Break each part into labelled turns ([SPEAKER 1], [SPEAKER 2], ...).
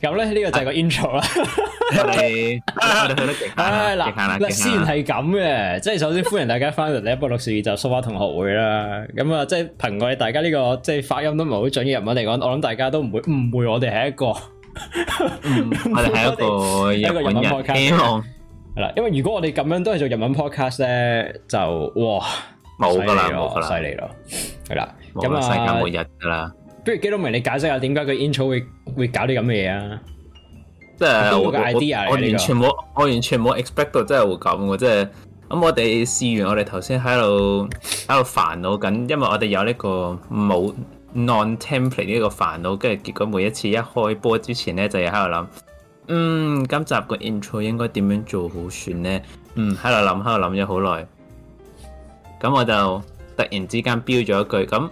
[SPEAKER 1] 咁咧，呢個就係個 intro 啦。我哋我哋行得勁。誒嗱，雖然係咁嘅，即係首先歡迎大家翻嚟呢一波錄事就蘇話同學會啦。咁啊，即係憑我哋大家呢個即係發音都唔係好準嘅日文嚟講，我諗大家都唔會誤會我哋係一個，
[SPEAKER 2] 我哋係一個一個日文
[SPEAKER 1] podcast。係啦，因為如果我哋咁樣都係做日文 podcast 咧，就哇，冇噶啦，冇啦，犀利咯，係啦，咁啊，世界末日噶啦。不如基多明你解釋下點解個 intro 會會搞啲咁嘅嘢啊？即係是我，我完全冇我完全冇 expect 到，真係會咁喎！即係咁、嗯，我哋試完我哋頭先喺度喺度煩惱緊，因為我哋有呢、呢個冇 non-template 呢個煩惱，跟住結果每一次一開波之前呢，就要喺度諗，嗯，今集個 intro 應該點樣做好算呢？」嗯，喺度諗，喺度諗咗好耐。咁我就突然之間標咗一句咁。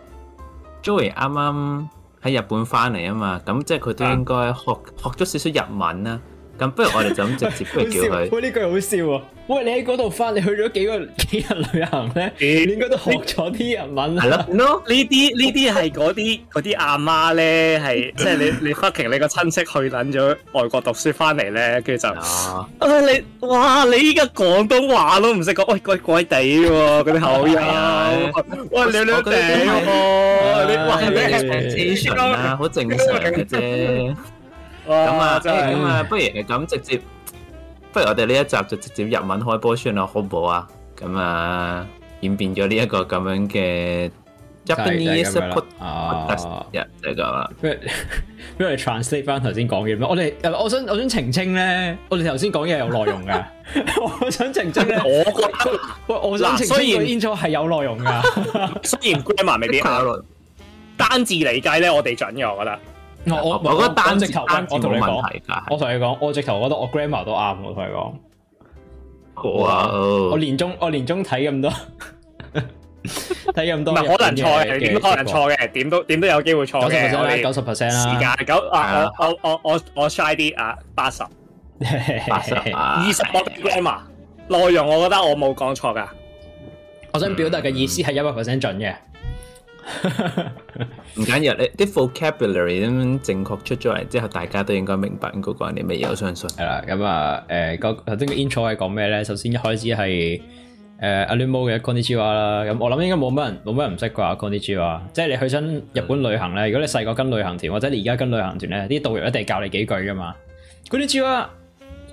[SPEAKER 1] Joey 啱啱喺日本返嚟吖嘛，咁即係佢都應該學是學咗少少日文啦。咁不如我哋就咁直接不如叫佢。喂呢句好笑喎！喂你喺嗰度翻，你去咗幾個幾日旅行咧？應該都學咗啲日文。係
[SPEAKER 2] 咯，呢啲呢啲係嗰啲嗰啲阿媽咧，係即係你你 fucking 你個親戚去捻咗外國讀書翻嚟咧，跟住就。啊！你哇你依家廣東話都唔識講，喂怪怪地喎，嗰啲口音，喂你，你，你，喎，你，亂你，好正常嘅。咁哇啊，咁是、欸、啊，
[SPEAKER 1] 不如係咁直接，不如我哋呢一集就直接日文開波算啦，好唔好啊？咁啊，演變咗呢一個咁樣嘅日文嘅輸入啊，日嘅、啊、不咩 translate 翻頭先講嘢我哋，我想我想澄清咧，我哋頭先講
[SPEAKER 2] 嘢有內容噶，
[SPEAKER 1] 我想澄清咧，我覺得 我想雖然 input 係有
[SPEAKER 2] 內容噶， 雖然 grammar 未必啱， 單字嚟計咧，我哋準嘅，我覺得。
[SPEAKER 1] 哦、我我我覺得單直頭，單我同你講，我同你講，我直頭覺得我 grammar 都啱，我同你講，哇！我年
[SPEAKER 2] 中我年中睇咁多，睇 咁多，唔係可能錯嘅，點可能錯嘅？點都點都有機會錯嘅。九十
[SPEAKER 1] percent 啦，啊、時間九啊，啊，我
[SPEAKER 2] 我我我我 shy 啲啊，八十、啊，二十。我 grammar 內容，我覺得我冇講錯噶，我想表達
[SPEAKER 1] 嘅意思係一百 percent 準嘅。
[SPEAKER 2] 唔緊要，你啲 vocabulary
[SPEAKER 1] 咁正確，出咗嚟之後，大家都應該明白嗰、那個，你未有相信。係啦，咁啊，誒、呃，嗰頭先嘅 intro 係講咩咧？首先一開始係誒 a n m a 嘅 conny g 話啦，咁、呃、我諗應該冇乜人冇乜人唔識啩 c o n n h g 話，即係你去親日本旅行咧，如果你細個跟旅行團，或者你而家跟旅行團咧，啲導遊一定教你幾句噶嘛。c o n n h g 話。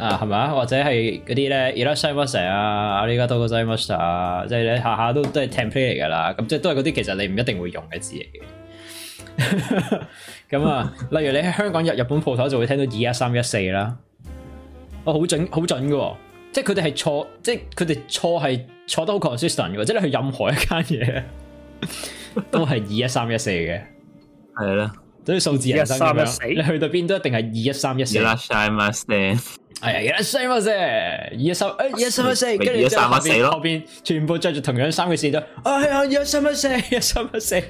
[SPEAKER 1] 啊，係咪啊？或者係嗰啲咧，二一三一四啊，阿尼加多哥西莫斯啊，即係你下下都都係 template 嚟噶啦。咁即係都係嗰啲，其實你唔一定會用嘅字嚟嘅。咁 啊，例如你喺香港入 日本鋪頭就會聽到二一三一四啦。哦，好準，好準噶，哦，即係佢哋係錯，即係佢哋錯係錯得好 consistent 噶，即係你去任何一間嘢都係二一三一四嘅，係啦。 所以數字人生咁樣，二一三一四？你去到邊都一定係二一
[SPEAKER 2] 三一四。
[SPEAKER 1] 係，一三一四，一 三，誒，一三一四，跟住三一四，後邊全部穿着住同樣三個線都，啊，係 啊，一三一四，一三一四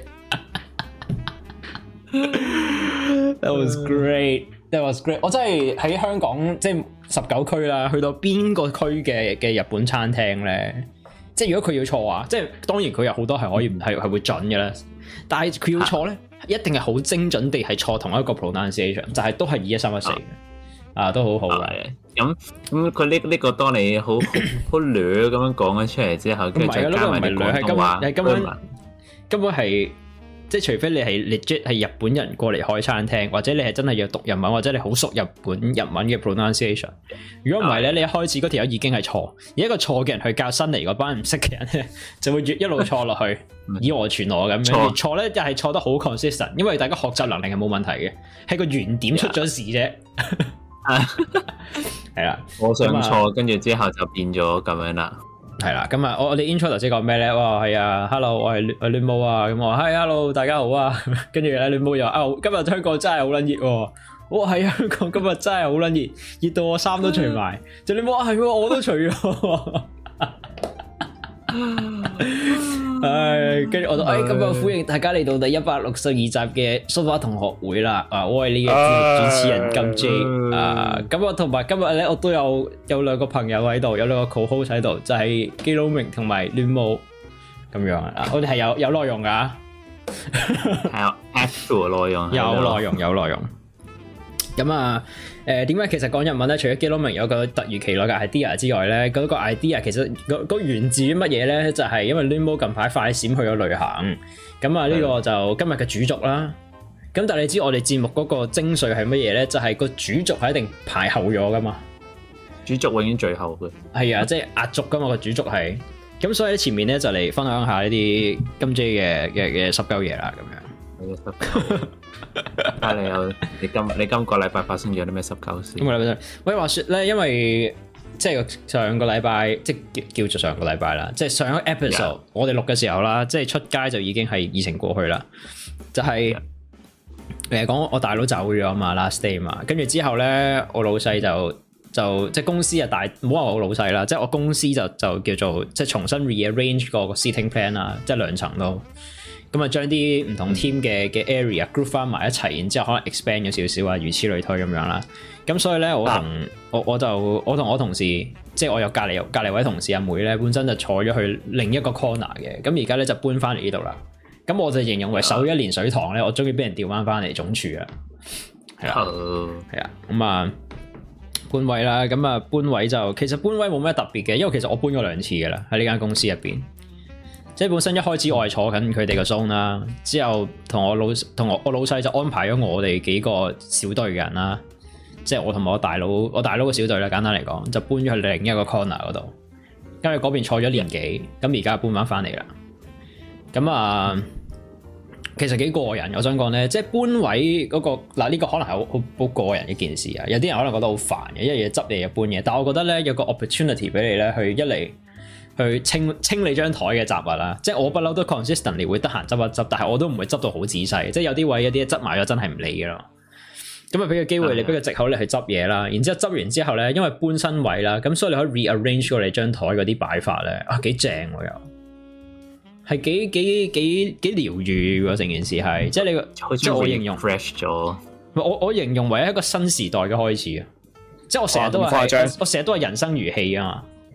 [SPEAKER 1] ，That was great，that was great，我真係喺香港即係十九區啦，去到邊個區嘅嘅日本餐廳咧？即係如果佢要錯、嗯、啊，即係當然佢有好多係可以唔係係會準嘅啦，但係佢要錯咧，一定係好精準地係錯同一個 pronunciation，就係都係二一三一四嘅。啊啊，都很好好嘅。咁咁、oh, 的，佢呢呢個當你好好捋咁樣講咗出嚟之後，跟住 再加埋啲咁嘅話，啊嗰個、唔係係根本係根本係即係，除非你係 legit 係日本人過嚟開餐廳，或者你係真係要讀日文，或者你好熟日本日文嘅 pronunciation。如果唔係咧，你一開始嗰條友已經係錯，而一個錯嘅人去教新嚟嗰班唔識嘅人咧， 就會越一路錯落去 是以訛傳訛咁樣。錯咧錯，就係錯得好 consistent，因為大家學習能力係冇問題嘅，係個原點出咗事啫。Yeah. 係啦， 了我想錯，跟住、啊、之後就變咗咁樣啦。係啦、啊，今日我我哋 intro 頭先講咩咧？哇、哦，係啊，hello，我係戀戀毛啊，咁、嗯、話 hi，hello，大家好啊。跟住咧，戀毛又、啊、我今日香港真係好撚熱喎，哇、 哦，係香港今日真係好撚熱，熱 到我衫都除埋， 就戀毛係，我都除咗。 唉，跟住、 哎、我都唉、哎，今日歡迎大家嚟到第一百六十二集嘅《和風同學會》啦。啊，我係呢個主持人金 J、哎、啊，咁啊，同埋今日咧，我都有有兩個朋友喺度，有兩個 co-host 喺度，就係、是、基隆明同埋亂舞咁樣啊。我哋係有有內容噶，係啊，有內容，有內容，有內容咁啊。誒點解其實講日文咧？除咗基 i l 有個突如其來嘅 i d e a 之外咧，嗰、那個 idea 其實、那個那個、源自於乜嘢咧？就係、是、因為 Lumo 近排快閃去咗旅行，咁啊呢個就今日嘅主族啦。咁但係你知我哋節目嗰個精髓係乜嘢咧？就係、是、個主族係一定排後咗噶嘛，主族永經最後嘅。係啊，即係壓族噶嘛個主族係。咁所以前面咧就嚟分享一下呢啲金 J 嘅嘅嘅濕鳩嘢啦咁樣。濕狗，啊！你有你今你今個禮拜發生咗啲咩十九事？今個禮拜，喂，話說咧，因為即係上個禮拜，即係叫，叫做上個禮拜啦，即係上一個 episode，Yeah. 我哋錄嘅時候啦，即係出街就已經係疫情過去啦。就係誒講我大佬走咗啊嘛，last day 嘛，跟住之後咧，我老細就就即係公司啊大，唔好話我老細啦，即係我公司就就叫做即係重新 rearrange 個 sitting plan 啦，即係兩層都。咁啊，將啲唔同 team 嘅嘅 area group 翻埋一齊，然之後可能 expand 咗少少啊，如此類推咁樣啦。咁所以咧，我同、啊、我，我就我同我同事，即係我有隔離隔離位同事阿妹咧，本身就坐咗去另一個 corner 嘅，咁而家咧就搬翻嚟呢度啦。咁我就形容為守一年水塘咧，我終於俾人調翻翻嚟總處啊。係啊，係啊，咁、嗯、啊，搬位啦。咁啊，搬位就其實搬位冇咩特別嘅，因為其實我搬咗兩次㗎啦，喺呢間公司入邊。即係本身一開始我係坐緊佢哋嘅 zone 啦，之後同我老同我我老細就安排咗我哋幾個小隊嘅人啦，即係我同我大佬我大佬嘅小隊啦、啊，簡單嚟講就搬咗去另一個 corner 度，跟住嗰邊坐咗年幾，咁而家搬返返嚟啦。咁啊，其實幾個人，我想講咧，即係搬位嗰、嗰個嗱呢、啊呢個可能係好好個人一件事啊，有啲人可能覺得好煩嘅，一嘢執嘢搬嘢，但係我覺得咧有個 opportunity 俾你咧去一嚟。去清清理張台嘅雜物啦，即係我不嬲都 consistent，你會得閒執一執，但係我都唔會執到好仔細，即係有啲位有啲嘢執埋咗，真係唔理噶咯。咁啊俾個機會、嗯、你，俾個借口你去執嘢啦。然之後執完之後咧，因為搬新位啦，咁所以你可以 rearrange 過你張台嗰啲擺法咧，啊幾正喎又係幾幾幾幾療癒成件事係，不即係你，好像即我形容 fresh 咗了。我我形容為一個新時代嘅開始啊！即係我成日都係，我成日都係人生如戲啊嘛。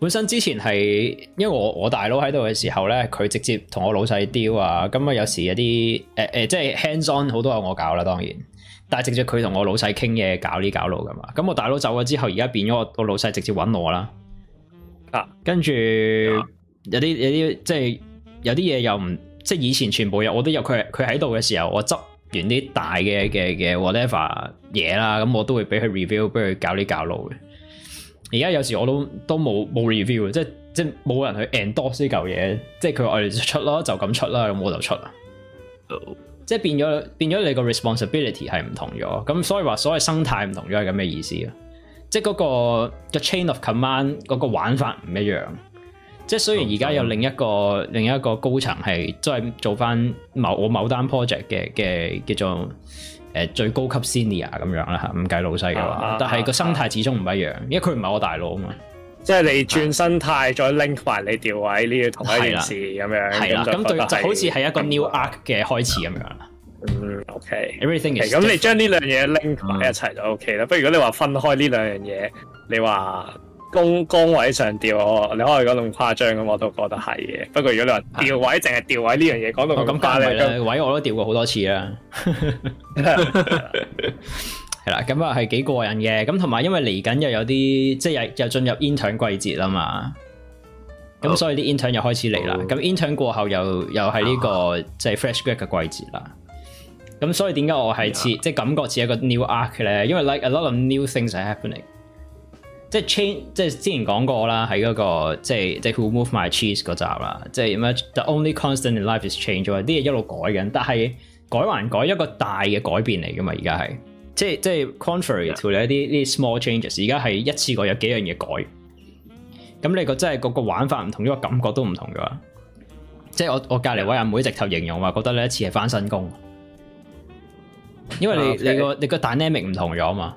[SPEAKER 1] 本身之前係，因為我我大佬喺度嘅時候咧，佢直接同我老細 deal 啊，咁啊有時有啲即係、呃呃就是、hands on 好多有我搞啦，當然，但係直接佢同我老細傾嘢，搞呢搞路噶嘛。咁我大佬走咗之後，而家變咗我，我老細直接揾我啦。啊，跟住着、啊、有啲有啲即係有啲嘢又唔，即係以前全部有我都有佢，佢喺度嘅時候，我執完啲大嘅嘅嘅 whatever 嘢啦，咁我都會俾佢 review，俾佢搞呢搞路嘅。而家有時我都都冇冇 review，即係即係冇人去 endorse 呢嚿嘢，即係佢話我哋出啦，就咁出啦，咁我就出。即係變咗變咗你個 responsibility 係唔同咗，咁所以話所謂生態唔同咗係咁嘅意思咯。即係嗰個 chain of command 嗰個玩法唔一樣。即係雖然而家有另一個、哦、另一個高層係都係做翻某我某單 project 嘅嘅嘅誒最高級 senior 咁樣啦嚇，唔計老細嘅話、啊、但係個生態始終唔一樣、啊啊、因為佢唔係我大佬啊嘛，
[SPEAKER 2] 即係你轉生態、啊、再 link 埋你調位呢啲同一件事咁樣係啦，咁對，就好似係一個 new arc 嘅開始咁樣，嗯
[SPEAKER 1] ，OK，everything、okay, 嘅 is 咁、okay, 你將
[SPEAKER 2] 呢兩嘢 link 埋一齊就 OK 啦。嗯、不如果你話分開呢兩樣嘢，你話？工工位上掉我，你可以講咁誇張咁，我都覺得係嘅。不過如果你話調位，淨係調位呢、哦啊、這樣嘢，講到咁快咧，位我
[SPEAKER 1] 都調過好多次啦。係啦，咁啊係幾過癮嘅。咁同埋因為嚟緊又有啲，即係又又進入 intern 季節啦嘛。咁、oh. 所以啲 intern 又開始嚟啦。咁、oh. oh. intern 過後又又係呢、這個即係 fresh grad 嘅季節啦。咁所以點解我係似 Yeah. 即係感覺似一個 new arc 咧？因為 like a lot of new things are happening。即係 change，即係之前講過啦，喺嗰、那個即係即係 Who Move My Cheese 嗰集啦，即、就、係、是、the only constant in life is change 啊！啲嘢一路改緊，但係改還改，一個大嘅改變嚟噶嘛？而、就、家、是、係即係即係 contrary to 你一啲 small changes。而家係一次過有幾樣嘢改，咁你個即係個個玩法唔同，因為感覺都唔同咗。即、就、係、是、我我隔離位阿妹，妹直頭形容話，覺得你一次係翻新工，因為你、oh, okay. 你個你個 dynamic 唔同咗啊嘛。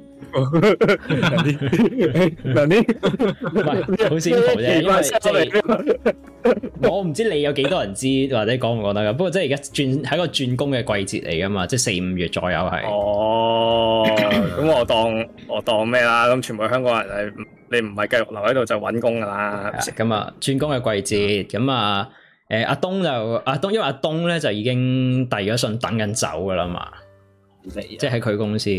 [SPEAKER 3] 嗱啲，嗱啲，唔係好辛苦啫，因為即係
[SPEAKER 1] 我唔知你有幾多人知，或者講唔講得噶。不過即係而家轉係個轉工嘅季節嚟噶嘛，即係四五月左右係。哦，
[SPEAKER 2] 咁、 嗯、我當我當咩啦？咁全部香港人誒，你唔係繼續留喺度就揾工噶啦，
[SPEAKER 1] 食噶嘛。轉工嘅季節，咁、嗯、啊，誒、啊、阿東就阿、啊、東，因為阿、啊、東咧就已經遞咗信等緊走噶啦嘛，即係喺佢公司。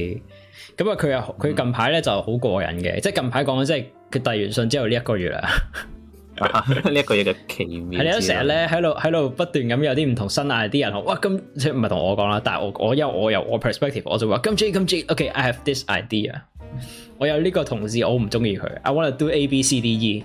[SPEAKER 1] 咁啊，佢又佢近排咧就好過癮嘅，嗯、即係近排講咗，即係佢遞完信之後呢一個月啊，呢
[SPEAKER 2] 一 個月嘅奇
[SPEAKER 1] 妙。係你都成日咧喺度喺度不斷咁有啲唔同新 idea 啲人，好，哇！咁即唔係同我講啦，但係我我因我有，我，有，我，有我 perspective，我就話咁 J 咁 J，OK，I have this idea。 我有呢個同事，我唔中意佢，I want to do A B C D E。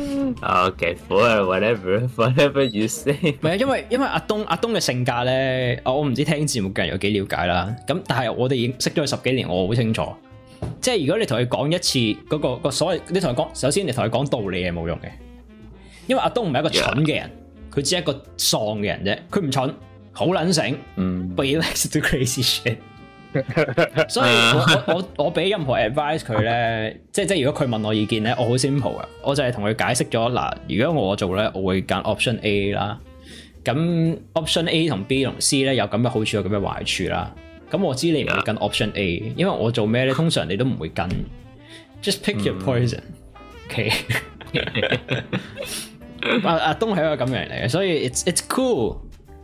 [SPEAKER 1] 啊，Okay, whatever, whatever you say。唔係啊，因為因為阿東阿東嘅性格咧，我我唔知聽節目嘅人有幾了解啦。咁但係我哋已經識咗佢十幾年，我好清楚。即係如果你同佢講一次嗰個嗰個所謂，你同佢講首先你同佢講道理係冇用嘅，因為阿東唔係一個蠢嘅人，佢 Yeah. 只係一個喪嘅人啫。佢唔蠢，好撚醒。嗯。Mm-hmm. But he likes to do crazy shit. 所以我我俾任何 advice 佢咧，即係即係如果佢問我意見咧，我好 simple 噶，我就係同佢解釋咗嗱，如果我做咧，我會揀 option A 啦。咁 option A 同 B 同 C 咧有咁嘅好處，有咁嘅壞處啦。咁我知你唔會揀 option A，因為我做咩咧，通常你都唔會揀。Just pick your poison，OK？嗯、Okay .阿 阿、啊、東係一個咁樣嚟嘅，所以 it's it's cool。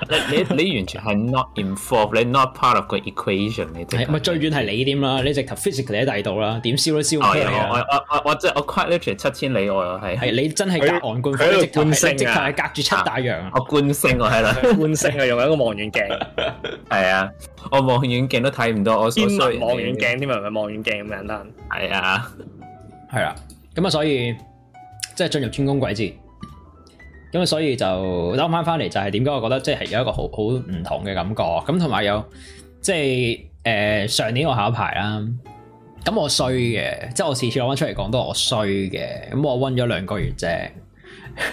[SPEAKER 1] 你你，你完全係 not involved 你 not part of the equation，你係咪最遠係你點啦？你直頭 physically 喺第二度啦，點燒都燒唔到。我我我即係我 quite literally 七千里外咯，係。你真係隔岸觀火，直頭。觀星直頭係隔住七大洋
[SPEAKER 2] 啊！我觀星喎，係啦。 觀星啊，用一個望遠鏡。係 啊，我望遠鏡都睇唔到我所。邊度望遠鏡？添是啊，唔係望遠鏡咁簡單。係
[SPEAKER 1] 啊，係啊。咁啊，所以即係進入天宮軌跡。咁所以就啱啱返嚟就係點解？我覺得即係有一個好好唔同嘅感覺。咁同埋有即係、就是，呃、上年我考牌啦，咁我衰嘅，即、就、係、是、我次次攞翻出嚟講都我衰嘅。咁我温咗兩個月啫，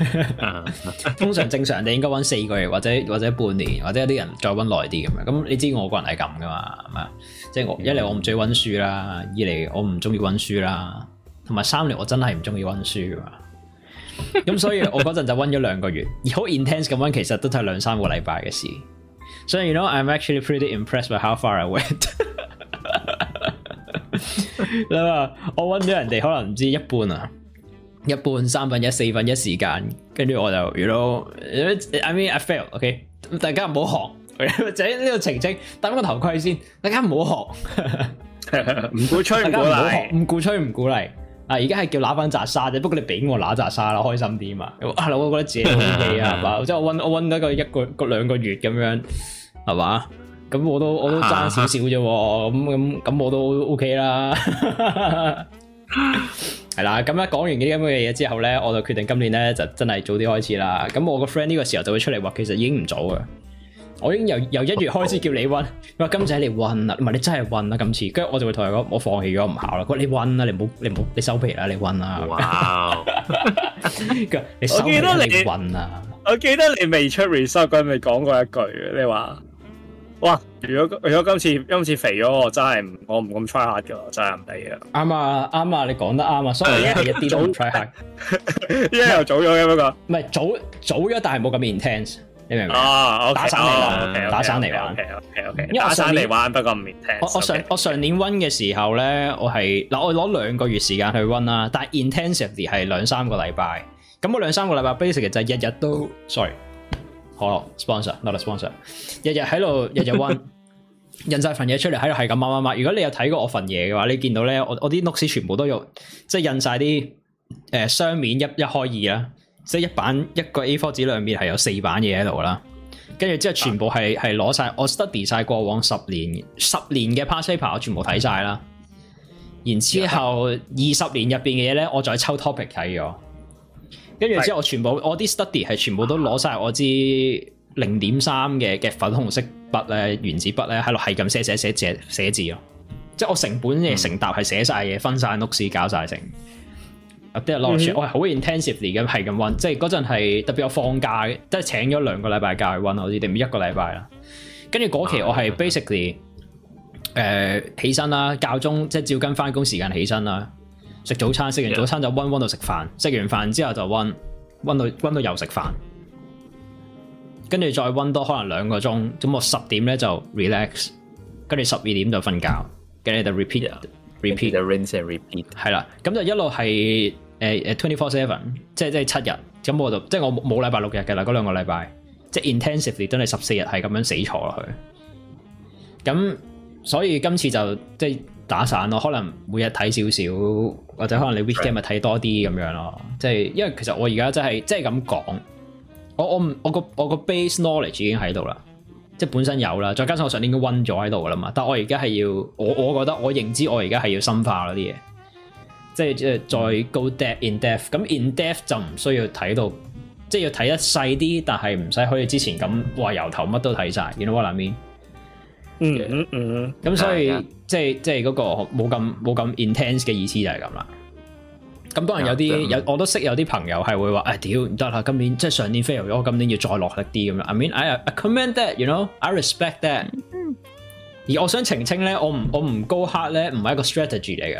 [SPEAKER 1] 通常正常你應該温四個月，或者或者半年，或者有啲人再温耐啲咁樣，咁你知我個人係咁噶嘛？即係、就是，我一嚟我唔中意温書啦，二嚟我唔中意温書啦，同埋三嚟我真係唔中意温書嘛咁所以，我嗰陣就温咗兩個月，而好 intense 咁温，其實都係兩三個禮拜嘅事。所以，you know，I'm actually pretty impressed by how far I went。你話我温咗人哋可能唔知一半啊，一半三分一、四分一時間，跟住我就，you know，I mean I fail。OK，大家唔好學，就喺呢度澄清，戴翻個頭盔先，大家唔好學，唔鼓吹唔鼓勵，唔鼓吹唔鼓勵。啊！而家係叫攞翻扎沙啫，不過你俾我攞扎沙啦，開心啲嘛。係、啊、我覺得自己好氣啊，係嘛 吧？即係我溫我溫咗個一個一個兩個月咁樣，係嘛？咁我都我都爭少少啫，咁咁咁我都 O K 啦。係 啦， 咁一講完呢啲咁嘅嘢之後咧，我就決定今年咧就真係早啲開始啦。咁我個 friend 呢個時候就會出嚟話，其實已經唔早啊。我已經由由一月開始叫你溫，佢話金仔你溫啦，唔係你真係溫啦今次，跟住我就會同佢講，唔好放棄咗唔考啦，佢話你溫啦，你唔好你唔好你收皮啦，你溫啦。哇 Wow.
[SPEAKER 2] 我記得你，你我記得你未出 result 嗰陣，你講過一句，你話哇，如果如果今次今次肥咗，我真係我唔咁 try hard 噶，真係唔得嘅。啱啊啱啊，你講得啱啊，雖然你一啲都唔 try hard，一、 yeah, 又早
[SPEAKER 1] 咗嘅嗰個，唔係但早早咗，但係冇咁 intense。你明嘛？Oh, okay, 打散嚟玩，oh, okay, okay, 打散嚟玩。Okay, okay, okay, okay, 因為打散嚟玩，不過唔免聽。我我上我上年温嘅時候咧，我係嗱我攞兩個月時間去溫啦，但係 intensity 係兩三個禮拜。咁我兩三個禮拜 basic 就係日日都，sorry，可樂 sponsor，not a sponsor，日日喺度日日温，印晒份嘢出嚟喺度係咁，乜乜乜。如果你有睇過我份嘢嘅話，你見到咧，我我啲 notes 全部都有即係印晒啲誒雙面一一開二啦。即係一版一個 A4 紙兩面係有四版嘢喺度啦，跟住之後全部係係攞晒我 study 晒過往十年十年嘅 past paper 我全部睇晒啦，然之後二十年入邊嘅嘢咧，我再抽 topic 睇咗，跟住之後我全部我啲 study 係全部都攞晒我支零點三嘅嘅粉紅色筆咧，原子筆咧喺度係咁寫寫寫寫寫字咯，即係我本的成本嘢成沓係寫晒嘢，嗯、分晒屋師搞晒成。第我係好 intensively 咁係咁温，即係嗰陣係特別有放假，即係請咗兩個禮拜假去温，好似定唔知一個禮拜啦。跟住嗰期我係 basically 誒、呃、起身啦，教鐘即係照跟返工時間起身啦，食早餐，食完早餐就温温 Yeah. 到食飯，食完飯之後就温温到温到又食飯，跟住再温多可能兩個鐘，咁我十點咧就 relax，跟住十二點就瞓覺，跟住就 repeat repeat，repeat 係啦，咁就一路係。誒誒 twenty four seven，即係即係七日，咁我就即係我冇禮拜六日嘅啦，嗰兩個禮拜，即係 intensively 真係十四日係咁樣死坐落去。咁所以今次就即係打散咯，可能每日睇少少，或者可能你 weekend 咪睇多啲咁樣咯。即係的因為其實我而家真係即係咁講，我我我個我個 base knowledge 已經喺度啦，即係本身有啦，再加上我上年已經温咗喺度噶啦嘛，但係我而家係要，我我覺得我認知我而家係要深化嗰啲嘢。即係即係再 go deep in depth 咁 in depth 就唔需要睇到，即係要睇得細啲，但係唔使好似之前咁話由頭乜都睇晒。You know what I mean？嗯
[SPEAKER 3] 嗯咁所以
[SPEAKER 1] yeah, yeah. 即係即係嗰個冇咁冇咁 intense 嘅意思就係咁啦。咁當然有啲有，我都識有啲朋友係會話誒，屌唔得啦，今年即係上年 fail 咗，我今年要再落力啲咁樣。I mean，I commend that，you know，I respect that。Mm. 而我想澄清咧，我唔我唔 go hard 咧，唔係一個 strategy 嚟嘅。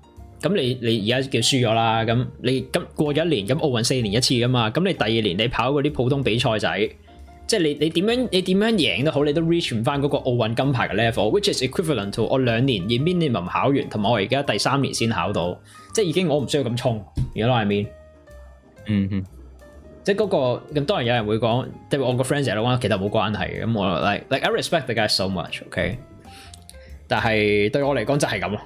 [SPEAKER 1] 咁你你而家叫輸咗啦，咁你咁過咗一年，咁奧運四年一次㗎嘛，咁你第二年你跑嗰啲普通比賽仔，即係你你點樣你點樣贏都好，你都 reach 唔返嗰個奧運金牌嘅 level，which is equivalent to 我兩年以 minimum 考完，同埋我而家第三年先考到，即係已經我唔需要咁衝，you know what I mean? 嗯、hmm. 哼、嗰個，即係嗰個咁，當然有人會講，即係我個 friend 成日話其實冇關係咁我 like, like I respect the guy so much，OK，okay? 但係對我嚟講就係咁咯。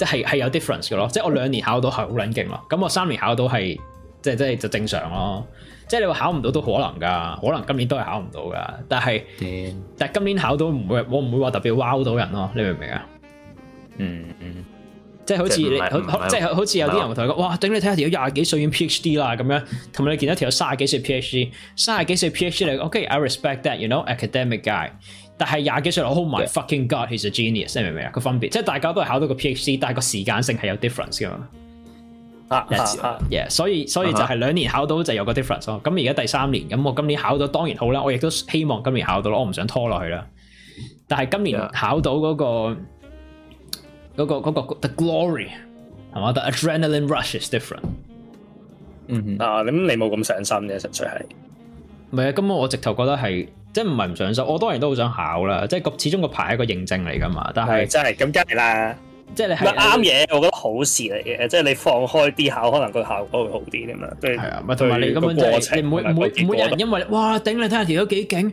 [SPEAKER 1] 即係係有 difference 嘅咯，即係我兩年考到係好撚勁咯，咁我三年考到係即係即係就正常咯。即係你話考唔到都可能㗎，可能今年都係考唔到㗎。但係 Damn. 但係今年考到唔會，我唔會話特別 w、wow、o 到人咯。你明唔明啊？嗯、mm。Hmm. 即係好似你，即係好似有啲人會同你講，的哇！等你睇下條廿幾歲已經 PhD 啦，咁樣同埋你見到條三十幾歲 PhD，卅幾歲 PhD 嚟 ，OK，I、okay, respect that，you know，academic guy。但係廿幾歲，我 oh my Yeah. fucking god，he's a genius，你明唔明啊？個分別即係大家都係考到個 PhD，但係個時間性係有 difference 嘅嘛。啊 ha ,、yeah, 所以所以就係兩年考到就有個 difference 咯、哦。咁而家第三年，咁、嗯、我今年考到當然好啦，我亦都希望今年考到啦，我唔想拖落去啦。但係今年考到嗰、那個。Yeah. 嗰個嗰個 the glory 係嘛？The adrenaline rush is different。
[SPEAKER 2] 嗯哼。啊，咁你冇咁上心嘅，純粹係。
[SPEAKER 1] 唔係啊，咁我
[SPEAKER 2] 直頭覺得係，即係唔係唔上
[SPEAKER 1] 心。我當然都好想考啦，即係始終個牌係一個認證嚟㗎嘛。但係真係咁梗係啦，
[SPEAKER 2] 即係你係啱嘢。我覺得好事嚟嘅，即係你放開啲考，可能個效果會好啲咁樣。係啊，咪同埋你咁樣即係你唔會唔會唔會有人
[SPEAKER 1] 因為哇頂你睇下條友幾勁。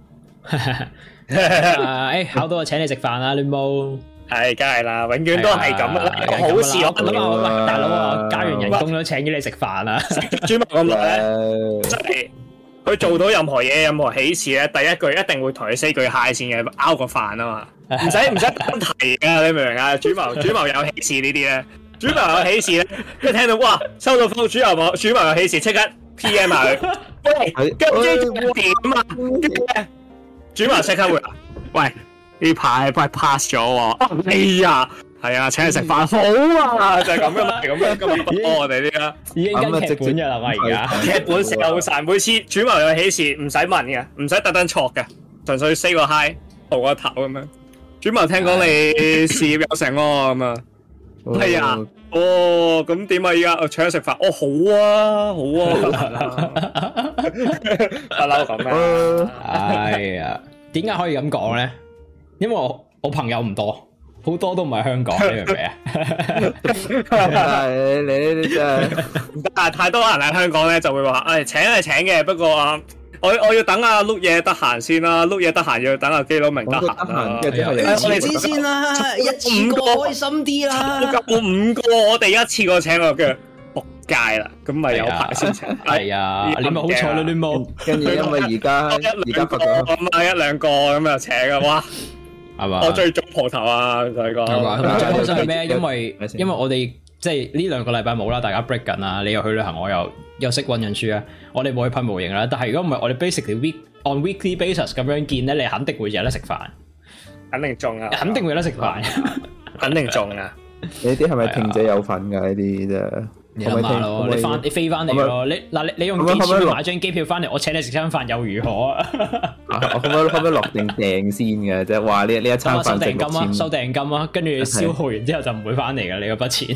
[SPEAKER 1] 哎，考到我請你食飯啦，你冇？係，梗係啦，永遠都係咁啦。好事，我
[SPEAKER 2] 諗下，大佬啊，加完人工都請咗你食飯啊。主謀咁耐咧，佢做到任何嘢，任何喜事咧，第一句一定會同你四句嗨先嘅，拗個飯啊嘛，唔使唔使單提噶，你明唔明啊？主謀主謀有喜事呢啲咧，主謀有喜事咧，一聽到哇，收到封主謀，主謀有喜事，即刻 P M 埋
[SPEAKER 3] 佢。喂，跟住點啊？朱文即刻會，
[SPEAKER 2] 喂，呢排唔係 pass 咗喎。哎呀，係啊，請你食飯好啊，就係咁噶啦，咁樣咁啊，多我哋啲啦。已經跟劇本嘅啦嘛，而家劇本食夠曬，每次朱文有喜事，唔使問嘅，唔使特登戳嘅，純粹 say 個 hi，蒲個頭咁樣。朱文，聽講你事業有成啊，咁啊，係啊。哦，咁點啊？依家我請佢食飯，哦好啊，好啊，不嬲咁咩？哎
[SPEAKER 1] 呀，點解可以咁講咧？因為我，我朋友唔多，好多都唔喺香港，明唔明啊？你
[SPEAKER 2] 呢啲真係，但啊太多人喺香港咧，就會話誒、哎、請係請嘅，不過啊。我我要等阿碌嘢得閒先啦，碌嘢得閒要等阿基佬明得閒我哋千先啦，一五
[SPEAKER 1] 個開心啲
[SPEAKER 2] 啦。我五個，我哋一次過請我腳，仆街啦，咁咪有排先請。係
[SPEAKER 1] 啊，你咪好彩你
[SPEAKER 2] 冇。跟住因為而家而家，我拉一兩個咁啊請啊，哇，
[SPEAKER 1] 係嘛？我最
[SPEAKER 2] 中鋪頭啊，大哥。係嘛？最係咩？
[SPEAKER 1] 因為因為我哋。即係呢兩個禮拜冇啦，大家 break 緊啦，你又去旅行，我又又識温印書啊，我哋冇去噴模型啦。但係如果唔係，我哋 basically week on weekly basis 咁樣見咧，你肯定會有得食飯，肯定中啊，肯定會有得食飯，肯定中啊。呢啲係咪聽者有份㗎？呢啲真係，唔係你翻你飛翻嚟咯。你嗱你你用機票買張機票翻嚟，我請你食餐飯又如何啊？咁可唔可以落定訂先嘅啫？哇！呢呢一餐飯收定金啊，收定金啊，跟住消耗完之後就唔會翻嚟㗎。你嗰筆錢。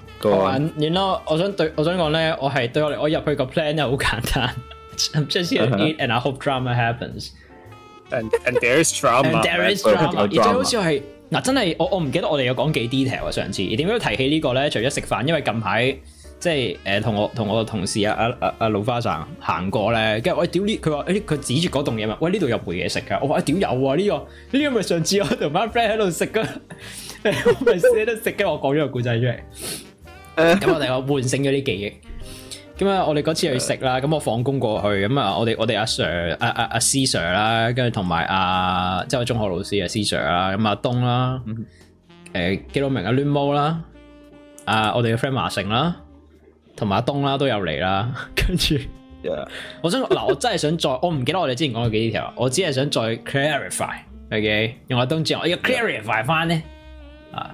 [SPEAKER 1] 好然咯，我想呢我對我想講咧，我係對我哋我入去個 plan 咧好簡單 ，just and I hope drama happens、uh
[SPEAKER 2] huh. and there's
[SPEAKER 1] drama 而且好似係嗱真係我我唔記得我哋有講幾 detail 啊上次，而點解提起個呢個咧？除咗食飯，因為近排即係誒、呃、同我同我同事啊阿阿阿老花生行過咧，跟住我屌呢，佢話誒佢指住嗰棟嘢嘛，喂呢度有盤嘢食噶，我話屌、哎、有啊呢、這個呢個咪上次我同班 friend 喺度食噶，我咪喺得食，跟住我講咗個故仔出嚟。 咁 我哋又喚醒咗啲記憶，咁啊，我哋嗰次去食啦，咁我放工過去，咁啊，啊，我哋我哋阿 sir 阿阿阿 sir 啦，跟住同埋阿即係我中學老師啊、C、sir 啦、啊，咁、啊、阿東啦，誒、 啊，基佬明攣毛啦，啊，我哋嘅 friend 馬成啦，同埋阿東啦都有嚟啦，跟住，Yeah. 我想嗱，我真係想再，我唔記得我哋之前講咗幾條，我只係想再 clarify，ok，、okay? 用阿東之後我，要 clarify 翻咧，啊。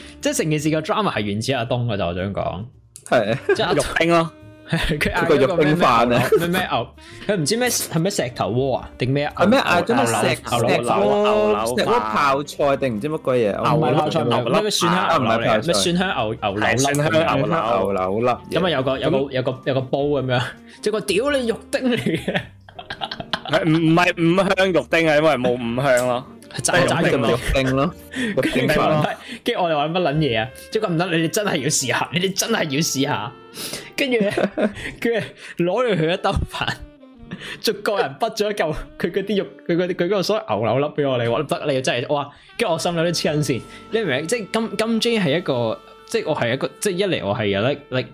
[SPEAKER 1] 即係成件事個 drama 係源自阿東嘅，就我想講，係即係阿肉丁咯，佢阿肉丁飯啊，咩咩牛，佢唔知咩係咩石頭鍋啊，定咩啊？係咩啊？咁咩石頭牛牛石牛泡菜定唔知乜鬼嘢？牛泡菜牛粒蒜香啊？唔係泡蒜香
[SPEAKER 2] 牛牛粒蒜香牛牛牛粒？
[SPEAKER 1] 咁啊有個有個有個有個煲咁樣，即個屌你肉丁
[SPEAKER 2] 嚟嘅，唔唔係五香肉丁啊，因為冇五香咯。炸炸佢咪，肉丁咯，跟住跟住我哋話乜捻嘢啊？即係咁唔得，你哋真係要試
[SPEAKER 1] 下，你哋真係要試下。跟住，跟住佢攞住佢一兜飯，逐個人滗咗一嚿佢嗰啲肉，佢嗰啲佢嗰個所有牛柳粒俾我哋，我唔得，你真係哇！跟住我心裏都黐人線，你明唔明？即係金金磚係一個，即係我係一個，即係一嚟我係 like like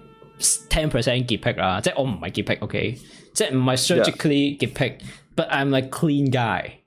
[SPEAKER 1] ten percent 潔癖啦，即係我唔係潔癖，OK，即係唔係 surgically 潔癖 Yeah.，but I'm a clean guy。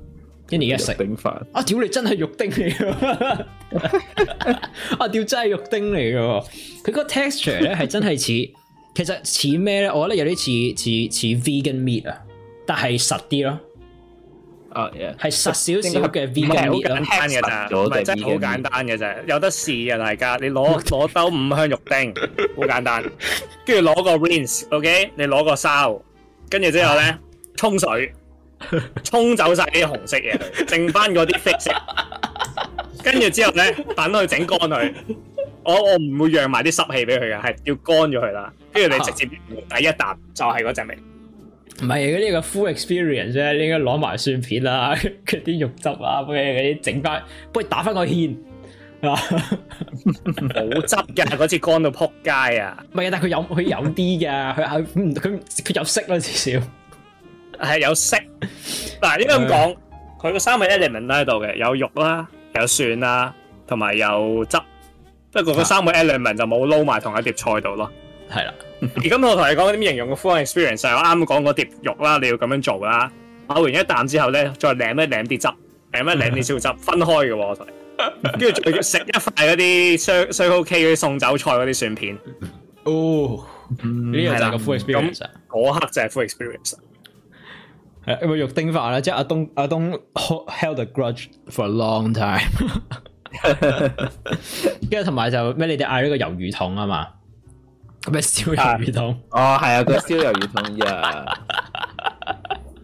[SPEAKER 1] 一年一食肉丁飯啊！屌你真係肉丁嚟噶！啊屌真係肉丁嚟噶！佢嗰個 texture 咧係真係似，其實似咩咧？我覺得有啲似似似 vegan meat 啊，但係實啲咯。
[SPEAKER 2] 啊，係實少少嘅 vegan meat，好簡單嘅咋，唔係真係好簡單嘅咋，有得試啊！大家，你攞攞兜五香肉丁，好簡單，跟住攞個 rinse，ok，你攞個筲，跟住之後咧沖水。沖 走晒啲紅色嘢，剩翻嗰啲啡色，跟住之後咧等佢整乾佢，我我唔會讓埋啲濕氣俾佢㗎，係要乾咗佢啦。跟住你直接第一啖、啊、就係嗰隻味，
[SPEAKER 1] 唔係嗰啲個 full experience 啫，你應該攞埋
[SPEAKER 2] 蒜片啦，跟啲 肉汁啊，打 不如你整翻，不如打翻個芡啊，冇汁嘅嗰次乾到仆街啊，
[SPEAKER 1] 唔係啊，但係佢有佢有啲嘅。佢佢佢有色啦至少。
[SPEAKER 2] 係有色，但係點解咁講，佢、 呃、個三、e、樣 element 喺度嘅，有肉啦、啊，有蒜啦、啊，同埋有，有汁。不過佢三個 element 就冇撈埋同一碟菜度咯。係啦、啊，而今我同你講啲形容個 full experience，我啱講嗰碟肉啦，你要咁樣做啦。咬完一啖之後咧，再舐一舐啲汁，舐一舐啲少汁，嗯、分開嘅、啊。跟住仲要食一塊嗰啲雙雙烤 K 啲送酒菜嗰啲蒜片。哦，呢、嗯嗯、個就係 full、那個、full experience。嗰刻就係 full experience。
[SPEAKER 1] 係有冇肉丁飯啦？即係阿東阿東 held a grudge for a long time，跟住同埋就咩你哋嗌呢個魷魚筒啊嘛？
[SPEAKER 2] 咩燒魷魚筒？哦係啊，個燒魷魚筒呀！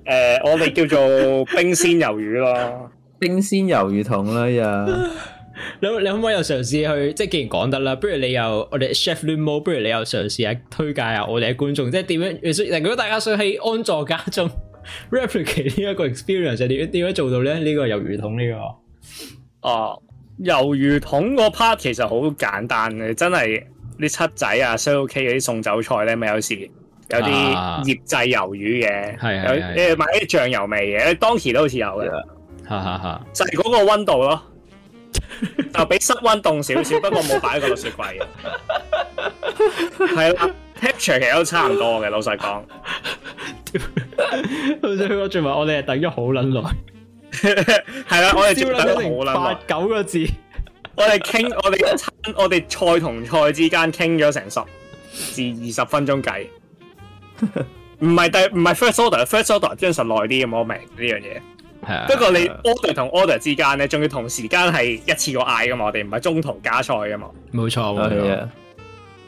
[SPEAKER 2] 誒，我哋叫做冰鮮魷魚咯， 冰鮮魷魚筒啦呀！你、yeah. 你可唔可以
[SPEAKER 1] 又嘗試去？即係既然講得啦，不如你又我哋 Chef Limo，不如你又嘗試下推介下我哋嘅觀眾，即係點樣？如果大家想喺安坐家中。replicate 呢一個 experience，點點樣做到咧？呢個魷魚筒呢、呢個，
[SPEAKER 2] 哦，魷魚筒個 part 其實好簡單嘅，真係啲七仔啊、OK 啲送酒菜咧，咪有時有啲醃製魷魚嘅，啊、有你買啲醬油味嘅 Donkey 都好似有嘅，哈哈哈，就係嗰個溫度咯， 就比室溫凍少少， 不過冇擺過落雪櫃，係啦。 Texture 其實都差唔多嘅，老實講。
[SPEAKER 1] 老實我哋係等咗好卵耐。
[SPEAKER 2] 係啦，我哋等咗成八九個字。我哋傾，我哋一餐，我哋菜同菜之間傾咗成十至二十分鐘計。唔係第唔係 first order，first order 真係耐啲咁，我明呢樣嘢。係啊。不過你 order 同 order 之間咧，仲要同時間係一次過嗌噶嘛，我哋唔係中途加菜噶嘛。
[SPEAKER 1] 冇錯。係啊。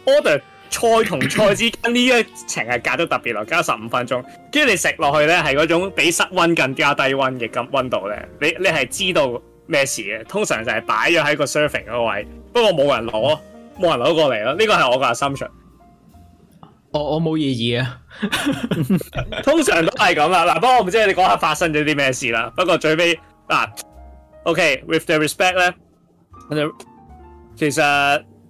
[SPEAKER 1] order
[SPEAKER 2] 菜同菜之間呢一程係隔得特別耐，加十五分鐘，跟住你食落去咧係嗰種比室溫更加低溫嘅咁溫度咧，你你係知道咩事嘅？通常就係擺咗喺個 surfing 嗰位，不過冇人攞，冇人攞過嚟咯。呢個係我嘅 assumption。我我冇異議啊。 通常都係咁啦，嗱，不過我唔知你嗰刻發生咗啲咩事啦。不過最尾嗱，啊，OK，with the respect 咧，呢其實。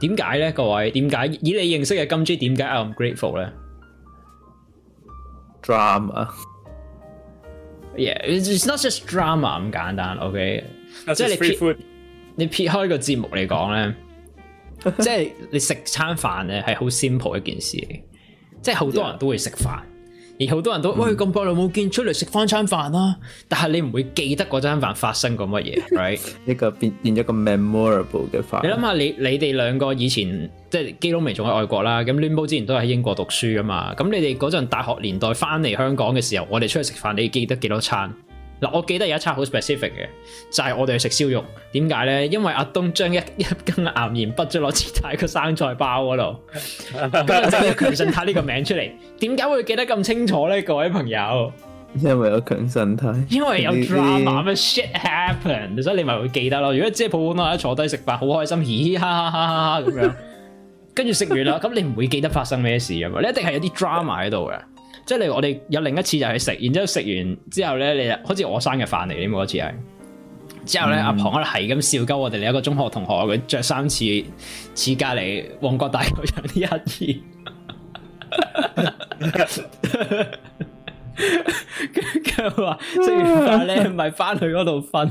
[SPEAKER 1] 點解咧，各位？點解以你認識嘅金豬點解 I am grateful 咧？Drama，yeah，it's not just drama 咁簡單，OK。即係你撇開個節目嚟講咧，即係你食餐飯咧係好 simple 一件事嚟，即係好多人都會食飯。而好多人都喂咁耐冇見，出嚟食翻餐飯啦、啊！但係你唔會記得嗰餐飯發生過乜嘢 ，right？呢個變變咗個 memorable 嘅飯。你諗下，你你哋兩個以前即係基隆明仲喺外國啦，咁 Limbo 之前都係喺英國讀書㗎嘛，咁你哋嗰陣大學年代翻嚟香港嘅時候，我哋出去食飯，你記得幾多餐？嗱，我記得有一餐好 specific 嘅，就係、是、我哋去食燒肉。點解咧？因為阿東將一一根岩鹽畢咗落切菜嘅生菜包嗰度，咁、嗯嗯嗯嗯、強身太呢個名出嚟。點解會記得咁清楚咧？各位朋友，因為，我嗯、因為有強身太，因為有 drama 咩 shit happen，所以你咪會記得咯。如果即係普通嗱，坐低食飯，好開心，嘻嘻哈哈哈哈哈咁樣，跟住食完啦，咁你唔會記得發生咩事噶嘛？你一定係有啲 drama 喺度嘅。即係你，我哋有另一次就去食，然之後食完之後咧，你就好似我生日飯嚟，你冇一次係。之後咧，嗯、阿龐咧係咁笑鳩我哋另一個中學同學，佢着三次似隔籬旺角大學有啲一次。佢住話食完飯咧，咪翻 去嗰度瞓。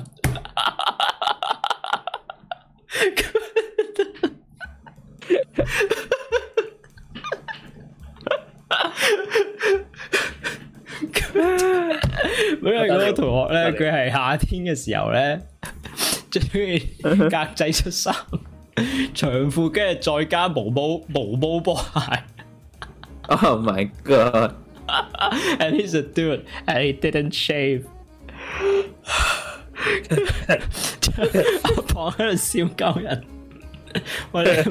[SPEAKER 1] 因為我有個同學咧，佢係夏天嘅時候咧，最中意格仔恤衫、長褲，跟住再加毛毛毛毛波鞋。Oh my god! And he's a dude. And he didn't shave。阿婆喺度笑鳩人，我哋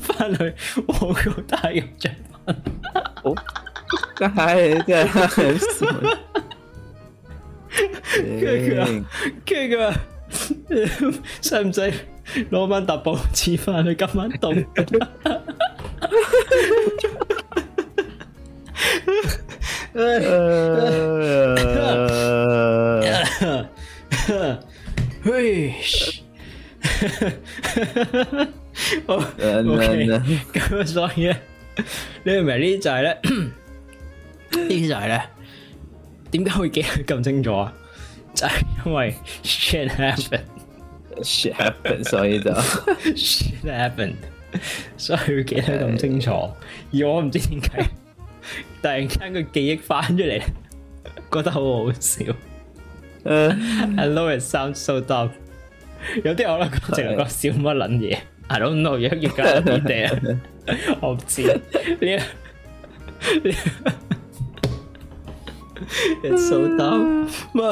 [SPEAKER 1] 翻去我要帶藥劑翻。梗係啦，梗係啦，K 哥，K 哥，使唔使攞翻沓報紙翻去今晚凍？
[SPEAKER 3] 好，okay，
[SPEAKER 1] 咁所以咧，你明唔明呢啲就咧？啲仔咧，點解會記得咁清楚啊？就係因為 shit happen，shit happen，所以就 shit happen，所以會記得咁清楚。而我唔知點解突然間個記憶翻出嚟，覺得好好笑。誒，I know it sounds so dumb。有啲我咧覺得直頭講笑乜卵嘢，係咯，諾若若咁跌，我唔知呢。so dumb，阿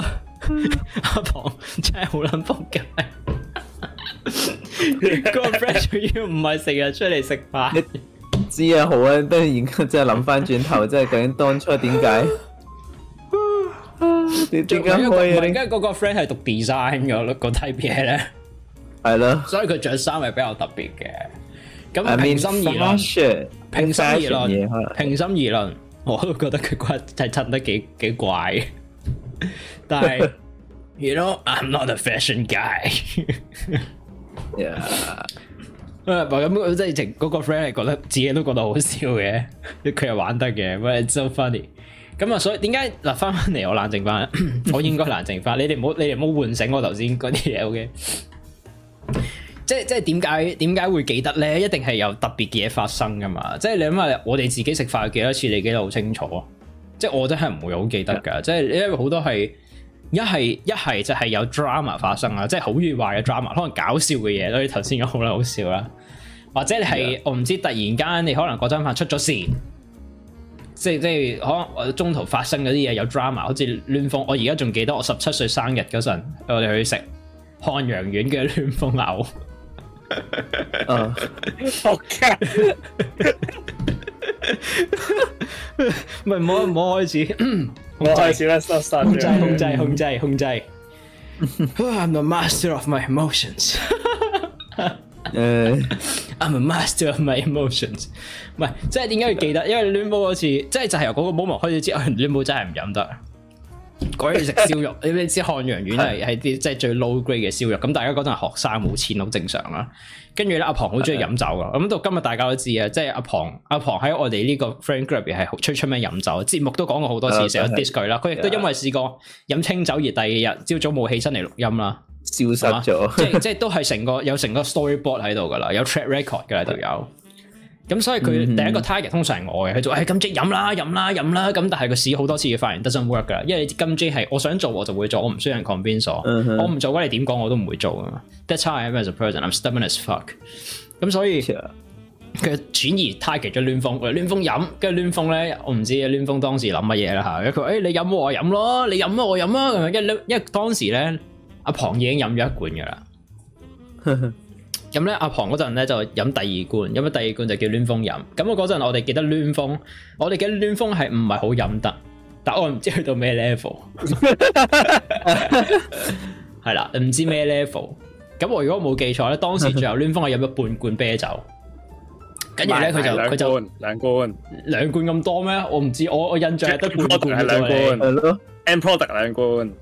[SPEAKER 1] 阿龐真係好撚撲街。你個 friend 仲要唔係成日出嚟食飯。知啊，好啊，突然間真係諗翻轉頭，真係究竟當初點解？你點解？點解因為我而家嗰個 friend 係讀 design 嘅咯？個 type 嘢咧，係咯。所以佢着衫係比較特別嘅。咁平心而論，平心而論，平心而論。我都覺得佢骨真係襯得幾幾怪，但係，you know I'm not a fashion guy。啊，咁即係嗰個 friend 係覺得自己都覺得好笑嘅，佢又玩得嘅，喂，it's so funny，咁啊，所以點解嗱翻翻嚟我冷靜翻，我應該冷靜翻，你哋唔好，你哋唔好喚醒我頭先嗰啲嘢，OK。即係即係點解點解會記得咧？一定係有特別嘅嘢發生噶嘛！即係你諗下，我哋自己食飯幾多次，你記得好清楚啊！即係我真係唔會好記得㗎。即係因為好多係一係一係就係有 drama 發生啊！即係好愉快嘅 drama，可能搞笑嘅嘢，你頭先講好啦，好笑啦。或者係我唔知突然間你可能嗰餐飯出咗事，即係即係可能中途發生嗰啲嘢有 drama。好似亂鳳，我而家仲記得我十七歲生日嗰陣，我哋去食漢陽苑嘅亂鳳牛。啊，好嘅，唔係唔好唔好開始，我開始啦，收晒，控制控制控制控制，I'm the master of my emotions，誒，I'm the master of my emotions，唔係即係點解要記得？因為暖寶嗰次，即係就係由嗰個寶物開始之後，暖寶真係唔飲得。嗰啲食燒肉，你你知漢陽院係啲即係最 low grade 嘅燒肉，咁大家嗰陣係學生冇錢，好正常啦。跟住咧，阿龐好中意飲酒噶，咁對 到今日大家都知啊，即係阿龐阿龐喺我哋呢個 friend group 係好出出名飲酒，節目都講過好多次，成日 dis 佢啦。佢亦都因為試過飲清酒而第二日朝早冇起身嚟錄音啦，消失咗，即即係都係成個有成個 storyboard 喺度噶啦，有 track record 啦就有。對 咁所以佢第一個 target 通常係我嘅，去做誒金 J 飲啦飲啦飲啦咁，但係佢試好多次嘅發現 doesn't work 㗎，因為金 J 係我想做我就會做，我唔需要人 convince 我，我唔做嗰你點講我都唔會做啊嘛。That's how I am as a person. I'm stubborn as fuck。咁所以其實、嗯、哼轉移 target 咗亂風，佢亂風飲，跟住亂風咧，我唔知啊亂風當時諗乜嘢啦嚇，佢誒、哎、你飲我飲咯，你飲啊我飲啊，因為因為當時咧阿龐已經飲咗一罐㗎啦。 咁咧阿龐嗰陣咧就飲第二罐，飲咗第二罐就叫暖風飲。咁我嗰陣我哋記得暖風，我哋記得暖風係唔係好飲得，但係我唔知去到咩 level。係啦，唔知咩 level。咁我如果冇記錯咧，當時最後暖風係飲咗半罐啤酒。跟住咧佢就佢就
[SPEAKER 2] 兩罐，兩罐，兩罐咁多咩？我唔知，我我印象係得半罐咁多。兩罐，hello，impossible 兩罐。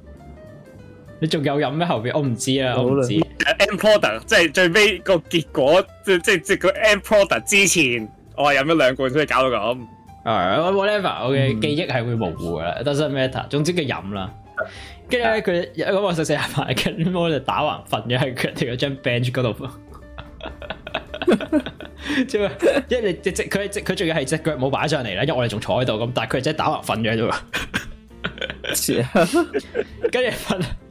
[SPEAKER 2] 你仲有飲咩後面？我唔知啊，我唔知。M powder 累即係最尾個結果，即即即個 M powder 之前，我係飲咗兩罐所以搞到咁。uh, whatever, 我嘅記憶係會模糊嘅
[SPEAKER 1] doesn't matter。總之佢飲啦，跟住咧佢一個細細下排筋，我就打橫瞓咗喺佢條嗰張 bench 嗰度。即因為隻佢佢仲要係隻腳冇擺上嚟咧，因為我哋仲坐喺度咁，但係佢真係打橫瞓咗啫跟住瞓。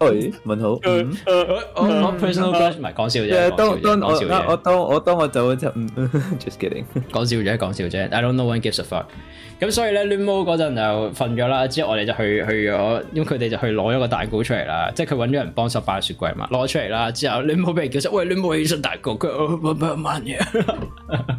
[SPEAKER 2] 喂，問好。
[SPEAKER 1] 唔唔唔唔，唔好 personal，唔係講笑啫。當當我當我當我走嗰陣，just kidding，講笑啫，講笑啫。I don't know one gives a fuck。咁所以咧，linko 嗰陣就瞓咗啦。之後我哋就去去咗，因為佢哋就去攞咗個蛋糕出嚟啦。即係佢揾咗人幫手把雪櫃嘛，攞出嚟啦。之後 linko 俾人叫出，喂 linko 起身蛋糕，佢唔唔唔乜嘢。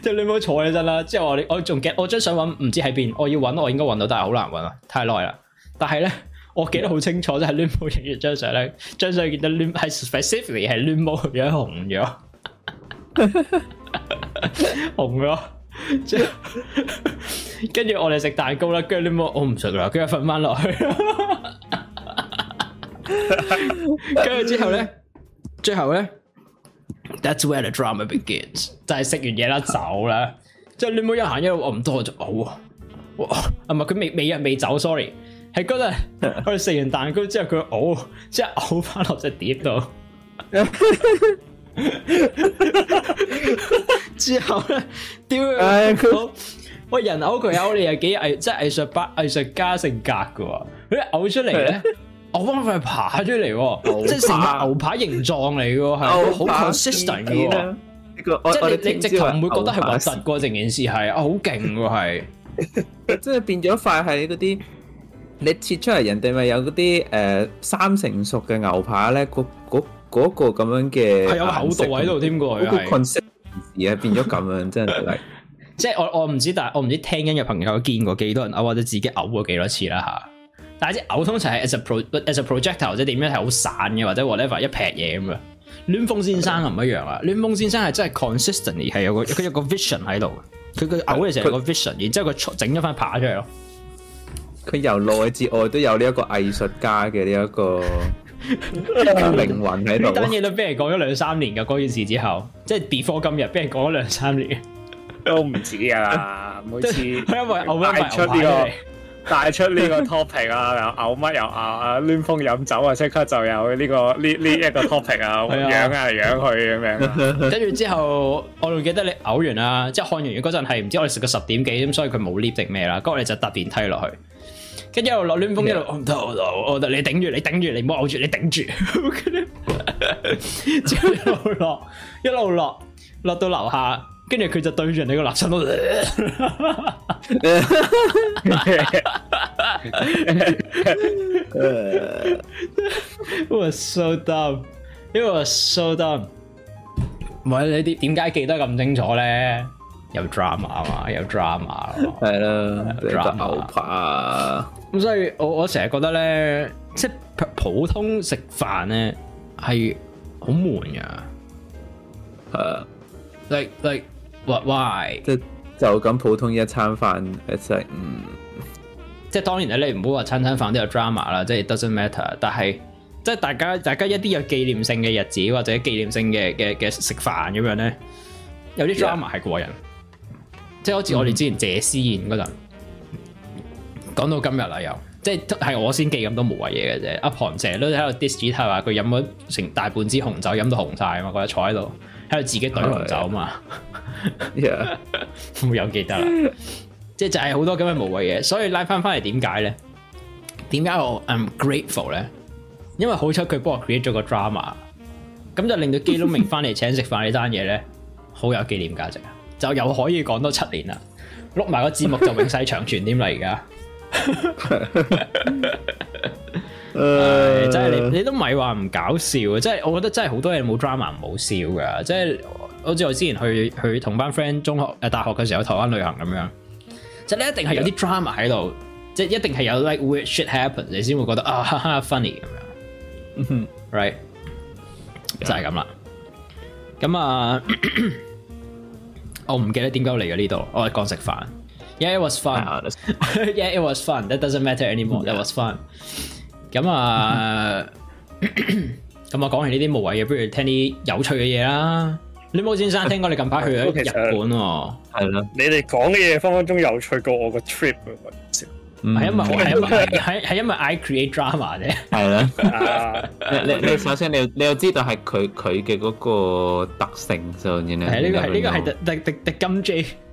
[SPEAKER 1] 即係 linko 坐起身啦。之後我我仲驚，我張相搵唔知喺邊，我要搵我應該搵到，但係好難搵啊，太耐啦。但係咧。我記得好清楚，就係亂毛影完張相咧，張相見到亂係 specifically 係亂毛，而家紅咗，紅咗，跟住我哋食蛋糕啦，跟住亂毛我唔食啦，跟住瞓翻落去，跟住之後咧，最後咧，That's where the drama begins，就係食完嘢啦，走啦，即係亂毛一行一路，我唔多就嘔，哇，唔係佢未未日未走，sorry。係嗰度，佢食完蛋糕之後，佢嘔，即係嘔翻落隻碟度。之 後咧，屌佢、哎呀。喂人嘔佢嘔，你又幾藝？即係藝術藝術家性格噶。佢嘔出嚟咧，嘔翻塊扒出嚟， 即係成個牛扒形狀嚟噶，係好 consistent 嘅。呢扒即係你，你直頭唔會覺得係話實個整件事係啊，好勁喎係。即係 變咗塊係嗰啲。你切出嚟，人哋咪有嗰啲、呃、三成熟嘅牛扒咧？嗰、嗰個咁樣嘅係、啊、有厚度喺度添，過嚟個 consistency 係變咗咁樣， 真係即係我我唔知，但係我唔知聽緊嘅朋友見見過幾多人嘔，或者自己嘔過幾多次啦嚇。但係啲嘔通常係 as a pro as a projector，或者點樣係好散嘅，或者 whatever 一劈嘢咁樣。亂風先生唔一樣啊！亂的風先生係真係 consistently 係有個佢有個 vision 喺度，佢嘅嘔嘅時候個 vision，他然之後佢整咗塊扒出嚟咯。佢由內至外都有呢一個藝術家嘅呢一個靈魂喺度。當然都俾人講咗兩三年噶，嗰件事之後，即係 before 今日俾人講咗兩三
[SPEAKER 2] 年 都唔止啊！每次因為我咪出呢、這個，帶出呢個 topic 啊，嘔乜又啊啊，亂風飲酒啊，即刻就有呢、這個呢呢、這個、一個 topic 啊，樣啊樣去咁樣。
[SPEAKER 1] 跟住 之後，我仲記得你嘔完啊，即係看完嗰陣係唔知我哋食到十點幾，咁所以佢冇 lift 定咩啦，咁我哋就搭電梯落去。跟住一路落暖風，一路唔得唔得唔得，你頂住你頂住你唔好嘔住，你頂住。一路落一路落，落到樓下，跟住佢就對住你個垃圾佬。我 so dumb，因為我 so dumb。唔係，你啲點解記得咁清楚咧？有 drama 啊嘛，有 drama 咯，係啦，有得牛扒。咁所以我，我我成日覺得咧，即係普通食飯咧係好悶噶，誒、uh,，like like what why？即係就咁普通一餐飯一食，like, 嗯。即係當然咧，你唔好話餐餐飯都有 drama 啦、嗯，即係 doesn't matter。但係即係大家大家一啲有紀念性嘅日子或者紀念性嘅嘅嘅食飯咁樣咧，有啲 drama 係過癮。Yeah. 即係好似我哋之前謝、嗯、思宴嗰陣。講到今日啊，又即係我先記咁多無謂嘢嘅啫。阿韓成日都喺度 dispute 佢話飲咗成大半支紅酒，飲到紅晒。啊嘛！佢坐喺度喺度自己懟紅酒啊嘛，冇、yeah. 有記得啦。即係就係好多咁嘅無謂嘢，所以拉翻翻嚟點解咧？點解我 I'm grateful 咧？因為好彩佢幫我 create 咗個 drama，咁就令到基隆明翻嚟請食飯呢單嘢咧， 好有紀念價值啊！就又可以講多七年啦，碌埋個字幕就永世長存點啦，而家。哈、 uh, 真係你你都唔係話唔搞笑啊，即係我覺得真係好多嘢冇 drama 唔好笑噶，即係好似我之前去去同班 friend 中學誒大學嘅時候台灣旅行咁樣，即係你一定係有啲 drama 喺度，即係一定係有 like weird shit happen，你先會覺得啊 funny 咁樣，right 就係咁啦。咁啊，我唔記得點解嚟嘅呢度，我係剛食飯。Yeah, it was fun.、啊就是、yeah, it was fun. That doesn't matter anymore.、嗯、That was fun. 咁啊，咁、uh, 啊，講完呢啲無謂嘢，不如聽啲有趣嘅嘢啦。你某先生，聽講你近排去咗日本喎、啊。係咯。的你
[SPEAKER 2] 哋講嘅嘢分分鐘有趣過我個 trip。唔係、嗯、因，因為，
[SPEAKER 1] 係係係因為 I create drama 啫。係咯、 啊。 你你首
[SPEAKER 2] 先你要你又知道係佢佢嘅嗰個特性就原來係呢個係呢、這個係
[SPEAKER 1] 特特特金 J。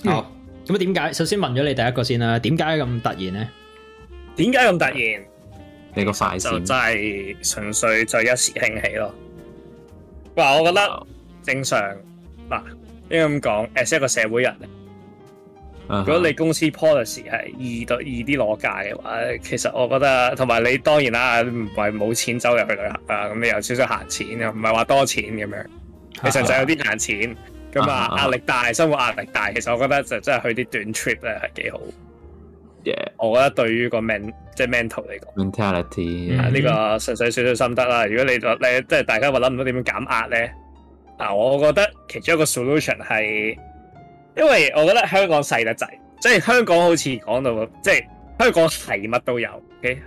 [SPEAKER 1] 好，咁啊、oh. 嗯？點解？首先問咗你第一個先啦，點解咁突然咧？
[SPEAKER 2] 點解咁突然？你個快就真係純粹就是一時興起咯。嗱，我覺得正常嗱、oh. 啊，應該咁講，誒，一個社會人，uh huh. 如果你公司 policy 係易到易啲攞假嘅話，其實我覺得，同埋你當然啦，唔係冇錢走入去旅行啊，咁你有少少閒錢，唔係話多錢咁樣，你實際有啲閒錢。咁啊，壓力大，啊、生活壓力大。其實我覺得就真係去啲短 trip 咧係幾好。Yeah. 我覺得對於個 men，即 ment 即係 mental 嚟
[SPEAKER 1] 講，mentality 呢、嗯、個
[SPEAKER 2] 純粹少少心得啦。如果你咧即係大家話諗唔到點樣減壓咧，嗱，我覺得其中一個 solution 係因為我覺得香港細得滯，即、就、係、是、香港好似講到即係、就是、香港係乜都有。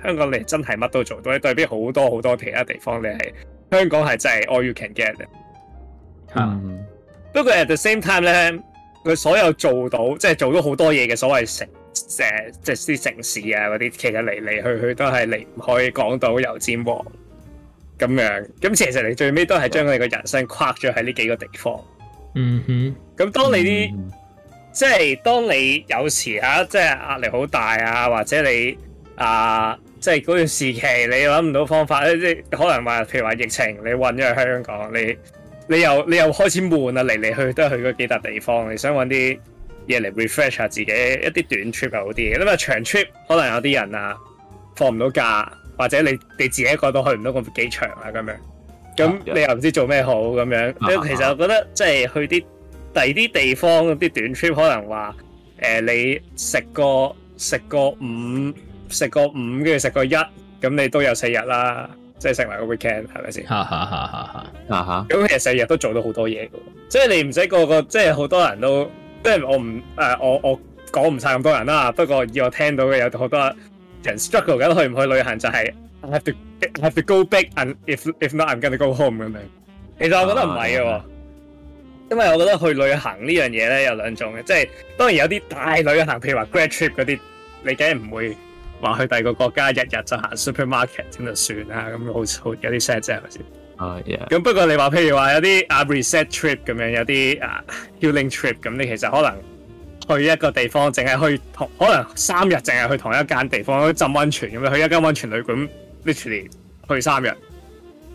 [SPEAKER 2] 香港你真係乜都做到，對比好多好多其他地方你係香港係真係 all you can get 嘅、嗯。啊！不過 at the same time 咧，佢所有做到即係做到好多嘢嘅所謂城誒，即係啲城市啊嗰啲，其實嚟嚟去去都係嚟唔可以講到油尖旺咁樣。咁其實你最尾都係將佢哋個人生框咗喺呢幾個地方。嗯哼、mm。咁、hmm. 當你啲，mm hmm. 即係當你有時啊，即係壓力好大啊，或者你啊，即係嗰段時期你諗唔到方法咧，即係可能話譬如話疫情，你混咗去香港你。你又你又開始悶啊！嚟嚟去都去都去嗰幾笪地方，你想搵啲嘢嚟 refresh 下自己一啲短 trip 又好啲。咁啊長 trip 可能有啲人啊放唔到假，或者你你自己一個都去唔到咁幾長啊咁樣。咁你又唔知做咩好咁樣。咁、uh huh. 其實我覺得即係去啲第二啲地方啲短 trip，可能話誒、呃、你食個食個五食個五，跟住食個一，咁你都有四日啦。即係成埋個 weekend，係咪先？嚇嚇嚇嚇嚇嚇嚇！咁其實成日都做到好多嘢嘅。即係你唔使個個，即係好多人都，即係我唔誒、啊，我我講唔晒咁多人啦。不過以我聽到嘅有好多人 struggle 緊去唔去旅行，就係、是、I have to I have to go big，and if if not，I'm going to go home。咁唔
[SPEAKER 3] 其實我覺得唔係
[SPEAKER 2] 嘅， 因為我覺得去旅行呢樣嘢咧有兩種嘅，即係當然有啲大旅行，譬如話 grad trip 嗰啲，你梗係唔會。話去第二個國家日日就行 supermarket 點就算啦，咁好好有啲 sad 啫，係咪先？啊，係啊。咁不過你話譬如話有啲啊、uh, reset trip 咁樣，有啲、uh, 啊 healing trip 咁，你其實可能去一個地方，淨係去同可能三日，淨係去同一間地方，浸溫泉咁樣，去一間溫泉旅館，literally 去三日。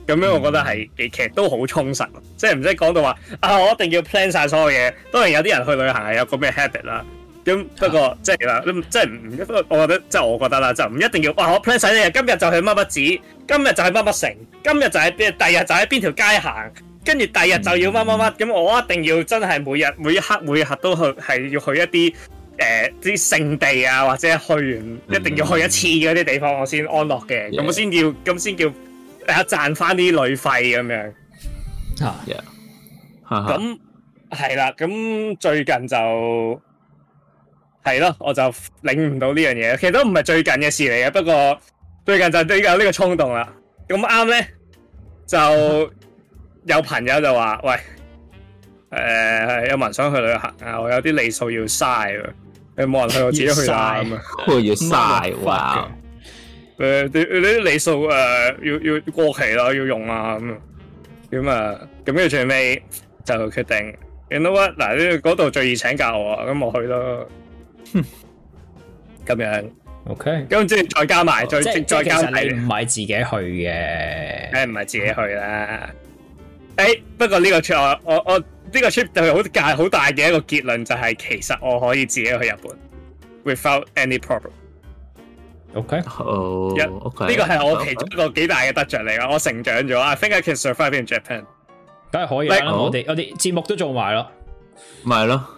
[SPEAKER 2] 咁樣我覺得係、嗯、其實都好充實，即係唔使講到話啊，我一定要 plan 晒所有嘢。當然有啲人去旅行係有個咩 habit 啦。咁、啊、不過即係啦，即係唔唔，我覺得即係、就是、我覺得啦，就唔一定要哇！我 plan 曬嘅，今日就去乜乜寺，今日就去乜乜城，今日就喺邊，第日就喺邊條街行，跟住第日就要乜乜乜。咁、嗯、我一定要真係每日每一刻每一刻都去，係要去一啲誒啲聖地啊，或者去完一定要去一次嘅啲地方我，我先安樂嘅。咁先 Yeah. 叫，咁先叫啊賺翻啲旅費咁樣。
[SPEAKER 3] 啊，係啊 Yeah. 咁
[SPEAKER 2] 係啦，咁最近就。係咯，我就領唔到呢樣嘢，其實都唔係最近嘅事嚟嘅。不過最近就比較呢個衝動啦。咁啱咧就有朋友就話，喂，誒、呃，有，有冇人想去旅行啊，我有啲利數要嘥，你冇人去，我自己去又咁啊。
[SPEAKER 3] 要樣我要嘥哇！
[SPEAKER 2] 誒，你啲利數誒、呃，要要過期啦，要用啊咁啊。點啊？咁跟住最尾就決定，你諗下，嗱，呢度最易請教我啊，咁我去咯。咁樣，OK，咁之後再加埋，再、哦、即係，再加埋即係其實你唔係自己去嘅，誒，唔係自己去啦。誒、嗯哎，不過呢個 trip，我我呢、這個 trip 就係好大好大嘅一個結論、就是，就係其實我可以自己去日本，without any problem。OK，一 OK，
[SPEAKER 3] 呢、
[SPEAKER 1] oh, okay, 個係我其中
[SPEAKER 2] 一個幾大嘅得着嚟噶，我成長咗啊 okay.，I think I can survive in Japan，梗係可以 like,、哦、我哋我哋節目都做埋咯，
[SPEAKER 1] 咪咯。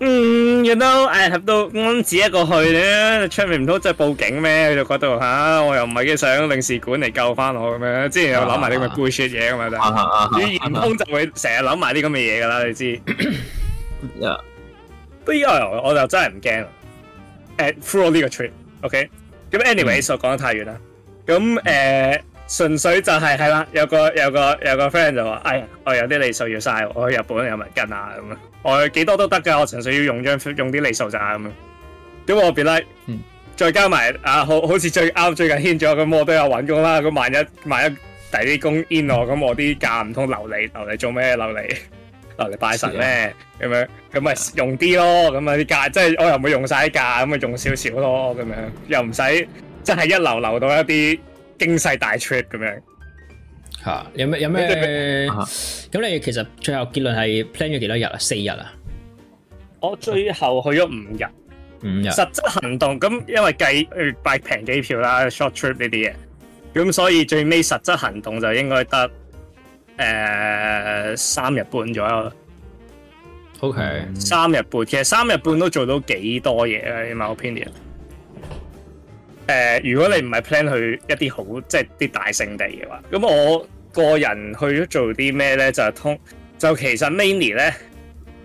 [SPEAKER 2] 嗯，要 you 都 know,、嗯，哎，入到，我唔自己一個去咧，出面唔通真係報警咩？佢就覺得，吓、啊，我又唔係幾想領事館嚟救翻我咁樣，之前又諗埋啲咁嘅背書嘢咁嘛，語言不通就會成日諗埋啲咁嘅嘢噶啦，你知？不過、啊啊啊啊、我，我就真係唔驚，誒，through 呢個 trip，OK，、okay? 咁 anyways、嗯、我講得太遠啦，咁誒。呃純粹就係係啦，有個有個有個 friend 就話，哎呀，我有啲利數要曬，我去日本有唔跟啊？咁啊，我幾多都得㗎，我純粹要用張用啲利數咋咁啊？咁我 be like，再加埋啊，好好似最啱最近牽咗，咁我都有揾工啦。咁萬一萬一第啲工 in 我，咁我啲假唔通留你留你做咩？留你留你拜神咩？咁樣咁咪用啲咯，咁啊啲假即係我又唔會用曬啲假，咁咪用少少咯，咁樣又唔使即係一流留到一啲。經濟大 trip 咁樣，
[SPEAKER 1] 吓、啊、有咩有咩？咁、啊、哈你其實最後結論係 plan 咗幾多日啊？四日啊？
[SPEAKER 2] 我最後去咗五日，五日
[SPEAKER 1] 天
[SPEAKER 3] 實
[SPEAKER 2] 質行動咁，因為計誒買平機票啦、short trip 呢啲嘢，咁所以最尾實質行動就應該得誒三日半左右。OK，三日、嗯、半其實三日半都做到幾多嘢啊？in my opinion 誒，uh, 如果你唔係 plan 去一啲好即係啲大聖地嘅話，咁我個人去咗做啲咩咧，就通就其實 mainly 咧，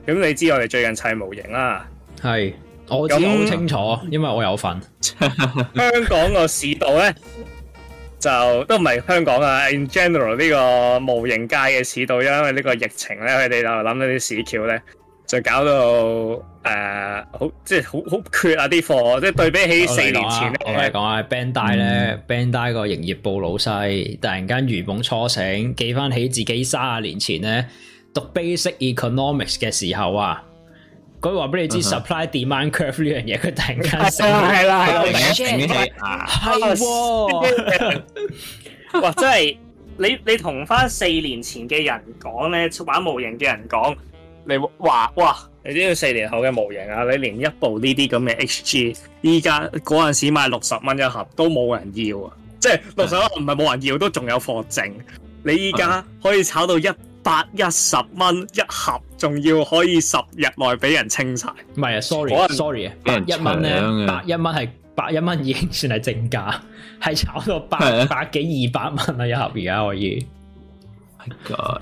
[SPEAKER 2] 咁你知我哋最近砌模型啦、
[SPEAKER 1] 啊，係，我知好同清楚，因為我有份。
[SPEAKER 2] 香港個市道咧， 就都唔係香港啊，in general 呢個模型界嘅市道，因為呢個疫情咧，佢哋就諗到啲市橋咧。就搞到誒、呃，好即係好好缺啊啲貨，即係對比起四年前咧、嗯。我哋
[SPEAKER 1] 講下 Bandai 咧，Bandai 個營業部老細突然間如夢初醒，記翻起自己卅年前咧讀 basic economics 嘅時候啊，佢話俾你知 supply demand curve 呢樣嘢，佢、嗯、哼突然間醒咗。係啦，係啦，係。係。
[SPEAKER 2] 哇！真係你你同翻四年前嘅人講咧，玩模型嘅人講。你話哇，哇！你知唔知四年後嘅模型啊？你連一部呢啲咁嘅 HG，依家嗰陣時賣六十蚊一盒都冇人要啊！即係六十蚊唔係冇人要，都仲有貨剩。你依家可以炒到一百一十蚊一盒，仲要可以十日內俾人清晒。唔係啊，sorry，sorry 啊，一蚊咧，百
[SPEAKER 1] 一蚊係百一蚊已經算係正價，係炒到百、啊、百幾二百蚊啊一盒，而家可以。Oh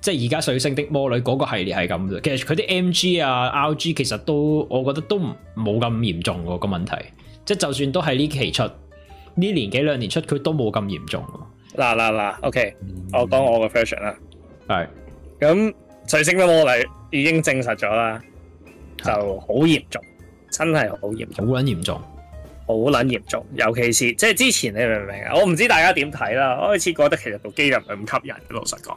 [SPEAKER 1] 即係而家《水星的魔女》嗰個系列係咁，其實佢啲 M G 啊、RG 其實都，我覺得都冇咁嚴重的、這個問題。即係就算都喺呢期出，呢年幾兩年出，佢都冇咁嚴重。嗱嗱
[SPEAKER 2] 嗱，OK，我講我個 version 啦。係，咁《水星的魔女》已經證實咗啦，就好嚴重，是真係好嚴重，好捻嚴重，好捻嚴重。尤其是即係之前，你明唔明啊？我唔知大家點睇啦。我開始覺得其實部機又唔係咁吸引嘅，老實講。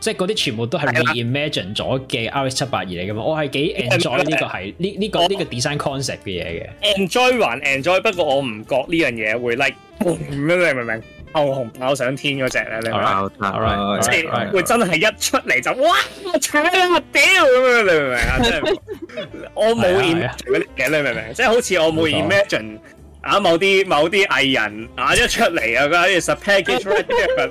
[SPEAKER 1] 即係嗰啲全部都係 reimagine 咗嘅 RX-78-2 嚟噶嘛，我係幾 enjoy 呢個係呢呢個呢個 design concept 嘅嘢嘅。
[SPEAKER 2] enjoy 還 enjoy，不過我唔覺呢樣嘢會 like，明唔明？明唔明？牛熊牛上天嗰隻咧，你明唔明？即係會真係一出嚟就哇！我搶啊！我屌咁樣，你明唔明啊？即係我冇 imagine，你明唔明？即係好似我冇 imagine 啊某啲某啲藝人啊一出嚟啊佢好似 package。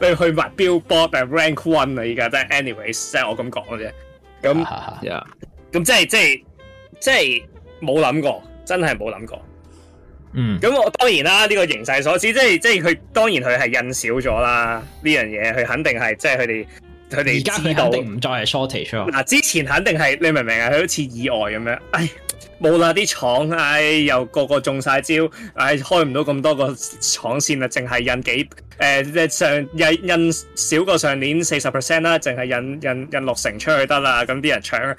[SPEAKER 2] 你去買 Billboard rank one 啊！依家真係，anyways，即係我咁講嘅啫。咁，咁即係，即係，即係冇諗過，真係冇諗過。嗯。咁我當然啦，呢、這個形勢所指，即係，即係佢當然佢係印少咗啦。呢樣嘢佢肯定係，即係佢哋。佢哋而家佢肯
[SPEAKER 1] 定唔再係 shortage 嗱，
[SPEAKER 2] 之前肯定係，你明唔明啊？佢好似意外咁樣，唉，冇啦啲廠，唉，又個個中晒招，唉，開唔到咁多個廠線，呃、啦，淨係印幾誒，上印印少過上年四十 percent 啦，淨係印印印六成出去得啦。咁啲人搶，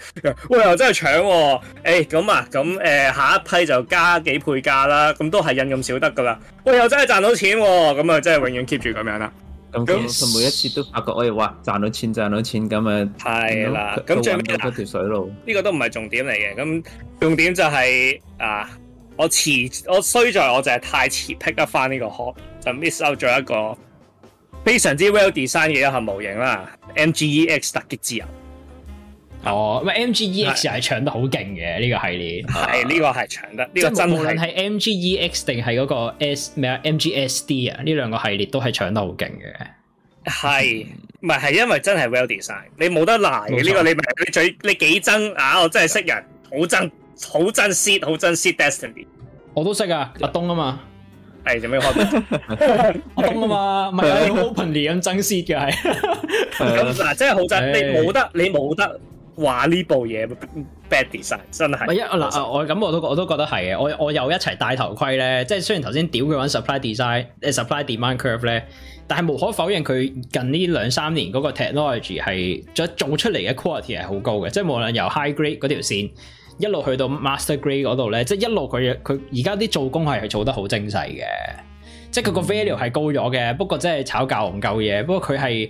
[SPEAKER 2] 喂，又真係搶，哎，咁啊，咁、哎、誒、啊呃，下一批就加幾倍價啦，咁都係印咁少得噶啦。喂、哎，又真係賺到錢，咁啊，就真係永遠 keep 住咁樣啦。咁佢每一次
[SPEAKER 1] 都發覺我哋哇，賺到錢賺到錢咁啊，係啦。咁最尾搭條水路，
[SPEAKER 2] 呢個都唔係重點嚟嘅。咁重點就係啊，我遲我衰在我就係太遲 pick up 翻翻，呢個 call 就 miss out 咗一個非常之 well designed 嘅一下模型啦。MGEX 突擊自由。哦，咪 MGEX 又係搶得好勁嘅呢個系列，係呢個係搶得，即係無論係
[SPEAKER 1] MGEX 定係嗰個 S 咩啊 MGSD 啊呢兩個系列都係搶得好勁嘅。
[SPEAKER 2] 係，咪係因為真係 Well Design，你冇得難嘅呢個，你明佢嘴，你幾憎啊？我真係識人，好憎，好憎 Seed 好憎 Seed destiny。我都
[SPEAKER 1] 識啊，阿東啊嘛，
[SPEAKER 2] 係做咩阿東啊嘛？咪 open 啲咁憎 Seed 嘅係，嗱，真係好憎，你冇得，你冇得。話呢部嘢 bad design 真係， 我嗱我
[SPEAKER 1] 咁我都我都覺得係嘅。我我又一齊戴頭盔咧，即係雖然頭先屌佢揾 supply design，supply demand curve 咧，但係無可否認佢近呢兩三年嗰個 technology 係做做出嚟嘅 quality 係好高嘅。即係無論由 high grade 嗰條線一路去到 master grade 嗰度咧，即係一路佢佢而家啲做工係係做得好精細嘅。即係佢個 value 係高咗嘅。嗯，不過即係炒價戇鳩嘢。不過佢係。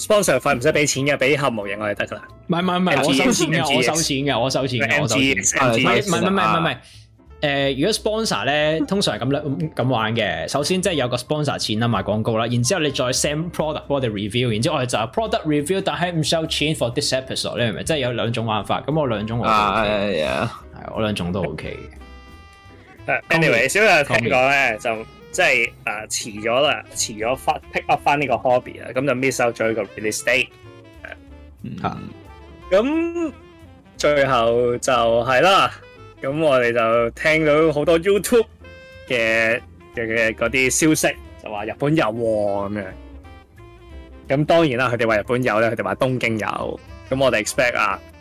[SPEAKER 2] sponsor 費唔使俾錢嘅，俾盒模型我哋得噶啦。唔係唔係唔係，我收錢嘅，我收錢嘅，我
[SPEAKER 1] 收錢嘅。唔係唔係唔係唔係，誒，如果 sponsor 咧，通常係咁咧，咁玩嘅。首先即係有個 sponsor 錢啦，賣廣告啦，然之後你再 send product for the review，然之後我哋就 product review，但係唔收錢 for this episode。你明唔明？即係有兩種玩法，咁我兩種我。係啊，我兩種都 OK 嘅。
[SPEAKER 2] Anyway，小六聽講咧就。即係誒遲咗啦，遲咗翻 pick up 翻呢個 hobby 咁就 miss out 咗一個 release date。
[SPEAKER 3] 嗯，
[SPEAKER 2] 咁最後就係啦，咁我哋就聽到好多 YouTube 嘅嘅嘅嗰啲消息，就話日本有喎咁樣。咁當然啦，佢哋話日本有咧，佢哋話東京有，咁我哋 expect 啊。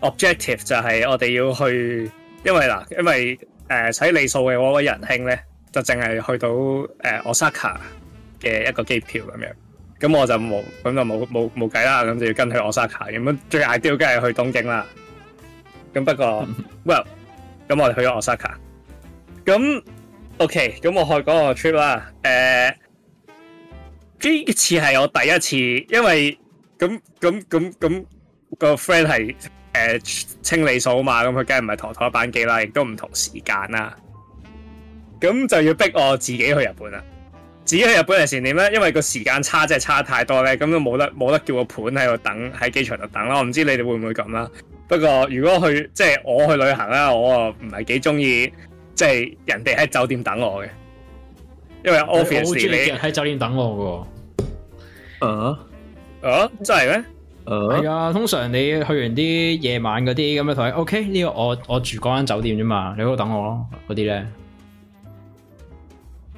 [SPEAKER 2] Objective 就係我哋要去，因為嗱，因為誒，使理數嘅我位仁兄咧，就淨係去到誒 Osaka 嘅一個機票咁樣，咁我就冇，咁就冇冇冇計啦，咁就要跟去 Osaka 咁樣，最 ideal 梗係去東京啦。咁不過，Well，咁我哋去咗 Osaka，咁 OK，咁我去嗰個 trip 啦。誒，呢一次係我第一次，因為咁咁咁咁個 friend 係。誒，清理數嘛，咁佢梗係唔係妥妥一班機啦，亦都唔同時間啦，咁就要逼我自己去日本啦。自己去日本係事點咧？因為個時間差真係差太多咧，咁都冇得冇得叫個盤喺度等喺機場度等啦。我唔知你哋會唔會咁啦。不過如果去即係我去旅行啦，我唔係幾中意即係人哋喺酒店等我嘅，因為 office 你
[SPEAKER 1] 喺酒店等我喎，
[SPEAKER 2] 哦。啊？啊？真係咩？
[SPEAKER 1] 係啊、哎，通常你去完啲夜晚嗰啲咁樣同你，OK 呢個我我住嗰間酒店啫嘛，你喺嗰度等我咯，嗰啲呢。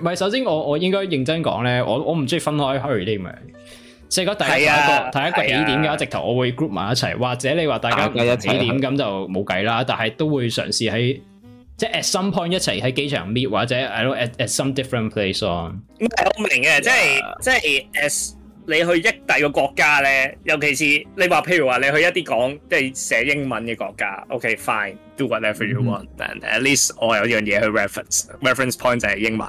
[SPEAKER 1] 唔係，首先我我應該認真講咧，我我唔中意分開 Hurry 啲咪。即係嗰第一個睇、啊、一個幾點嘅，啊、直頭我會 group 埋一齊。或者你話大家幾點咁的就冇計啦。但係都會嘗試喺即係 at some point 一齊喺機場 meet，或者 at, at some different place 咯。
[SPEAKER 2] 我明嘅的，即係即係 as 你去益第個國家咧，尤其是你話譬如話你去一啲講即係寫英文嘅國家，OK fine do whatever you want，at、嗯、least 我有一樣嘢去 reference reference point 就係英文。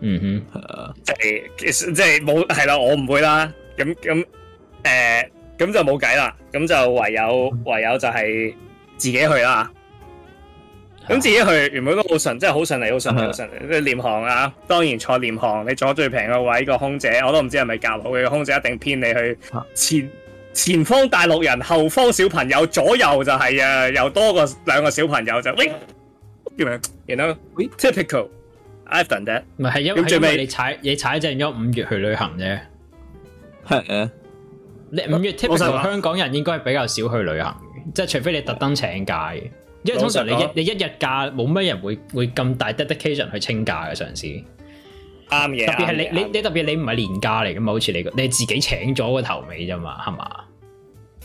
[SPEAKER 2] 嗯
[SPEAKER 1] 哼，
[SPEAKER 2] 即係其實即係冇係啦，我唔會啦，咁咁誒，咁、呃、就冇計啦，咁就唯有，mm hmm. 唯有就係自己去啦。咁自己去原本都好順，即係好順利，好順利，好順、uh huh. 利。廉航啊，當然坐廉航，你坐最平個位個空姐，我都唔知係咪夾好嘅空姐，一定偏你去、uh huh. 前前方大陸人，後方小朋友，左右就係、是、啊，又多個兩個小朋友就喂叫咩？然後 typical。Huh. 唔到，唔係係因為你
[SPEAKER 1] 踩你踩正咗五月去旅行啫。係
[SPEAKER 2] 啊，你五月通常香
[SPEAKER 1] 港人應該比較少去旅行，即係除非你特登請假，因為通常你一你一日假冇咩人會會咁大 dedication 去清假嘅，上司
[SPEAKER 2] 啱嘅。確特別係你你
[SPEAKER 1] 你特別你唔係年假嚟嘅嘛，好似你你係自己請咗個頭尾啫嘛，係嘛？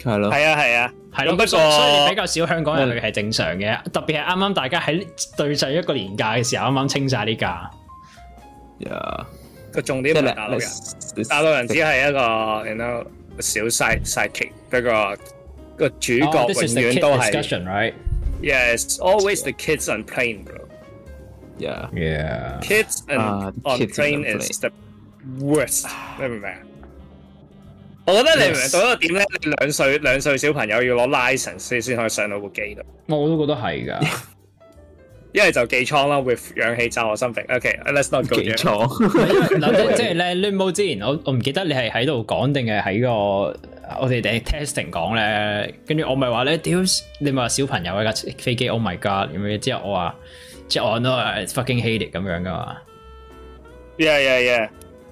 [SPEAKER 1] 係咯，係啊，係啊，係咯，不過所以比較少香港人係正常嘅，特別係啱啱大家喺對上一個年假嘅時候啱啱清晒啲假。呀，
[SPEAKER 2] 個重點唔係大陸人，大陸人只係一個，你 know 小細細劇，不過個主角永遠都係。Yes, always the kids on plane, bro. Yeah, yeah. Kids on plane is the worst. 明唔明？我覺得你唔明到一個點咧，你兩歲，兩歲小朋友要攞 license 先，先可以上到部機度。我都覺得係㗎，一係就寄艙啦，會氧氣炸我心肺。OK，let's not 記錯。
[SPEAKER 1] 即係咧，Lumo 之前我，我唔記得你係喺度講定係喺個我哋 testing 講咧。跟住我咪話咧，屌，你咪話小朋友一架飛機，oh my god！咁樣之後我話，即我話 no fucking idiot 咁樣噶嘛。
[SPEAKER 2] Yeah yeah yeah.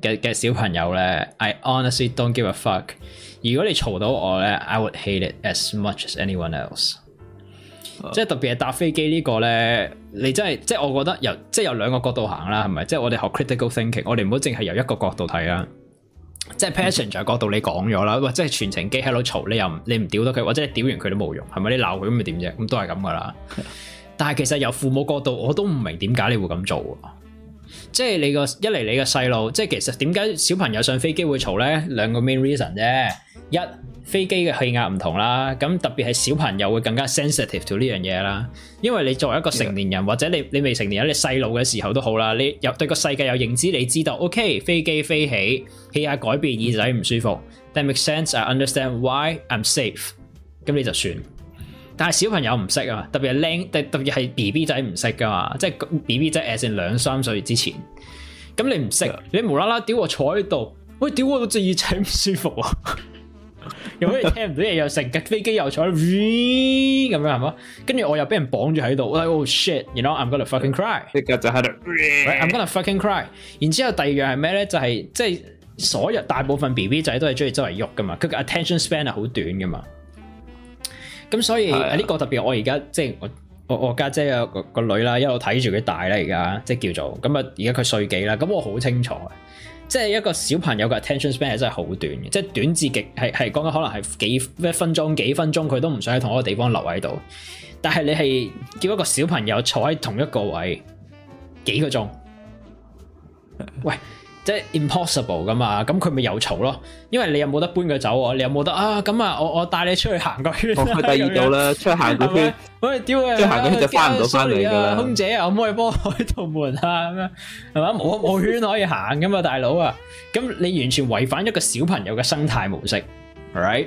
[SPEAKER 1] 嘅嘅小朋友咧，I honestly don't give a fuck。如果你嘈到我咧，I would hate it as much as anyone else。Uh, 即係特別係搭飛機個呢個咧，你真係即係我覺得由即係兩個角度行啦，係咪？即係我哋學 critical thinking，我哋唔好淨係由一個角度睇啦、啊。即係 passenger 嘅角度你講咗啦，嗯、或者係全程機喺度嘈，你又你唔屌得佢，或者你屌完佢都冇用，係咪？你鬧佢咁咪點啫？咁都係咁噶啦。 但係其實由父母角度，我都唔明點解你會咁做。即係你個一嚟，你個細路即係其實點解小朋友上飛機會嘈咧？兩個 main reason 啫，一飛機嘅氣壓唔同啦，咁特別係小朋友會更加 sensitive to 呢樣嘢啦。因為你作為一個成年人或者你你未成年，你細路嘅時候都好啦，你又對個世界有認知，你知道 OK，飛機飛起氣壓改變，耳仔唔舒服。That makes sense. I understand why I'm safe。咁你就算。但係小朋友唔識啊，特別係僆，特別係 B B 仔唔識噶嘛，即係 B B 仔 as 成兩三歲之前，咁你唔識，你無啦啦屌我坐喺度，喂，屌我隻耳仔唔舒服啊！ 又可以聽唔到嘢，又成架飛機又坐 V 咁樣係嘛？跟住我又俾人綁住喺度，我係 oh shit，you know I'm gonna fucking cry，呢架 I'm gonna fucking cry。
[SPEAKER 3] To to right,
[SPEAKER 1] fucking cry. 然之後第二樣係咩咧？就係即係，所有大部分 B B 仔都係中意周圍喐噶嘛，佢個 attention span 係好短噶嘛。咁所以呢的個特別，我而家即係我我我家姐有個個女啦，一路睇住佢大啦而家，即係叫做咁啊！而家佢歲幾啦？咁我好清楚，即係一個小朋友嘅 attention span 係真係好短嘅，即係短至極，係係講緊可能係一分鐘、幾分鐘，佢都唔想喺同一個地方留喺度。但係你係叫一個小朋友坐喺同一個位幾個鐘，喂？即係 impossible 噶嘛，咁佢咪又嘈咯？因為你又冇得搬佢走，你又冇得啊！咁啊，我我帶你出去行個圈、啊，我去第二度啦，樣出去行個圈，喂，丟啊！出去行個圈就翻唔到翻嚟噶，空姐，可唔可以幫我開道門啊？咁樣係嘛，冇冇圈可以行噶嘛，大佬啊！咁 你完全違反一個小朋友嘅生態模式，right？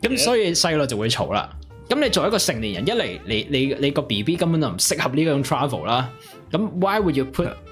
[SPEAKER 1] 咁 Okay. 所以細路就會嘈啦。咁你作為一個成年人，一嚟你你你個 B B 根本就唔適合呢種 travel 啦。咁 Why would you put？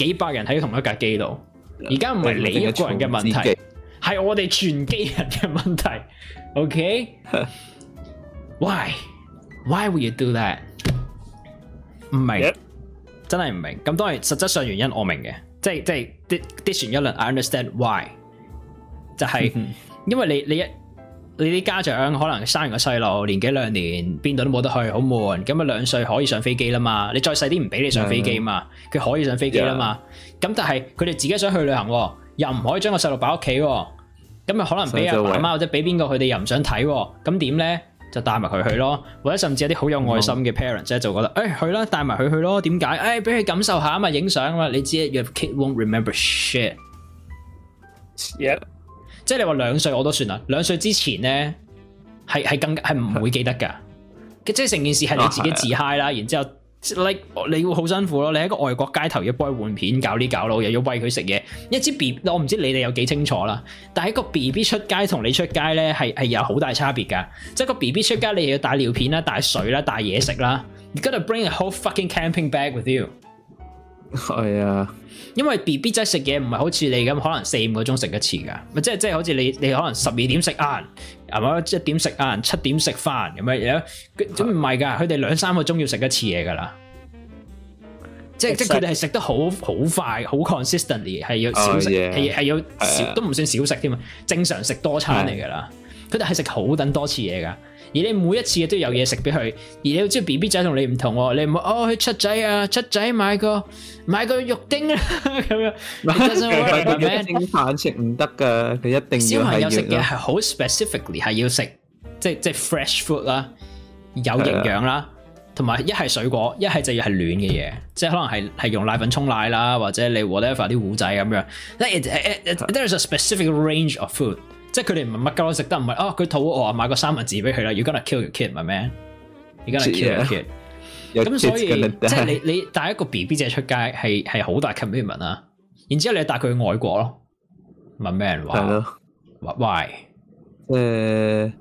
[SPEAKER 1] 幾百人喺同一架機度，而家唔係你一個人嘅問題，係我哋全機人嘅問題。OK，Why？Why would why you do that？唔 Yeah. 明，真係唔明。咁當然，實際上原因我明嘅，即係即係啲啲船一輪，I understand why，就係、是、 因為你你一。你啲家長可能生完個細路，年幾兩年邊度都冇得去，好悶。咁啊兩歲可以上飛機啦嘛，你再細啲唔俾你上飛機嘛，佢 Yeah. 可以上飛機啦嘛。咁但係佢哋自己想去旅行，又唔可以將個細路擺屋企，咁啊可能俾阿爸媽或者俾邊個佢哋又唔想睇，咁點咧就帶埋佢去咯，或者甚至有啲好有愛心嘅 parents 即係就覺得，誒、哎、去啦，帶埋佢去咯，點解？誒俾佢感受下啊嘛，影相啊嘛，你知啊，Your kid won't remember shit。Yeah. 即係你話兩歲我都算啦，兩歲之前咧係係更係唔會記得噶，即係成件事係你自己自嗨啦，是的 然之後 like 你會好辛苦咯，你喺個外國街頭要幫佢換片，搞呢搞佬，又要喂佢食嘢。一支 B，我唔知你哋有幾清楚啦，但係個 B B 出街同你出街咧係係有好大差別噶，即係個 B B 出街你又要帶尿片啦、帶水啦、帶嘢食啦而家 you gotta bring a whole fucking camping bag with you。係啊， 因為 B B 仔食嘢唔係好似你咁，可能四五個鐘食一次噶，咪即係即係好似你你可能十二點食晏，係嘛一點食晏，七點食飯咁樣，咁唔係噶，佢哋兩三個鐘要食一次嘢噶啦，實即係即係佢哋係食得好好快，好 consistently 係要少食，係係、oh, yeah, 要小 yeah. 都唔算少食添嘛，正常食多餐嚟噶啦，佢哋係食好等多次嘢噶。而你每一次都要有嘢食俾佢，而你要知 B B 仔同你唔同，你唔好哦，佢七仔啊，七仔買個買個肉丁啊。咁 樣 't。 肉丁飯食唔得噶，佢一定小朋友食嘢係好 specifically 係要食，即係即係 fresh food 啦，有營養啦，同埋一係水果，一係就要係暖嘅嘢，即係可能係係用奶粉沖奶啦，或者你 whatever 啲糊仔咁樣。Like, there is a specific range of food. 即係佢哋唔係乜鳩食得，唔係啊佢肚餓啊，買個三文治俾佢啦。要今日 kill your kid，唔係咩？而家係 kill your kid。咁 Yeah. Your 所以 gonna 即係你你帶一個 B B 仔出街係係好大 commitment 啊！然之後你帶佢去外國咯，問咩人話？係
[SPEAKER 2] 咯 why 誒，uh,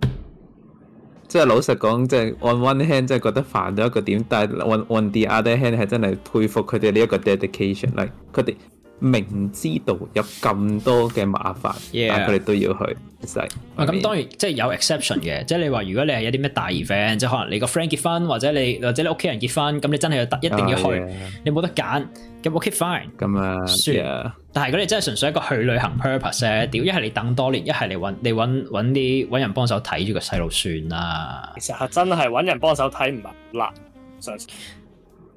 [SPEAKER 2] 即係老實講，即係按 one hand，即係覺得煩咗一個點，但係按按 the other hand 係真係佩服佢哋呢一個 dedication，like 佢哋。明知道有咁多嘅麻煩
[SPEAKER 1] ，Yeah. 但佢哋都要去，係 I mean，啊。咁當然即係、就是、有 exception 嘅，即係你話如果你係一啲咩大 event，即係可能你個 friend 結婚，或者你或者你屋企人結婚，咁你真係要一定要去，oh, yeah. 你冇得揀，咁我 keep fine 咁啊，算了。yeah. 但係如果你真係純粹一個去旅行 purpose 咧，屌，一係你等多年，一係你揾你啲揾人幫手睇住個細路算啦。其實真
[SPEAKER 2] 係揾人幫手睇唔難，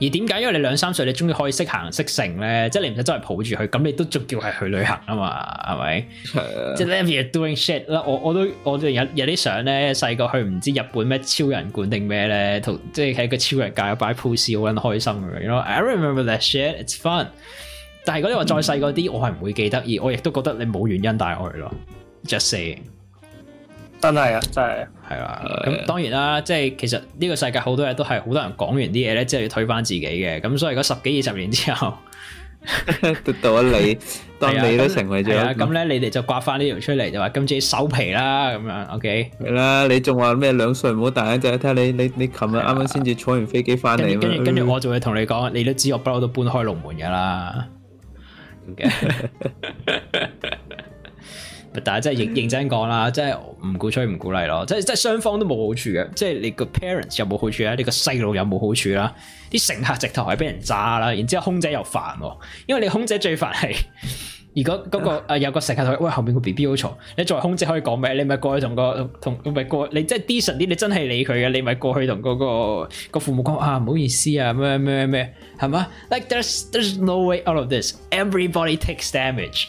[SPEAKER 1] 而點解？因為你兩三歲，你終於可以識行識成咧，即係你唔使周圍抱住佢，咁你都仲叫係去旅行啊嘛？係咪？是啊、即係 learning doing shit 啦。我都我都我仲有有啲相咧，細個去唔知日本咩超人館定咩咧，即係喺個超人界擺 pose 好撚開心咁樣。I remember that shit, it's fun 但。但係嗰啲話再細嗰啲，我係唔會記得，而我亦都覺得你冇原因帶我去咯。Just saying。真係啊，真係係啊。咁、啊、當然啦，即係其實呢個世界好多嘢都係好多人講完啲嘢咧，之後要推翻自己嘅。咁所以如果十幾二十年之後， 到到咗你，當你都成為咗，咁咧、啊嗯、你哋就刮翻呢條出嚟，就話今次收皮啦咁樣。OK，啦、啊，你仲話咩兩歲冇大仔，睇下你你你琴日啱啱先至坐完飛機翻嚟。跟住跟住我仲會同你講，嗯、你都知我不嬲都搬開龍門噶啦。 但大家真係認認真講啦，真係唔鼓吹唔鼓勵咯，即係即係雙方都冇好處嘅，即係你個 parents 有冇好處啊？你個細路有冇好處啦？啲乘客直頭係俾人炸啦，然之後空姐又煩，因為你空姐最煩係，如果嗰、嗰個、 呃、有個乘客話喂，後面個 B B 好嘈，你作為空姐可以講咩？你咪過去同個同咪過你即係 decent 啲，你真係理佢嘅，你咪過去同嗰、嗰個、嗰個嗰個父母講啊，唔好意思啊咩咩咩係嘛？Like there's there's no way out of this. Everybody takes damage.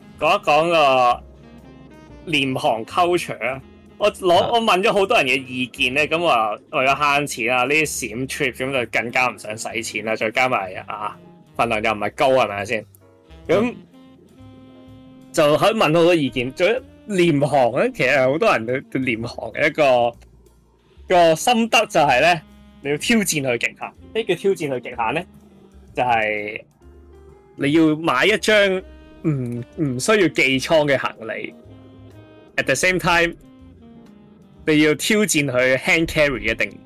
[SPEAKER 2] 講一講個廉航溝腸，我攞我問咗好多人嘅意見咧，咁話為咗慳錢啊，呢啲閃 trip 咁就更加唔想使錢啦，再加埋啊份量又唔係高係咪先？咁、嗯、就喺問好多意見，做廉航，其實好多人對廉航嘅一個一個心得就係咧，你要挑戰去極限。呢叫挑戰去極限咧？就係、是、你要買一張。唔唔需要寄倉嘅行李，at the same time 你要挑戰佢 hand carry 嘅定義。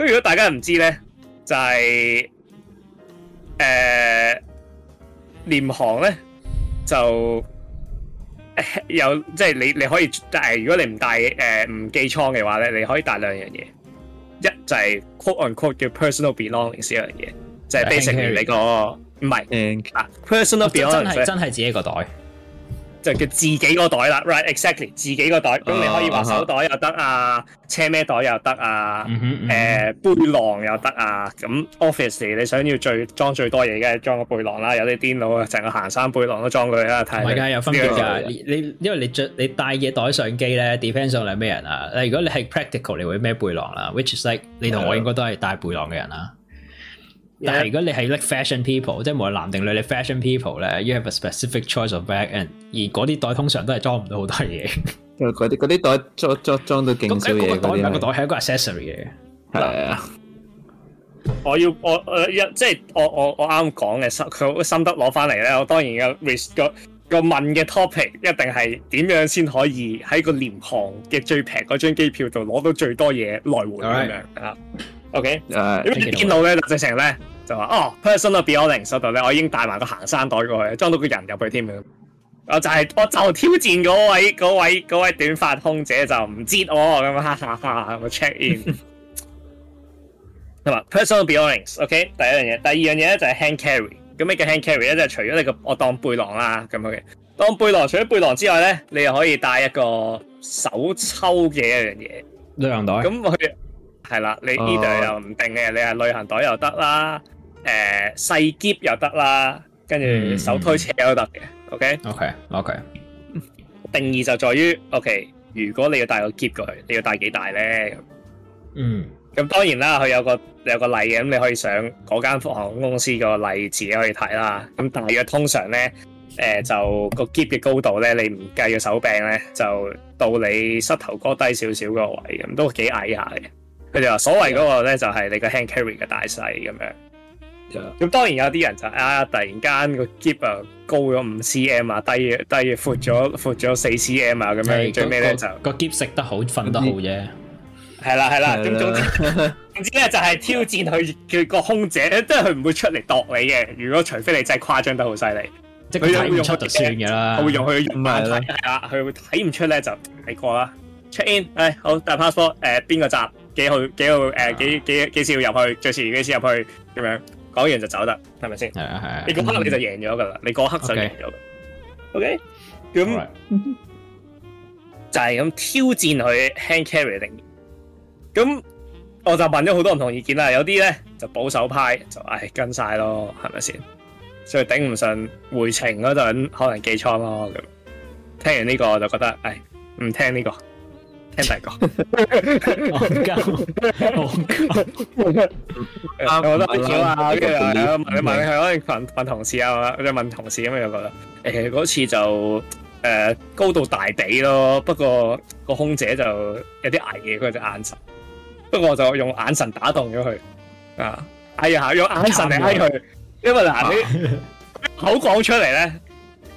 [SPEAKER 2] 咁如果大家唔知咧，就係、是、誒、呃、廉航咧就有即係、就是、你你可以，但係如果你唔帶誒唔寄倉嘅話咧，你可以帶兩樣嘢，一就係、是、quote unquote 叫 personal belongings 呢樣嘢，就係 basically 你個。唔係，personal bag 真係真係自己一個袋，就叫自己個袋啦。Right, exactly，自己個袋。咁你可以話手袋又得啊，車咩袋又得啊，誒背囊又得啊。咁 office 你想要最裝最多嘢，梗係裝個背囊啦。有啲癲佬啊，成個行山背囊都裝佢啦，睇唔係，梗係有分別噶。你
[SPEAKER 1] 你因為你着，你帶嘢袋相機咧，depends on 你係咩人啊。如果你係 practical，你會孭背囊啦。Which is like, 你同我應該都係帶背囊嘅人啦。Yeah. 但係如果你係 like fashion people，即係無論男定女，你 fashion people 咧，you have a specific choice of bag，而嗰啲袋通常都係裝唔到好多嘢。
[SPEAKER 2] 嗰啲嗰啲袋裝裝裝到勁少嘢咁樣。咁個袋，
[SPEAKER 1] 有係一個 accessory 嘅。係啊。
[SPEAKER 2] 啊我要我一、呃、即係我我我啱講嘅，收佢心得攞翻嚟咧。我當然個個個問嘅 topic 一定係點樣先可以喺個廉航嘅最平嗰張機票度攞到最多嘢來回咁 Right. 樣啊。O K. 誒，
[SPEAKER 1] 咁啲 Okay.、uh, 電
[SPEAKER 2] 腦咧，直情咧就話，哦、oh，personal belongings，所以就咧，我已經帶埋個行山袋過去，裝到個人入去添嘅。我就係、是，我就挑戰嗰位位位，位短髮空姐就唔知哦。咁樣，哈哈哈，我 check in。 咁啊，personal belongings，O、okay? K. 第一樣嘢，第二樣嘢咧就係 hand carry。咁咩叫 hand carry 咧？就係、是、除咗你個，我當背囊啦，咁 o 嘅當背囊除咗背囊之外咧，你又可以帶一個手抽嘅一樣嘢。旅行袋。咁佢。係啦，你呢袋又唔定嘅，哦、你係旅行袋又得啦，誒細箧又得啦，跟住手推車都得嘅。
[SPEAKER 1] OK，OK，OK。
[SPEAKER 2] 定義就在於 OK，如果你要帶個箧過去，你要帶幾大咧？嗯，咁當然啦，佢有個有個例嘅，咁你可以上嗰間航空公司個例自己可以睇啦。咁大約通常咧，誒、呃、就個箧嘅高度咧，你唔計個手柄咧，就到你膝頭哥低少少個位咁，都幾矮下嘅。佢哋話所謂嗰個咧，就係你個 hand carry 嘅大細咁樣。咁當然有啲人就啊，突然間個篋啊高咗五 c m 啊，低低啊闊咗闊咗四 c m 啊，咁樣 Yeah, 最尾咧 that, 就個篋食得好，瞓得好啫。係啦係啦，總總之總之咧就係挑戰佢佢個空姐，即係佢唔會出嚟度你嘅。如果除非你真係誇張得好犀利，即係睇唔出就算嘅啦。佢會用佢眼睇係佢會睇唔出咧就睇過啦。Check in，誒好帶 passport，誒邊個集？幾號幾號誒幾幾幾時要入去？最遲幾時入去？咁樣講完就走得，係咪先？係啊係啊。啊你嗰刻你就贏咗噶啦，你嗰刻贏就贏咗。OK，咁就係咁挑戰佢 hand carry 定？咁我就問咗好多唔同意見啦，有啲咧就保守派就唉、哎、跟晒咯，係咪先？所以頂唔順回程嗰陣可能寄倉咯。咁聽完呢個我就覺得唉唔、哎、聽呢、這個。聽大講，講講，我我都唔知啊。跟住又問你問佢，可咯，問問同事啊，再問同事咁樣就覺得，誒嗰次就誒高度大地咯。不過個空姐就有啲危嘅，佢隻眼神。不過我就用眼神打動咗佢啊，係啊，用眼神嚟 h 佢。因為嗱，你口講出嚟咧，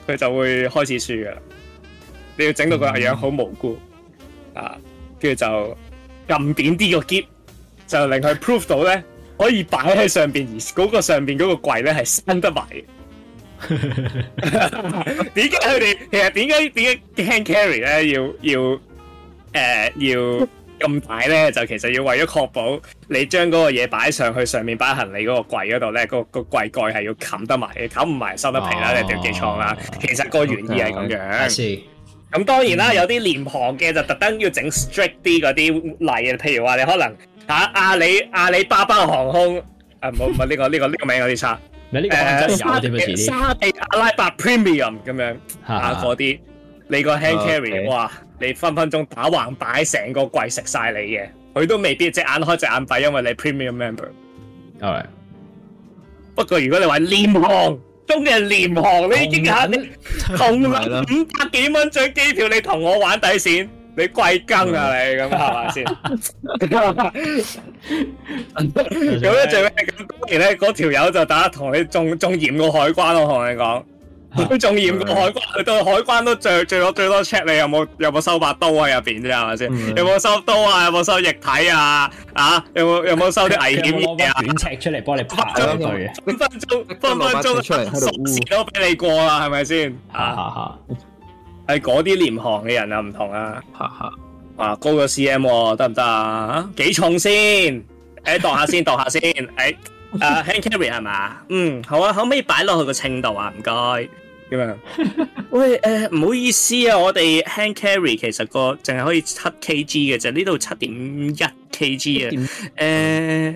[SPEAKER 2] 佢就會開始輸噶啦。你要整到佢個樣好無辜。啊，跟住就撳扁啲個喼，就令佢 prove 到咧，可以擺喺上邊。嗰、那個上邊嗰個櫃咧係閂得埋。點解佢哋其實點解點解 hand carry 咧要要誒、呃、要咁大咧？就其實要為咗確保你將嗰個嘢擺上去上面擺行李嗰個櫃嗰度咧，那個、那個櫃蓋係要冚得埋，冚唔埋收得皮啦，啊、你跌跌撞啦。啊、其實個原意係咁樣。咁當然啦，有啲廉航嘅就特登要整 strict 啲嗰啲例，譬如話你可能嚇阿里阿里巴巴航空，誒唔係呢個呢個呢個名有啲差、 啊沙，沙地阿拉伯 premium 咁樣嚇嗰啲，哈你個 hand carry、oh, okay. 哇，你分分鐘打橫擺成個櫃食晒你嘅，佢都未必隻眼開隻眼閉，因為你 premium member 係，Okay. 不過如果你話廉航。中嘅廉航，你已經嚇你同，人同五百幾蚊張機票，你同我玩底線，你貴更啊你咁係咪先？咁咧最尾咧嗰條友就打同你仲仲嚴過海關，我同你講。都仲嚴過海關，去到海關都最最多最多 check 你有冇有冇收把刀喺入邊啫，係咪先？有冇收、嗯、收刀啊？有冇收液體啊？啊？有冇有冇收啲危險嘢啊？有沒有
[SPEAKER 1] 短尺出嚟幫你
[SPEAKER 2] 拍翻對嘅，分分鐘分分鐘縮時都俾你過啦，係咪先？係嗰啲廉航嘅人啊，唔、啊啊、同啊。啊，高個 CM 得唔得啊？幾、啊啊、重先？誒、欸，度下， 下先，度下先，誒、欸。誒、uh,，hand carry 係嘛？嗯，好啊，可唔可以擺落去個秤度啊？唔該，點樣？喂，誒，唔好意思啊，我哋 hand carry 其實個淨係可以七 k g 嘅，就呢度七點一 k g 啊。誒 10.、uh,，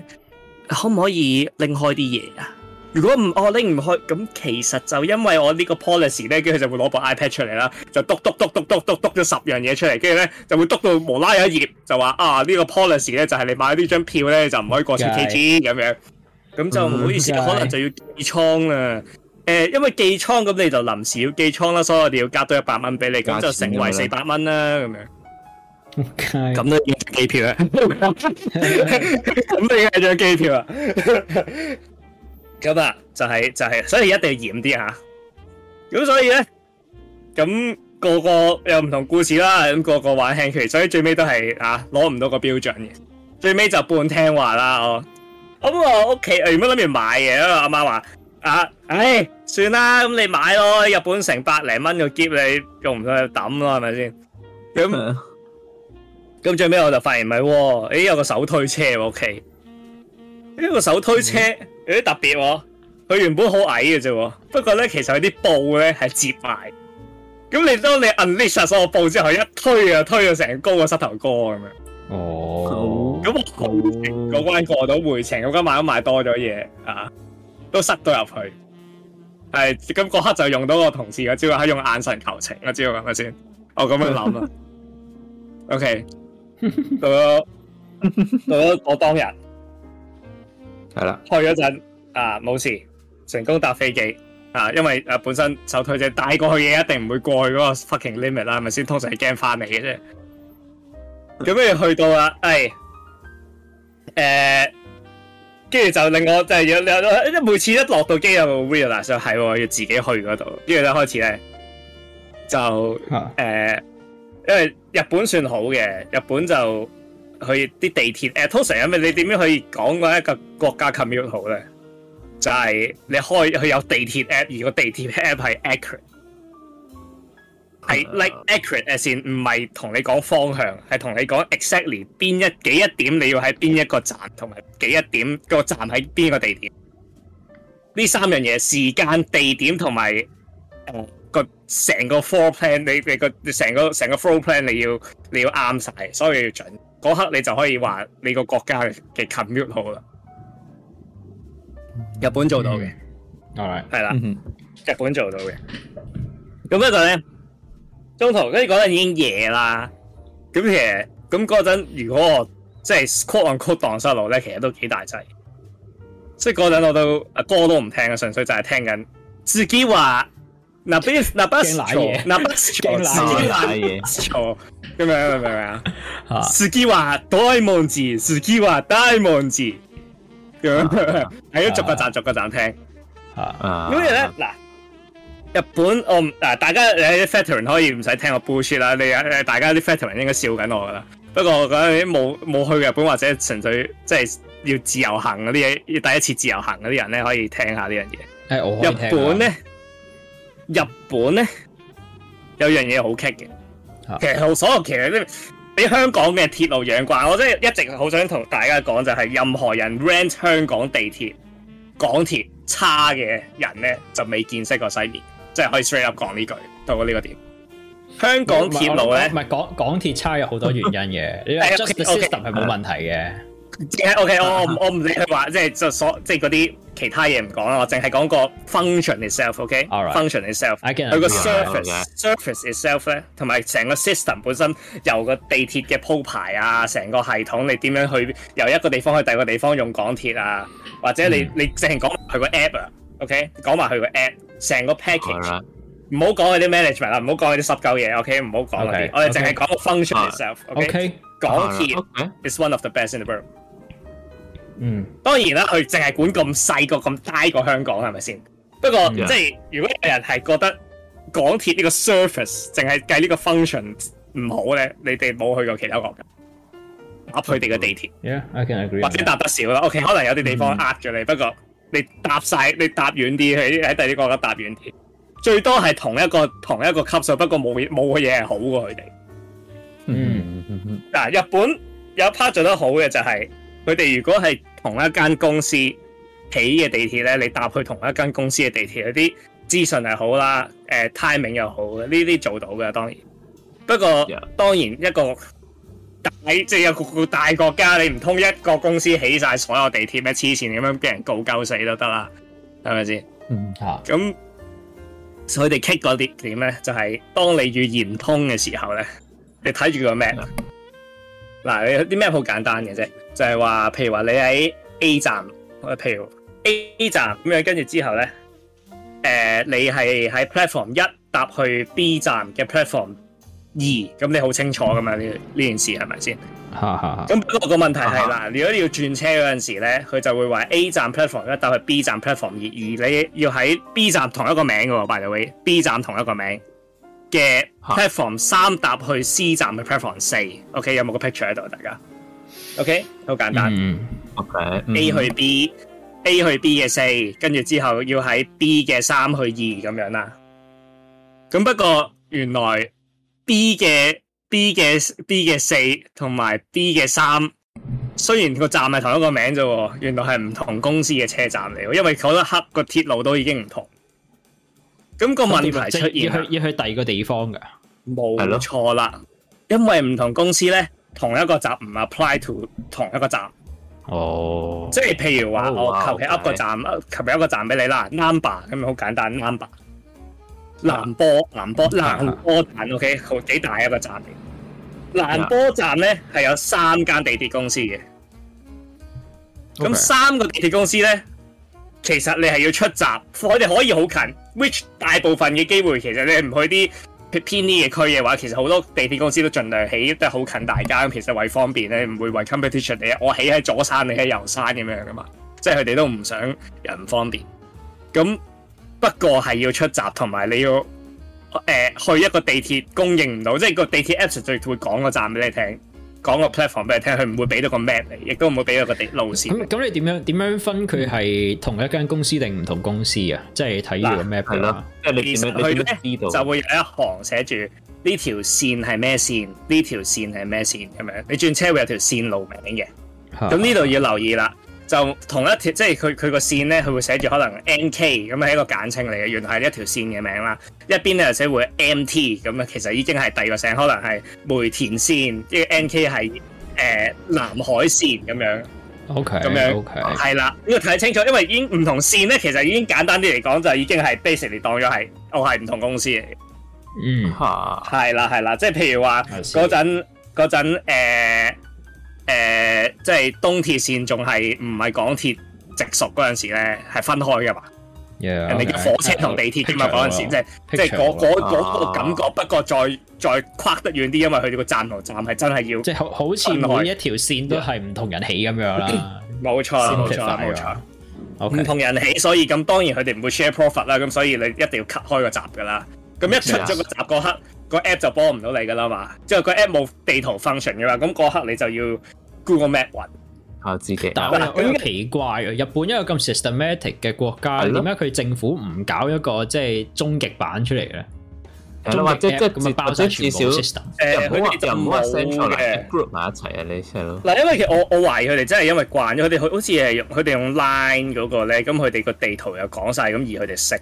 [SPEAKER 2] 可唔可以拎開啲嘢啊？如果唔哦拎唔開，咁其實就因為我呢個 policy 咧，跟住就會攞部 iPad 出嚟啦，就篤篤篤篤篤篤篤咗十樣嘢出嚟，跟住咧就會篤到無啦有一頁，就話啊呢個 policy 咧就係你買呢張票咧就唔可以過少 k g 咁樣。咁就唔好意思，嗯就是、可能就要寄倉啦。誒、欸，因為寄倉咁，你就臨時要寄倉啦，所以我哋要加多一百蚊俾你，咁就成為四百蚊啦。咁樣，咁都要機票啊？咁你嘅仲有機票啊？咁啊，就係就係、是就是，所以一定要嚴啲吓。咁所以咧，咁、那個個有唔同故事啦，咁、那個個玩興趣，所以最尾都係啊，攞唔到個標準嘅，最尾就半聽話啦哦。咁我屋企原本諗住買嘢，阿媽話：啊、唉、哎，算啦，咁你買咯，日本成百零蚊個篋，你用唔到去抌咯，係咪先？咁、嗯，咁最尾我就發現唔係，咦、哎、有個手推車喎屋企，呢個、哎、手推車有啲、哎、特別、哦，佢原本好矮嘅啫，不過咧其實佢啲布咧係折埋，咁你當你 unleash 咗個布之後，一推啊，推到成高個膝頭哥咁樣。嗯、哦。咁嗰關過到回程，我今晚都買多咗嘢啊，都塞到入去。係咁嗰刻就用到個同事嘅招喺，用眼神求情嘅招，係咪先？我咁樣諗啊 OK 到咗， 到咗，我當日係啦， 去咗陣啊，冇事，成功搭飛機啊，因為誒、啊、本身手推車帶過去嘢一定唔會過嗰個 fucking limit 啦，係咪先？通常係驚翻嚟嘅啫，咁、啊、不如 去到啊，係、哎。誒，跟住、uh, 就令我就有有一每次一落到機有冇 realize 啊，想係我要自己去嗰度，跟住咧開始咧就誒，Huh. uh, 因為日本算好嘅，日本就去啲地鐵誒，通常有咩？你點樣可以講嗰一個國家 commute 好咧？就係、是、你開去有地鐵 app，而個地鐵 app 係 accurate。係 like accurate 先，唔係同你講方向，係同你講 exactly 邊一幾一點你要喺邊一個站，同埋幾一點，那個站喺邊個地點。呢三樣嘢，時間、地點同埋個成個 full plan，你你個成個成個 full plan 你要你要啱晒，所以要準，嗰刻你就可以話你個國家嘅 commute 好啦。日本做到嘅，係啦，日本做到嘅。咁一個咧。中途跟住嗰陣已經夜啦，咁其實咁嗰陣如果我即係 call on call 蕩失路咧，其實都幾大劑，所以嗰陣我都歌都唔聽啊，純粹就係聽緊自己話。嗱，邊嗱，best 嘢，嗱，best 嘢，錯，咁樣明唔明啊？自己話都係妄自，自己話都係妄自，咁係一集集集集集聽咁樣咧嗱。日本我唔嗱、啊，大家你啲 veteran 可以唔使聽我 bullshit 啦，你你大家啲 veteran 應該笑緊我噶啦。不過我覺得冇冇、欸、去日本或者純粹即係要自由行嗰啲嘢，要第一次自由行嗰啲人咧，可以聽下呢樣嘢。
[SPEAKER 1] 日本咧，
[SPEAKER 2] 日本咧有樣嘢好棘嘅，啊、其實所有其實都俾香港嘅鐵路養慣，我真係一直好想同大家講就係、是、任何人 rent 香港地鐵、港鐵差嘅人咧，就未見識過西面。即係可以 straight up 講呢句到呢個點。香港鐵路咧，唔係
[SPEAKER 1] 港港鐵差有好多原因嘅。呢個 system 係冇問題
[SPEAKER 2] 嘅。OK，我我唔理佢話，即係就所即係嗰啲其他嘢唔講啦。我淨係講個 function itself，OK，function itself。佢個 surface，surface itself 咧，同埋成個 system 本身由個地鐵嘅鋪排啊，成個系統你點樣去由一個地方去第二個地方用港鐵啊，或者你你淨係講佢個 app 啊。OK，講埋佢個 app，成個 package，唔好講佢啲 management 啦，唔好講佢啲濕鳩嘢，OK，唔好講嗰啲，我哋淨係講 function itself。OK，港鐵 is one of the best in the world。嗯，當然啦，佢淨係管咁細個，咁低個香港係咪先？不過即係如果有人係覺得港鐵呢個 surface 淨係計呢個 function 唔好咧，你哋冇去過其他國家，搭佢哋嘅地鐵，
[SPEAKER 1] 或者搭
[SPEAKER 2] 得少啦。OK，可能有啲地方呃咗你，不過。你搭晒，你搭遠啲喺喺第二國家搭遠啲，最多係同一個同一個級數，不過冇冇嘅嘢係好過佢哋。嗯嗯嗯。嗱， 日本有一 part 做得好嘅就係佢哋如果係同一間公司起嘅地鐵咧，你搭去同一間公司嘅地鐵，啲資訊係好啦，誒，timing 又好，呢啲做到嘅當然。不過 Yeah. 當然一個。喺即係有個大國家，你唔通一個公司起晒所有地鐵咩？黐線咁樣，俾人告鳩死都得啦，係咪先？嗯，吓。咁佢哋 kick 嗰啲點咧？就係當你語言唔通嘅時候咧，你睇住個咩？嗱，你啲咩好簡單嘅啫？就係話，譬如話你喺 A 站，譬如 A A 站咁樣，跟住之後咧，誒、呃，你係喺 Platform 一搭去 B 站嘅 Platform。二。咁，你好清楚咁樣呢，呢件事係咪先？
[SPEAKER 3] 咁哈不
[SPEAKER 2] 過，個問題係啦哈，如果你要轉車嗰陣時咧，佢就會話 A 站 platform 一搭去 B 站 platform 二，二，你要喺 B 站同一個名嘅 by the way，B 站同一個名嘅 platform 三搭去 C 站嘅 platform 四哈。OK，有冇個 picture 喺度？大家 OK，好簡單。嗯、OK，A 去 B，A 去 B 嘅四、嗯，跟住之後要喺 B 嘅三去二咁樣啦。咁不過原來。B 嘅 B 嘅 B 嘅四同埋 B 嘅三，雖然個站係同一個名啫，原來係唔同公司嘅車站嚟，因為嗰一刻個鐵路都已經唔同。咁、那個問題出現是要去要去第二個地方噶，冇錯啦。Oh. 因為唔同公司咧，同一個站唔 apply to 同一個站。哦，oh. 即係譬如話，oh, wow, 我求其 up 個站，求其 up 個站俾你啦，number 咁樣好簡單，number。南波南波南波站 OK，好幾大一個站嚟。南波站咧係有三間地鐵公司嘅，
[SPEAKER 3] 咁 Okay. 三
[SPEAKER 2] 個地鐵公司咧，其實你係要出閘，佢哋可以好近，which 大部分嘅機會其實你唔去啲偏啲嘅區嘅話，其實好多地鐵公司都盡量起得好近大家，咁其實為方便咧，唔會為 competition 你我起喺左山，你喺右山咁樣噶嘛，即係佢哋都唔想人唔方便，咁。不過係要出閘，同埋你要誒、呃、去一個地鐵供應唔到，即係個地鐵 app 就會講個站俾你聽，講個 platform 俾你聽，佢唔會俾到個 map 你，亦都唔會俾到個地路線。
[SPEAKER 1] 咁咁你點樣點樣分佢係同一間公司定唔同公司啊？嗯、即係睇住個 map 係咯，啊、其實呢你成去就會
[SPEAKER 2] 有一行寫住呢條線係咩線，呢條線係咩線咁樣？你轉車會有條線路名嘅。咁呢度要留意啦。就同一條，即係佢佢個線咧，佢會寫住可能 NK 咁係，一個簡稱嚟嘅，原來係一條線嘅名啦。一邊咧寫會 MT 咁樣，其實已經係第二個成，可能係梅田線，即係 NK 係誒南海線咁樣。OK，
[SPEAKER 1] 咁 okay. 樣 OK，係
[SPEAKER 2] 啦。因為睇清楚，因為已經唔同線咧，其實已經簡單啲嚟講，就已經係 basically 當咗係，我係唔同公司嚟嘅。
[SPEAKER 3] 嗯，
[SPEAKER 2] 嚇，係啦係啦，即係譬如話嗰陣嗰誒，即係東鐵線仲係唔係港鐵直屬嗰陣時咧，係分開嘅嘛，
[SPEAKER 1] 人哋叫火車同地鐵嘅嘛嗰陣時，即係即係嗰個感
[SPEAKER 2] 覺。不過再再跨得遠啲，因為佢哋個站同站係真係要即係好似每一條線都係唔同人起咁樣。冇錯，冇錯，冇錯，唔同人起。所以咁當然佢哋唔會 share profit 啦。咁所以你一定要 cut 開個閘㗎啦。咁一出咗個閘嗰刻。個 app 就幫唔到你噶啦嘛，即係個 app 冇地圖 function 噶嘛，咁嗰刻你就要 Google Map 云。
[SPEAKER 1] 靠自己、啊，但係咁奇怪啊，日本一個咁 systematic 嘅國家，點解佢政府唔搞一個即係終極版出嚟咧？咁
[SPEAKER 2] 的終極 或者 App 即係咁啊，包晒全部 system，誒
[SPEAKER 1] ，group 埋一齊啊，你即係嗱，
[SPEAKER 2] 因為其實我我懷疑佢哋真係因為慣咗，佢哋好似係用佢哋用 Line 嗰個咧，咁佢哋個地圖又講晒，咁而佢哋識。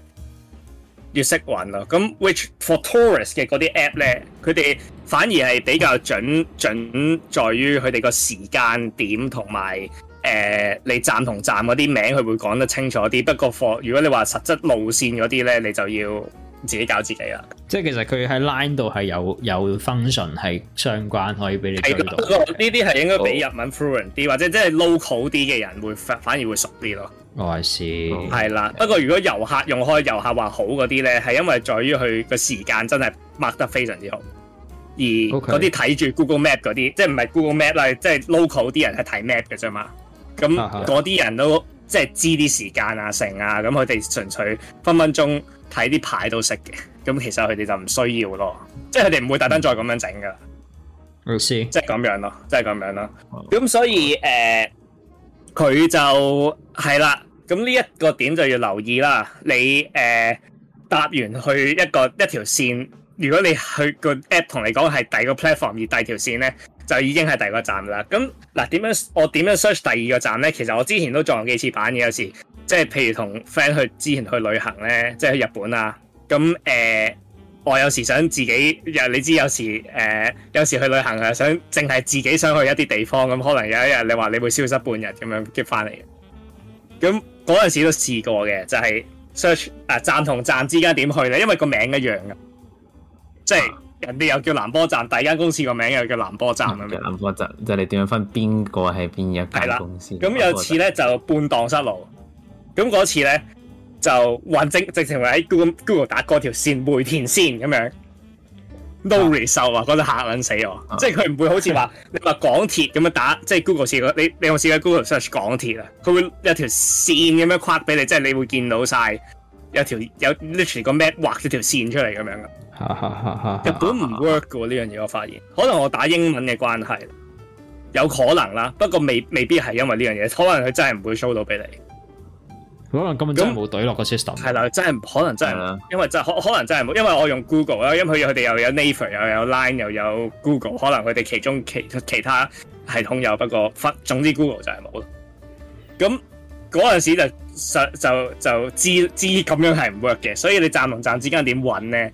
[SPEAKER 2] 要識玩咯，咁 which for tourist 嘅嗰啲 app 咧，佢哋反而係比較準準，在於佢哋個時間點同埋誒你站同站嗰啲名字，佢會講得清楚啲。不過，if 如果你話實質路線嗰啲咧，你就要自己搞自己啊，即
[SPEAKER 1] 係其實佢喺 Line 度係有有 function 係相關可以俾你睇得到。係咯。
[SPEAKER 2] 呢啲係應該俾日文 fluent 啲或者即係 local 啲嘅人會反而會熟啲咯。
[SPEAKER 1] 我係是。係
[SPEAKER 2] 啦，不過如果遊客用開遊客話好嗰啲咧，係因為在於佢個時間真係 mark 得非常之好。而嗰啲睇住 Google Map 嗰啲，Okay. 即係唔係 Google Map 啦，即係 local 啲人係睇 map 嘅啫嘛。咁嗰啲人都、oh, right. 即係知啲時間啊、成啊，咁佢哋純粹分分鐘。睇啲牌都識嘅，咁其實佢哋就唔需要咯，即係佢哋唔會特登再咁樣整噶，係先，即係咁樣咯，即係咁樣咯。咁所以誒，佢、呃、就係啦。咁呢一個點就要留意啦。你誒、呃、搭完去一個一條線，如果你去個 app 同你講係第二個 platform 而第二條線咧，就已經係第二個站啦。咁嗱，點樣我點樣 search 第二個站咧？其實我之前都撞過幾次板嘅有時。即係譬如同 friend 去之前去旅行咧，即係去日本啊。咁誒、呃，我有時想自己又你知有時誒、呃，有時去旅行係、啊、想淨係自己想去一啲地方咁。可能有一日你話你會消失半日咁樣接翻嚟。咁嗰陣時都試過嘅，就係、是、search 啊站同站之間點去咧，因為個名一樣嘅，即係、啊、人哋又叫南波站，第二間公司個名又叫南波站嘅。南波站就
[SPEAKER 1] 係，你點樣分邊個係邊一間公司？咁了有次
[SPEAKER 2] 咧就半盪失路。咁嗰次咧，就還正直情係喺 Google Google 打嗰條線梅田線咁樣，no result 啊！嗰陣嚇撚死我，啊、即係佢唔會好似話 你話港鐵咁樣打，即係 Google 試過你你有冇試過 Google Search 港鐵啊，佢會有條線咁樣框俾你，即係你會見到晒有條有，有 literally 個 map 畫咗條線出嚟咁樣噶。啊啊、日本唔 work 噶喎呢樣嘢，我發現可能我打英文嘅關係有可能啦，不過未未必係因為呢樣嘢，可能佢真係唔會 show 到俾你。
[SPEAKER 1] 可能根本真係冇懟落個 system，係啦，真係可能真係，
[SPEAKER 2] 因為真可嗎可能真係冇，因為我用 Google 啦，因為佢哋又有 Naver 又有 Line 又有，有，有，有 Google，可能佢哋其中其其他系統有，不過分，總之 Google 就係冇咯。咁嗰陣時就上就就，就，就知知咁樣係唔 work 嘅，所以你站同站之間點搵咧？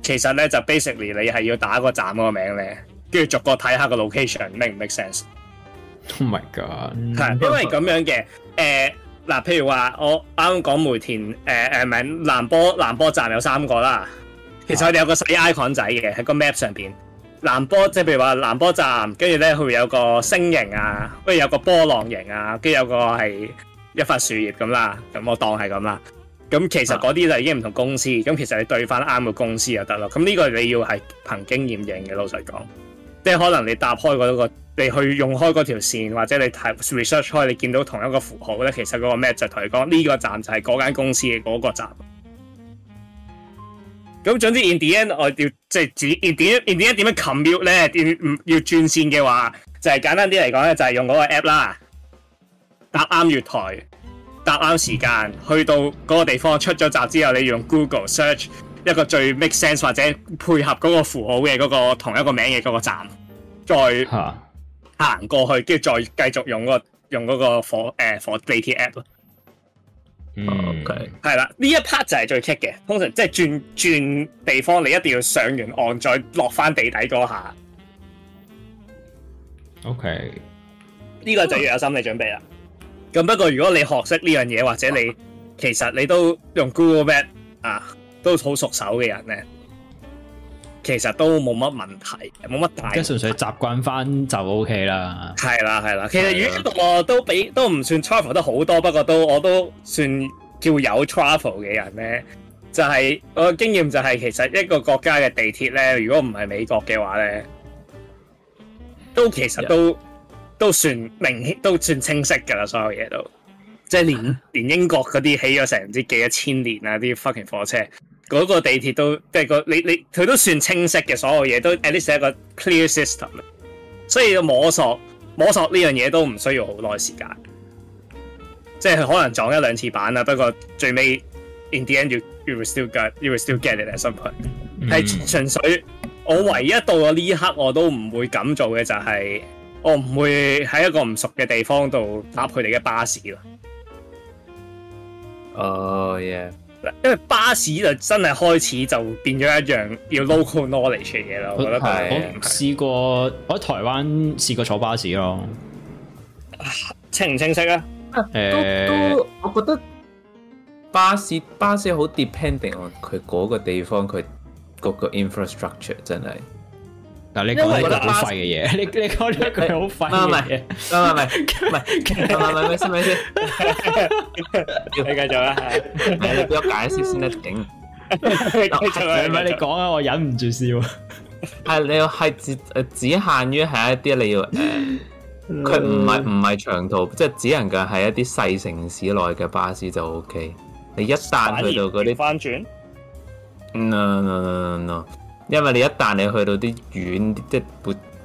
[SPEAKER 2] 其實咧就 basically 你係要打個站嗰個名咧，跟住逐個睇下個 location，make 唔 make, make
[SPEAKER 1] sense？Oh my god！係因為咁
[SPEAKER 2] 樣嘅，誒、呃。嗱，譬如話我啱講梅田誒誒，唔、呃、係南波南波站有三個啦。其實我哋有個細 icon 仔嘅喺個 map 上邊，南波即係譬如話南波站，跟住咧佢會有個星形啊，跟住有個波浪形啊，跟住有個係一塊樹葉咁啦。咁我當係咁啦。咁其實嗰啲就已經唔同公司。咁、啊、其實你對翻啱個公司就得咯。咁呢個你要係憑經驗認嘅老實講。即係可能你搭開嗰、那個，你去用開嗰條線，或者你睇 research 開，你見到同一個符號咧，其實嗰個咩就同你講，呢、這個站就係嗰間公司嘅嗰個站。咁總之，in the end 我要即係指 in the in the end 點樣 commute 咧？要唔要轉線嘅話，就係、是、簡單啲嚟講咧，就係、是、用嗰個 app 啦，搭啱月台，搭啱時間，去到嗰個地方出咗閘之後，你用 Google search。一個最 make sense 或者配合嗰個符號嘅嗰個同一個名嘅嗰個站，再行過去，跟住再繼續用嗰、那個、用嗰個火誒火地鐵 app 咯。OK，係啦，呢一 part 就係最 key 嘅，通常即係轉轉地方，你一定要上完岸再落翻地底嗰下。
[SPEAKER 3] OK，
[SPEAKER 2] 呢個就要有心理準備啦。咁、啊、不過如果你學識呢樣嘢，或者你、啊、其實你都用 Google Map 啊。都好熟手嘅人咧，其實都冇乜問題，冇乜大。即係
[SPEAKER 1] 純粹習慣翻就 OK 啦。
[SPEAKER 2] 係啦，係啦，其實與呢度我都比都唔算 travel 得好多，不過都我都算叫有 travel 嘅人咧。就係我經驗就係，其實一個國家嘅地鐵咧，如果唔係美國嘅話咧，都其實都人都算明都算清晰噶啦，所有嘢都。即係連連英國嗰啲起咗成唔知幾啊千年啊啲 fucking 火車，嗰、嗰個地鐵都即係、嗰個你你佢都算清晰嘅，所有嘢都 at least 係一個 clear system。所以要摸索摸索呢樣嘢都唔需要好耐時間。即係佢可能撞一兩次板啦，不過最尾 in the end you you will still get you will still get it at some point, s o m point。係純粹我唯一到咗呢一刻我都唔會噉做嘅就係，我唔會喺一個唔熟嘅地方度搭佢哋嘅巴士咯。哦、oh，yeah，因為巴士就真係開始就變咗一樣要 local knowledge 嘅嘢啦。我覺得係，我
[SPEAKER 1] 試過喺台灣試過坐巴
[SPEAKER 2] 士咯，清唔清晰啊？誒、啊，我覺得巴士 巴士好 depending 喎，佢嗰個地方佢嗰個 infrastructure 真係。因為係好廢嘅嘢，你你講呢句好廢。唔係唔係唔係唔係唔係唔係唔係，先唔係先。你繼續啊！你俾我解釋先啦，景。繼續啊！唔係你講啊，
[SPEAKER 1] 我忍唔住笑。係你要係只誒，只限於係一啲你要誒，佢唔係唔係長途，即係只能夠係一啲細城市內嘅巴士就 O K。你一但去到
[SPEAKER 2] 嗰啲翻轉
[SPEAKER 1] ？No no no no no。因為你一旦你去到啲遠，即係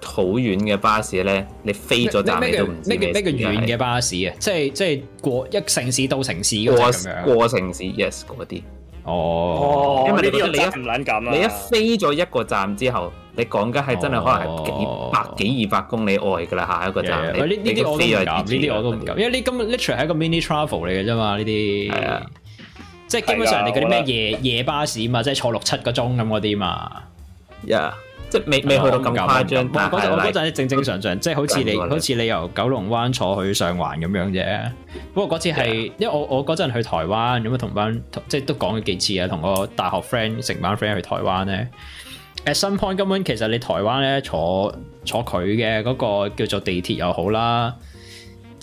[SPEAKER 1] 好遠嘅巴士咧，你飛咗站都唔知呢個遠嘅巴士啊！即係即係過一城市到城市咁樣過城市，yes 嗰啲哦。因為呢啲你一唔撚撳啊！你一飛咗一個站之後，你講緊係真係可能幾百幾二百公里外噶啦，下一個站。呢啲我都唔呢啲我都唔敢。因為呢咁 literally 係一個 mini travel 嚟嘅啫嘛。呢啲即係基本上人哋嗰啲咩夜夜巴士嘛，即係坐六七個鐘咁嗰啲嘛。Yeah, 即係未未去到咁誇張，我我嗰陣正正常常，常，即係好似你，你好似你由九龍灣坐去上環咁樣啫。不過嗰次係 Yeah. 因為我我嗰陣去台灣咁啊，同班即係都講咗幾次啊，同我大學 friend 成班 friend 去台灣咧。At some point，根本其實你台灣咧坐坐佢嘅嗰個叫做地鐵又好啦。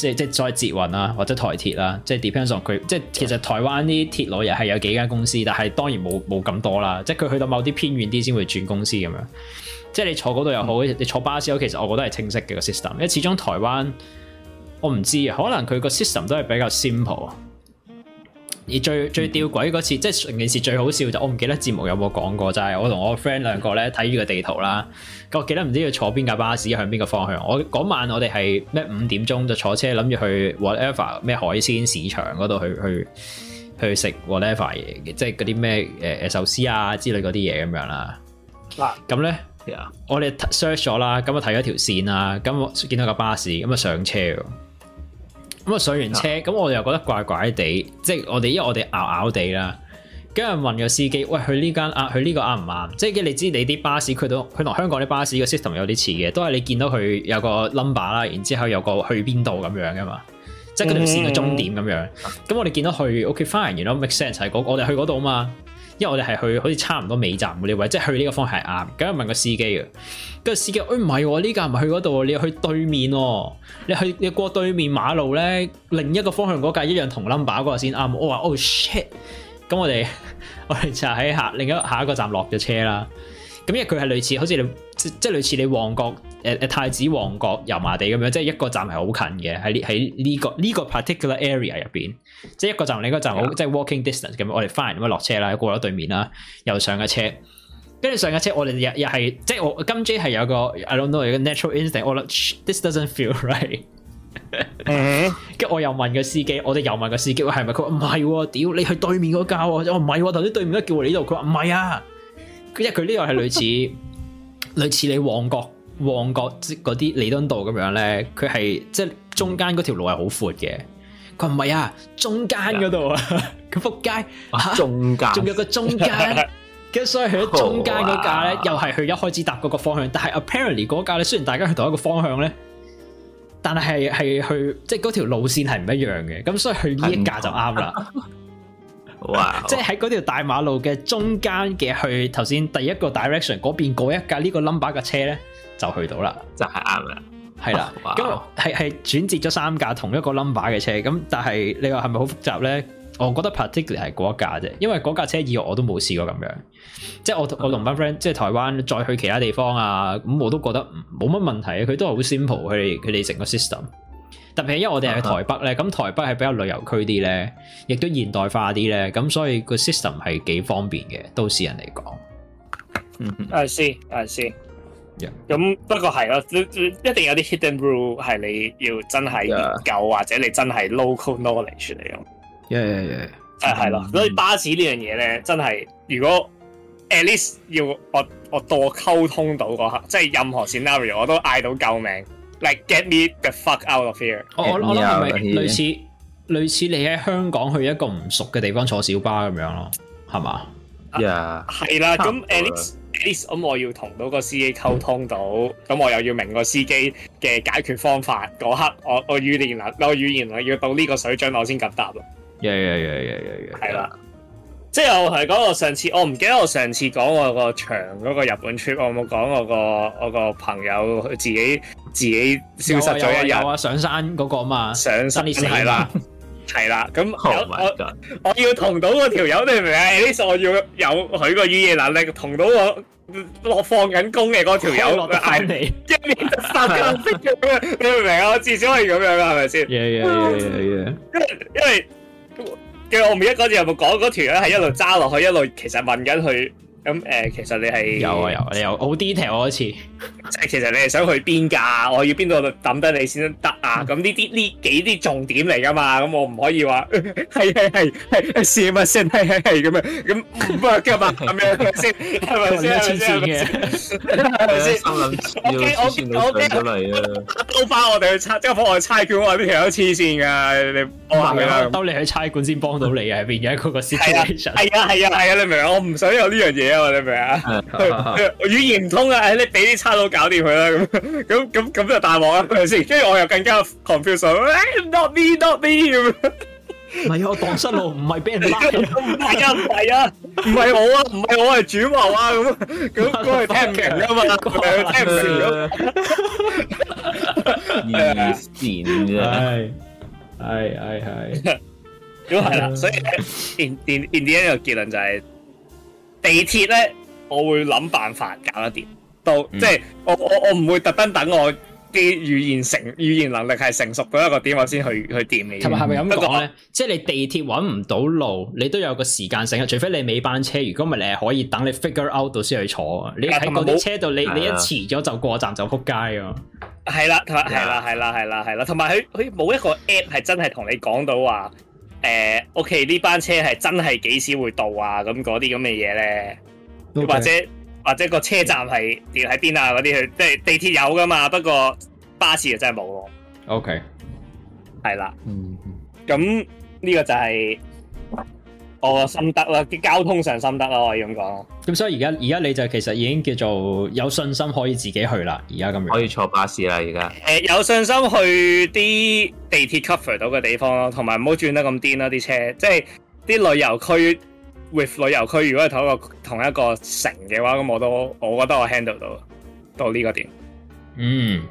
[SPEAKER 1] 即係即係再捷運啦，或者台鐵啦，即係 depends on 佢，即係其實台灣啲鐵路又係有幾間公司，但係當然冇冇咁多啦。即係佢去到某啲偏遠啲先會轉公司咁樣。即係你坐嗰度又好，嗯、你坐巴士又好，其實我覺得係清晰嘅個 system，因為始終台灣我唔知啊，可能佢個 system 都係比較 simple。而最最吊詭嗰次，即係成件事最好笑就係，我唔記得節目有冇講過，就係我同我個 friend 兩個咧睇住個地圖啦。我記得唔知要坐邊架巴士向邊個方向。我嗰晚我哋係咩五點鐘就坐車諗住去 whatever 咩海鮮市場嗰度去去去食 whatever，嘅，即係嗰啲咩誒誒壽司啊之類嗰啲嘢咁樣啦。嗱，咁咧 Yeah.，我哋 search 咗啦，咁啊睇咗條線啊，咁見到個巴士，咁啊上車。咁、嗯、上完車，咁我又覺得怪怪地，即係我哋，因為我哋拗拗地啦，跟住問個司機：喂，去呢間啊，佢呢個啱唔啱？即係你知道你啲巴士佢都，佢同香港啲巴士嘅 system 有啲似嘅，都係你見到佢有個 number 啦，然之後有個去邊度咁樣噶嘛，
[SPEAKER 2] 即係嗰條線嘅終點
[SPEAKER 1] 咁樣。咁、mm hmm. 我哋見到去 OK fine，原來 you know, make sense 係、嗰個、我哋去嗰度啊嘛。因為我哋係去好似差唔多尾站嗰啲位，即係去呢個方向係啱。咁又問個司機啊，跟住司機：，誒唔係喎，呢架唔係去嗰度，你要去對面喎，你去你過對面馬路咧，另一個方向嗰架一樣同 number 嗰個先啱。我話：哦，shit！咁我哋我哋就喺下另一個下一個站落咗車啦。咁因為佢係類似好似你即係類似你旺角誒誒太子旺角油麻地咁樣，即係一個站係好近嘅，喺呢喺呢個呢個 particular area 入邊。即係一個站，另一個站即係 walking distance 咁。我哋翻咁樣落車啦，過咗對面啦，又上架車，跟住上架車，我哋又又係即係我金 J 係有個 I don't know 有個 natural instinct，我諗 this doesn't feel right。跟 住我又問個司機，我哋又問個司機話係咪佢話唔係喎？屌、啊、你去對面嗰架喎、啊！我唔係喎，頭先、啊、對面都叫我嚟呢度，佢話唔係啊。因為佢呢個係類似 類似你旺角旺角嗰啲彌敦道咁樣咧，佢係即係中間嗰條路係好闊嘅。佢唔係啊，中間嗰度啊，佢仆街。中間間仲有個中間，咁 所以佢喺中間嗰架咧，哇又係佢一開始搭嗰個方向。但係 apparently 嗰架咧，雖然大家去同一個方向咧，但係係去即係嗰條路綫係唔一樣嘅。咁所以去呢一架就啱啦。 哇！即係喺嗰條大馬路嘅中間嘅去頭先第一個 direction 嗰邊嗰一架呢個 number 嘅車咧，就去到啦，就係啱啦。係啦，咁係係轉接咗三架同一個 number 嘅車，咁但係你話係咪好複雜咧？我覺得 particular l y 係嗰一架啫，因為嗰架車以後我都冇試過咁樣，即係我我同班 friend 即係台灣再去其他地方啊，咁我都覺得冇乜問題，佢都係好 simple，佢哋佢哋成個 system。特別係因為我哋係台北咧，咁、uh huh. 台北係比較旅遊區啲咧，亦都現代化啲咧，咁所以個 system 係幾方便嘅，都市人嚟講。
[SPEAKER 2] 嗯，I see，I see. 咁不過係咯，一定有啲 hidden rule 係你要真係研究，或者你真係 local knowledge 嚟咯。係係係，誒係咯。所以巴士呢樣嘢咧，真係如果 at least 要我我多溝通到嗰刻，即係任何 scenario 我都嗌到救命，like get me the fuck out of here。我我諗係咪類似
[SPEAKER 1] 類似你喺香港去一個唔熟嘅地方坐小巴咁樣咯，係嘛？係啦，咁 at least。
[SPEAKER 2] 咁我要同到個司機溝通到，咁我又要明個司機嘅解決方法，嗰刻我，我我語言能力語言能力要到呢個水準，我先敢答咯。係啦，即係我係講我上次，我唔記得我上次講我個長嗰個日本 trip，我冇講我個我個朋友佢自己自己消失咗一日啊，啊，啊，
[SPEAKER 1] 上山嗰個啊嘛，上山係啦。
[SPEAKER 2] 係啦，咁、oh、my 我我我要同到我條友，你明唔明啊？呢我要有佢個語言能力，同到我落放緊工嘅嗰條友落去一識，你明唔明啊？我至少可以咁樣啦，係咪先？
[SPEAKER 3] 因為
[SPEAKER 2] 因為，我每、那個那個、一嗰次有冇講嗰條友係一路揸落去，一路其實問緊佢。咁誒、嗯，其實你係有啊有，啊有啊，你有好 detail 提我一次。即係其實你係想去邊㗎？我要邊度揼得你先得啊！咁呢啲呢幾啲重點嚟㗎嘛？咁我唔可以話係係係係試乜先？係係係咁樣咁唔得嘅嘛？係咪先？係咪先？
[SPEAKER 3] 黐線嘅係咪先？OK 我我我
[SPEAKER 2] 我兜翻我哋去差即係幫我去差館，我啲條友黐線㗎，你明唔明啊？兜你喺差館先幫到你係變咗一個個 situation 係啊係啊係啊，啊！你明唔明？我唔想有呢樣嘢。或者咩啊？語言唔通啊！你俾啲差佬搞掂佢啦，咁咁咁咁就大鑊啦，係咪先？跟住我又更加 confuse，not me？not me？咁唔係我蕩失路，唔係俾人拉，唔係啊，唔係啊，唔係我啊，唔係我係主謀啊，咁咁嗰係聽唔明啊嘛，嗰係聽唔明。二戰啫，係係係，咁係啦，所以 in in in 呢一個結論就係。地鐵咧，我會諗辦法搞一掂，到、嗯、即係我我我唔會特登等我啲語言成語言能力係成熟到一個點，我先去去掂你。同埋係咪咁講咧？即係你地鐵揾唔
[SPEAKER 1] 到路，你都有個時間性，除非你尾班車。如果唔係你係可以等你 figure out 到先去坐。你喺嗰啲車度，有有你你一遲咗就過站就撲街啊，啊！
[SPEAKER 2] 係啦，同係啦，係啦、啊，係啦、啊，係啦、啊，同埋佢佢冇一個 app 係真係同你講到話。誒，OK，呢班車係真係幾時會到啊？咁嗰啲咁嘅嘢咧，或者或者個車站係掉喺邊啊？嗰啲去，即係地鐵有噶嘛？不過巴士就真係冇咯。OK，係啦，
[SPEAKER 1] 嗯，
[SPEAKER 2] 咁呢個就係、是。我、哦、心得啦，啲交通上心得啦，可以咁講。
[SPEAKER 1] 咁所以而家而家你就其實已經叫做有信心可以自己去啦，而家咁樣。可以坐巴士啦，而家。誒、
[SPEAKER 2] 呃，有信心去啲地鐵 cover 到嘅地方咯，同埋唔好轉得咁癲啦，啲車。即係啲旅遊區 with 旅遊區，如果係同一個同一個城嘅話，咁我都我覺得我 handle 到到呢個點。
[SPEAKER 1] 嗯，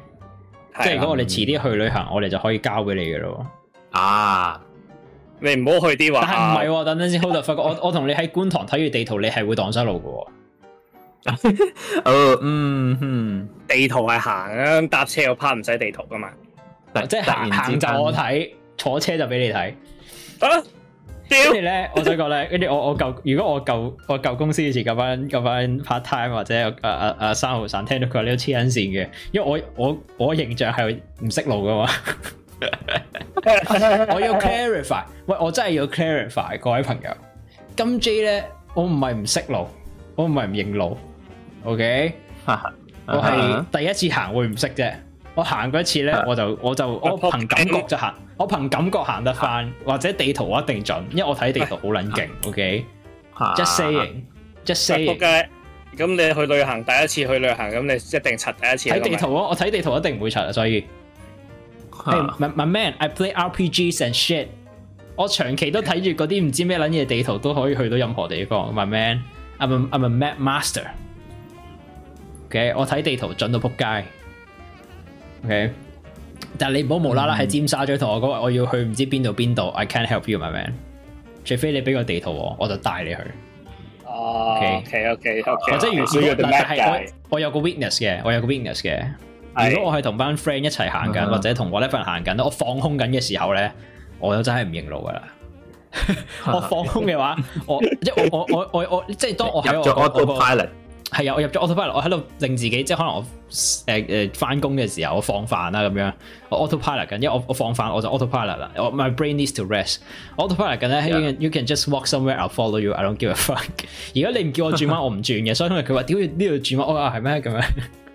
[SPEAKER 1] 即係、啊、如果我哋遲啲去旅行，我哋就可以交俾你嘅咯、嗯。啊！你唔好去啲話唔但係唔係，等陣先。我就發覺我，我我同你喺觀塘睇住地圖，你係會蕩失路㗎喎。
[SPEAKER 2] 地圖係行啊，搭車又趴唔使地圖噶嘛？即係行就我睇，坐車、哦、就俾你睇。啊，
[SPEAKER 1] 跟住咧，我想覺得呢，跟住我我舊，如果我舊我舊公司以前，咁樣咁樣 part time 或者誒誒誒三號散聽到佢話你黐緊線嘅，因為我我我形象係唔識路噶嘛。 我要 clarify，喂，我真係要 clarify 各位朋友，金 J 咧，我唔係唔識路，我唔係唔認路，OK， 我係第一次行會唔識啫，我行過一次咧， 我就我就我憑感覺就行，我憑感覺行得翻。 或者地圖我一定準，因為我睇地圖好冷
[SPEAKER 2] 靜 OK，Just saying，Just saying。咁你去旅行，第一次去旅行，咁你一定錯。第一次睇地圖，哦、 我睇地圖一定唔會錯，所以。
[SPEAKER 1] 誒，my my man，I play R P Gs and shit。我長期都睇住嗰啲唔知咩捻嘢地圖，都可以去到任何地方。My man，I'm a, I'm a map master。OK，我睇地圖準到仆街。OK，但你唔好無啦啦喺尖沙咀同我講，我要去唔知邊度邊度，I can't help you，my man。除非你俾個地圖我，我就帶你去。哦
[SPEAKER 2] ，OK OK OK。或者如果但係我
[SPEAKER 1] 我有個 weakness 嘅，我有個 weakness 嘅。如果我係同班 friend 一齊行緊，或者同我呢份人行緊，我放空緊嘅時候咧，我就真係唔認路噶啦。 我放空嘅話，我即係我我我我我，即係當我入咗係啊，我入咗 autopilot，我喺度令自己即係可能我誒誒翻工嘅時候，我放飯啦咁樣，我 autopilot 緊，因為我我放飯我就 autopilot 啦。My brain needs to rest，autopilot 緊咧，you you can Yeah . just walk somewhere，I'll follow you，I don't give a fuck。而家你唔叫我轉彎，我唔轉嘅，所以佢話屌呢度轉乜彎啊？係咩咁樣？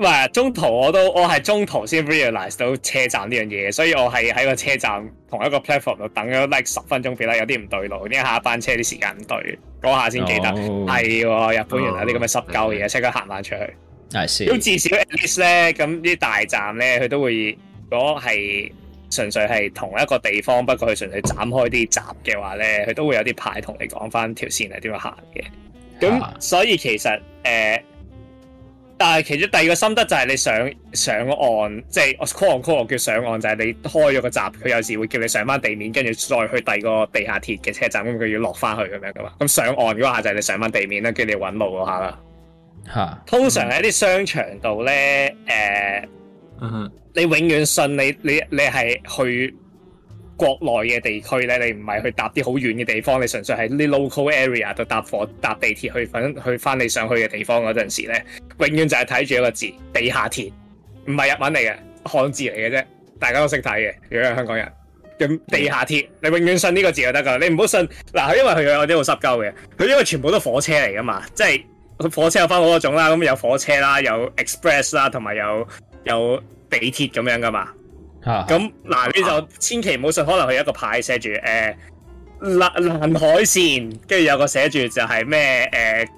[SPEAKER 2] 唔係，中途我都我係中途先 realize 到車站呢樣嘢，所以我係喺個車站同一個 platform 度等咗，like 十分鐘，覺得有啲唔對路，呢下班車啲時間唔對，嗰下先記得係喎、oh. 哎，日本人有啲咁嘅濕鳩嘢，即、oh. 刻行翻出去。係，咁至少 at least 呢咁啲大站咧，佢都會，如果係純粹係同一個地方，不過佢純粹斬開啲閘嘅話咧，佢都會有啲牌同你講翻條線係點樣行嘅。咁 Huh. 所以其實誒。呃但係其中第二個心得就係你上上岸，即係 call 我 call 叫上岸，就係、是、你開咗個閘，佢有時會叫你上翻地面，跟住再去第二個地下鐵嘅車站，咁佢要落翻去咁樣噶嘛。咁上岸嗰下就係你上翻地面啦，跟住你揾路嗰下啦。
[SPEAKER 1] 嚇哈！
[SPEAKER 2] 通常喺啲商場度咧，誒，你永遠信你你你係去。國內嘅地區咧，你唔係去搭啲好遠嘅地方，你純粹喺啲 local area 度搭火搭地鐵去揾去翻你上去嘅地方嗰陣時咧，永遠就係睇住一個字，地下鐵，唔係日文嚟嘅，漢字嚟嘅啫，大家都識睇嘅，如果係香港人咁，地下鐵你永遠信呢個字就得噶，你唔好信嗱、啊，因為佢有啲好濕鳩嘅，佢因為全部都火車嚟噶嘛，即係火車有分好多種啦，咁有火車啦，有 Express 啦，同埋有有，有地鐵咁樣噶嘛。咁嗱、啊啊，你就千祈唔好信，可能佢一個牌寫住誒，蘭、呃、海線，跟住有個寫住就係咩誒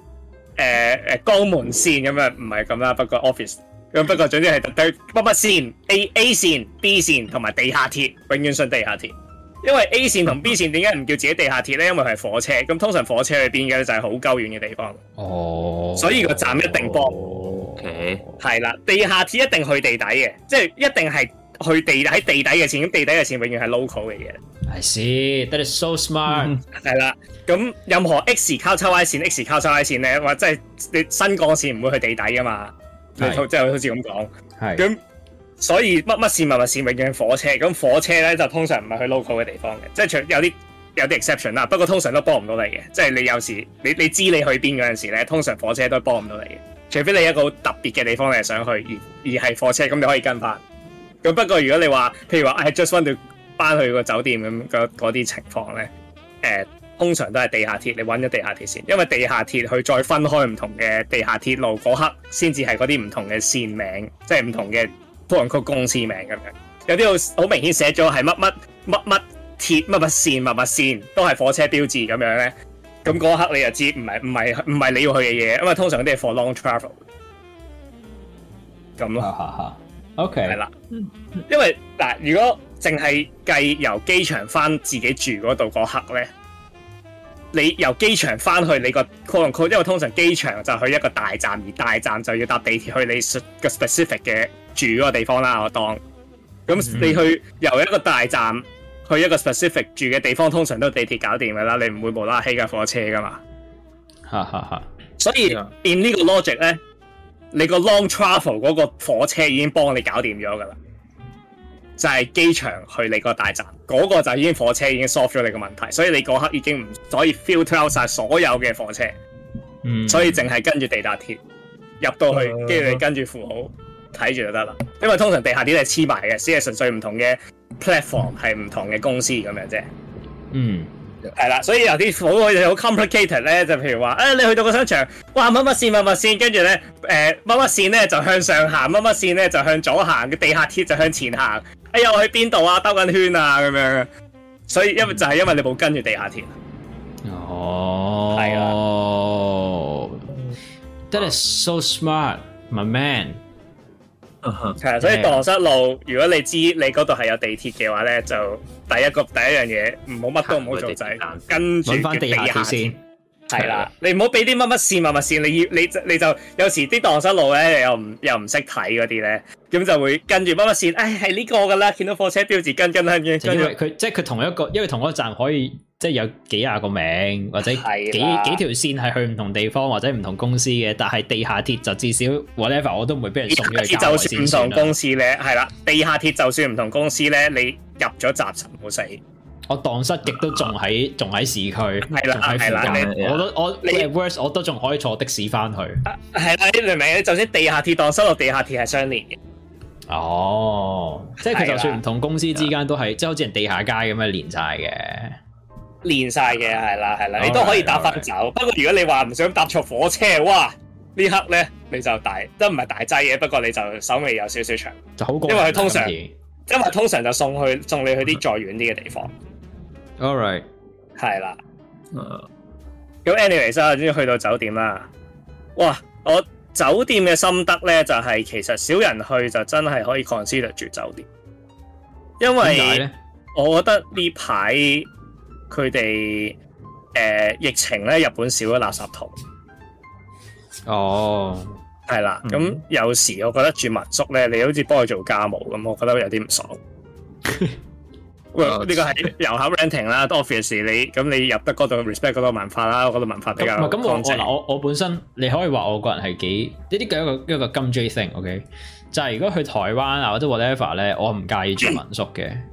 [SPEAKER 2] 誒誒江門線咁啊，唔係咁啦。不過 office 咁，不過總之係特登乜乜線 A A 線 B 線同埋地下鐵，永遠信地下鐵。因為 A 線同 B 線點解唔叫自己地下鐵咧？因為係火車，咁通常火車去邊嘅就係好鳩遠嘅地方。哦，所以個站一定博。O K，係啦，地下鐵一定去地底嘅，即、就、係、是、一定係。去地喺地底嘅線，咁地底嘅線永遠係 local 嘅嘢。Nice，I see. That is so smart. s smart、嗯。係啦，咁任何 X 溝抽歪線，X 溝抽歪線咧，或即係你新幹線唔會去地底噶嘛？即係是好似咁講。係是。咁所以乜乜線物物線，永遠係火車。咁火車咧就通常唔係去 local 嘅地方嘅，即係除有啲有啲 exception 啦。不過通常都幫唔到你嘅。即係你有時你你知你去邊嗰陣時咧，通常火車都幫唔到你嘅。除非你一個特別嘅地方你係想去，而而係火車咁你可以跟翻。咁不過如果你話，譬如話，我 just o 揾到翻去個酒店咁嗰啲情況咧，誒、呃，通常都係地下鐵，你揾咗地下鐵線，因為地下鐵佢再分開唔同嘅地下鐵路嗰刻，先至係嗰啲唔同嘅線名，即係唔同嘅鋪完曲公司名咁樣。有啲好明顯寫咗係乜乜乜乜鐵乜乜線乜乜線，都係火車標誌咁樣咧。咁嗰刻你就知，唔係唔係唔係你要去嘅嘢，因為通常嗰啲係 for long travel。咁咯。 O K. 係啦，因為嗱，如果淨係計由機場翻自己住嗰度嗰刻咧，你由機場翻去你個可能佢，因為通常機場就去一個大站，而大站就要搭地鐵去你個 specific 嘅住嗰個地方啦。我當，咁你去由一個大站去一個 specific 住嘅地方，通常都係地鐵搞掂噶啦，你唔會無啦啦起架火車噶嘛。哈哈哈。所以變 Yeah. 呢個 logic 咧。你個 long travel 嗰個火車已經幫你搞掂咗㗎啦，就係機場去你個大站嗰個就已經火車已經 solve 咗你個問題，所以你嗰刻已經唔可以 filter 晒所有嘅火車，
[SPEAKER 3] 所以淨
[SPEAKER 2] 係跟住地達鐵入到去，跟住你跟住符號睇住就得啦。因為通常地下啲嘢黐埋嘅，只係純粹唔同嘅 platform 係唔同嘅公司咁樣啫。嗯。係啦，所以有啲好佢哋好 complicated 咧，就譬如話，誒、哎，你去到個商場，哇，乜乜線，乜乜線，跟住咧，誒、呃，乜乜線咧就向上行，乜乜線咧就向左行，個地下鐵就向前行，哎呀，我去邊度啊？兜緊圈啊，咁樣，所以因為就係因為你冇跟住地下鐵。哦、
[SPEAKER 1] oh, 了，係啊。That is so smart, my man. 係啊，uh huh. 所以蕩失
[SPEAKER 2] 路，的如果你知你嗰度係有地鐵嘅話咧，就第一個第一樣嘢唔好乜都唔好做仔，的跟住揾翻地鐵先。係啦的，你唔好俾啲乜乜線、乜乜線，你要你你就，你就有時啲蕩失路咧，又唔又唔識睇嗰啲咧，咁就會跟住乜乜線，唉、哎，係呢個㗎啦，見到火車標誌跟跟跟跟。因為
[SPEAKER 1] 佢後即係佢同一個，因為同一個站可以。即係有幾廿個名字或者幾是的幾條線係去唔同地方或者唔同公司嘅，但係地下鐵就至少 whatever 我都唔會俾人送咗去夾。就算唔同公
[SPEAKER 2] 司咧，係啦，地下鐵就算唔同公司咧，你入咗閘就冇死。我蕩
[SPEAKER 1] 失極都仲喺仲喺市區，係啦係啦，我都
[SPEAKER 2] 我 even worse 我都仲可以
[SPEAKER 1] 坐的士翻去。
[SPEAKER 2] 係啦，你明唔明？就算地下鐵蕩失落地下鐵係相連
[SPEAKER 1] 嘅。哦，的即係就算唔同公司之間都係，的即係好似人地下街咁樣連晒嘅。
[SPEAKER 2] 練晒嘅係啦，係啦，All right，你都可以搭翻走。all right. 不過如果你話唔想搭錯火車，哇！刻呢刻咧你就大都唔係大劑嘢，不過你就手尾有少少長，
[SPEAKER 1] 就好。因為佢通常，
[SPEAKER 2] 次因為通常就送去送你去啲再遠啲嘅地方。All right，係啦了。咁 anyways 啊，終於去到酒店啦。哇！我酒店嘅心得咧，就係、是、其實少人去就真係可以 consider 住酒店，因為，為我覺得呢排。佢哋誒疫情咧，日本少咗垃圾桶。哦，係啦，咁有時我覺得住民宿咧，你好似幫佢做家務咁，我覺得有啲唔爽。 喂，呢 個係遊客 ranting 啦，多嘅事。你咁你入得嗰度 respect 嗰個文化啦，我覺得文化比較咁我我嗱
[SPEAKER 1] 我我本身你可以話我個人係幾呢啲咁一個一個金句 thing OK，就係如果去台灣啊或者 whatever 咧，我唔介意住民宿嘅。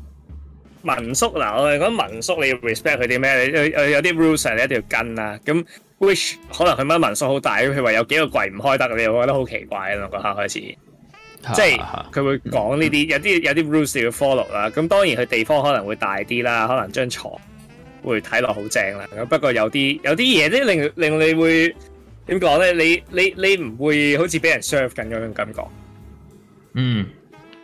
[SPEAKER 2] 民宿嗱，我哋講民宿，你要 respect 佢啲咩？你有啲 rules、啊、你一定要跟啦、啊。咁 wish 可能佢乜民宿好大，佢話有幾個櫃唔開得，你會覺得好奇怪啊。從嗰刻開始，即係佢哈會講呢啲，有啲有啲 rules 要 follow 啦、嗯。咁當然佢地方可能會大啲啦，可能張床會睇落好正啦。不過有啲有啲嘢咧，令令你會點講咧？你你你唔會好似俾人 serve 緊嗰種感覺。嗯，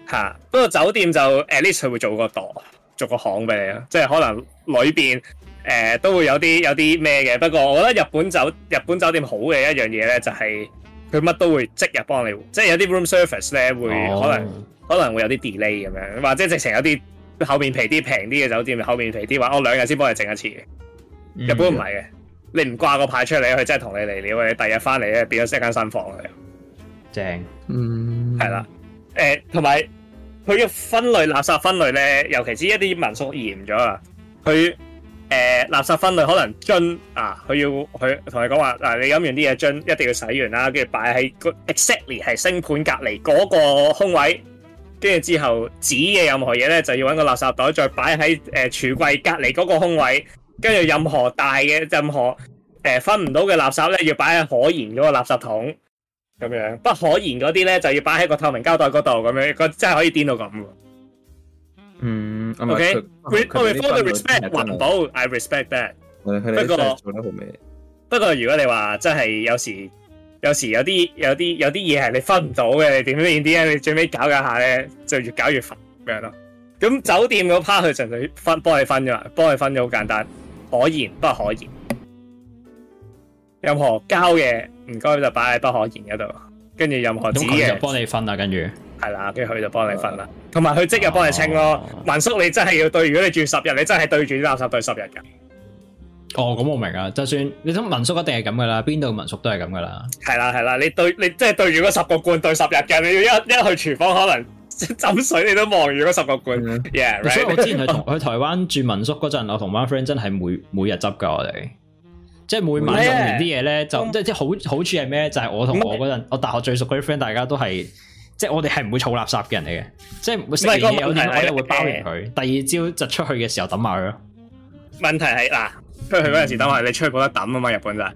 [SPEAKER 2] 嚇、啊。不過酒店就 at least 佢會做個度。逐個行俾你啊！即係可能裏邊誒都會有啲有啲咩嘅，不過我覺得日本酒日本酒店好嘅一樣嘢咧，就係佢乜都會即日幫你。即係有啲 room service 咧會可能、oh. 可能會有啲 delay 咁樣，或者直情有啲後面皮啲平啲嘅酒店後面皮啲話，我兩日先幫你整一次。嗯、日本唔係嘅，你唔掛個牌出嚟，佢真係同你嚟料。你第日翻嚟咧變咗一間新房嚟。正，嗯，係啦，誒、呃，同埋。佢要分類垃圾分類咧，尤其是一啲民宿嚴咗啊！佢誒、呃、垃圾分類可能樽啊，佢要佢同你講話嗱，你飲完啲嘢樽一定要洗完啦，跟住擺喺個 exactly 係星盤隔離嗰個空位，跟住之後紙嘅任何嘢咧就要搵個垃圾袋再擺喺誒櫥櫃隔離嗰個空位，跟住任何大嘅任何、呃、分唔到嘅垃圾咧要擺喺可燃嗰個垃圾桶。咁樣不可言嗰啲咧，就要擺喺個透明膠袋嗰度，咁樣個真係可以癲到咁嗯。O K. I respect。環保，I respect that 不。不過如果你話真係有時，有時有啲有啲有啲嘢係你分唔到嘅，你點變啲咧？你最尾搞搞下咧，就越搞越煩咁樣咯。咁酒店嗰 part 佢純粹分，幫佢分咗，幫你分咗好簡單，可言不可言，任何膠嘅。唔該就擺喺不可燃嗰度，跟住任何紙嘅。咁佢就幫你分啦，跟住。係啦，跟住佢就幫你分啦，同埋佢即日幫你清咯。啊、民宿你真係要對，如果你住十日，你真係對住啲垃圾對十日㗎。
[SPEAKER 1] 哦，咁我明啦。就算你諗民宿一定係咁㗎啦，邊度民宿都係咁
[SPEAKER 2] 㗎啦。係啦，係啦，你對你即係對住嗰十個罐對十日嘅，你要一一去廚房可能浸水，你都望住嗰十個罐。所以我之前去，
[SPEAKER 1] 去台灣住民宿嗰陣，我同班 friend 真係每每日執㗎，我哋。即係每晚用完啲嘢咧，就即係即係好好處係咩咧？就係我同我嗰陣，我大學最熟嗰啲 friend，大家都係即係我哋係唔會儲垃圾嘅人嚟嘅，即係食完嘢有啲嘢會包住佢，是的第二朝就出去嘅時候抌埋佢咯。
[SPEAKER 2] 問題係嗱，出去嗰陣時抌埋你出去冇得抌啊嘛，日本就係。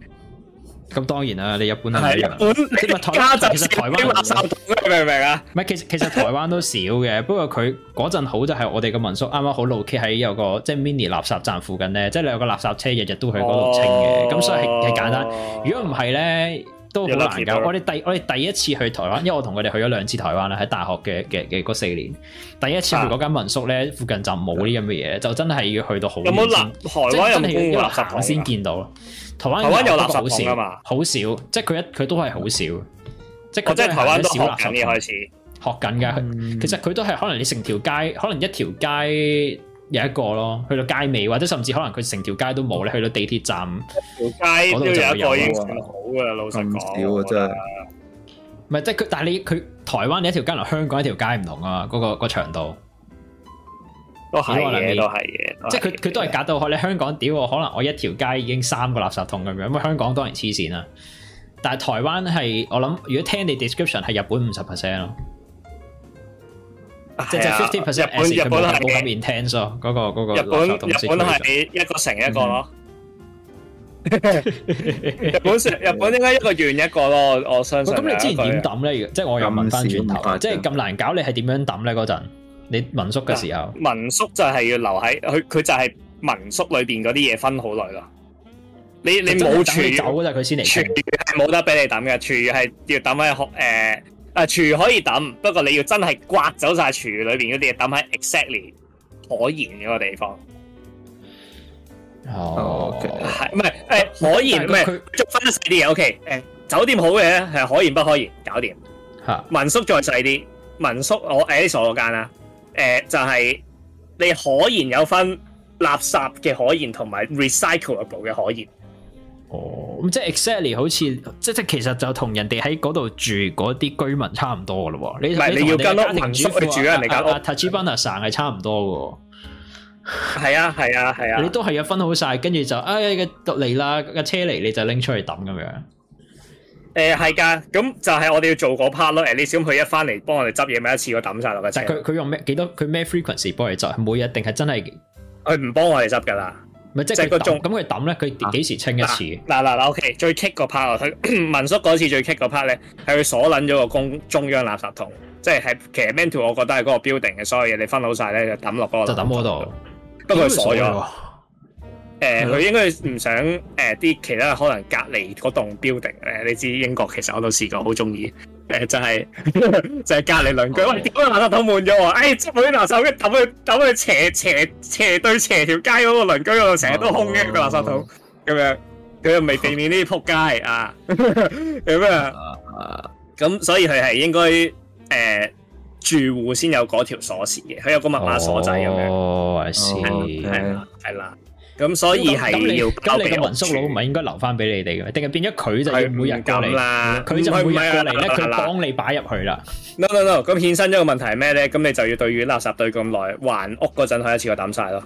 [SPEAKER 1] 咁當然啦，你一般喺日本，
[SPEAKER 2] 你咪台。其實台灣垃圾少嘅，你明唔明啊？唔係，其實其實台灣
[SPEAKER 1] 都少嘅，不過佢嗰陣好就係我哋嘅民宿啱啱好路企喺有個即係、就是、mini 垃圾站附近咧，即係兩個垃圾車日日都去嗰度清嘅，咁、哦、所以係係簡單。如果唔係咧，都好難搞。我哋第我哋第一次去台灣，因為我同佢哋去咗兩次台灣咧，喺大學嘅嘅嘅嗰四年，第一次去嗰間民宿咧，附近就冇呢咁嘅嘢，啊、就真係要去到好。有冇垃台灣垃圾桶先見到？啊。台灣有多好少好少，即係佢一佢都係好少，
[SPEAKER 2] 即係佢即係台灣都學緊而開始
[SPEAKER 1] 學緊㗎。嗯、其實佢都係可能你成條街，可能一條街有一個咯，去到街尾或者甚至可能佢成條街都冇你、嗯、去到地鐵站條街都有，有一個好啊。好㗎老實講，少啊真係的。唔係即係佢，但係你佢台灣一條街同香港一條街唔同啊，嗰、嗰個、嗰個嗰個長度。都係嘅，都係嘅。即係佢佢都係隔到去你香港屌，可能我一條街已經三個垃圾桶咁樣。咁香港當然黐線啦。但係台灣係，我諗如果聽你 description 係日本五十 percent 咯。即係 fifty percent 日本日本冇咁 intense 咯，嗰個嗰個。日本日本係一個成一個咯。日本成
[SPEAKER 2] 日本應該一個怨一個咯，我相信。咁你之前點抌咧？即
[SPEAKER 1] 係我又問翻轉頭，即係咁難搞，你係點
[SPEAKER 2] 樣抌咧？嗰陣？你
[SPEAKER 1] 民宿嘅時候，
[SPEAKER 2] 民宿就係要留喺佢佢就係民宿裏邊嗰啲嘢分好耐咯。你你冇廚，我嗰陣佢先嚟廚，冇、就是、得俾你抌嘅。廚餘係要抌喺可誒啊，廚餘可以抌，不過你要真係刮走晒廚餘裏邊嗰啲嘢，抌喺 exactly 可燃嗰個地方。哦、oh, okay.，係唔係誒可燃言？唔係佢逐分得細啲嘢。OK，誒酒店好嘅咧係可燃不可燃，搞掂嚇哈民宿再細啲，民宿我誒呢所嗰間啦。誒、呃、就係、是、你可燃有分垃圾嘅可燃同埋 recyclable 嘅可燃，哦，咁即 exactly 好似
[SPEAKER 1] 即即其實就同人哋喺嗰度住嗰啲居民差唔多嘅咯。你唔你要家屋，家庭主婦住喺人哋間屋，Tajbuna n 城係差唔多嘅。
[SPEAKER 2] 係啊，係啊，係啊，你
[SPEAKER 1] 都係有分好晒。跟住就唉嘅嚟啦，架車嚟你就拎出去抌咁樣。
[SPEAKER 2] 誒係噶，咁、嗯、就係我哋要做嗰 part 咯。至少佢一翻嚟幫我哋執嘢咪一次過抌晒落去。即就係佢佢
[SPEAKER 1] 用咩？幾多中？佢咩 frequency 幫佢執？每日定係真係？佢唔幫我哋執噶啦。咪即係佢抌。咁佢抌咧，佢幾時清一次？
[SPEAKER 2] 嗱嗱嗱，OK，最 key part，佢民宿嗰次最 key part 咧，係佢鎖捻咗個公中央垃圾桶，即係係其實 mento 我覺得係嗰個 building 嘅所有嘢，你分好晒咧就抌落嗰個。就抌嗰度，不過佢鎖咗。誒，佢、呃、應該唔想誒，啲、呃、其他可能隔籬嗰棟 building 咧，你知英國其實我都試過好中意，誒、呃、就係、是、 就係隔籬鄰居、oh. 喂，啲垃圾桶滿咗喎，誒即每啲垃圾桶抌去抌去斜斜斜對斜條街嗰個鄰居嗰度成日都空嘅個垃圾桶，咁、oh. 樣佢又未避免呢啲撲街、oh. 啊，咁 咩？咁所以佢係應該誒、呃、住戶先有嗰條鎖匙嘅，佢有個密碼鎖仔咁樣，
[SPEAKER 1] 哦，係啦，
[SPEAKER 2] 係啦。咁所以係，咁你咁你嘅民宿
[SPEAKER 1] 佬唔係應該留翻俾你哋嘅，定係變咗佢就要每日嚟啦？佢就每日過嚟咧，佢幫
[SPEAKER 2] 你擺入去啦。No no no！咁衍生一個問題係咩咧？咁你就要對住垃圾堆咁耐，還屋嗰陣可以一次過抌晒咯。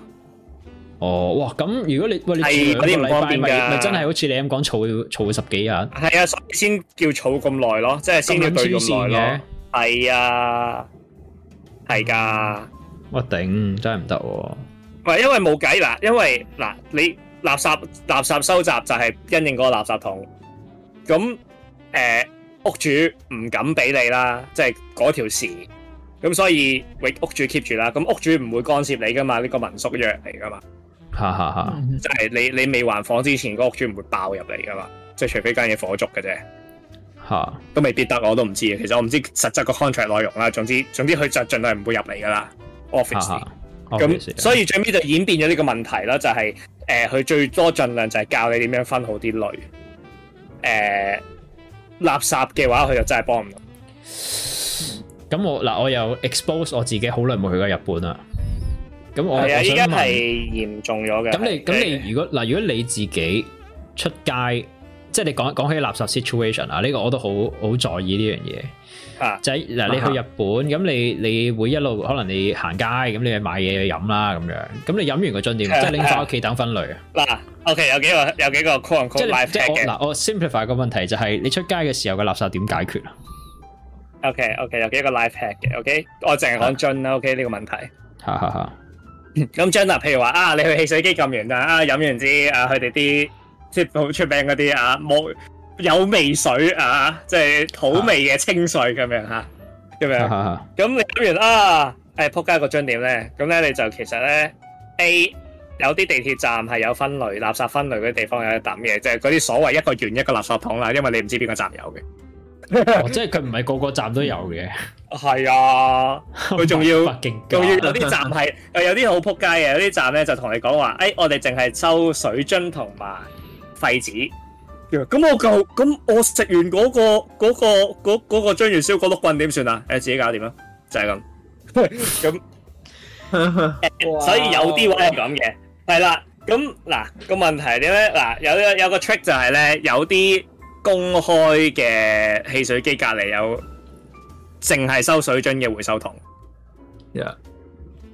[SPEAKER 2] 哦，哇！咁如果你喂你住兩日咪咪真係
[SPEAKER 1] 好似你咁講，儲儲十幾日。係啊，
[SPEAKER 2] 先叫儲咁耐咯，即係先要對咁耐咯。係啊，係噶。
[SPEAKER 1] 我頂、啊，真係唔得。
[SPEAKER 2] 唔係，因為冇計啦，因為嗱，你垃圾垃圾收集就係因應嗰個垃圾桶，咁誒、呃、屋主唔敢俾你啦，即係嗰條線，咁所以屋屋主 keep 住啦，咁屋主唔會干涉你噶嘛，呢、呢個民宿約嚟噶嘛，嚇嚇嚇，即係你你未還房之前，嗰屋主唔會爆入嚟噶嘛，即係除非間嘢火燭嘅啫，嚇， 都未必得，我都唔知，其實我唔知實質個 contract 內容啦，總之總之佢就盡量唔會入嚟噶啦，office。 咁所以最尾就演變咗呢個問題啦，就係誒佢最多盡量就係教你點樣分好啲類，誒、呃、垃圾嘅話佢就真係幫唔到。咁我嗱我又
[SPEAKER 1] expose 我自己好耐冇去過日本啦。咁我係啊而家係嚴重咗嘅。咁你咁你如果嗱如果你自己出街，即係你講講起垃圾 situation 啊，呢個我都好好在意呢樣嘢。就係嗱，你去日本咁，啊、你你會一路可能你行街咁，你去買嘢去飲啦咁樣。咁你飲完個樽點？啊、即係拎翻屋企等分類啊。
[SPEAKER 2] 嗱，OK，有幾個有幾個 quote unquote life hack 嗱、啊，我
[SPEAKER 1] simplify 個問題就係你出街嘅時候嘅垃圾點解決啊
[SPEAKER 2] ？OK，OK，、okay, okay, 有幾個 life hack 嘅。OK，我淨係講樽啦。啊、OK，呢個問題。
[SPEAKER 1] 嚇嚇
[SPEAKER 2] 嚇！咁樽嗱，譬如話啊，你去汽水機撳完啦，啊飲完啲啊佢哋啲即係好出名嗰啲啊冇。有味水啊，即、就、係、是、土味嘅清水咁樣吓，咁、啊、樣。咁你飲完啊，誒、啊啊啊哎，仆街嗰樽點咧？咁咧你就其實咧 A 有啲地鐵站係有分類垃圾分類嘅地方有得抌嘅，即係嗰啲所謂一個圓一個垃圾桶啦，因為你唔知邊個站有嘅。
[SPEAKER 1] 哦、 即係佢唔係個個站都有嘅。
[SPEAKER 2] 係 啊，佢仲要仲 要有啲站係誒，有啲好仆街嘅，有啲站咧就同你講話，誒、哎，我哋淨係收水樽同埋廢紙。咁我就咁我食完嗰個嗰個嗰嗰個章魚燒個碌棍點算啊？誒，自己搞掂啦，就係咁。咁，所以有啲話，係咁嘅，係啦。咁嗱個問題點咧？嗱，有有有個 trick 就係咧，有啲公開嘅汽水機隔籬有淨係收水樽嘅回收桶。呀，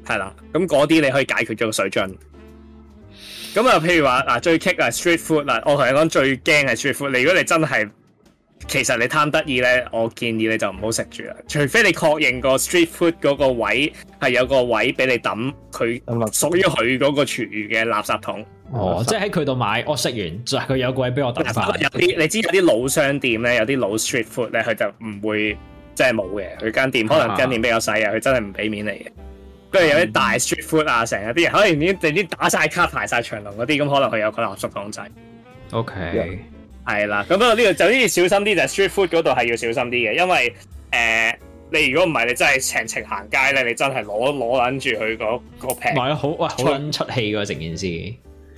[SPEAKER 2] 係啦，咁嗰啲你可以解決咗個水樽。咁啊，譬如話嗱，最棘啊，street food 啦，我同你講最驚係 street food。你如果你真係其實你貪得意咧，我建議你就唔好食住啦。除非你確認個 street food 嗰個位係有個位俾你抌佢，屬於佢嗰個廚餘嘅垃圾桶。
[SPEAKER 1] 哦，即係喺佢度買，我食完，就係佢有個位俾我抌翻。有啲
[SPEAKER 2] 你知有啲老商店咧，有啲老 street food 咧，佢就唔會即係冇嘅。佢間店、uh huh. 可能間店比較細啊，佢真係唔俾面你嘅。跟住、嗯、有啲大 street food 啊，成日啲人可能連啲打晒卡排晒長龍嗰啲，咁可能佢有個合作公仔。O K，係啦。咁不過呢個就呢啲小心啲，就 street food 嗰度係要小心啲嘅、就是，因為誒、呃、你如果唔係你真係成程行街咧，你真係攞攞撚住佢嗰個平。係啊，
[SPEAKER 1] 好哇，好撚出氣喎，成件事。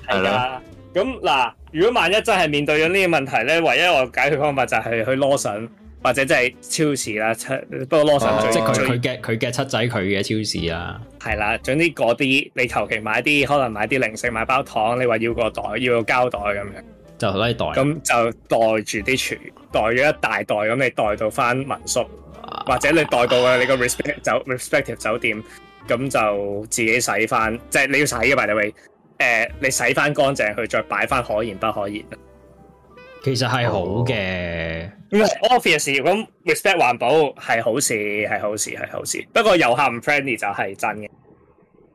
[SPEAKER 1] 係啦
[SPEAKER 2] 的。咁嗱的，如果萬一真係面對咗呢個問題咧，唯一我解決方法就係去攞神。或者即係超市啦，七不過攞上最即係佢嘅
[SPEAKER 1] 佢嘅七仔，佢嘅超市啦。
[SPEAKER 2] 係啦，總之嗰啲你求其買啲，可能買啲零食，買包糖。你話要個袋，要個膠袋咁樣，
[SPEAKER 1] 就攞袋。咁
[SPEAKER 2] 就袋住啲廚袋，咗一,一大袋咁，你袋到翻民宿，啊、或者你袋到嘅你個 respect 酒、啊、respective 酒店，咁就自己洗翻，即、就、係、是、你要洗嘅嘛，你咪誒，你洗翻乾淨，去再擺翻可燃不可燃。其實係好嘅。哦。Obviously, 咁 respect 環保係好事，係好事，係好事。不過遊客唔 friendly 就係真嘅。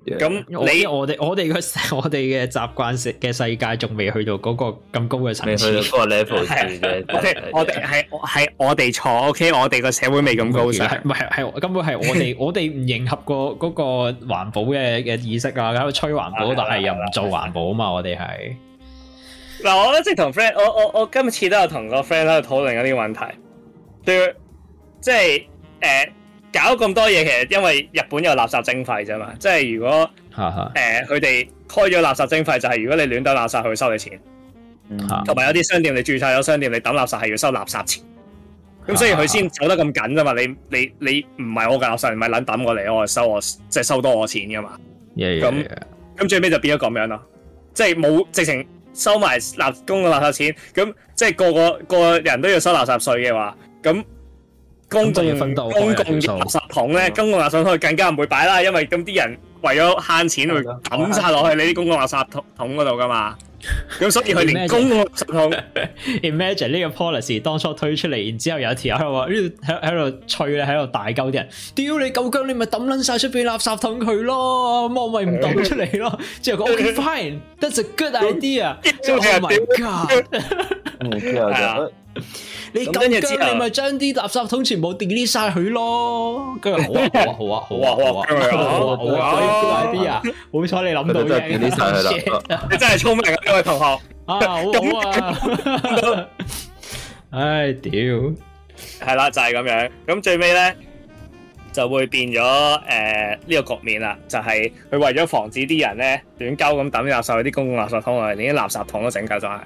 [SPEAKER 1] 咁你 yeah, 我哋我哋嘅我哋嘅習慣嘅世界仲未去到嗰個咁高嘅層次，去到嗰個 level
[SPEAKER 2] 我哋錯。OK，我哋個社會未咁高。唔係係根本係我哋我哋
[SPEAKER 1] 唔迎合過嗰個環保嘅嘅意識啊！喺度吹環保， 但係又唔做環保啊嘛！我哋係。
[SPEAKER 2] 嗱，我咧即係同 friend，我我我今次都有同個 friend 喺度討論緊啲問題，對即係誒、呃、搞咁多嘢，其實因為日本有垃圾徵費啫嘛，即係如果誒佢哋開咗垃圾徵費，就係、是、如果你亂兜垃圾，佢收你錢，
[SPEAKER 3] 同埋 有啲
[SPEAKER 2] 商店，你注冊有商店，你抌垃圾係要收垃圾錢，咁 所以佢先走得咁緊啫嘛。你你你唔係我嘅垃圾，你咪卵抌過嚟，我收我即係、就是、收多我的錢噶嘛。咁咁最尾就變咗咁樣咯，即係冇直情。收埋垃公共垃圾錢，咁即係個個，個個人都要收垃圾稅嘅話，咁公共，公共，公，共公共垃圾桶咧，公共垃圾桶更加唔會擺啦，因為咁啲人為咗慳錢，會抌晒落去你啲公共垃圾桶桶嗰度㗎嘛。咁所以佢連公
[SPEAKER 1] 垃 imagine 呢個 policy 當初推出嚟，然之後有一條喺度喺度吹咧，喺度大鳩啲人，屌你咁僵，你咪抌捻晒出俾垃圾桶佢咯，我咪唔抌出嚟咯。之後佢 OK fine，that's a good idea。之後佢話，God，你咁僵，你咪將啲垃圾桶全部 delete 晒佢咯。跟住好啊，好啊，好啊，好啊，好啊，好啊，好啊，好啊，好啊，好啊，好啊，好啊，好啊，好啊，
[SPEAKER 2] 好各位同學，咁、啊，唉屌，係啦，就係、是、咁樣，咁最尾咧就會變咗誒呢個局面啦，就係、是、佢為咗防止啲人咧亂鳩咁抌垃圾，啲公共垃圾桶啊，連啲垃圾桶都整舊咗。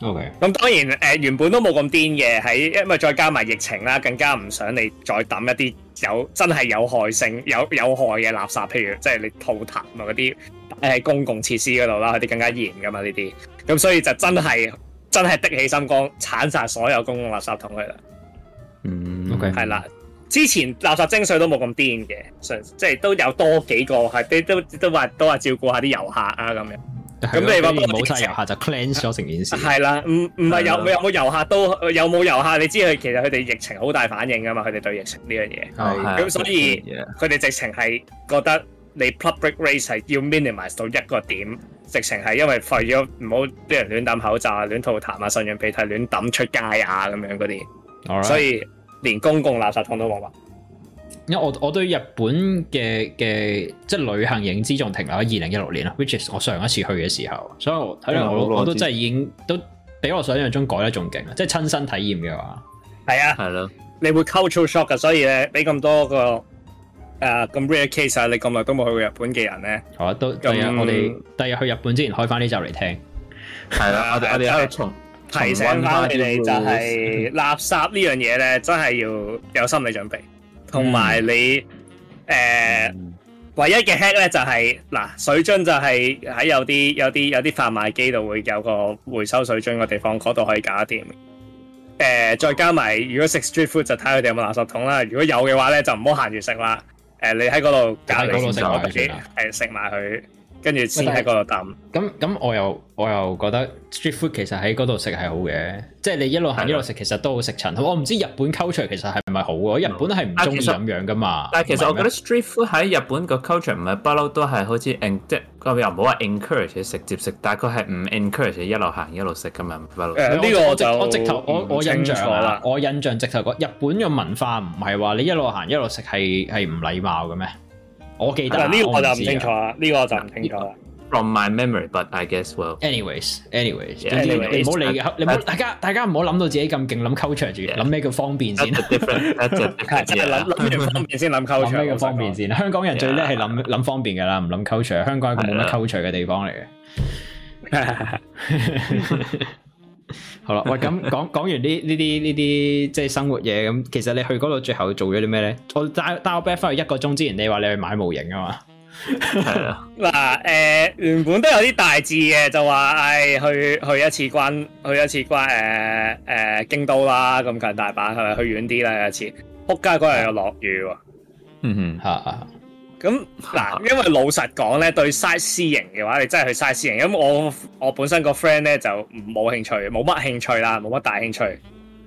[SPEAKER 3] OK，
[SPEAKER 2] 咁當然誒、呃、原本都冇咁癲嘅，喺因為再加埋疫情啦，更加唔想你再抌一啲有真係有害性、有有害嘅垃圾，譬如即係你吐痰啊嗰啲。誒，公共設施嗰度啦，佢哋更加嚴噶嘛，呢啲咁，所以就真係真係的起心肝，鏟晒所有公共垃圾桶佢啦。
[SPEAKER 3] 嗯，OK，
[SPEAKER 2] 係啦。之前垃圾徵稅都冇咁癲嘅，即係都有多幾個係，都都都話都話照顧下啲遊客啊咁樣。
[SPEAKER 1] 咁、就是、你話冇晒遊客就 clean 咗成件事。係啦，唔
[SPEAKER 2] 唔係有的有冇遊客都有冇遊客？你知佢其實佢哋疫情好大反應噶嘛？佢哋對疫情呢樣嘢，咁所以佢哋的直情係覺得。你 public race 係要 minimize 到一個點，直情係因為廢咗唔好啲人亂抌口罩啊、亂吐痰啊、擤完鼻涕亂抌出街啊咁樣嗰啲，Alright. 所以連公共垃圾桶都冇埋。
[SPEAKER 1] 因為我我對日本嘅嘅即係旅行影資仲停留喺二零一六年咯，which is 我上一次去嘅時候，所以我睇嚟我、oh, 我，我都真係已經都比我想象中改得仲勁啊！即係親身體驗
[SPEAKER 2] 嘅話，係啊，
[SPEAKER 1] 係咯，
[SPEAKER 2] 你會 culture shock 嘅，所以咧俾咁多個。誒，咁 rare case 啊！你咁耐都冇去過日本嘅人咧，
[SPEAKER 1] 好啊，都，第日我哋第日去日本之前開翻呢集嚟聽，係啦，我哋我哋阿聰提醒翻你哋，就係
[SPEAKER 2] 垃圾呢樣嘢咧，真係要有心理準備，同埋你誒，唯一嘅 hack 咧就係嗱，水樽就係喺有啲有啲有啲販賣機度會有個回收水樽嘅地方，嗰度可以搞掂。誒，再加埋如果食 street food 就睇佢哋有冇垃圾桶啦，如果有嘅話咧就唔好行住食啦。誒、呃，你喺嗰度搞離先食，係食埋佢。跟住先喺嗰
[SPEAKER 1] 度抌。咁咁，我又我又覺得 street food 其實喺嗰度食係好嘅。即係你一路行一路食的、啊，其實都好食。陳好，我唔知日本 culture 其實係咪好啊？日本係唔中意咁樣噶嘛。但係其實我覺得 street food 喺日本個 culture 唔係不嬲都係好似即係又唔好話 encourage 食接食，但係佢係唔 encourage 一路行一路食噶嘛。誒呢個我就我直頭我我印象啦，我印象直頭個日本嘅文化唔係話你一路行一路食係係唔禮貌嘅咩？我記得，呢個我就唔清楚啦。呢個我就唔清楚
[SPEAKER 2] 啦。From my memory, but
[SPEAKER 1] I guess well. Anyways, anyways，唔好理你大家大家唔好諗到自己咁勁，諗 culture 住，諗咩叫方便先？一係諗諗方便先諗 culture，咩叫方便先？香港人最叻係諗諗方便㗎啦，唔諗 culture。香港係一個冇乜 culture 嘅地方嚟嘅。 好啦，喂，咁講講完呢呢啲呢啲即係生活嘢，咁其實你去嗰度最後做咗啲咩咧？我帶帶我 back 翻去一個鐘之前，你話你去買模型啊嘛？係
[SPEAKER 2] 啊。嗱，誒，原本都有啲大志嘅，就話誒、哎、去去一次關去一次關誒誒、呃呃、京都啦，咁近大阪係咪？係係去遠啲啦有一次，撲街嗰日又落雨。嗯嗯，
[SPEAKER 1] 係啊。
[SPEAKER 2] 咁嗱，因為老實講咧，對 sightseeing 嘅話，你真係去 sightseeing。Eing，因為我我本身個 friend 咧就冇興趣，冇乜興趣啦，冇乜大興趣。誒、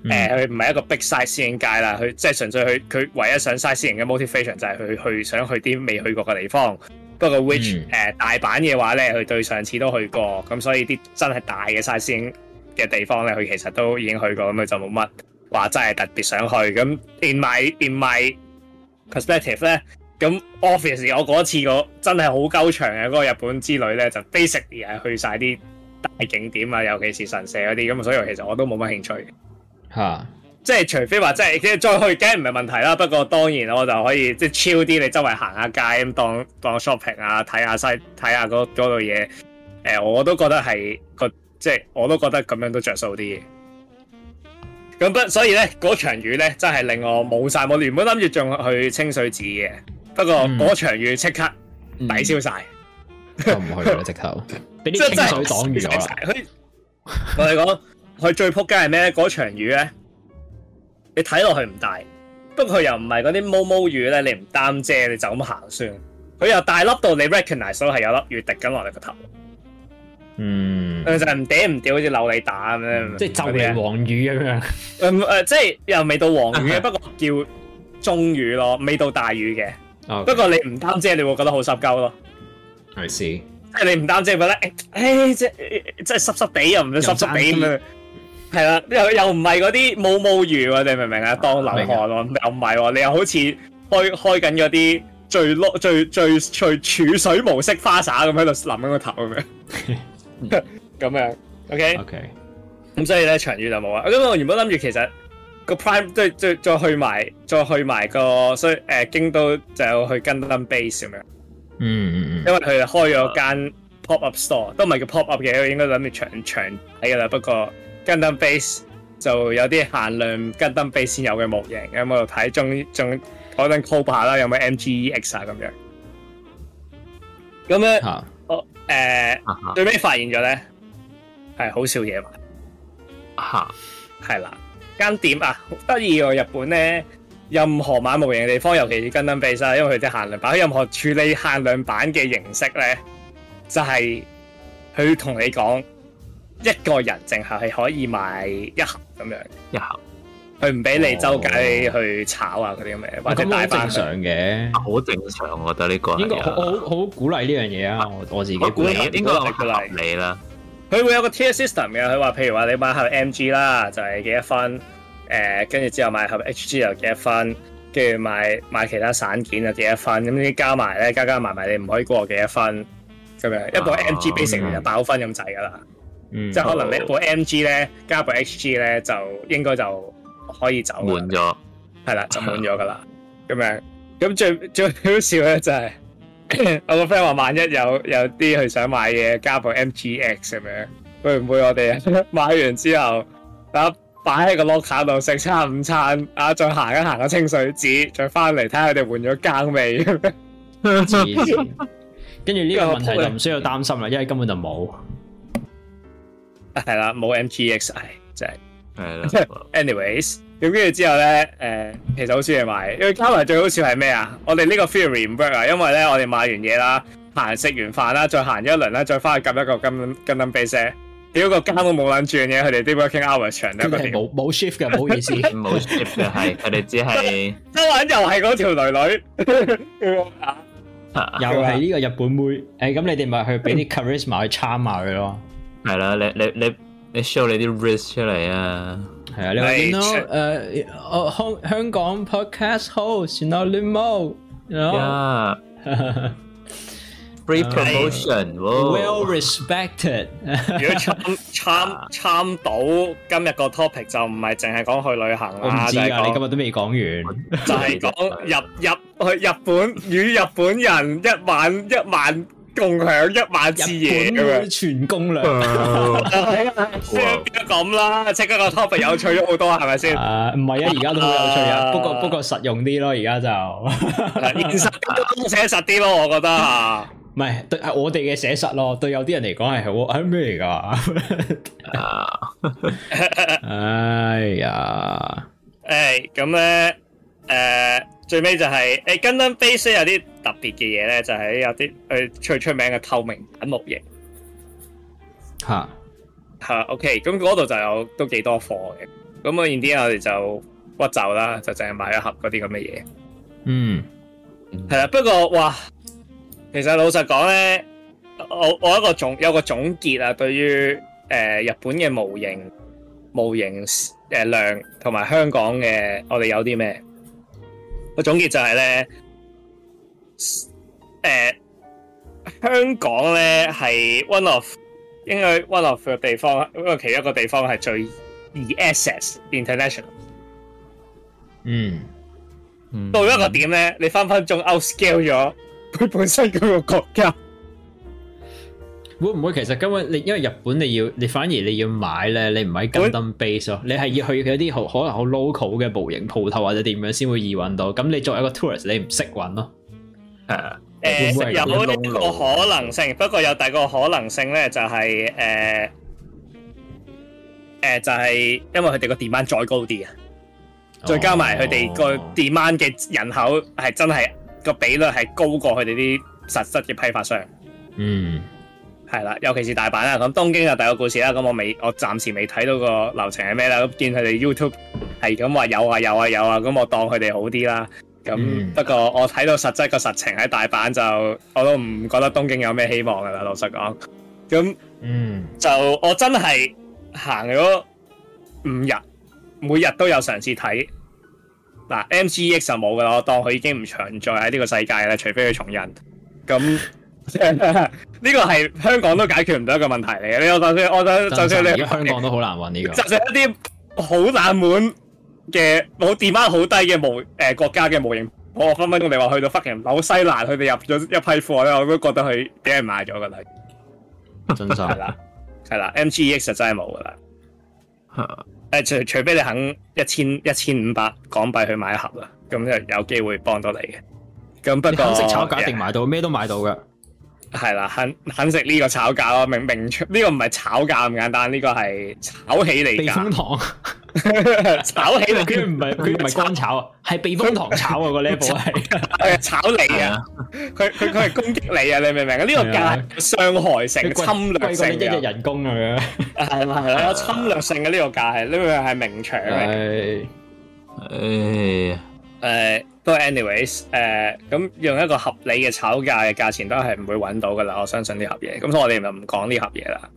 [SPEAKER 2] 嗯，佢唔係一個 big sightseeing guy 啦。佢即係純粹去佢唯一想 sightseeing 嘅 motivation 就係佢去想去啲未去過嘅地方。不過，which 誒、嗯呃、大阪嘅話咧，佢對上次都去過，咁所以啲真係大嘅 sightseeing 嘅地方咧，佢其實都已經去過，咁佢就冇乜話真係特別想去。咁 in my in my perspective 咧。咁 office 我嗰次我真係好鳩長嘅嗰個日本之旅咧，就 basically 係去晒啲大景點啊，尤其是神社嗰啲咁，所以其實我都冇乜興趣吓 Huh.，即係除非話即係再去，梗唔係問題啦。不過當然我就可以即係超啲，你周圍行下街，當當 shopping 啊，睇下晒睇下嗰度嘢，誒、呃，我都覺得係個即係，我都覺得咁樣都着數啲嘅。咁不所以咧，嗰場雨咧真係令我冇晒，我原本諗住仲去清水寺嘅。不過嗰場雨即刻抵消晒、嗯，
[SPEAKER 1] 嗯、 我唔去
[SPEAKER 2] 啦即刻，即啲清水擋雨咗。我哋講佢最撲街係咩嗰場雨咧，你睇落去唔大，不過佢又唔係嗰啲毛毛雨咧，你唔擔遮，你就咁行算。佢又大粒到你 recognize 所係有粒雨滴緊落你個頭。
[SPEAKER 1] 嗯，佢就係
[SPEAKER 2] 唔嗲唔吊，好似扭你打咁樣，即係、嗯、就嚟黃雨咁樣。誒、嗯呃、即係又未到黃雨 不過叫中雨咯，未到大雨嘅。Okay. 不過你唔擔遮，你會覺得好濕鳩咯。係是，即係你唔擔遮，覺得誒誒，即係即係濕濕地又唔係濕濕地咁樣，係、哎、啦，又濕濕又唔係嗰啲毛毛雨，我你明唔明啊？當冷汗咯，又唔係，你又好似開開緊嗰啲最落最最儲水模式花灑咁喺度淋緊個頭咁樣，咁樣。OK，OK，咁所以咧長雨就冇啦。咁我原本諗住其實。個 Prime 都再再去埋再去埋個，所以誒、呃，京都就去 Gundam Base 咁樣、嗯。嗯嗯嗯。因為佢開咗間 pop up store，都唔係叫 pop up 嘅，應該諗住長長睇噶啦。不過 Gundam Base 就有啲限量 Gundam Base 先有嘅模型咁我度睇，中中嗰陣 Cobra 啦，有冇 MGX 啊咁樣？咁樣，我誒，最尾發現咗咧，係好少嘢買。吓，係啦。間店啊，好得意喎！日本咧，任何買模型嘅地方，尤其是 Gundam Base，因為佢啲限量版，任何處理限量版嘅形式咧，就係佢同你講一個人淨係係可以買一盒咁樣，一盒。佢唔俾你周街去炒啊嗰啲咁嘅，哦、或者大翻上
[SPEAKER 1] 嘅，好正，啊、正常。我覺得呢個應該好，好好鼓勵呢樣嘢啊！我我自己鼓勵，應該我鼓勵你啦。
[SPEAKER 2] 佢會有個 tier system 嘅，佢話譬如話你買盒 MG 啦，就係、是、幾多分？跟、呃、住之後買盒 HG 又幾多分？跟住買買其他散件又幾多分？咁啲加埋咧，加加埋埋你唔可以過幾多分咁樣。Oh, 一部 MG 俾成就爆分咁滯噶啦，即、mm hmm. 可能你一部 MG 咧加部 HG 咧，就應該就可以走滿咗了。係啦，就滿咗噶啦。咁 樣咁最最搞笑咧就係、是、～ 我個 friend 話，萬一有有啲佢想買嘢加部 MTX 咁樣會唔會我哋買完之後，啊擺喺個 locker 度食餐午餐，啊再行一行個清水寺，再翻嚟睇下佢哋換咗加味，跟住呢個問題就唔需要擔心啦，因為根本就冇。係啦、 啊，冇 MTX，係真係。係啦 ，anyways。咁跟住之後咧，誒、呃、其實好少嘢買，因為加埋最好笑係咩啊？我哋呢個 theory 唔 work 啊，因為咧我哋買完嘢啦，行食完飯啦，再行一輪啦，再翻去撳一個 Gundam Base，屌個加都冇撚轉嘅，佢哋啲 working hours 長得個點？佢哋冇冇 shift 嘅，唔好意思，冇 shift 嘅，係佢哋只係都玩又係嗰條女女，
[SPEAKER 1] 又係呢個日本妹。誒咁、 哎、你哋咪去俾啲 charisma、嗯、去 charm 佢咯。係啦，你你你你 show 你啲 risk 出嚟啊！係啊，你話點啊？誒，香香港 podcast host 算啦，亂毛，你話？Free promotion，well
[SPEAKER 2] respected。如果參參參到今日個 topic 就唔係淨係講去旅行啦，我唔知啊，你今
[SPEAKER 1] 日都未講完，就
[SPEAKER 2] 係講入入去日本與日本人一晚一晚。共享一萬字嘢全攻略！即係變得咁啦，即刻嗰個 topic 有趣咗好多，係咪
[SPEAKER 1] 先？誒唔係啊，而家都好有趣啊，啊不過不過實用啲咯，而家就、啊、現實都咯，寫實啲咯，我覺得啊，唔係，對，係我哋嘅寫實咯，對有啲人嚟講係好係咩嚟㗎？啊， 哎呀，
[SPEAKER 2] 誒咁咧，誒。呃最尾就係、是、誒，跟、欸、Gundam Base 有啲特別嘅嘢咧，就係、是、有啲誒最出名嘅透明版模型。
[SPEAKER 1] 吓
[SPEAKER 2] 吓 OK 咁嗰度就有都幾多貨嘅。咁啊，然之後我哋就屈就啦，就淨係買一盒嗰啲咁嘅嘢。
[SPEAKER 3] 嗯，
[SPEAKER 2] 係啦。不過哇，其實老實講咧，我我一個總有個總結啊，對於、呃、日本嘅模型模型、呃、量同埋香港嘅我哋有啲咩？個總結就係咧，誒，香港咧係 one of 應該 one of 個地方，因為其中一個地方係最易 access international。嗯，到咗一個點咧，你分分鐘 outscale 咗佢本身嗰個國家。
[SPEAKER 1] 會唔會其實根本你因為日本你要你反而你要買咧，你唔喺 Gundam Base 咯會，你係要去一啲好可能好 local 嘅模型鋪頭或者點樣先會易揾到。咁你作為一個 tourist，你唔識揾咯，
[SPEAKER 2] 係啊。誒有呢啲個可能性，不過有第二個可能性咧，就係呃呃，就係誒誒就係因為佢哋個 demand 再高啲啊，再加埋佢哋個 demand 嘅人口係真係個、哦、比率係高過佢哋啲實質嘅批發商，嗯。係啦，尤其是大阪啦，咁東京就第二個故事啦，咁我未，我暫時未睇到個流程係咩啦，咁見佢哋 YouTube 係咁話有啊有啊有啊，咁我當佢哋好啲啦，咁、嗯、不過我睇到實質個實情喺大阪就，我都唔覺得東京有咩希望噶啦，老實講，咁嗯，就我真係行咗五日，每日都有嘗試睇，嗱 MGX 就冇噶啦，我當佢已經唔長在喺呢個世界啦，除非佢重印，咁。嗯呢 個係香港都解決唔到一個問題嚟嘅。你就算，我就算，正就算你香
[SPEAKER 1] 港都好難搵呢個。就
[SPEAKER 2] 算一啲好冷門嘅冇 demand 好低嘅模誒國家嘅模， 模型，我分分鐘你話去到北京，紐西蘭，佢哋入咗一批貨咧，我都覺得佢俾人買咗噶啦。真實係啦，係啦 ，M G E X 真係冇噶啦。誒， 除除非你肯一千一千五百港幣去買一盒啦，咁就有機會幫到你嘅。咁不過，肯識炒價定買到咩 都買到噶。係啦，肯肯食呢個炒價咯，明明呢、這個唔係炒價咁簡單，呢、這個係炒起嚟噶。避風塘 炒起嚟你，佢唔係佢唔係乾炒啊，係炒避風塘炒啊！個呢部係炒你啊，佢佢佢係攻擊你啊！你明唔明啊？呢、這個價傷害性、侵略性啊，一日人工咁樣。係啊係有侵略性嘅呢個價係，呢個係明搶嚟。誒誒、呃。都係 anyways，誒、uh, 咁用一個合理嘅炒價嘅價錢都係唔會揾到噶啦，我相信呢盒嘢。咁所以我哋就唔講呢盒嘢啦。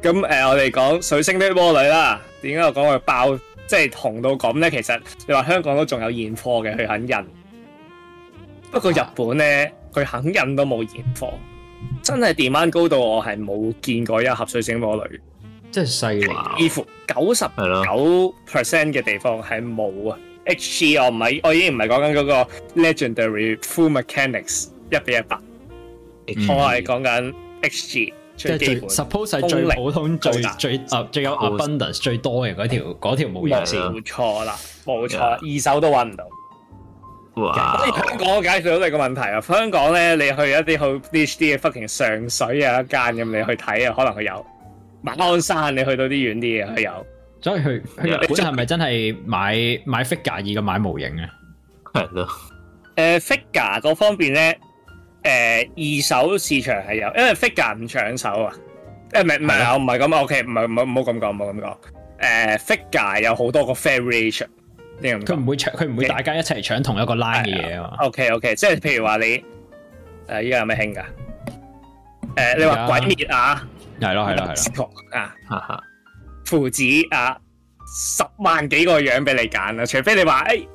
[SPEAKER 2] 咁誒，我哋講水星啲魔女啦。點解我講佢爆，即係紅到咁咧？其實你話香港都仲有現貨嘅，佢肯印。不過日本咧，佢、啊、肯印都冇現貨，真係 demand 高到我係冇見過一盒水星魔女。真係犀利，幾乎九十九 percent 嘅地方係冇啊。H G 我唔係，我已經唔係講緊嗰個 Legendary Full Mechanics 一比一百。我係講緊 H G，即係最 Suppose 係、嗯就是、最普通力、最最、啊、最有 Abundance、
[SPEAKER 1] 啊、最多嘅嗰條嗰條冇
[SPEAKER 2] 錯啦，冇錯，Yeah. 二手都搵唔到。哇 Wow.！香港我解釋到你個問題啊，香港咧你去一啲好 Dish 啲嘅粉嶺上水有一間咁，你去睇啊，可能佢有馬鞍山，你去到啲遠啲嘅佢有。嗯所以佢日本係
[SPEAKER 1] 咪真係買買 figure 而嘅買模型啊？係咯。
[SPEAKER 2] 誒，figure 嗰方面咧？誒，二手市場係有，因為 figure 唔搶手啊。誒，唔係唔係啊，唔係咁啊。O K，唔係唔唔好咁講，唔好咁講。誒，figure 有好多個 variation，佢唔會搶，佢唔會大
[SPEAKER 1] 家一齊搶同一個 line 嘅嘢
[SPEAKER 2] 啊嘛。O K，O K，即係譬如話你誒，依家有咩興噶？誒，你話鬼滅啊？係
[SPEAKER 1] 咯，係咯，係咯。啊，
[SPEAKER 2] 哈哈。父子啊，十萬幾個樣俾你揀啦，除非你話誒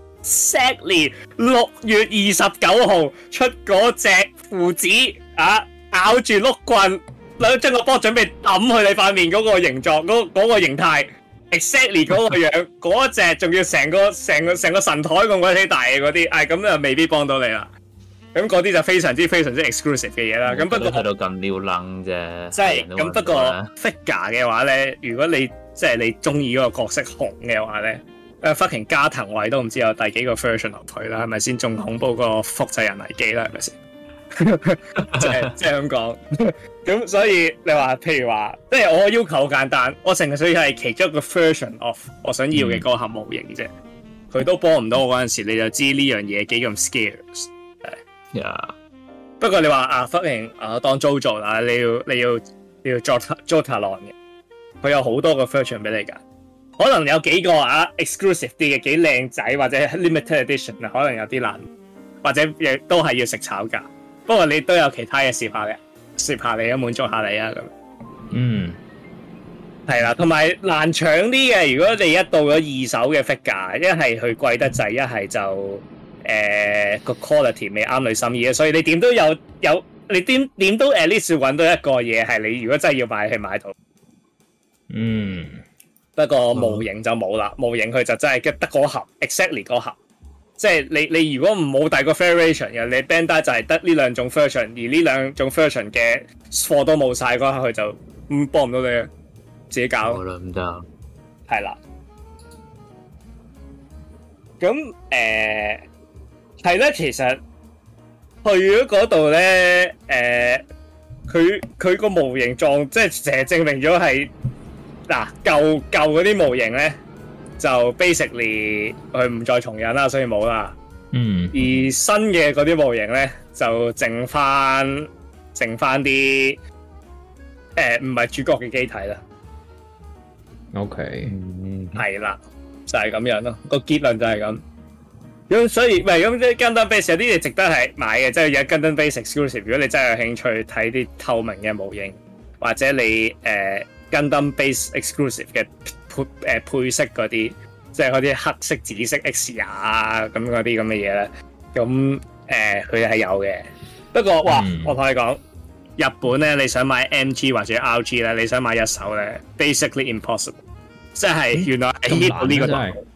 [SPEAKER 2] ，Sally 六月二十九號出嗰隻父子啊，咬住碌棍，兩樽個波準備掟去你塊面嗰個形狀，嗰、嗰個形態，Sally 嗰個樣，嗰一隻仲要成個成個成個神台咁鬼死大嘅嗰啲，係咁又未必幫到你啦。咁嗰啲就非常之非常之 exclusive 嘅嘢啦。咁不過睇到咁撩楞啫。即係咁不過 figure 嘅話咧，如果你。即係你中意嗰個角色紅嘅話咧，阿、啊、Fucking 加藤惠都唔知有第幾個 version 落佢啦，係咪先？仲恐怖過《複製人危機》啦 即，係咪先？即係即係咁講，咁所以你話譬如話，即係我要求好簡單，我純粹係其中一個 version of 我想要嘅鋼合模型啫。佢、嗯、都幫唔到我嗰陣時，你就知呢樣嘢幾咁 scary。係啊，Yeah. 不過你話阿 Fucking 阿當 Jojo 啦，你要你要你要捉捉佢落嘅。你要佢有好多個 version 俾你噶，可能有幾個啊 exclusive 啲嘅幾靚仔，或者 limited edition 啊，可能有啲難，或者亦都係要食炒價。不過你都有其他嘢試下嘅，試下你啊，滿足下你啊咁。嗯，係啦、mm.，同埋難搶啲嘅。如果你一到咗二手嘅 figure，一係佢貴得滯，一係就誒、呃、個 quality 未啱你心意啊。所以你點都有有，你點點都 at least 揾到一個嘢係你如果真係要買去買到。嗯，不過、嗯、模型就冇啦，嗯、模型佢就真係得嗰盒 exactly 嗰盒，即係你你如果唔冇第個 variation，你 band d、er、就係得呢兩種 version，而呢兩種 version 嘅貨都冇晒嗰下，佢就唔幫唔到你了，自己搞，係啦，咁誒係咧，其實去咗嗰度咧，誒佢佢個模型狀即係成日證明咗係。嗱，舊舊嗰啲模型咧，就 basically 佢唔再重印啦，所以冇啦。
[SPEAKER 3] 嗯，而
[SPEAKER 2] 新嘅嗰啲模型咧，就剩翻剩翻啲，誒唔係主角嘅機體啦。
[SPEAKER 1] OK，嗯，
[SPEAKER 2] 係啦，就係咁樣咯。個結論就係咁。咁所以唔係咁，Gundam Base 有啲嘢值得係買嘅，即係有 Gundam Base exclusive。如果你真係有興趣睇啲透明嘅模型，或者你誒。呃跟 Gundam base exclusive 嘅配誒配色嗰啲，即係嗰啲黑色、紫色 XR 咁嗰啲咁嘅嘢咧。咁誒佢係有嘅，不過哇，嗯、我同你講，日本咧，你想買 MG 或者 RG 咧，你想買一手咧，basically impossible。即係咦原來 hit 到呢個地步，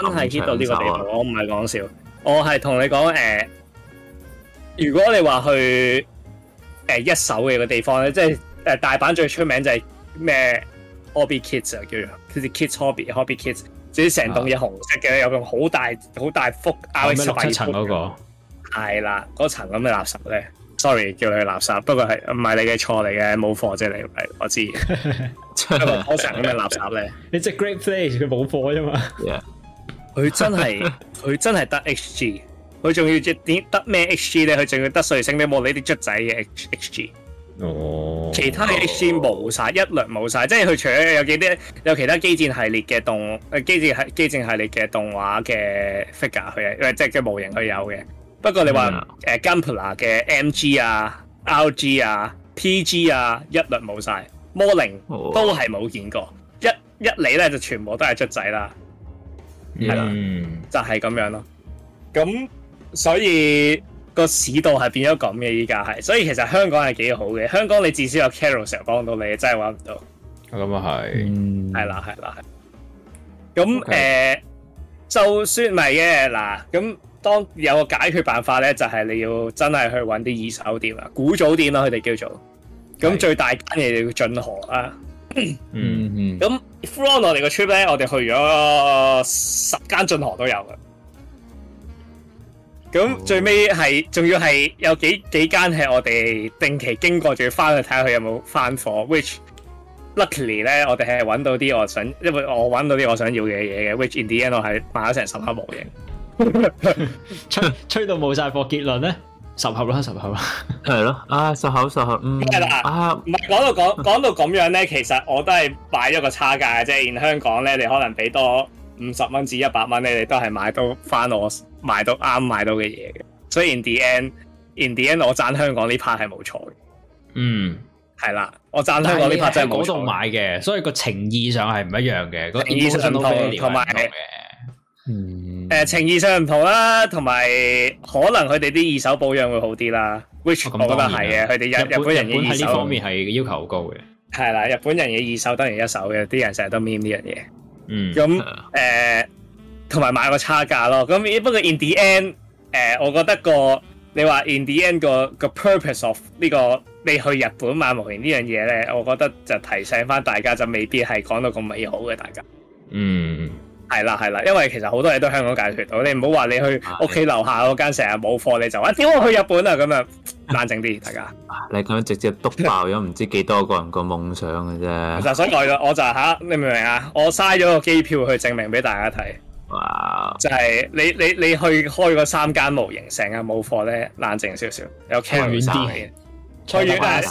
[SPEAKER 2] 真係 hit 到呢個地步，我唔係講笑，我係同你講誒、呃。如果你話去誒、呃、一手嘅個地方咧，即係誒、呃、大阪最出名就係、是。咩？Hobby Kids 啊，叫做佢哋 Kids Hobby, Hobby Kids Hobby，Hobby Kids，總之成棟嘢紅色嘅，啊、有個好大好大幅 R X 牌鋪。咩、那個？層嗰個係啦，嗰層咁嘅垃圾咧。Sorry，叫你去垃圾，不過係唔係你嘅錯嚟嘅，冇貨啫，你係我知。嗰成咁嘅垃圾咧，你即係 Great Place，佢冇貨啫嘛。佢 Yeah. 真係佢真係得 H G，佢仲要只點得咩 H G 咧？佢仲要得瑞星，你冇你啲卒仔嘅 H H G。哦，其他嘅 H.G. 冇晒，oh. 一律冇晒。即係佢除咗有幾啲有其他機戰系列嘅動誒機戰係機戰系列嘅動畫嘅 figure 佢誒即係嘅模型佢有嘅，不過你話誒 Yeah.、uh, Gunpla 嘅 M.G. 啊、L.G. 啊、P.G. 啊一律冇晒，魔靈、oh. 都係冇見過，一一嚟咧就全部都係卒仔啦，係啦、mm.，就係、是、咁樣咯，咁所以。個市道係變咗咁嘅，依家係，所以其實香港係幾好嘅。香港你至少有 Carol 成日幫到你，真係玩唔到。咁啊係，係啦係啦係。咁誒 okay.、呃，就算唔係嘅，嗱，咁當有個解決辦法咧，就係、是、你要真係去搵啲二手店啦，古早店啦、啊，佢哋叫做。咁最大間嘢就晉河啊，嗯的 嗯。咁、嗯、from 我哋個 trip 咧，我哋去咗、呃、十間晉河都有嘅。咁最尾係仲要係有幾幾間係我哋定期經過，仲要翻去睇下佢有冇翻貨。Which luckily 咧，我哋係揾到啲我想，因為我揾到啲我想要嘅嘢嘅。Which in the end 我係買咗成十盒模型，吹吹到冇晒貨結論咧，十
[SPEAKER 1] 盒咯，十盒係咯，啊十盒十盒。係、嗯、啦，
[SPEAKER 2] 啊唔係講到講講到咁樣咧，其實我都係擺咗個差價嘅啫。而香港咧，你可能俾多。五十蚊至一百蚊你你都係買到翻我買到啱買到嘅嘢嘅。所以 in D N，in D N 我讚香港呢 part 係冇錯嘅。嗯，係啦，我讚香港呢 part 係嗰度買嘅，所以個
[SPEAKER 1] 情意上係唔一樣嘅。個情意上唔同，同埋有、嗯
[SPEAKER 2] 呃、情意上唔同啦，同埋可能佢哋啲二手保養會好啲啦。Which、嗯啊、我覺得係嘅，佢哋日本日本人嘅二手方面係
[SPEAKER 1] 要求好高
[SPEAKER 2] 嘅。係啦，日本人嘅二手當然一手嘅，啲人成日都 mean 呢樣嘢。咁誒，同埋、嗯呃、買個差價咯。咁不過 in the end，誒、呃，我覺得個你話 in the end 個個 purpose of 呢個你去日本買模型呢樣嘢咧，我覺得就提醒翻大家就未必係講到咁美好嘅，大家。嗯。係啦，係啦，因為其實好多嘢都在香港解決到，你唔好話你去屋企樓下嗰間成日冇貨，你就話點我去日本啊咁啊！冷靜啲，大家
[SPEAKER 1] 你咁樣直接督爆咗唔知幾多個人個夢想嘅啫。就
[SPEAKER 2] 係想改咗，我就吓，你明唔明啊？我嘥咗個機票去證明俾大家睇。哇 Wow.！就係你你你去開個三間模型，成日冇貨咧，冷靜少少，有 carry 去
[SPEAKER 3] 遠
[SPEAKER 2] 啲，坐巴士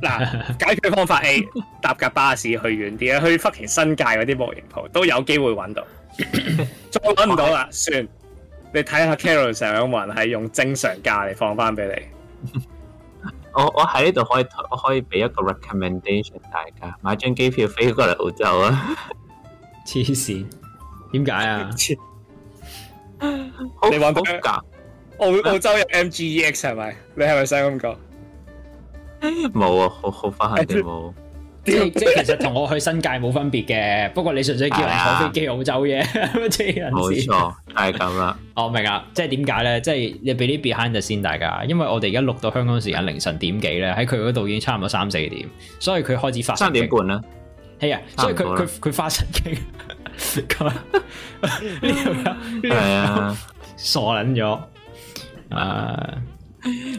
[SPEAKER 2] 嗱，解決方法係搭架巴士去遠啲，去福田新界嗰啲模型鋪都有機會揾到。捉唔 到啦、啊，是算。你睇下 Carol 上有冇人係用正常價嚟放翻俾你。我我喺呢度可以我可以俾一個 recommendation 大家，
[SPEAKER 1] 買張機票飛過嚟澳洲啊！黐線，點解啊？你揾到噶？
[SPEAKER 2] 澳澳洲有 MGEX 係咪？你係咪想咁講？冇啊，好好翻嘅冇。 即
[SPEAKER 1] 即 其實同我去新界冇分別嘅，不過你純粹叫機、啊、 人坐飛機澳洲嘢，冇錯，係咁啦。我明啦，即係點解咧？即係你俾啲 behind 就先，大家，因為我哋而家錄到香港時間凌晨點幾咧，喺佢嗰度已經差唔多三四點，所以佢開始發三點半啦。係啊，所以佢佢佢發神經，呢條友呢條友傻捻咗啊！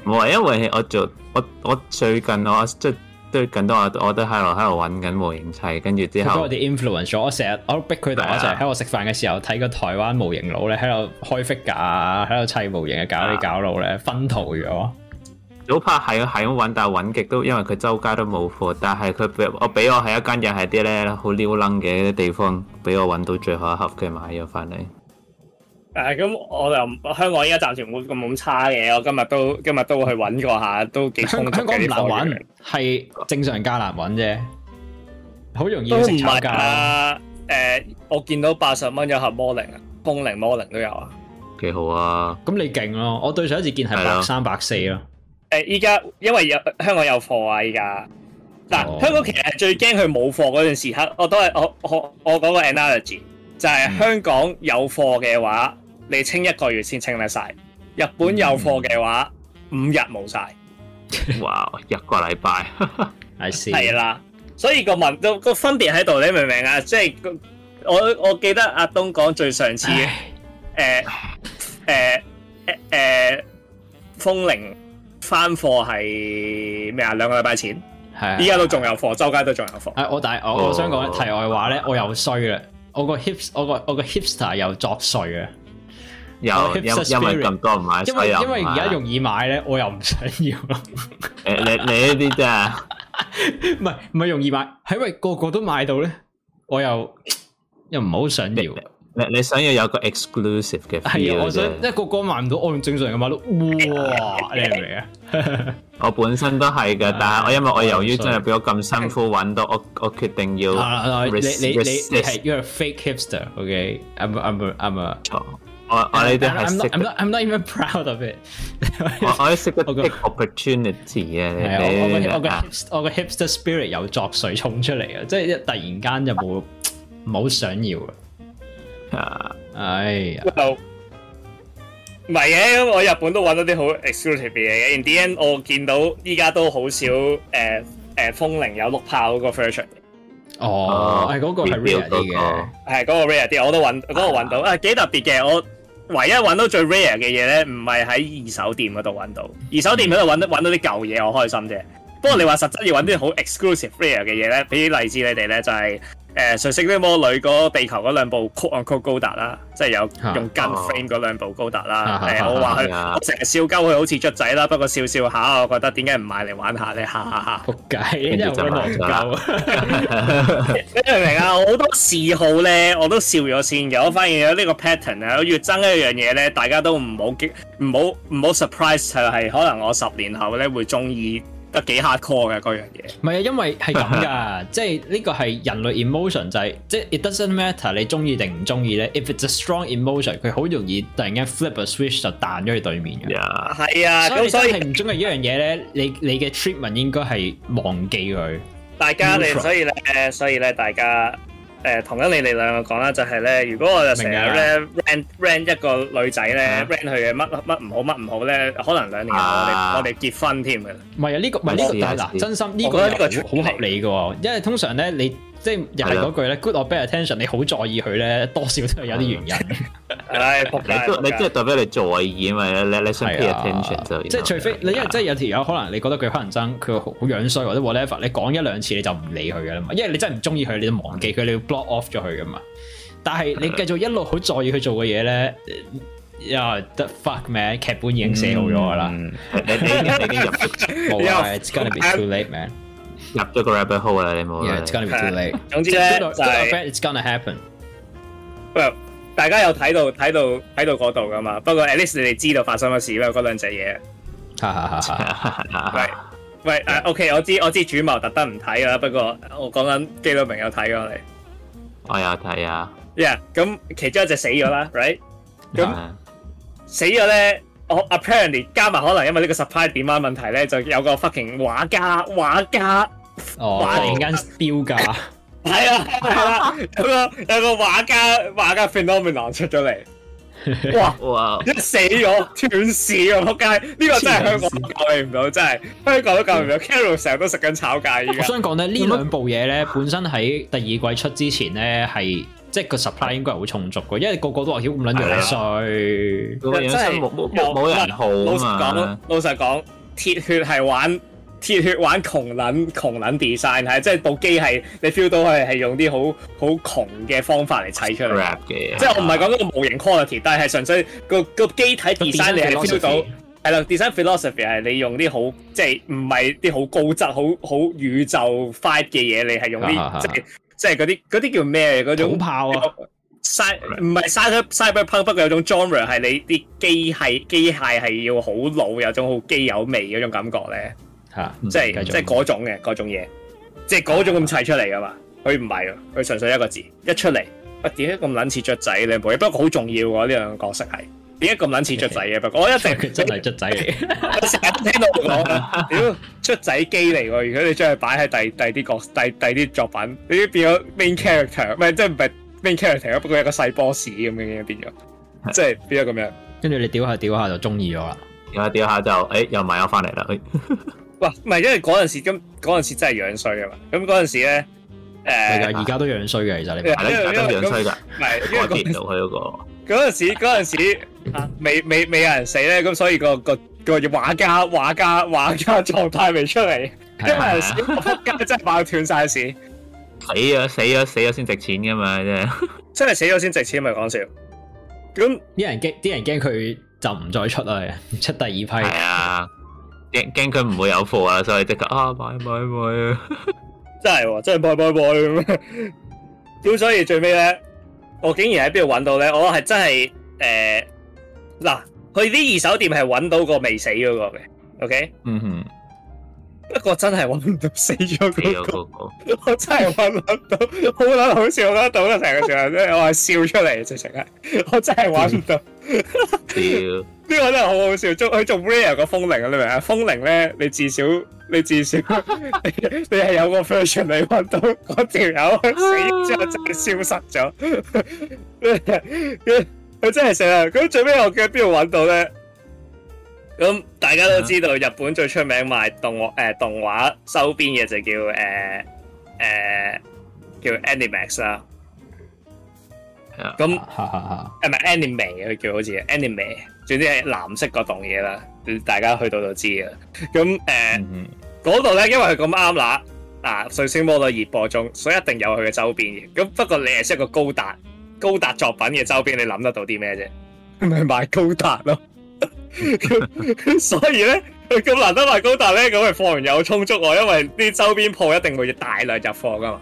[SPEAKER 1] 唔係，因為我做我我最近我即係。近都緊都我，我都喺度喺度揾緊模型砌，跟住之後好多啲 influence，我成日我逼佢同我一齊喺我食飯嘅時候睇個台灣模型佬咧喺度開 figure 啊，喺度砌模型嘅搞啲搞佬咧，分圖咗。早拍係啊，係咁揾，但係揾極都因為佢周街都冇貨，但係佢俾我俾我喺一間又係啲咧好撩楞嘅地方，俾我揾到最後一盒，佢買咗翻嚟。
[SPEAKER 2] 誒，咁、啊嗯、我又香港依家暫時唔會咁差嘅，我今日都今日都會去揾過下，都幾充足嘅貨。香港難揾
[SPEAKER 1] 係正常加難揾啫，好、嗯、容
[SPEAKER 2] 易成炒價。誒、啊呃，我見到八十蚊有盒摩鈴啊，摩鈴摩鈴都有啊，
[SPEAKER 1] 幾好啊！咁你勁咯、啊，我對上一次見係百三百四咯。
[SPEAKER 2] 誒、啊，依家、啊、因為有香港有貨啊，依家嗱，哦、但香港其實最驚佢冇貨嗰段時刻，我都係我我我講個 Analogy。就係香港有貨嘅話，嗯、你清一個月先清得晒；日本有貨嘅話，嗯、五日冇晒。
[SPEAKER 1] 哇！Wow, 一個禮拜，
[SPEAKER 2] 係 啦，所以個文、個分別喺度，你明唔明啊？即、就、係、是、我我記得阿東講最上次，誒誒誒誒，風鈴翻貨係咩啊？兩個禮拜前，係依家都仲有貨，周街、啊、都仲有貨。我
[SPEAKER 1] 但係我我想講題外話咧，我又衰啦。我個 hip，ster, 我個我個 hipster 又作祟啊！又有
[SPEAKER 2] 因為咁多人唔買，所以唔買因為因為而家容
[SPEAKER 1] 易買咧，我又唔
[SPEAKER 2] 想要。你
[SPEAKER 1] 你呢啲真唔係唔容易買，係 因為個個都買到咧，我又又唔好想要。你你想要有個
[SPEAKER 2] exclusive 嘅 feel？係啊，我
[SPEAKER 1] 想一個個買唔到，我用正常嘅買到哇！你係咪
[SPEAKER 2] 啊？我本身都係噶，但係我因為我由於真係比我咁辛苦揾到，我
[SPEAKER 1] 我決定要你你你係因為 fake hipster，OK？唔唔唔唔錯，我我你哋係 I'm not I'm not I'm not even proud of it。我我識個
[SPEAKER 2] big opportunity 嘅，係我
[SPEAKER 1] 我我個 hipster spirit 有作祟衝出嚟啊！即係一突然間就冇冇想要啊！啊，
[SPEAKER 2] 哎呀，唔係嘅，我日本都搵到啲好 exclusive 嘅嘢，然之後我見到依家都好少誒誒、呃呃，風鈴有六炮嗰個 version 哦，
[SPEAKER 3] 係嗰、哦、個係 rare 啲嘅，
[SPEAKER 2] 係嗰、哦那個 rare 啲，我都搵嗰、那個搵到，誒幾、啊啊、特別嘅。我唯一搵到最 rare 嘅嘢咧，唔係喺二手店嗰度搵到，嗯、二手店喺度搵到啲舊嘢，我開心啫。不過你話實質要搵啲好 exclusive rare 嘅嘢咧，俾啲例子你哋咧，就係、是。瑞誰啲魔女嗰地球嗰兩部《酷啊酷高達》啦，即係有用 g n Frame 嗰兩部高達啦。我話佢，我成日笑鳩佢好似雀仔啦，不過笑笑下，我覺得點解唔買嚟玩下咧？哈哈哈！仆計，因為我內疚。你明啊？好多嗜好咧，我都笑咗先嘅。我發現咗呢個 pattern 啊，我越憎一樣嘢咧，大家都唔好激，唔好唔好 surprise 就係，可能我十年後咧會中意。得幾 hard core
[SPEAKER 1] 嘅嗰樣嘢，唔係啊，因為係咁噶，即係呢個係人類 emotion 就係，即係 it doesn't matter 你中意定唔中意咧，if it's a strong emotion，佢好容易突然間 flip a switch 就彈咗去對面嘅。
[SPEAKER 2] 係啊，咁所以你唔
[SPEAKER 1] 中意呢樣嘢咧，你你嘅 treatment 應該係忘記佢。
[SPEAKER 2] 大家，你所以咧，所以咧，大家。誒，同緊、呃、你哋兩個講啦，就係、是、咧，如果我就成日咧 ran ran 一個女仔咧 ran 佢嘅乜乜唔好乜唔好咧，可能兩年後我哋、啊、我哋結婚添嘅。唔
[SPEAKER 1] 係啊，呢、這個唔係呢個嗱，真心呢、這個呢個好合理嘅喎，因為通常咧你。即係又係嗰句咧，good or bad attention，你好在意佢咧，多少都係有啲原因。你都你係代表你在意啊嘛，你你想 care attention 就即係除非你因為即係有條友可能你覺得佢可能爭佢好樣衰或者 whatever，你講一兩次你就唔理佢噶啦嘛，因為你真係唔中意佢，你都忘記佢，你 block off 咗佢噶嘛。但係你繼續一路好在意佢做嘅嘢咧，啊 the fuck man，劇本已經寫好咗噶啦。It's gonna be too late man. 入咗個 rabbit hole 啦，你冇啦，總之咧就，I bet it's gonna happen。
[SPEAKER 2] 不如大家有睇到睇到睇到嗰度噶嘛？不過 at least 你哋知道發生乜事啦，嗰兩隻嘢。喂誒，OK，我知我知，主謀特登唔睇㗎啦。不過我講緊基督徒明有睇過，你。
[SPEAKER 1] 我有睇啊。
[SPEAKER 2] 咁其中一隻死咗啦，right？咁死咗咧，我 apparently 加埋可能因為呢個 supply demand 問題咧，就有個 fucking 畫家畫家。突然間飆噶，係啊係啦，有個有個畫家畫家 phenomenon 出咗嚟，哇哇，一死咗斷屎啊扑街，呢個真係香港蓋你唔到，真係香港都蓋唔到。Carol 成日都食緊炒價，我想講咧呢兩
[SPEAKER 1] 部嘢咧，本身喺第二季出之前咧係即係個 supply 應該係會充足嘅，因為個個都話，屌五捻廿
[SPEAKER 2] 歲，冇人好嘛。老實講，老實講，鐵血係玩。鐵血玩窮撚窮撚 design 係，即係部機係你 feel 到佢係用啲好好窮嘅方法嚟砌出嚟嘅。即係我唔係講個模型 quality，但係純粹個個機體 design 你係 feel 到係啦。design philosophy 係你用啲好即係唔係啲好高質好好宇宙 five 嘅嘢，你係用啲即係即係嗰啲啲叫咩嗰種炮啊？係唔係 cyberpunk，不過有種 genre 係你啲機，機械機械係要好老，有種好機有味嗰種感覺咧。啊嗯、即係續即係嗰種嘅嗰、嗯、種嘢，即係嗰種咁砌出嚟噶嘛？佢唔係，佢純粹一個字一出嚟，我點解咁撚似雀仔兩部？不過好重要喎、啊，呢兩個角色係點解咁撚似雀仔嘅？嘿嘿不過我一定真係雀仔嚟，成日聽到我、那、講、個，屌雀 仔機嚟喎！如果你將佢擺喺第第啲角第第啲作品，你都變咗 main character，唔係即係唔係 main character，不過一個細 boss 咁樣變咗，是即係變咗咁樣。
[SPEAKER 1] 跟住你屌下屌下就中意咗啦，屌下屌下就誒、哎、又買咗翻嚟啦。哎
[SPEAKER 2] 哇，唔係，因為嗰陣時咁，陣時真係樣衰噶嘛。咁嗰陣時咧，誒、呃，係啊，而
[SPEAKER 1] 家都樣衰嘅，其實你，而家為都樣衰噶，唔係因
[SPEAKER 2] 為見
[SPEAKER 1] 到佢嗰、那
[SPEAKER 2] 個。嗰陣時，嗰陣時， 啊，未未未有人死咧，咁所以、那個、那個、那個畫家畫家畫家狀態未出嚟。 因為、啊、畫家真係爆斷晒市。死咗死咗死咗先值錢噶嘛，真係， 真係死咗先值錢咪講笑。
[SPEAKER 1] 咁啲人驚，啲人驚佢就唔再出啦，出第二批啊。
[SPEAKER 2] 驚驚佢唔會有貨啊，所以即刻啊 買買買啊、 哦！真係，真係買買買咁樣，咁 所以最尾咧，我竟然喺邊度搵到咧？我係真係誒，嗱、呃，去啲二手店係搵到個未死嗰、嗰個嘅，OK？嗯哼。不過真係搵唔到死咗嗰個，我真係搵唔到，好捻、嗯嗯、 好笑，搵得到成個場真即係我係笑出嚟直情係，我真係搵唔到。呢個真係好好笑，做佢做 Ray 嘅風鈴，你明唔明啊？風鈴咧，你至少你至少你係有個 version 你搵到嗰條友死真就消失咗。佢、啊、 真係成日，佢最尾我驚邊度搵到咧？咁大家都知道日本最出名賣動誒、呃、動畫周邊嘅就叫誒誒、呃呃、叫 Animax 啦，
[SPEAKER 1] 咁誒唔
[SPEAKER 2] 係 Anime 佢叫好似 Anime，總之係藍色嗰棟嘢啦。大家去到就知啦。咁誒嗰度咧，因為佢咁啱揦嗱《水星魔女》熱播中，所以一定有佢嘅周邊嘅。咁不過你係識一個高達高達作品嘅周邊，你諗得到啲咩啫？咪賣高達咯。所以咧佢咁難得賣高達咧，咁佢貨量有充足，因為啲周邊鋪一定會大量入貨噶嘛，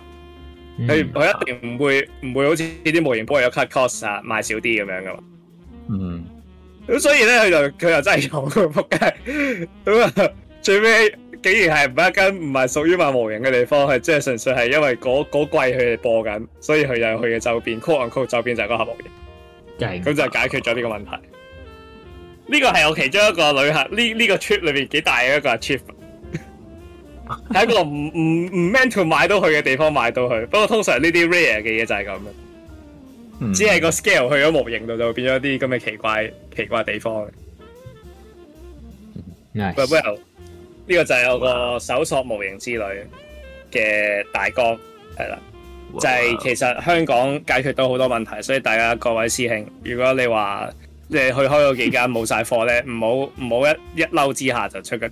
[SPEAKER 2] 佢佢一定唔會唔會好似啲模型鋪有 cut cost 啊，賣少啲咁樣噶嘛。嗯，咁所以咧佢就佢就真係有咁啊，最尾竟然係唔係一間唔係屬於賣模型嘅地方，係即係純粹係因為嗰嗰季佢哋播緊，所以佢就去嘅周邊，call on call 周邊就係個模型嘅，咁就解決咗呢個問題。呢個係我其中一個旅客，呢、這、呢個 trip 裏邊幾大嘅一個 trip，係 一個唔唔唔 mental 買到去嘅地方買到去。不過通常呢啲 rare 嘅嘢就係咁嘅，嗯、只係個 scale 去咗模型度就會變咗啲咁嘅奇怪奇怪嘅地方。Well 呢 Nice.、呢個就係我個搜索模型之旅嘅大綱，係啦。就係、是、其實香港解決到好多問題，所以大家各位師兄，如果你話，你去開嗰幾間冇晒貨咧，唔好唔好一一嬲之下就出噶。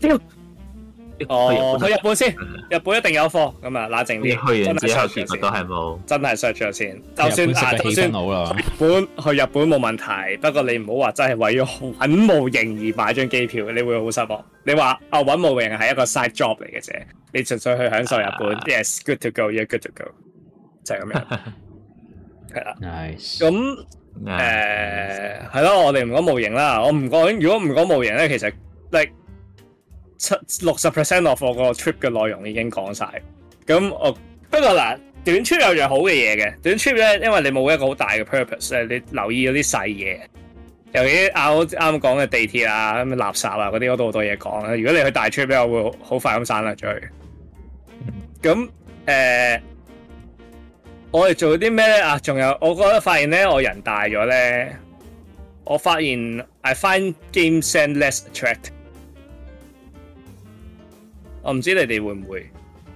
[SPEAKER 2] 哦，去日本先，日本一定有貨。咁啊，嗱，淨啲去完之後全部都係冇，真係 search 咗先。就算大就算好啦，日本去日本冇問題。不過你唔好話真係為咗揾模型而買張機票，你會好失望。你話啊，揾模型係一個 side job 嚟嘅啫，你純粹去享受日本。Yes, good to go, yes, good to go，就係咁樣。係啦，nice。咁。誒，係咯、嗯 uh，我哋唔講模型啦，我唔講。如果唔講模型咧，其實七六十 percent of 我個 trip 嘅內容已經講晒。咁我不過嗱，短 trip 有樣好嘅嘢嘅，短 trip 咧，因為你冇一個好大嘅 purpose 咧，你留意嗰啲細嘢，尤其啱啱講嘅地鐵啊、咁垃圾啊嗰啲，我都好多嘢講。如果你去大 trip 咧，我會好快咁散啦出去。咁誒。呃我哋做咗啲咩咧？啊，仲有，我覺得發現咧，我人大咗咧，我發現 I find gamesend less attract。我唔知你哋會唔會，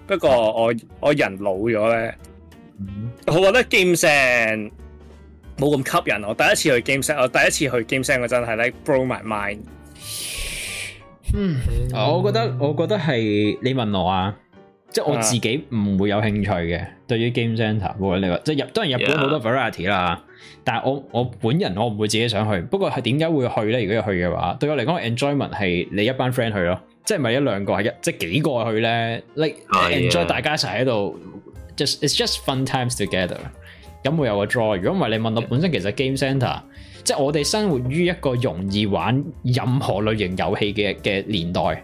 [SPEAKER 2] 不過我我人老咗咧，我覺得 gamesend 冇咁吸引我。第一次去 gamesend，我第一次去 gamesend 嗰陣係咧，broke my mind。
[SPEAKER 1] 嗯，我覺得我覺得係你問我啊。即係我自己唔會有興趣嘅，Yeah. 對於 game center，我你話即係日當然日本好多 variety 啦 Yeah.，但係我我本人我唔會自己想去。不過係點解會去咧？如果要去嘅話，對我嚟講 enjoyment 係你一班 friend 去咯，即係咪一兩個係一即係幾個去咧？你、like, Yeah. enjoy 大家一齊喺度，just it's just fun times together，咁會有個 joy，如果唔係你問我本身，其實 game center 即係我哋生活於一個容易玩任何類型遊戲嘅嘅年代。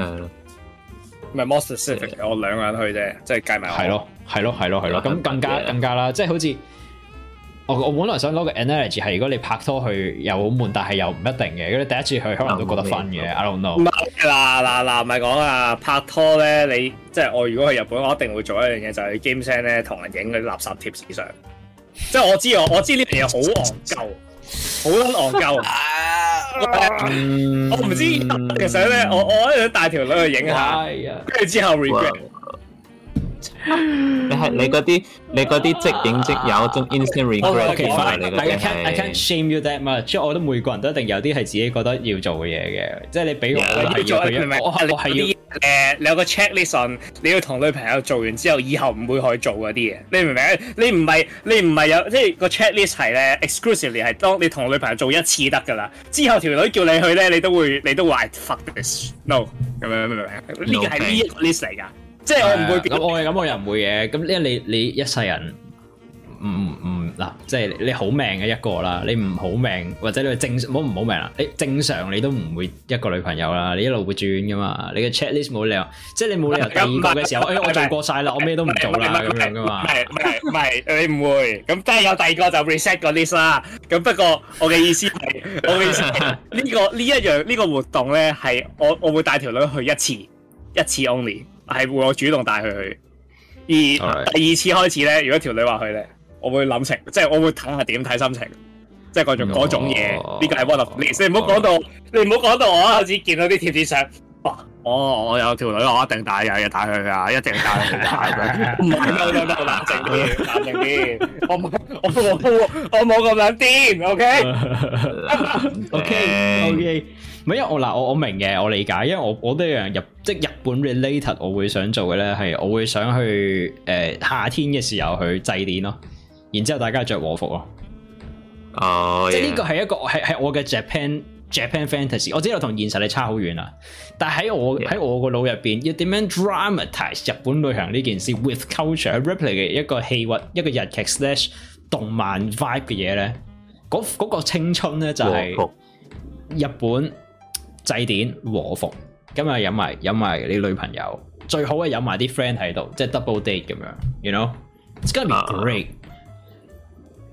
[SPEAKER 2] 係唔係 most 我兩個人去啫，即係計埋。係咯，係
[SPEAKER 1] 咯，係咯，係咯，咁、嗯、更加了更加啦，即係好似我我本來想攞個 analogy 係，如果你拍拖去又好悶，但係又唔一定嘅，如果你第一次去可能都覺得分嘅，I don't know。唔
[SPEAKER 2] 係，嗱嗱嗱，唔係講啊，拍拖咧，你即係我如果去日本，我一定會做一樣嘢，就係、是、game s c 咧，同人影啲垃圾貼紙相， 即係我知我，我知呢樣嘢好戇鳩，好憨戇鳩。 哇嗯、我唔知，其實咧，我我喺度帶條女去影下，跟住哇之後 regret 你係你嗰啲，你嗰啲即影即有 一種 okay, okay. instant regret 喺你嗰度。I can't I can't
[SPEAKER 1] shame you that 嘛，即係我覺得每個人都一定有啲係自己覺得要做嘅嘢嘅，即係你俾我，Yeah, 我，你做明唔明？我係
[SPEAKER 2] 要誒、呃，你有個 checklist，你要同女朋友做完之後，以後唔會去做嗰啲嘢。你明唔明？你唔係你唔係有即係個 checklist 係咧，exclusively 係當你同女朋友做一次得噶啦，之後條女叫你去咧，你都會你都話 fuck this no 咁樣明唔明？呢個係呢一個 list 嚟噶。Okay.
[SPEAKER 1] 即係我唔會、啊、我係咁，我又唔會嘅。咁因為你你一世人唔唔唔，嗱、嗯嗯，即係你，你好命嘅一個啦。你唔好命或者你正常，唔好命啊！你正常你都唔會一個女朋友啦。你一路會轉噶嘛？你嘅 checklist 冇理由，即係你冇理由第二那個嘅時候是、哎，我做過晒啦，不是我咩都唔做啦咁樣噶嘛是。唔係唔
[SPEAKER 2] 係唔係，你唔會。咁即係有第二個就 reset 個 list 啦。咁不過我嘅意思係，我嘅意思係、 呢個呢一樣呢個活動咧係我我會帶條女去一次，一次 only。係會我主動帶佢去，而第二次開始咧，如果條女話佢咧，我會諗情，即係我會睇下點睇心情，即係嗰種嗰種嘢，呢個係我諗。你唔好講到，你唔好講到我開始見到啲貼紙相，哇！我我有條女，我一定帶，有嘢帶佢啊，一定帶佢。唔好唔好唔好冷靜啲，冷靜啲。我我我我冇咁冷癲，OK？OK？OK？
[SPEAKER 1] 唔係，因為我嗱，我我明嘅，我理解，因為我我都一樣日，即係日本 related，我會想做嘅咧係，我會想去誒、呃、夏天嘅時候去祭典咯，然之後大家着和服咯。哦，oh, yeah. 即係呢個係一個係係我嘅 Japan Japan fantasy。我知道同現實你差好遠啦，但係喺我喺 Yeah. 我個腦入邊要點樣 dramatize 日本旅行呢件事 with culture replay、oh, yeah .嘅一個氣氛，一個日劇 slash 動漫 vibe 嘅嘢咧，嗰、那個青春咧就係、是、日本。Oh, oh. 祭典和服，咁啊飲埋飲埋你女朋友，最好啊飲埋啲 friend 喺度，即係 double date 咁樣，you know，it's gonna be great。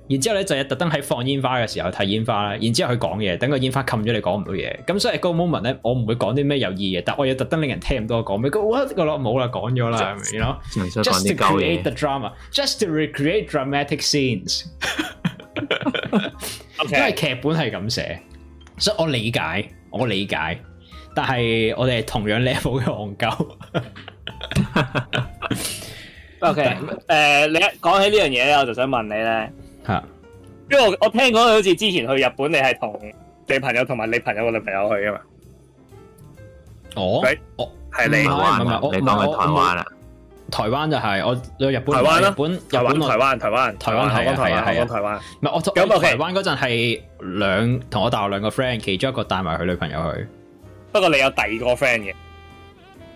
[SPEAKER 1] 然之後咧就係特登喺放煙花嘅時候睇煙花啦，然之後去講嘢，等個煙花冚咗你講唔到嘢。咁所以個 moment 咧，我唔會講啲咩有意義嘅，但係我要特登令人聽唔到，我講咩？我覺咯冇啦，講咗啦，係咪？You know，just to create the drama，just to recreate dramatic scenes。因為劇本係咁寫，所以我理解。我理解，但係我哋係同樣 level 嘅戇鳩。
[SPEAKER 2] OK，誒，你一講起這件事呢樣嘢咧，我就想問你咧，吓哈，因為我我聽講好似之前去日本，你係同你朋友同埋你朋友個女朋友去啊嘛？
[SPEAKER 1] 哦，哦，係台灣啊，是是你當係台灣啊？台灣就係我去日本，日本日本來台灣，台灣，台灣台灣台灣台灣台唔係我，有喺台灣嗰陣係兩同我大學兩個 friend，其中一個帶埋佢女朋友去。
[SPEAKER 2] 不過你有第二個 friend 嘅，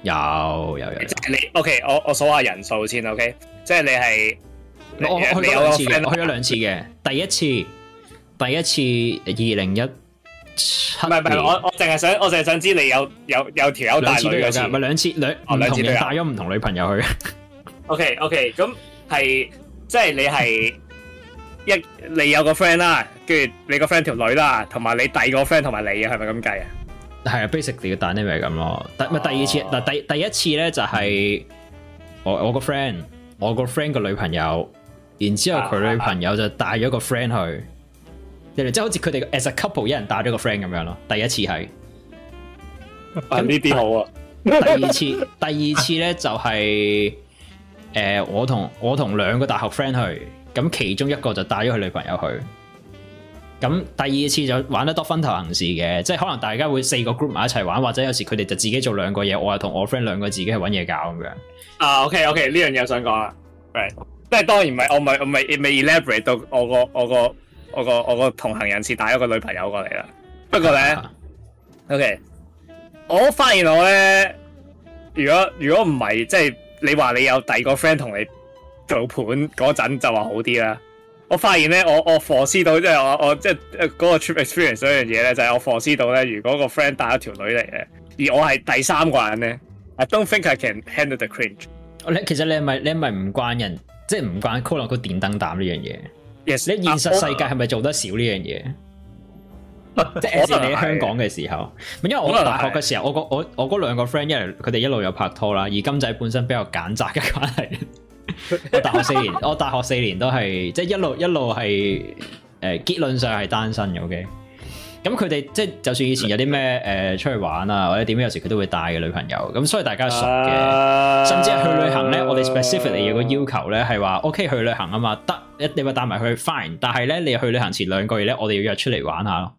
[SPEAKER 2] 有有有。你 OK，我我數下人數先 OK，即係你係我我去咗兩次嘅，
[SPEAKER 1] 第一次第一次二零一。唔
[SPEAKER 2] 係唔係，我我淨係想，我淨係想知你有有有條友帶女嘅，唔係
[SPEAKER 1] 兩次，次兩唔、哦、唔同女，帶
[SPEAKER 2] 咗唔同女朋友去。OK OK，咁係即係你係一你有個 friend 啦，跟住你個 friend 條女啦，同埋你第二個 friend 同埋你，係咪咁計啊？
[SPEAKER 1] 係啊，basically 嘅 define 咪咁咯。第唔係第二次嗱，第第一次咧就係我我個 friend，我個 friend 個女朋友，然之後佢女朋友就帶咗個 friend 去。即係，好似佢哋 as a couple 一人帶咗個 friend 咁樣咯。第一次係，
[SPEAKER 3] 咁呢啲好
[SPEAKER 1] 啊。第二次，第二次咧就係，是，誒、呃，我同我同兩個大學 friend 去，咁其中一個就帶咗佢女朋友去。咁第二次就玩得多分頭行事嘅，即係可能大家會四個 group 埋一齊玩，或者有時佢哋就自己做兩個嘢，我又同我 friend 兩個自己去搵嘢搞咁樣。
[SPEAKER 2] 啊，OK OK，呢樣嘢我想講啦，即、right。係當然唔係，我唔係唔係未 elaborate 到我個我個。我我個我個同行人士帶咗個女朋友過嚟啦，不過咧，啊，OK，我發現我咧，如果如果唔係，即係你話你有第二個 friend 同你做伴嗰陣就話好啲啦。我發現咧，我我反思到即係我我即係嗰個 trip experience 呢樣嘢咧，就係我反思到咧，如果個 friend 帶咗條女嚟咧，而我係第三個人咧，I don't think I can handle the cringe。
[SPEAKER 1] 其實你係咪你係咪唔慣人，即係唔慣 call 落個電燈膽呢樣嘢？Yes, 你現實世界係咪做得少呢樣嘢？
[SPEAKER 3] 啊就是、即係你喺香港
[SPEAKER 1] 嘅時候，就是、因為我大學嘅時候，我，就是、我個我我嗰兩個 friend 一嚟，佢哋一路有拍拖啦。而金仔本身比較揀擇嘅關係， 我大學四年， 我大學四年都係即係一路一路係誒結論上係單身嘅。Okay? 咁佢哋即係就算以前有啲咩誒出去玩啊，或者點樣，有時佢都會帶嘅女朋友。咁所以大家熟嘅，uh、甚至係去旅行咧，我哋 specifically 有個要求咧係話，O K 去旅行啊嘛，得你你話帶埋去 fine。但係咧，你去旅行前兩個月咧，我哋要約出嚟玩下咯。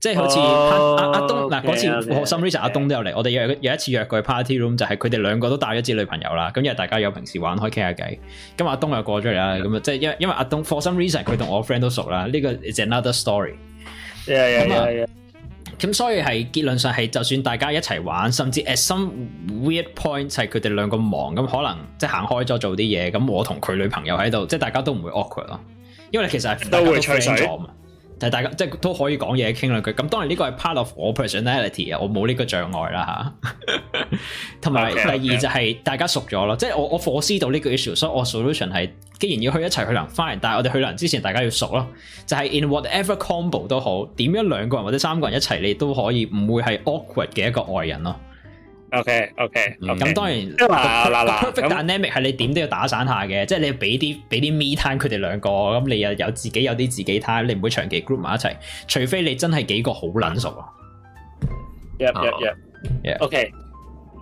[SPEAKER 1] 即係好似阿、oh, 啊、阿東嗱嗰 okay,、啊、次，for some reason okay. 阿東都有嚟，我哋有有一次約佢 party room 就係佢哋兩個都帶咗支女朋友啦。咁因為大家有平時玩，可以傾下偈。咁阿東又過咗嚟啦，咁啊即係因為因為阿東 for some reason 佢同我 friend 都熟啦，呢、呢個 is another story。係咁、yeah, yeah, yeah, yeah. 嗯、所以係結論上係，就算大家一齊玩，甚至 at some weird point 係佢哋兩個忙，咁可能即係行開咗做啲嘢，咁我同佢女朋友喺度，即係大家都唔會 awkward 咯，因為其實大家都，都會吹水嘛，但係大家即係都可以講嘢傾兩句，咁當然呢個係 part of personality, 我 personality 啊，我冇呢個障礙啦吓。同埋， 第二就係大家熟咗咯，okay, okay. 即係我我 force 到呢個 issue，所以我 solution 係既然要去一齊去旅行，但係我哋去行之前，大家要熟咯，就係、是、in whatever combo 都好，點樣兩個人或者三個人一齊，你都可以唔會係 awkward 嘅一個外人咯。OK OK 咁、okay. 嗯、當然 uh, uh, uh, uh, uh,，perfect dynamic 係、uh, uh, uh, uh, 你點都要打散下嘅，即、就、係、是、你要俾啲俾啲 me time 佢哋兩個，咁你又有自己有啲自己 time，你唔會長期 group 埋一齊，除非你真係幾個好撚熟。Yeah
[SPEAKER 2] yeah yeah. OK。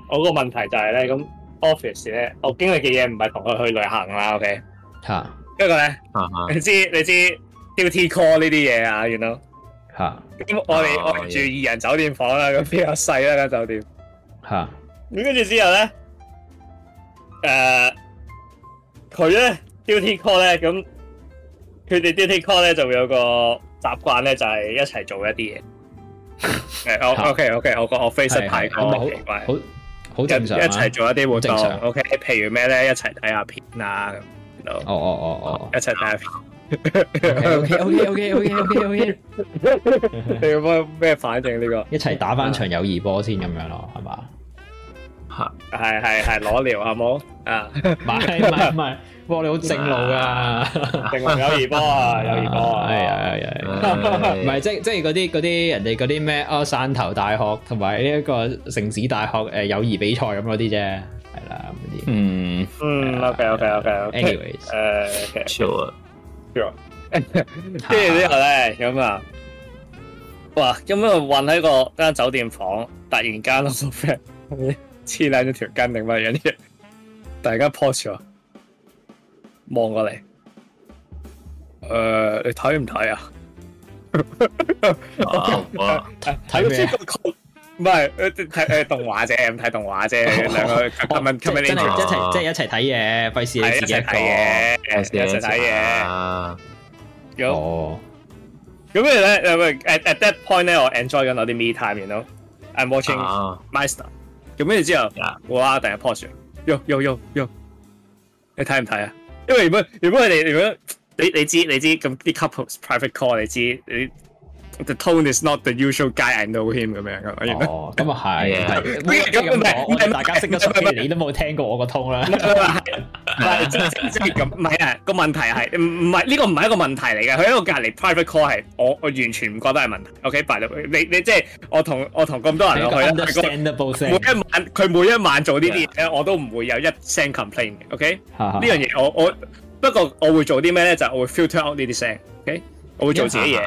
[SPEAKER 2] 我個問題就係咧，咁 office 咧，我經歷嘅嘢唔係同佢去旅行啦，OK？嚇，不過咧，你知你知 duty call 呢啲嘢啊，原來嚇。咁我哋我哋住二人酒店房啦，咁比較細啦間酒店嚇。咁跟住之後咧，誒，佢咧 duty call 咧，咁佢哋 duty call 咧就會有個習慣咧，就係一齊做一啲嘢。誒，OK OK，我個我 face 失敗咁奇怪好。好正常，一齊做一啲好、啊、正常，OK。譬如咩咧，一齊睇下片啊咁。哦哦哦哦，一齊睇下片。OK OK OK OK OK OK。 有冇咩反應呢、啊呢個？一齊
[SPEAKER 1] 打翻場友誼波先咁樣咯，係
[SPEAKER 2] 嘛？ 係係係裸聊係冇啊？唔係唔係，
[SPEAKER 1] 不過你好正路噶，正路友誼波啊，友誼波啊，係啊係係，唔係即係即係嗰啲嗰啲人哋嗰啲咩啊？汕頭大學同埋呢一個城市大學誒友誼比賽咁嗰啲啫，係啦，嗯嗯，ok ok ok
[SPEAKER 2] ok，anyways 誒，sure 呢個咧咁啊，哇，咁樣混喺個間酒店房，突然間攞到 pair 係咪？黐爛咗條筋定乜嘢？大家 post 啊，望過嚟。誒，你睇唔睇啊？睇咩？唔係睇誒動畫啫，唔睇動畫啫。兩個，琴日琴日你
[SPEAKER 1] 真係一齊，即係一齊睇嘢，費事
[SPEAKER 3] 你自
[SPEAKER 2] 己睇嘢。一齊睇嘢。哦。咁咪咧誒，at at that point 咧，我 enjoy 緊我啲 me time，you know，I'm watching my star。入咩之後？Yeah. 哇！第一樖樹，喲喲喲喲，你睇唔睇啊？因為如果如果你你你知你知咁啲 couple private call 你知你。The tone is not the usual guy I know him 咁樣噶。哦，咁啊係啊，係。咁唔係，我大家識咗出嚟，你都冇聽過我個 tone 啦。係即係咁，唔係啊個問題係唔唔係呢個唔係一個問題嚟嘅。佢一個隔籬 private call 係我我完全唔覺得係問題。OK，by the way，你你即係我同我同咁多人去啊，每一晚佢每一晚做呢啲嘢，我都唔會有一聲 complain 嘅。OK，呢樣嘢我我不過我會做啲咩咧？就我會 filter out 呢啲聲。OK，我會做自己嘢。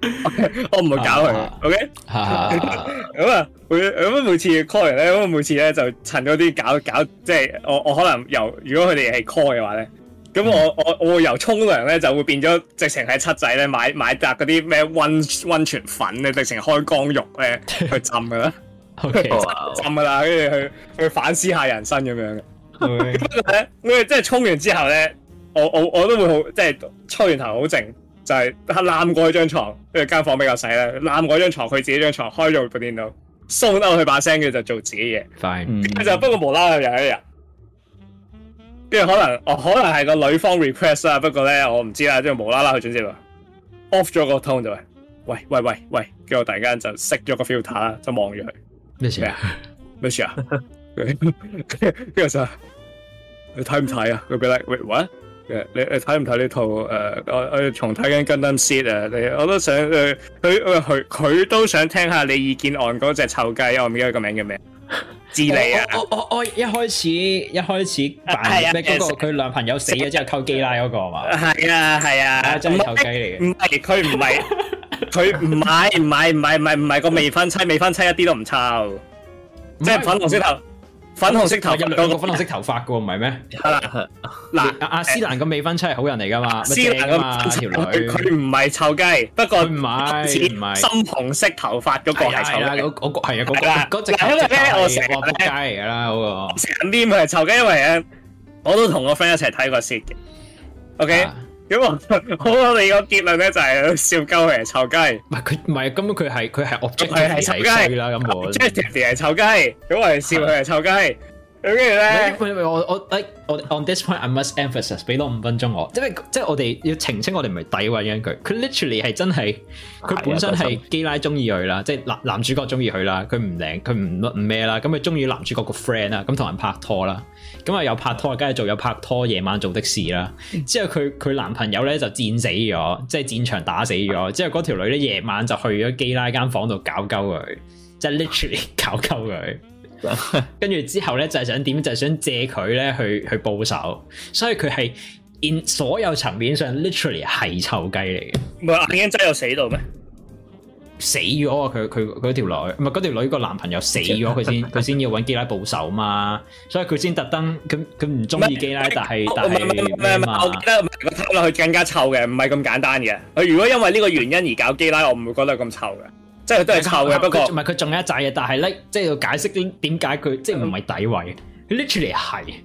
[SPEAKER 2] okay, 我唔會搞佢。O K，係係係。咁啊，每咁啊，每次 call 完咧，咁每次咧就趁咗啲搞搞，即係我我可能由如果佢哋係 call 嘅話咧，咁我、uh huh. 我我由沖涼咧就會變咗直情喺七仔咧買買扎啲咩温温泉粉咧，直情開光浴咧 去浸噶啦，Okay. 浸噶啦，跟住 Wow. 去去反思下人生咁樣嘅。
[SPEAKER 3] 咁
[SPEAKER 2] 咧 Okay. 咁啊即係沖完之後咧，我我我都會好即係沖完頭好靜。就係攬過佢張床，跟住間房比較細咧，攬過張床，佢自己張床開咗部電腦，收低佢把聲，跟住就做自己嘢。
[SPEAKER 1] Fine.
[SPEAKER 2] 就，嗯，不過無啦啦又一日，跟住可能哦，可能係個女方 request 啦，不過咧我唔知啦，即係無啦啦佢轉接 off 咗個 tone 就係，喂喂喂喂，跟住我突然間就熄咗個 filter 啦，就望住佢。咩事啊？咩事啊？跟住跟住就你睇唔睇啊？佢 be like 喂 wha 你你睇唔睇呢套？誒、呃，我我重睇緊《Gundam Seed》啊！你我都想佢佢佢都想聽下你意見。案嗰隻臭雞，我唔記得個名叫咩？智利啊！我
[SPEAKER 1] 我我，我一開始一開始扮咩嗰個，佢男、啊、朋友死咗之後扣基拉嗰、那個
[SPEAKER 2] 係嘛？係啊係啊，啊，啊，真臭雞嚟嘅。唔係佢唔係佢唔係唔係唔係唔係個未婚妻，未婚妻一啲都唔臭，即係是粉紅色頭。粉紅色頭，個個粉紅色頭
[SPEAKER 1] 髮㗎喎，唔係咩？係係，嗱阿阿斯蘭個未婚妻係好人嚟㗎嘛！斯蘭個潮女，佢唔
[SPEAKER 2] 係臭雞，不過唔係，唔係深紅色頭髮嗰個。係啦，我
[SPEAKER 1] 我個係啊嗰個嗰隻，因為咧我成日咧，我成日都啦嗰
[SPEAKER 2] 成日黏佢係臭雞，因為咧我都同個 friend 一齊睇過先嘅。O K。咁好！我哋個結論咧就係笑鳩佢係臭雞，唔係佢唔係咁樣，佢係佢係惡作劇嚟嘅啦。咁我 j 係臭雞，咁我哋笑佢係臭雞。咁跟住咧，唔我
[SPEAKER 1] 我我 on this point，I must emphasise，俾多五分鐘我，因為即係我哋要澄清我，我哋唔係詆毀樣佢，佢 literally 係真係，佢本身係基拉中意佢啦，啊嗯、即係男男主角中意佢啦，佢唔靚，佢唔唔咩啦，咁佢中意男主角個 friend 啦，咁同人拍拖啦。咁啊、嗯、有拍拖，梗係做有拍拖，夜晚做的事啦。之後佢佢男朋友咧就戰死咗，即係戰場打死咗。之後嗰條女咧夜晚就去咗基拉間房度搞鳩佢，即係 literally 搞鳩佢。跟住 之後咧就係想點？就係想借佢咧去去報仇。所以佢係 in 所有層面上 literally 係臭雞嚟
[SPEAKER 2] 嘅。唔係已睛真的有死到咩？
[SPEAKER 1] 死咗啊！佢佢條女唔係嗰條女個男朋友死咗佢先，佢先要揾基拉報仇嘛，所以佢先特登咁佢唔中意基拉，是但係是但係是麼，我覺得
[SPEAKER 2] 個睇落去更加臭嘅，唔係咁簡單嘅。佢如果因為呢個原因而搞基拉，我唔會覺得咁臭嘅，即係都係臭嘅過。不過唔係佢
[SPEAKER 1] 仲有一紮嘢，但係咧，即、就、係、是、要解釋點點解佢即係唔係詆毀 literally 係。就是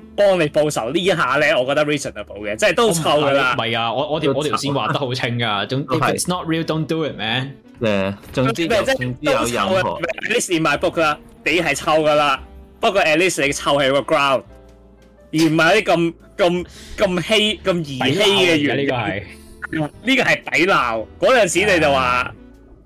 [SPEAKER 2] 幫你報仇呢下咧，我覺得 reasonable 嘅，即係都臭噶啦。唔係啊，我我條我條線畫得
[SPEAKER 1] 好清噶，It's not real, don't do it, man。誒，總之，總之有任何。
[SPEAKER 2] At least in my book 啦，底係臭噶啦。不過 at least 你臭係有個 ground，而唔係啲咁咁咁稀咁兒稀嘅嘢。呢個係呢個係抵鬧，嗰陣時你就話。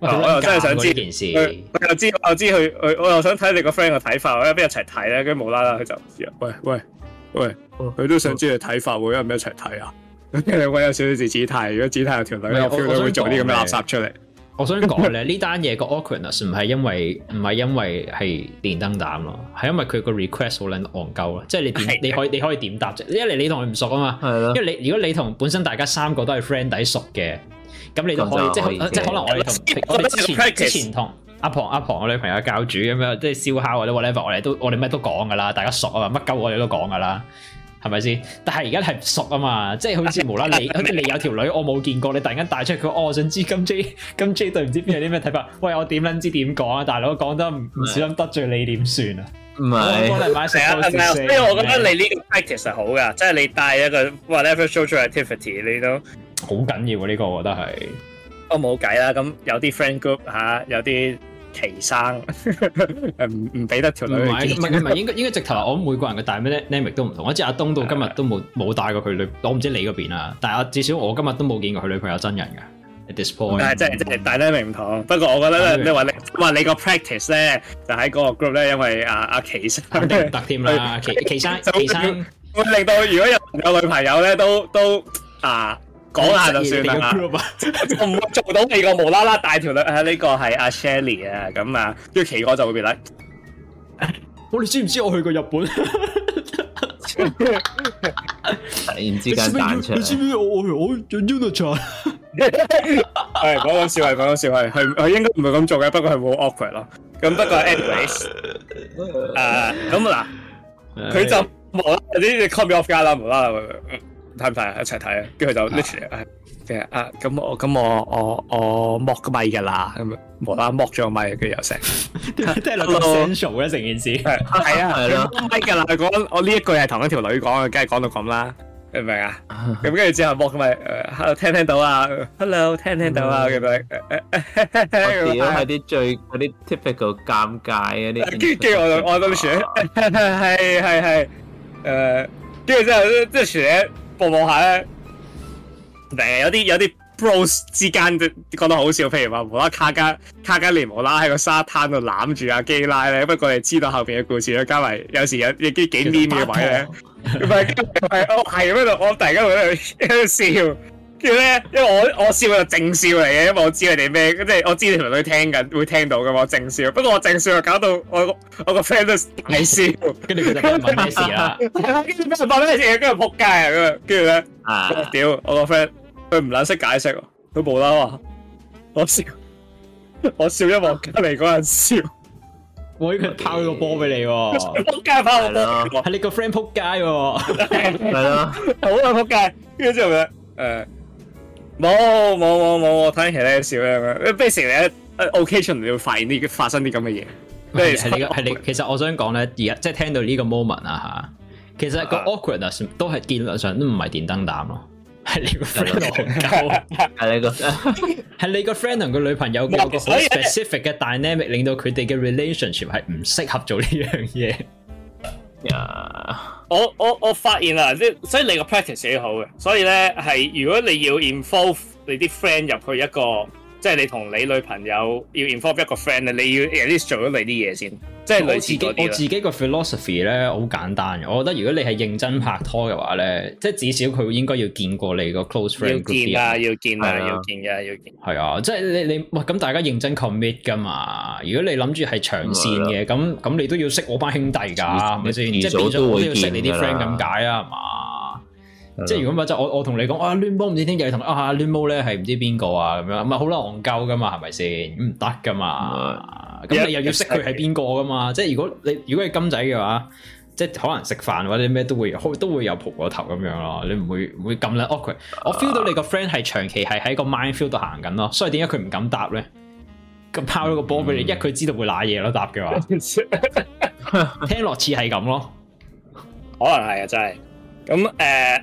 [SPEAKER 2] 我又真係想知件事，我又知，我知佢，我我又想睇你個 friend 嘅睇法，我喺邊一齊睇咧，跟住無啦啦佢就唔知啦。喂喂喂，佢都想知佢睇法喎，喺邊一齊睇啊？因為我有少少似己太。如果自太有條女，我 feel 到會做啲咁嘅垃圾出嚟。
[SPEAKER 1] 我想講咧，呢單嘢個 awkwardness 唔係因為唔係因為係電燈膽咯，係因為佢個 request 好撚戇鳩咯，即係你點你可以你可以點答啫？因為你同佢唔熟啊嘛，係咯，因為你如果你同本身大家三個都係 friend 底熟嘅。咁你就可以即係即係可能我哋同之前之前同阿婆阿婆我女朋友教主咁樣，即係燒烤或者 whatever，我哋都我哋咩都講噶啦，大家熟啊嘛，乜鳩我哋都講噶啦，係咪先？但係而家係唔熟啊嘛，即係好似無啦理，好似你有條女我冇見過，你突然間帶出去，我想知金 J 金 J 對唔知邊有啲咩睇法？喂，我點捻知點講啊？大佬講得唔小心得罪你點算啊？
[SPEAKER 2] 唔係，我嚟買成日係咪？所以我覺得你呢個 practice 係好噶，即係你帶一個 whatever social activity 你都。好緊要啊！呢、呢個我覺得係，都冇計啦。咁有啲 friend group 吓、啊，有啲奇生誒唔唔俾得條女。唔係唔係應
[SPEAKER 1] 該應該直頭， 我每個人嘅大咩咧 name 都唔同。我知阿東到今日都冇冇的帶過佢女，我唔知你嗰邊啊。但係阿至少我今日都冇見過佢女朋友真人㗎。At this
[SPEAKER 2] point，係即係即係大 name 唔同。不過我覺得呢你話你話你個 practice 咧，就喺嗰個 group 咧，因為阿阿奇生得添啦。奇奇 生奇生會,會令到如果有有女朋友咧，都都啊～講下就算啦，我唔會做到你個無啦啦大條女。啊，呢個係阿 Shelly 啊，咁啊，跟住奇哥就會變啦。
[SPEAKER 1] 我哋知唔知我去過日本？突
[SPEAKER 2] 然之間彈出嚟，你知
[SPEAKER 1] 唔知我我我做 uniture？
[SPEAKER 2] 係講講笑係講講笑係，係係應該唔係咁做嘅，不過係好 awkward 咯。咁不過，anyways，啊，咁啊，佢就冇啦，呢啲 call me off 家啦，冇啦。太快一齊睇啊！跟住就 literally 誒，啊，咁我咁我我我剝個咪噶啦，咁樣無啦剝咗個咪，跟住又成，即係兩粒 sensor 咧成件事。係啊係咯，剝噶啦！講我呢一句係同一條女講，梗係講到咁啦，明唔明啊？咁跟住之後剝個咪，聽唔聽到啊，hello 聽唔聽到啊，各位。我跌咗喺啲最嗰啲 typical 尷尬嗰啲，跟跟住我就我就 literally 係係係誒，跟住之後即係 literally。播放下咧，誒有啲有啲 bro 之間就覺得好笑，譬如話無啦卡加卡加尼無啦喺個沙灘度攬住阿基拉咧，不過你知道後邊嘅故事咧，加埋有時有啲幾黏嘅位咧，唔係唔係我係咁樣，我突然間覺喺度笑。叫咧，因為我我笑就正笑嚟嘅，因為我知佢哋咩，即係我知你條女聽緊，會聽到㗎嘛，我正笑。不過我正笑又搞到我我個 friend 都大笑，跟住佢就問咩事， 事啊？跟住俾人拍咩事啊？跟住仆街啊，咁啊，跟住咧，啊，屌，我個 friend 佢唔撚識解釋，佢冇啦嘛，我笑，我笑一望隔籬嗰人笑，我已經拋個波俾你喎、
[SPEAKER 3] 啊，仆街拋個
[SPEAKER 2] 波，係你個 friend 仆街喎，係、呃、啦，好啊仆街，跟住之後佢，誒。冇冇冇冇，我睇起嚟咧笑咩咩，不一定咧。Occasionally 你會發現啲發生啲咁嘅嘢。不如係你，係
[SPEAKER 1] 你。 其實我想講咧，而家即係聽到呢個 moment 啊吓，其實個 awkwardness 都係理論上都唔係電燈膽
[SPEAKER 3] 咯。
[SPEAKER 1] 係你個 friend 同佢 女朋友有一個好 specific 嘅 dynamic，令到佢哋嘅 relationship 係唔適合做呢樣嘢。
[SPEAKER 2] 我我我發現啦，即所以你個 practice 幾好嘅，所以呢，係如果你要 involve 你啲 friend 入去一個。即係你同你女朋友要 involve 一個 friend 咧，你要 at least 做咗你啲嘢先。即係你自己，我自己
[SPEAKER 1] 個 philosophy 咧好簡單嘅，我覺得如果你係認真拍拖嘅話咧，即係至少佢應該要見過你個 close friend。要見啊！要見啊！啊要見嘅、啊、要見。係啊，即係你你咁大家認真 commit 噶嘛？如果你諗住係長線嘅，咁咁你都要識我班兄弟㗎，你知唔知？即係變咗我都要識你啲 friend 咁解啊？係嘛？即係如果咪，係就我我同你講啊亂波唔知聽就同啊亂毛咧係唔知邊個啊咁樣，咁係好啦，戇鳩噶嘛係咪先唔得噶嘛，咁你又要識佢係邊個噶嘛。即係如果你如果你金仔嘅話即係可能食飯或者咩都會都都會有蒲過頭咁樣咯，你唔會唔會咁咧、uh. 我 feel 到你個 friend 係長期係喺個 mind field 度行緊咯，所以點解佢唔敢答咧，咁拋咗個波俾你一佢、mm hmm. 知道會瀨嘢咯，答嘅話
[SPEAKER 2] 聽落似係咁咯，可能係啊真係咁誒。那 uh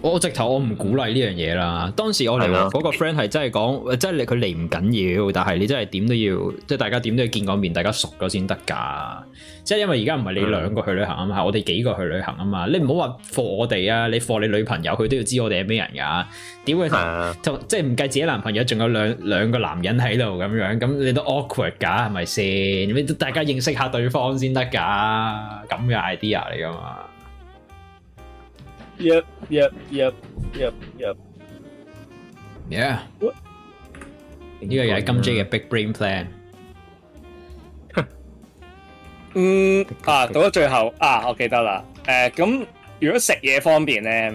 [SPEAKER 1] Oh，直我直頭我唔鼓勵呢樣嘢啦。當時我嚟嗰個 friend 係真係講，Yeah. 即係你佢嚟唔緊要，但係你真係點都要，即係大家點都要見個面，大家熟咗先得噶。即係因為而家唔係你兩個去旅行啊嘛，Yeah. 我哋幾個去旅行啊嘛。你唔好話 for 我哋啊，你 for 你女朋友，佢都要知我哋係咩人噶。點會就 Yeah. 即係唔計自己男朋友，仲有兩兩個男人喺度咁樣，咁你都 awkward 噶係咪先？你都大家認識下對方先得噶，咁嘅 idea 嚟噶嘛。
[SPEAKER 3] Yep, yep,
[SPEAKER 1] yep, yep, yep. Yeah. 呢 What? 個又係金 J 嘅 Big Brain Plan。 嗯 big,
[SPEAKER 2] big, big. 啊，到咗最後啊，我記得啦。誒、呃，咁如果食嘢方面咧，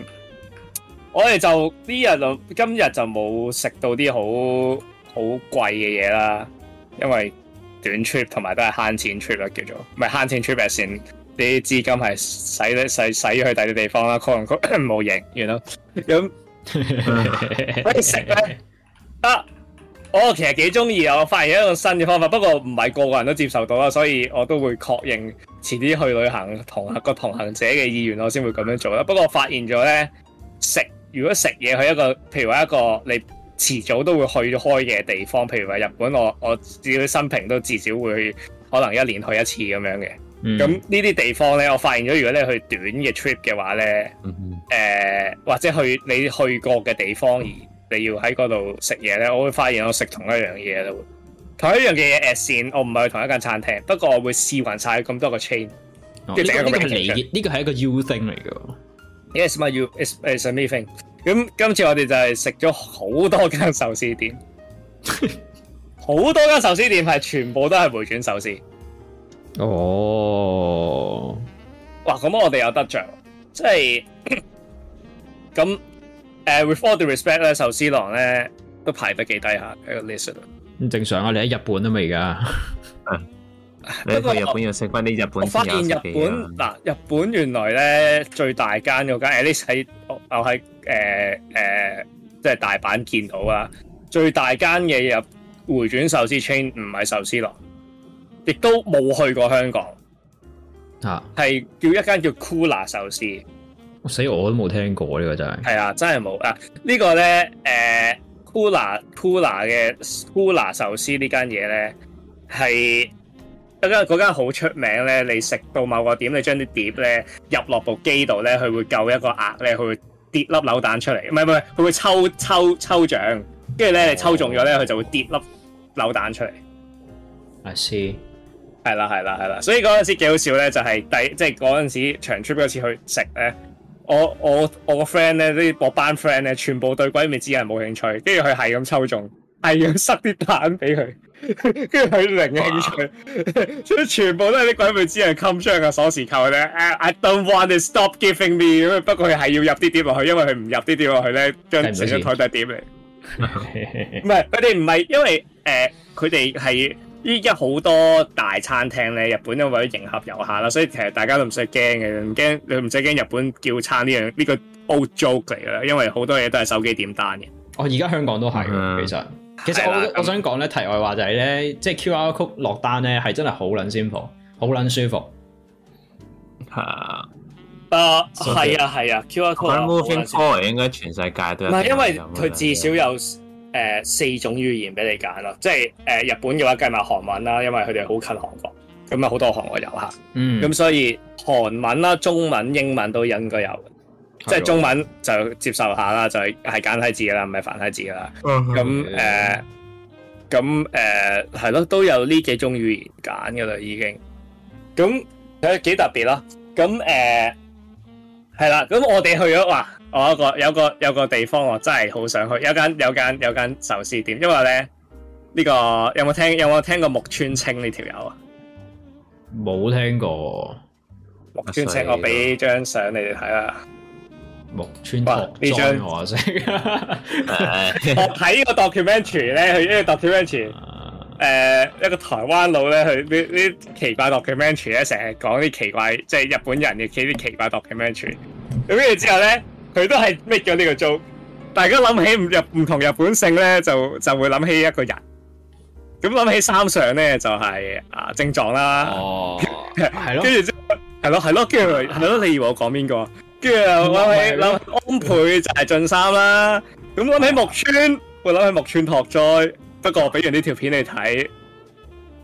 [SPEAKER 2] 我哋就呢日就今日就冇食到啲好好貴嘅嘢啦，因為短 trip 同埋都係慳錢 trip 啦，叫做唔係慳錢 trip 先。啲資金係使咧，使使去第二啲地方啦，可能冇贏完啦。咁可以食咧啊！我其實幾中意啊，我發現一個新嘅方法，不過唔係個個人都接受到啦，所以我都會確認遲啲去旅行同個同行者嘅意願，我先會咁樣做啦。不過我發現咗咧，食如果食嘢去一個，譬如話一個你遲早都會去開嘅地方，譬如話日本，我我自己嘅生平都至少會可能一年去一次咁樣嘅。咁呢啲地方咧，我發現咗，如果你去短嘅 trip 嘅話咧、嗯呃，或者去你去過嘅地方而、嗯、你要喺嗰度食嘢咧，我會發現我食同一樣嘢，同一樣嘅嘢 a chain 我唔係去同一間餐廳，不過我會試勻晒咁多個 chain。呢個係一個呢個係一個 U thing 嚟嘅。Yes，my U is a me thing。咁今次我哋就係食咗好多間壽司店，好 多間壽司店係全部都係回轉壽司。哦，oh. 哇！咁我哋又得着，即係咁，誒、呃、with all the respect 咧，壽司郎咧都排得幾低下喺個 list 啦。
[SPEAKER 1] 咁正常啊，你喺日本都未而家 你去日本
[SPEAKER 2] 又食翻啲日本嘅嘢。我發現日本嗱、啊，日本原來咧最大間嗰間，at least 喺我喺誒誒，即係大阪見到啊，最大間嘅入回轉壽司 chain 唔係壽司郎。亦都冇去過香港，啊，係叫一間叫 Kula 壽司，啊、死我都冇聽過呢、呢個真係。係啊，真係冇啊！呢個、呢個咧，誒、呃、Kula Kula 嘅 Kula 壽司間呢間嘢咧，係一間嗰間好出名咧。你食到某個點，你將啲碟咧入落部機度咧，佢會夠一個額咧，佢會跌粒扭蛋出嚟。唔係唔係，佢會抽抽抽獎，跟住咧你抽中咗咧，佢、哦、就會跌粒扭蛋出嚟。I see. 係啦，係啦、啊，係啦、啊啊，所以嗰陣時幾好笑咧，就係、是、第即係嗰陣時長 trip 嗰次去食咧，我我我個 friend 咧啲博班 friend 咧，全部對鬼滅之刃冇興趣，跟住佢係咁抽中，係要、啊、塞啲蛋俾佢，跟住佢零嘅興趣，所以哇 全部都係啲鬼滅之刃 c o 嘅鎖匙扣咧。I don't want to stop giving me，不過佢係要入啲碟落去，因為佢唔入啲碟落去咧，跟住整張台都係碟嚟。
[SPEAKER 3] 唔
[SPEAKER 2] 係，佢哋唔係，因為誒，佢哋係。依家好多大餐廳咧，日本都為咗迎合遊客啦，所以其實大家都唔使驚嘅，唔驚你唔使驚日本叫餐呢樣呢個 old joke 嚟啦，因為好多嘢都係手機點單嘅。我而家香港都係，其實
[SPEAKER 1] 其實我我想講咧題外話就係咧，即係 QR code 落單咧係真係好撚 simple，好撚舒服。
[SPEAKER 2] 係啊，啊係啊係啊，QR code moving forward 應
[SPEAKER 1] 該全世界都唔係因為佢
[SPEAKER 2] 至少有。誒、呃、四種語言俾你揀咯，即係誒、呃、日本嘅話計埋韓文啦，因為佢哋好近韓國，咁有好多韓國遊客，咁、嗯、所以韓文啦、中文、英文都應該有，即係中文就接受一下啦，是的就係係簡體字啦，唔係繁體字啦，咁誒、嗯，咁誒係咯，都有呢幾種語言揀嘅啦，已經，咁誒幾特別咯，咁誒係啦，咁、呃、我哋去咗啊。哇我有一個有一個有個地方，我真係好想去。有間有間有間壽司店，因為咧呢、呢個有冇聽有冇聽過木村清呢條友啊？
[SPEAKER 1] 冇聽過木村清，我俾
[SPEAKER 2] 張相你哋睇啦。
[SPEAKER 1] 木村、啊，呢張我識。
[SPEAKER 2] 我睇呢個 documentary 咧，佢呢個 documentary 誒一個台灣佬咧，佢呢啲奇怪 documentary 咧，成日講啲奇怪，即、就、係、係、日本人嘅幾啲奇怪 documentary。咁跟住之後咧。佢都係 make 咗呢個租，大家諗起唔日唔同日本姓咧，就就會諗起一個人。咁諗起三上咧，就係啊正藏啦。哦，係咯。跟住之後係咯係咯，跟住係咯。你以為我講邊個？跟住我係諗安倍就係晉三啦。咁我諗起木村，會諗起木村拓哉。不過俾完呢條片你睇，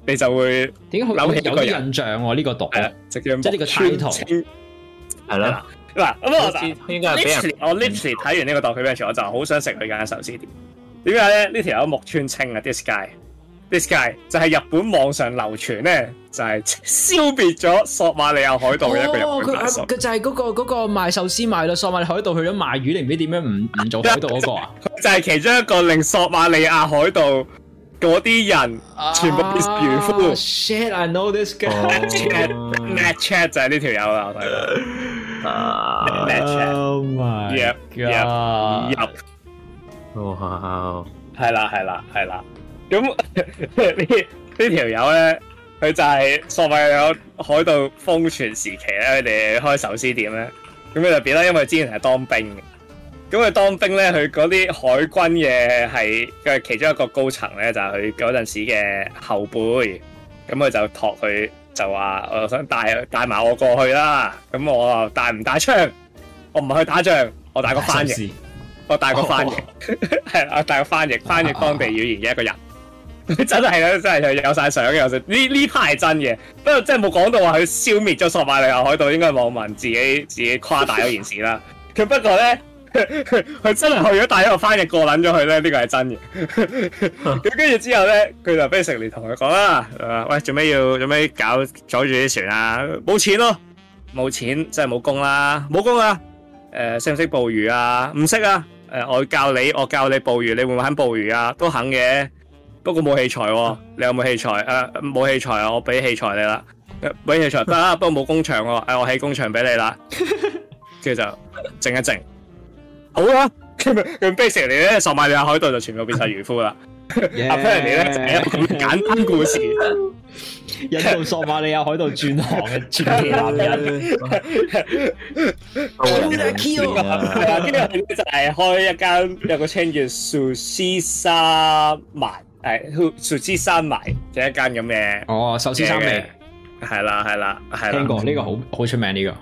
[SPEAKER 2] 你就會有有啲印
[SPEAKER 1] 象呢個讀，即係呢個村圖，係啦。
[SPEAKER 2] 應 我 literally, 我 l i 睇完呢個《盜取咩我就好想食佢間壽司店。點解咧？呢條友木村清啊，this guy，this guy 就係日本網上流傳咧，就係消滅咗索馬里亞海盜嘅一個日本大叔。佢、哦、
[SPEAKER 1] 就係嗰、嗰個嗰個賣壽司賣到索馬里海盜去咗賣魚，你唔知點樣唔唔做海盜嗰啊？他就係其中一個令索馬里亞海
[SPEAKER 2] 盜嗰啲人全部變漁夫。Shit，I know this guy。Match，match 就係呢條友啦。我 啊 my God！哇，係啦，係啦，係啦。咁 呢呢條友咧，佢就係所謂有海盜封存時期咧，佢哋開壽司店咧。咁佢就變啦，因為之前係當兵。咁佢當兵咧，佢嗰啲海軍嘅係佢係其中一個高層咧，就係佢嗰陣時嘅後輩。咁佢就托佢。就話我想帶帶埋我過去啦，咁我啊帶唔帶槍？我唔去打仗，我帶個翻譯，是是我帶個翻譯，係啦、oh. 我帶個翻譯，翻譯當地語言嘅一個人，真係啦，真係有晒相嘅，呢呢 part 係真嘅，不過真係冇講到話佢消滅咗索馬利亞海盜，應該係網民自己自己誇大嗰件事啦，佢 不過咧。佢 真係去咗大油翻嘅過捻咗佢咧，呢個係真嘅。咁跟住之後咧，佢就飛食嚟同佢講啦，喂，做咩要做咩搞阻住啲船啊？冇錢咯，冇錢，真係冇工啦，冇工啊！誒、呃，識唔識捕魚啊？唔識啊！誒、呃，我教你，我教你捕魚，你會唔會肯捕魚啊？都肯嘅，不過冇器材喎，你有冇器材？誒，冇器材啊，我俾器材你啦，俾器材得啦，不過冇工場喎，誒，我起工場俾你啦，跟住就靜一靜。好啦、啊，咁 basically 人哋咧，索馬利亞海盜就全部變晒漁夫啦。
[SPEAKER 1] 阿
[SPEAKER 3] plan Yeah,、啊、人哋咧，就係、是、
[SPEAKER 2] 咁簡單故事，由、uh huh. 索馬利亞海盜轉行傳奇男人。好正 Q 啊邊個就係開一間有一個稱叫、啊 oh, 壽司沙埋，誒，壽司沙埋，就一間咁嘅。哦，壽司三味係啦，係啦，係啦。聽過呢個好好出名呢、這個。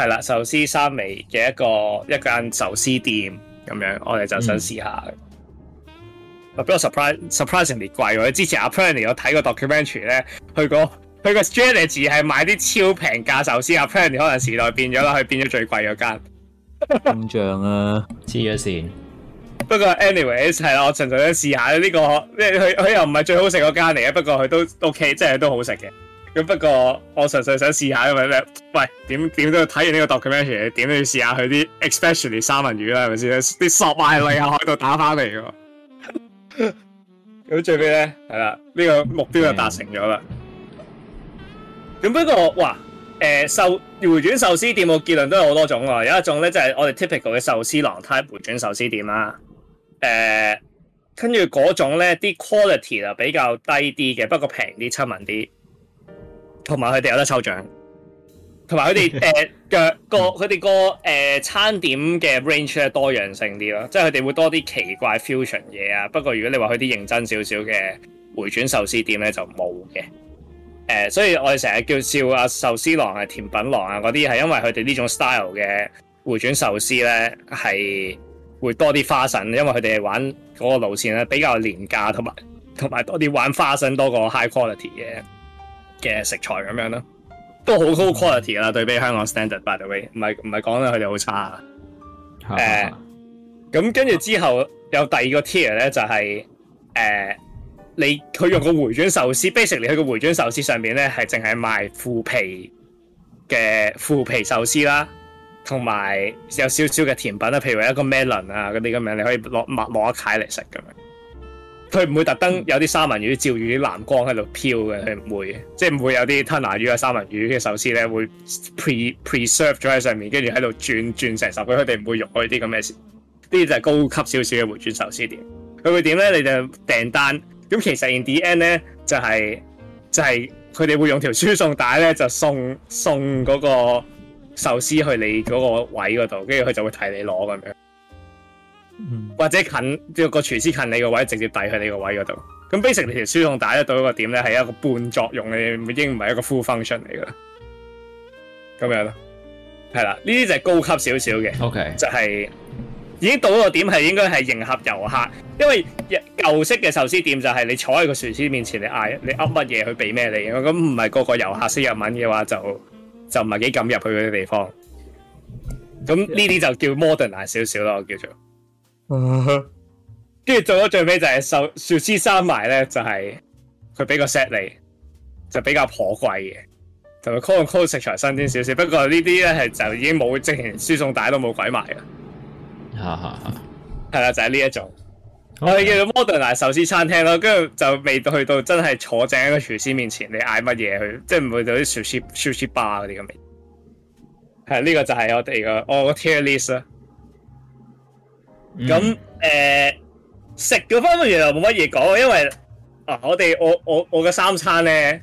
[SPEAKER 2] 係啦，壽司三味嘅一個一間壽司店咁樣，我哋就想試下。唔係俾我 surprise，surprisingly 貴喎。之前 Apparently 我睇、嗰個 documentary 咧，去個去個 strategy 係買啲超平價壽司。Apparently 可能時代變咗啦，佢變咗最貴嘅間。
[SPEAKER 1] 通脹啊，黐咗線。
[SPEAKER 2] 不過 anyways 係啦，我純粹想試下呢、呢個，因為佢佢又唔係最好食嗰間嚟嘅，不過佢都 OK，即係都好食嘅。咁不過，我純粹想試下，因為咧，喂點點都要睇完呢個 documentary，點都要試下佢啲 especially 三文魚啦，係咪先啲索馬利亞海度打返嚟嘅。咁最尾咧，係啦，呢、這個目標就達成咗啦。咁 Yeah. 不過，哇，誒回轉壽司店，嘅結論都有好多種喎。有一種咧就係、是、我哋 typical 嘅壽司郎 type 回轉壽司店啦、啊。誒、呃，跟住嗰種咧啲 quality 啊比較低啲嘅，不過平啲，親民啲。同埋佢哋有得抽獎，同埋佢哋誒腳個佢哋個誒餐點嘅 range 咧多樣性啲咯，即係佢哋會多啲奇怪 fusion 嘢啊。不過如果你話佢啲認真少少嘅回轉壽司店咧，就冇嘅。誒、呃，所以我哋成日叫笑阿壽司郎係甜品郎啊嗰啲，係因為佢哋呢種 style 嘅回轉壽司咧，係會多啲花臣，因為佢哋玩嗰個路線咧比較廉價，同埋同埋多啲玩花臣多過 high quality 嘅。嘅食材咁樣咯，都好高 quality 啦，對比香港 standard by the way，唔係唔係講得佢哋好差，啊，咁跟住之後有第二個 tier 咧就係、是呃、你佢用個回轉壽司、嗯、basically，佢個回轉壽司上面咧係淨係賣腐皮嘅腐皮壽司啦，同埋有少少嘅甜品譬如一個 melon 啊嗰啲咁樣，你可以攞攞一塊嚟食咁樣。佢唔會特登有啲三文魚照住啲藍光喺度漂嘅，佢唔會，即係唔會有啲吞拿魚啊三文魚嘅壽司咧會 pre preserve 咗喺上面，跟住喺度轉轉成十，佢哋唔會用嗰啲咁嘅事，呢啲就係高級少少嘅回轉壽司店。佢會點咧？你就訂單，咁其實 in the end 咧就係、就係佢哋會用條輸送帶咧就送送嗰個壽司去你嗰個位嗰度，跟住佢就會睇你攞咁樣。或者近即係、個廚師近你個位，直接遞去你個位嗰度。咁 basic，你條輸送帶得到一個點咧，係一個半作用，你已經唔係一個 full function 嚟噶啦。咁樣咯，係啦，呢啲就係高級少少嘅。OK，就係、係、已經到嗰個點係係應該係迎合遊客。因為舊式嘅壽司店就係你坐喺個廚師面前你，你嗌你噏乜嘢佢俾咩你。咁唔係個個遊客識日文嘅話就，就就唔係幾敢入去嗰啲地方。咁呢啲就叫 modern 少少咯，我叫做。跟住做咗最尾就係壽壽司生埋咧，就係、是、佢俾個 set 你，就比較頗貴嘅，同埋 call call 食材新鮮少少，不過呢啲咧，係就已經冇即係輸送帶都冇鬼賣嘅。吓係啦，就係呢一種，啊、我哋叫做 Modern 壽司餐廳咯，跟住就未到去到真係坐正喺個廚師面前，你嗌乜嘢去，即係唔會有啲壽司壽司吧嗰啲咁。係呢、這個就係我哋嘅。我個 tier list 啦。咁誒食嘅方面原來冇乜嘢講，因為啊我哋我我我嘅三餐咧，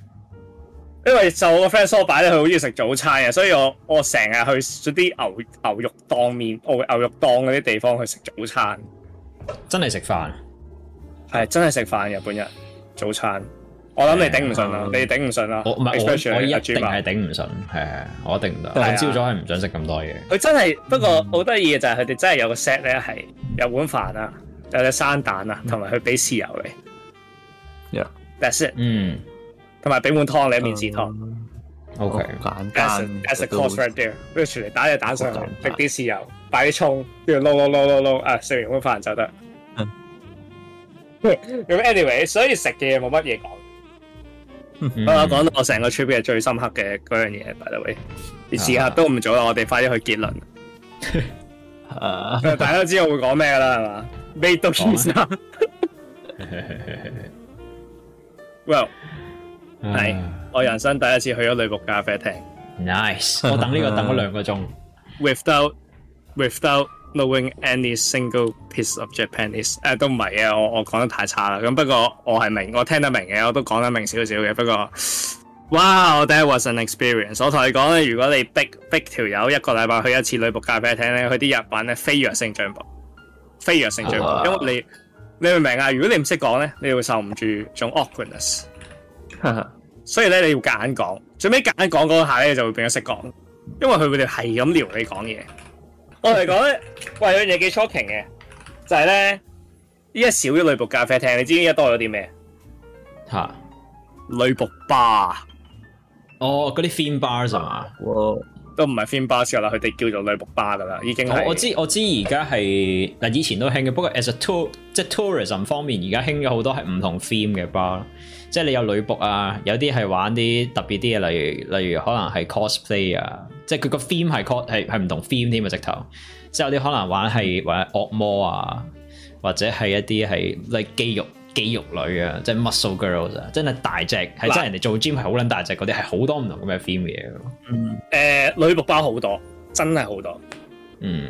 [SPEAKER 2] 因為就我個 friend 蘇柏咧，佢好中意食早餐嘅，所以我我成日去嗰啲牛牛肉當面、牛肉當嗰啲地方去食早餐，真係食飯，係真係食飯，日本人早餐。我諗你頂唔順啦，你頂唔順啦。我唔係我，我一定係頂唔順，係
[SPEAKER 1] 我一定唔得。但朝早係唔想食咁多嘢。
[SPEAKER 2] 佢真係，不過好得意嘅就係佢哋真係有個 set 咧，係有碗飯啊，有隻生蛋啊，同埋佢俾豉油你。呀，that's it 嗯。同埋俾碗湯你麵豉湯。O K。簡單。That's the cost right there。跟住全嚟，打隻蛋上去，搣啲豉油，擺啲蔥，跟住撈撈撈撈撈，啊，食完碗飯就得。anyway，所以食嘅嘢冇乜嘢講。.不過我講到我成個 trip 係最深刻嘅嗰樣嘢，by the way，而時刻都唔早啦，我哋快啲去結論。啊，大家都知道會講咩噶啦，係嘛？Maid Cafe。
[SPEAKER 1] Well，係
[SPEAKER 2] 我人生第一次去咗女僕咖啡廳。
[SPEAKER 1] Nice，我等呢個等咗兩
[SPEAKER 2] 個鐘。Without，without。Knowing any single piece of Japanese，誒、啊、都唔係啊！我我講得太差啦。咁不過我係明，我聽得明嘅，我都講得明少少嘅。不過，哇、wow，That was an experience。我同你講咧，如果你逼逼條友一個禮拜去一次女僕咖啡廳咧，佢啲日文咧飛躍性進步，飛躍性進步。因為你你明啊？如果你唔識講咧，你會受唔住種 awkwardness。Aw 所以咧，你要夾硬講，最尾夾硬講嗰下咧，就會變咗識講，因為佢會哋係咁撩你講嘢。我係講咧，喂，有樣嘢幾 shocking 嘅，就係、是、咧，依家少咗女僕咖啡廳，你知唔知依家多咗啲咩？嚇、啊，女僕巴。哦，嗰啲 theme bars 係嘛、啊？哇都唔係 theme bars 啦，佢哋叫做女僕巴噶啦，已經係、哦、
[SPEAKER 3] 我知道
[SPEAKER 1] 我知，而家係嗱，以前都興嘅，不過 as a tour 即係 tourism 方面，而家興咗好多係唔同 theme 嘅巴。即係你有女僕啊，有啲係玩啲特別啲嘅，例如例如可能係 cosplay 啊，即係佢個 theme 係係係唔同 theme 添啊直頭，即係有啲可能玩係、嗯、玩惡魔啊，或者係一啲係 like 肌肉肌肉女啊，即係 muscle girls 啊，真係大隻，係真係人哋做 gym 係好撚大隻嗰啲，係好多唔
[SPEAKER 2] 同咁嘅 theme 嘢咯。嗯，誒、啊呃呃，女僕包好多，真係好多。嗯。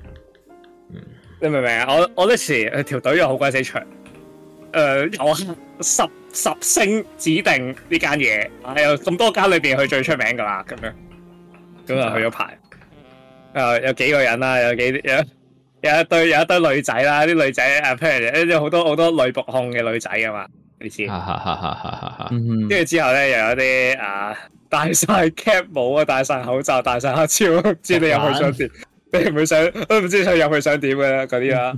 [SPEAKER 2] 你明唔明啊？我我嗰時條隊又好鬼死長，誒、呃，我十十星指定呢間嘢，哎呀，咁多間裏邊佢最出名噶啦，咁樣，咁啊去咗排，誒、 呃，有幾個人啦，有幾有有一堆有一堆女仔啦，啲女仔誒，譬如有好多好多女僕控嘅女仔噶嘛，
[SPEAKER 1] 你知，
[SPEAKER 2] 跟住 之後咧，又有啲啊戴晒 cap 帽啊，戴晒口罩，戴晒黑超，知你入去想點。 你唔會想，都唔知佢入去想點嘅咧，嗰啲啦。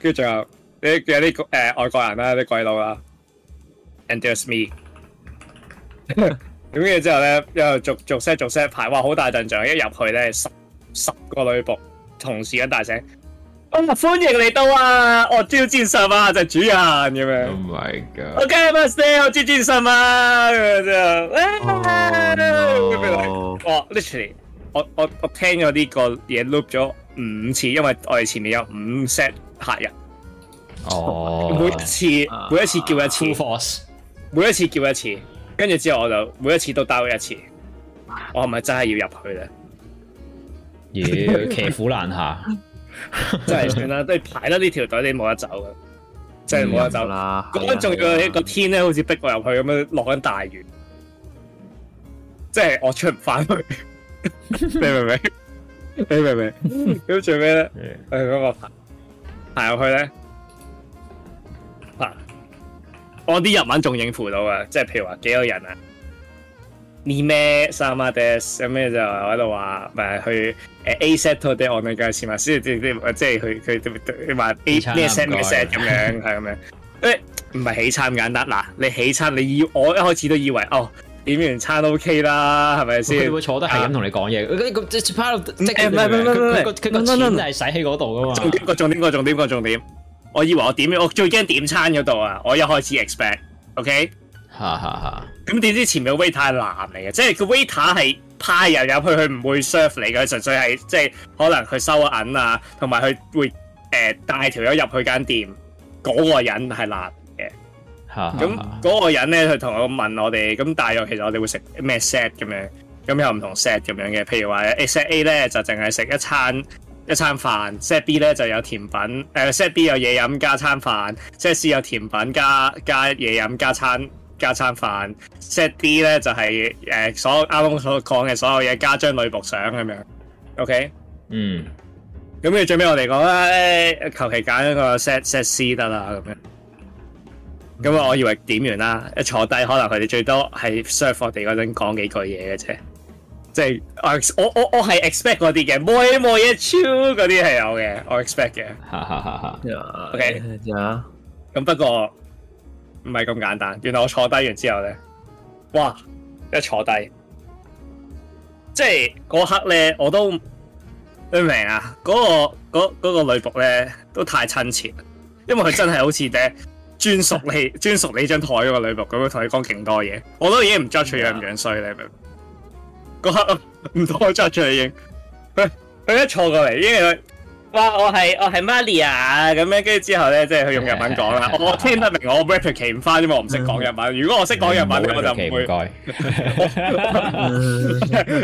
[SPEAKER 2] 跟住仲有，你有啲誒、呃、外國人啦、啊，啲鬼佬啦。Introduce me。 咁跟住之後咧，又逐逐 set 逐 set 排，哇，好大陣仗！一入去咧，十十個女僕同時一大聲，哦歡迎嚟到啊，我超自信啊，就係、主人咁、啊、樣。Oh my god！Okay，master，我超自信啊！哦，literally、oh, no.。我我我聽咗呢個嘢 loop 咗五次，因為我哋前面有五 set 客人。哦。每一次，每一次叫一次。每一次叫一次，跟住之後我就每一次都兜一次。我係咪真係要入去咧？咦，騎虎難下，真係算啦，都係排得呢條隊，你冇得走嘅，真係冇得走啦。咁樣仲要一個天咧，好似逼我入去咁樣，落緊大雨，即係我出唔翻去。你明唔明？你明唔明？咁最尾咧，去嗰個排爬入去咧，爬。我啲日文仲應付到啊！即係譬如話幾多人啊？咩様です，咁咩就喺度話，唔係去誒 A set or t h online 介紹嘛？所以即係即係佢佢佢話 A 咩 set 咩 set 咁樣，係咁樣。誒，唔係起餐咁簡單嗱，你起餐你以我一開始都以為哦。點完餐都 OK 啦，係咪先？佢會坐得係咁同你講嘢。佢呢個 department 即係佢個佢個錢係使喺嗰度噶嘛重。重點個重點個重點個重點。我以為我點我最驚點餐嗰度啊！我一開始 expect，OK？Okay? 哈哈哈。咁點知前面個 waiter 係男嚟嘅，即係個 waiter 係派人入去，佢唔會 serve 你嘅，純粹係即係可能佢收銀啊，同埋佢會誒帶條友入去間店。嗰、個人係男。咁嗰 個人咧，佢同我問我哋，咁大約其實我哋會食咩 set 咁樣，咁有唔同 set 咁樣嘅，譬如話 set A 咧就淨係食一餐一餐飯，set B 咧就有甜品，誒、呃、set B 有嘢飲加餐飯，set C 有甜品加加嘢飲加餐加餐飯，set D 咧就係、是、誒、呃、所啱所講嘅所有嘢加張女僕相咁樣，OK，嗯，咁你最尾我哋講啦，求其揀一個 set set C 得啦咁樣。咁啊，我以為點完啦，一坐低可能佢哋最多係 serve 我哋嗰陣講幾句嘢嘅啫，即係我我我我係 expect 嗰啲嘅，冇嘢冇嘢，超嗰啲係有嘅，我 expect 嘅。
[SPEAKER 1] Ex ex 哈，哈哈哈！哈，OK，
[SPEAKER 2] 咁，啊。不過唔係咁簡單。原來我坐低完之後咧，哇！一坐低，即係嗰刻咧，我都你明啊？嗰個嗰嗰個女僕咧，都太親切，因為佢真係好似嗲。 專屬你專屬你張台嗰個女僕咁樣同你講勁多嘢，我都已經唔抓出嘢咁樣衰你明？嗰刻唔多抓出嚟，佢佢一坐過嚟，因為佢哇，我係我係 Maria 咁樣，跟住之後咧，即係佢用日文講啦，我聽唔明，我 replicate 唔翻，因為我唔識講日文。如果我識講日文，咁我就唔會。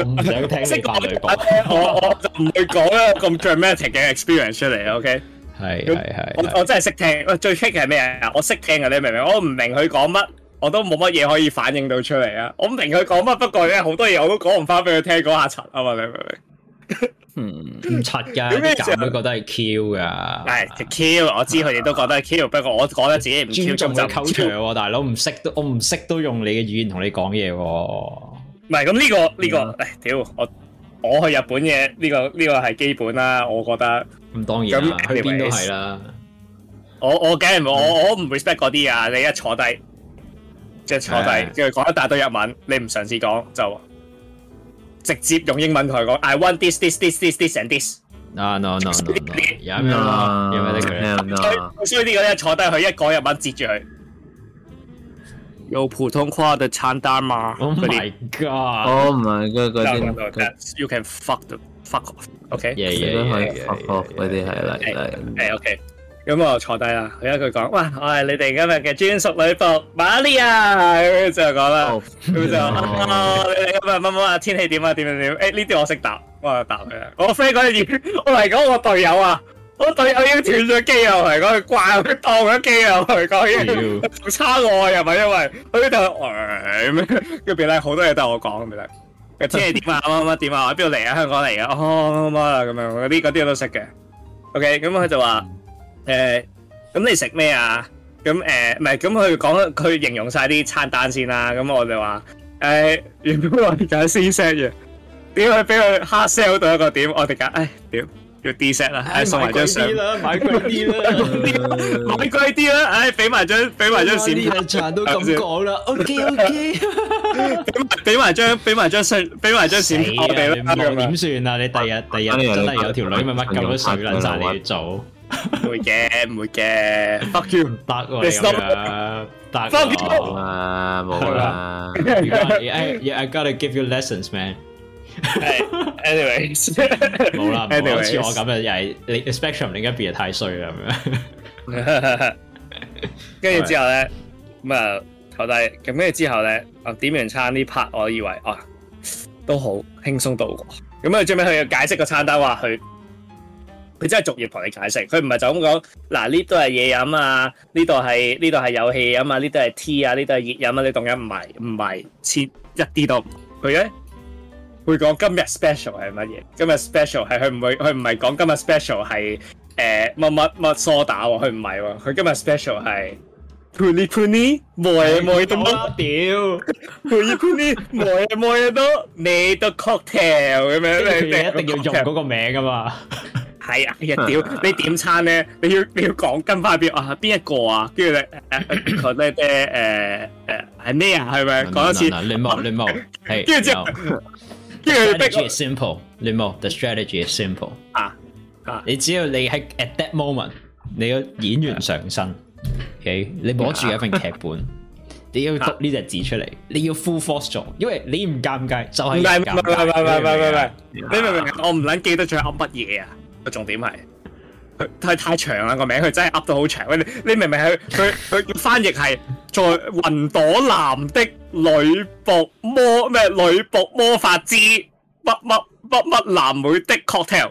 [SPEAKER 2] 唔使聽識講女僕，我我就唔會講一個咁 dramatic 嘅 experience 出嚟。OK。係，係，係。我我真係識聽，喂，最 hit 嘅係咩啊？我識聽噶，你明唔明？我唔明佢講乜，我都冇乜嘢可以反應到出嚟啊！我唔明佢講乜，不過咧，好多嘢我都講唔翻俾佢聽，講下柒啊嘛，明唔明？嗯，唔柒
[SPEAKER 1] 㗎，啲教會覺得係 Q 噶。
[SPEAKER 2] 係，只 Q，我知佢哋都覺得 Q，、啊、不過我覺得自己唔尊重佢構長喎，
[SPEAKER 1] 大佬，唔識都，我唔識都用你嘅語言同你講嘢喎。
[SPEAKER 2] 唔係，咁呢個呢個，嚟、這、屌、個嗯、我！我去日本嘅呢、這個呢、這個係基本啦，啊，我覺得。咁當然佢，啊、上 去邊都係啦。我我梗係唔，我 game,、嗯、我唔 respect 嗰啲啊！你一坐低，即係、嗯、坐低，佢講一大堆日文，你唔嘗試講就直接用英文同佢講。I want this, this, this, this, this and this。啊，no no no！no 啊？No,
[SPEAKER 3] no, no. 有咩？
[SPEAKER 2] 衰啲嗰啲 坐低，佢一講日文截住佢。有普通話的餐單嘛 Oh my 嗰啲 god！Oh my god！嗰啲嗰啲，you can fuck the fuck off，OK？耶耶，都可
[SPEAKER 3] 以，嗰啲係啦
[SPEAKER 2] 係。OK，咁我坐低啦。佢一句講：喂，我係你哋今日嘅專屬女僕 Maria。咁、oh, 就講啦。咁就啊，今日乜乜啊？天氣點啊？點點點？誒呢啲我識答。我話答佢啦。我飛嗰啲，我嚟講我隊友啊。我隊友、哎、要斷咗機啊！佢掛，佢當咗機啊！佢講，差我又咪因為佢就咩？入邊咧好多嘢都係我講咁樣，天氣點啊？乜乜點啊？邊度嚟啊？香港嚟噶，哦咁啊咁樣嗰啲嗰啲我都識嘅。OK，咁佢就話誒，咁、欸、你食咩啊？咁、嗯、誒，唔係咁佢講，佢形容晒啲餐單先啦。咁我哋話誒，原本話點先 send 嘅？點去俾佢黑 sell 到一個點？我哋講，誒、哎，屌！要啲石啦，唉送埋張相啦，買貴啲啦，買貴啲啦，買貴啲啦，唉俾埋張俾埋張閃卡，成場都咁講啦，OK OK，咁俾埋張俾埋張相俾埋張閃卡我哋啦，點算啊？你第日第日真係有條女咪乜咁都水冷剎你要做？會嘅會嘅，fuck you，得喎，得啦，得啦，冇
[SPEAKER 1] 啦，I I gotta give you lessons man。
[SPEAKER 2] Anyway，好啦，唔好似我咁啊，又
[SPEAKER 1] 係你 spectrum，
[SPEAKER 2] 你而家變得太衰啦咁樣。跟住之後咧，咁啊，徒咁跟住之後咧，啊，點完餐呢 part，我以為啊，都好輕鬆度過。咁啊，最尾佢又解釋個餐單話，佢佢真係逐頁同你解釋，佢唔係就咁講。嗱，呢都係嘢飲啊，呢度係呢度係有氣飲啊，呢度係 tea 啊，呢度係熱飲啊，你凍飲唔係唔係切一啲都佢嘅。會講今日 special 係乜嘢？今日 special 係佢唔會，佢唔係講今日 special 係誒乜乜乜梳打喎，佢唔係喎，佢今日 special 係 Pulipuni 冇嘢冇嘢都，屌 Pulipuni 冇嘢冇嘢都，你都 cocktail 咁樣？你一定要用嗰個名噶嘛？係啊，屌你點餐咧？你要你要講跟翻邊啊？邊一個啊？跟住你誒誒誒誒係咩啊？係咪講多次？亂毛
[SPEAKER 1] 亂毛，跟住之後。strategy is simple，你冇 the strategy is simple 啊迫啊！啊你只要你喺 at that moment，你要演員上身，你、啊 okay? 你摸住一份劇本，啊、你要讀呢隻字出嚟，你要 full force 做，因為你唔尷尬，就係唔尷尬。唔唔唔唔唔你明唔明？
[SPEAKER 2] 我唔捻記得最後乜嘢啊！個重點係。太太長啦個名，佢真係噏到好長。你你明明係佢佢翻譯係在雲朵男的女僕魔咩女僕魔法之乜乜乜乜藍莓的 cocktail。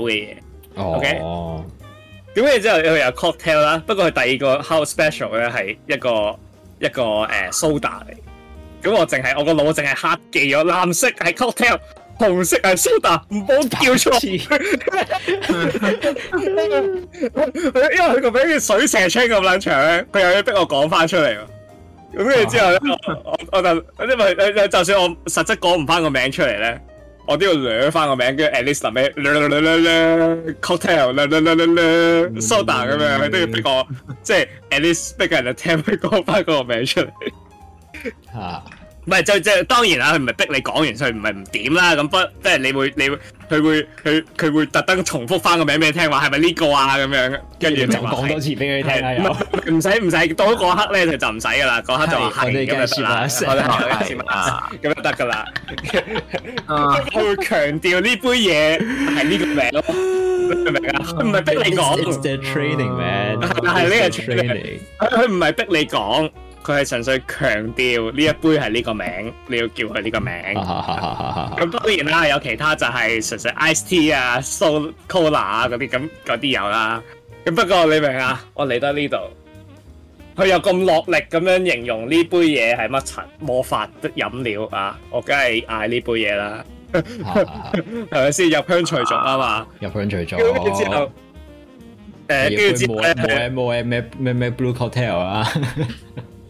[SPEAKER 2] 嘅嘢，OK，咁然之後佢有 cocktail 啦，不過佢第二個 house special 咧係一個一個誒 soda 嚟，咁我淨係我個腦淨係黑記咗，藍色係 cocktail，紅色係 soda，唔好叫錯。因為佢個名好似水蛇車春咁撚長咧，佢又要逼我講翻出嚟喎。咁跟住之後咧，我我就因為就算我實質講唔翻個名出嚟咧。我都要唻翻個名，叫 Alice 嗰咩，唻唻唻唻唻，Cocktail，唻唻唻唻唻，Soda 咁樣，都要逼我即係 Alice 俾人嚟聽佢講翻個名出嚟。嚇！唔係就就當然啦，佢唔係逼你講完，所以唔係唔點啦。咁不即係你會你佢會佢佢會特登重複翻個名俾你聽，話係咪呢個啊咁樣，跟住就講多次俾佢聽。唔使唔使到嗰刻咧就就唔使噶啦，嗰刻就係咁樣算啦，咁樣得噶啦。佢會強調呢杯嘢係呢個名咯，明唔明啊？
[SPEAKER 1] 佢
[SPEAKER 2] 唔係逼你講。佢係純粹強調呢一杯係呢個名，你要叫佢呢個名。咁當然啦，有其他就係純粹 ice tea 啊、soul cola 啊嗰啲，咁啲有啦。咁不過你明啊，我嚟得呢度，佢又咁落力咁樣形容呢杯嘢係乜春魔法的飲料啊，我梗係嗌呢杯嘢啦。係咪先入鄉隨俗啊嘛？入鄉
[SPEAKER 1] 隨俗。
[SPEAKER 2] 誒，跟住之後誒誒誒誒誒
[SPEAKER 1] 有誒誒誒誒誒誒誒誒誒誒誒誒誒誒誒誒誒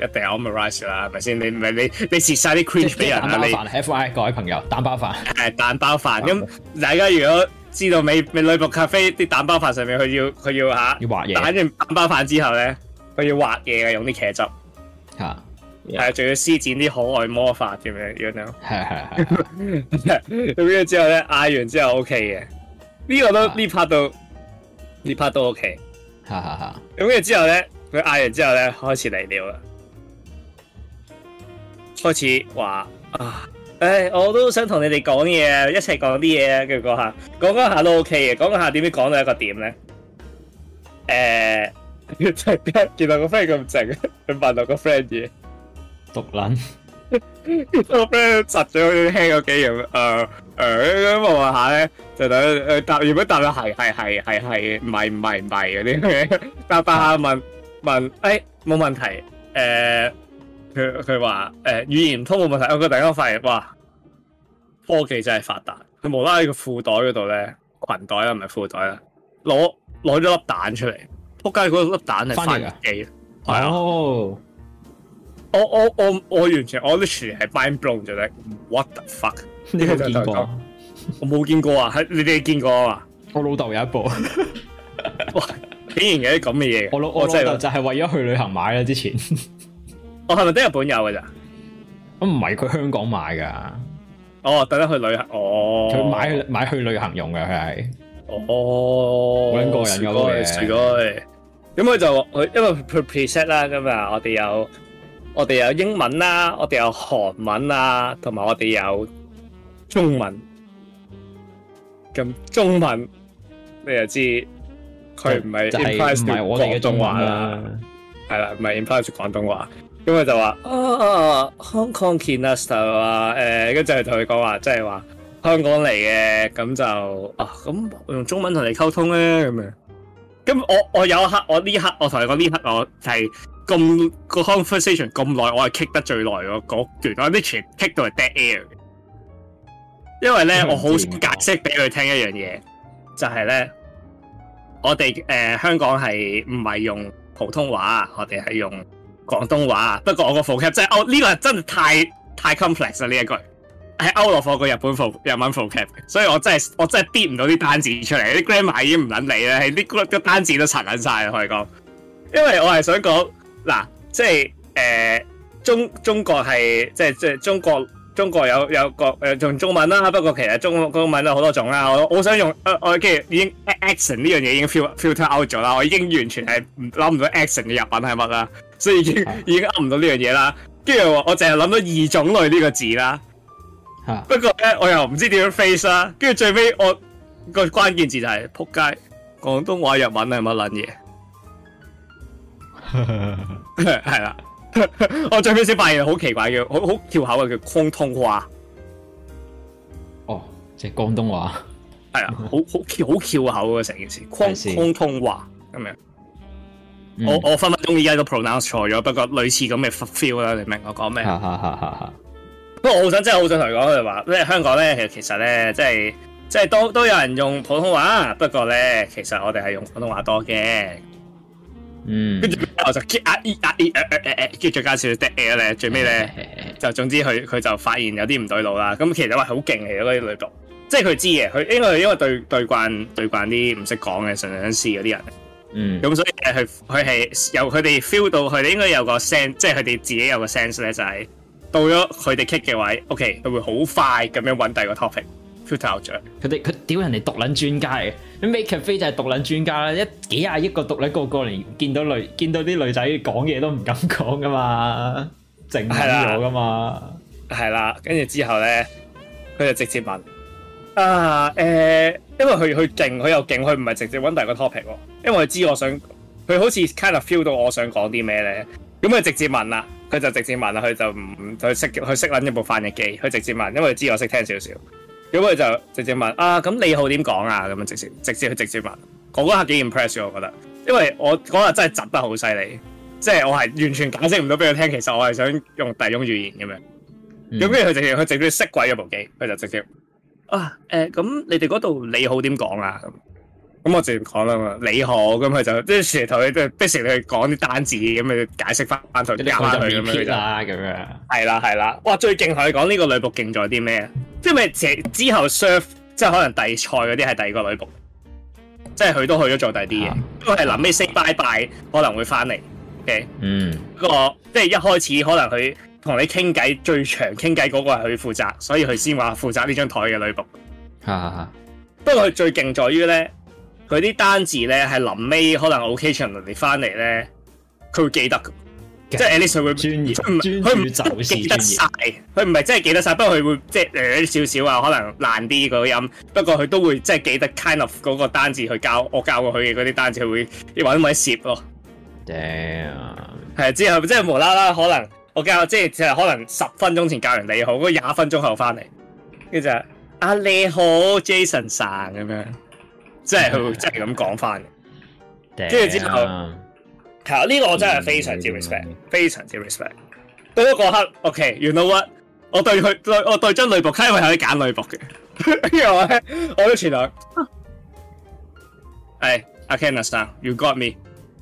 [SPEAKER 2] 一定 amourise 啦，係咪先？你唔係你你蝕晒啲 cream 俾人啊！你
[SPEAKER 1] FYI 各位朋友蛋包飯，係蛋包飯。咁
[SPEAKER 2] 大家如果知道美美女僕咖啡啲蛋包飯上面，佢要佢要吓，要畫嘢，打完蛋包飯之後咧，佢要畫嘢嘅，用啲茄汁。吓，係仲要施展啲可愛魔法咁樣樣樣。係係係。咁跟住之後咧，嗌完之後 OK 嘅，呢個都呢 part 都呢 part 都 OK。哈哈哈。咁跟住之後咧，佢嗌完之後咧，開始嚟料啦。開始話啊，誒，我都想同你哋講嘢，一齊講啲嘢啊，跟住講下，講講下都 OK 嘅，講講下點知講到一個點咧？誒，真係邊見到個 friend 咁靜，佢問到個 friend 嘢，獨撚，個 friend 窒咗好似輕咗機咁，誒誒，咁問下咧，就等誒答，原本答嘅係係係係係，唔係唔係唔係嗰啲，但下問問誒冇問題，誒。佢佢話誒語言唔通冇問題，佢突然間發現，哇，科技真係發達。佢無啦啦喺個褲袋嗰度咧，裙袋啊唔係褲袋啊，攞攞咗粒蛋出嚟，仆街嗰粒蛋係翻嚟嘅，係啊，對 oh。我我我我，我完全我啲樹係 mind blown 就得，what the fuck 呢個見過？我冇見過啊， 你哋見過啊嘛， 我老豆有一部，哇，竟然有啲咁嘅嘢，我老我老豆就係為咗去旅行買啦之前。 我係咪得日本有嘅咋？
[SPEAKER 1] 咁唔係佢香港買噶。
[SPEAKER 2] 哦，特登去旅行。哦，佢買去買去旅行用嘅佢係。哦，好撚、oh, 個人嘅。咁佢開就佢因為佢 preset 啦，咁啊，我哋有我哋有英文啦，我哋有韓文啊，同埋我哋有中文。咁中文，你又知佢唔係唔係我哋嘅中文啦？係啦，唔係 implies 廣咁咪就話啊，Hong Kong Kina 就話誒，跟住就同佢講話，即係話香港嚟嘅，咁就啊，咁、啊就是啊、我用中文同你溝通咧，咁咁我我有一刻，我呢刻我同你講呢刻，我係咁個 conversation 咁耐，我係、就、keep、是那個、得最耐、那個段，我完全 keep 到係 dead air。因為咧、就是，我好想解釋俾佢聽一樣嘢，就係咧，我哋誒香港係唔係用普通話？我哋係用。廣東話不過我個、即係哦呢個副 cap 即係呢個係真係太太 complex 啊！呢一句喺歐落貨過日本副日文副 cap 所以我真係我真係跌唔到啲單字出嚟，啲 grandma 已經唔撚理啦，係啲個單字都殘撚晒啦，可以講。因為我係想講嗱，即係、呃、中中國係即係即係中國。中國有有個誒用中文啦，不過其實中中文都好多種啦。我我想用誒、呃，我既然已經 accent 呢樣嘢已經 filter out 咗啦。我已經完全係諗唔到 accent 嘅日文係乜啦，所以已經、啊、已經噏唔到呢樣嘢啦。跟住我我淨係諗到二種類呢個字啦。啊、不過咧我又唔知點樣 face 啦。跟住最尾我個關鍵字就係、是、撲街廣東話日文係乜撚嘢？係啦。 我最尾先發現好奇怪嘅，好好翹口嘅叫框通話。哦，即係廣東話。係 啊，好好好翹口嘅成件事。框通話咁樣。是是嗯、我我分分鐘而家都 pronounce 錯咗，不過類似咁嘅 feel 啦，你明我講咩？不過 我好想真係好想同你講，佢哋話咧香港咧，其實呢其實咧，即係即係都都有人用普通話，不過咧，其實我哋係用普通話多嘅。嗯，跟住我就 keep 壓壓壓壓壓，跟住再加少少 dead air 咧，最尾咧就總之佢佢就發現有啲唔對路啦。咁其實話好勁嚟嗰啲女僕，即係佢知嘅，佢因為因為對對，對慣對慣啲唔識講嘅純想試嗰啲人，咁、嗯、所以佢佢係由佢哋 feel 到佢哋應該有個 sense，即係佢哋自己有個 sense 咧，就係、是、到咗佢哋 kick 嘅位，OK 佢會好快咁樣揾第二個 topic。佢哋佢屌人哋獨撚專家嘅，Maid Cafe 就係獨撚專家啦。一幾廿億個獨撚，個個
[SPEAKER 1] 連見到女見到啲女仔講嘢都唔敢講噶嘛，淨係我噶
[SPEAKER 2] 嘛係啦。跟住之後咧，佢就直接問啊，誒、欸，因為佢佢勁，佢又勁，佢唔係直接揾第二個 topic。因為佢知我想佢好似 kind of feel 到我想講啲咩咧，咁佢直接問啦。佢就直接問啦，佢就唔唔佢識佢識捻一部翻譯機，佢直接問，因為佢知我識聽少少。咁佢就直接問啊，咁你好點講啊？咁直接直接去直接問，嗰嗰下幾 impressed 我覺得，因為我嗰日真係窒得好犀利，即係我係完全解釋唔到俾佢聽，其實我係想用第二種語言咁樣。咁跟住佢直接佢直接熄鬼咗部機，佢就直接啊誒，咁、呃、你哋嗰度你好點講啊？咁我直接講啦嘛，你好，咁佢就即係成日同你即係，成你去講啲單字，咁咪解釋翻同啲就去咁、啊、樣。係啦，係啦，哇，最勁佢講呢個女僕勁在啲咩啊？即係咪成之後 serve，即係可能第賽嗰啲係第二個女僕，即係佢都去咗做第二啲嘢。不過係臨尾 say bye bye 可能會翻嚟嘅。啊、OK? 嗯，不過即係一開始可能佢同你傾偈最長傾偈嗰個係佢負責，所以佢先話負責呢張台嘅女僕。吓、啊，不過佢最勁在於咧。佢啲單字咧，係臨尾可能 occasionally 嚟翻嚟咧，佢記得，然即係 at least 佢會專業，佢唔記得晒。佢唔係真係記得晒，不過佢會即係略少少啊，可能難啲嗰音，不過佢都會即係記得 kind of 嗰個單字去教我教過佢嘅嗰啲單字，佢會揾揾攝咯。找找找找 Damn，係之後即係無啦啦，可能我教即係可能十分鐘前教完你好，嗰廿分鐘後翻嚟，跟住就啊你好，Jason さん咁即係佢會即係咁講翻嘅，跟住之後係啊呢個我真係非常之 respect，非常之 respect。到咗嗰刻，OK，you know what？我對佢對，我對真女僕，因為可以揀女僕嘅。跟住我咧，我都前兩。誒，I can understand. You got me.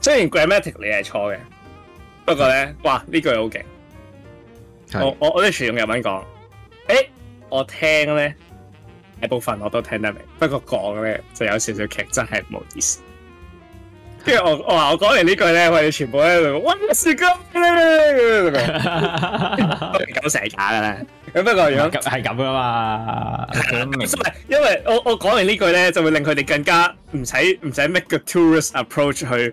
[SPEAKER 2] 雖然 grammatic 你係錯嘅，不過咧，哇呢句好勁是！我我我哋全用日文講，誒、欸、我聽咧大部分我都聽得明，不過講咧就有少少劇，真係唔好意思。跟住是我我話我講完呢句咧，我哋全部喺度 what is going 咧，咁成假嘅咧，咁不過 如果係咁噶嘛，唔係 因為我我講完呢句呢句咧，就會令佢哋更加唔使唔使 make a tourist approach 去。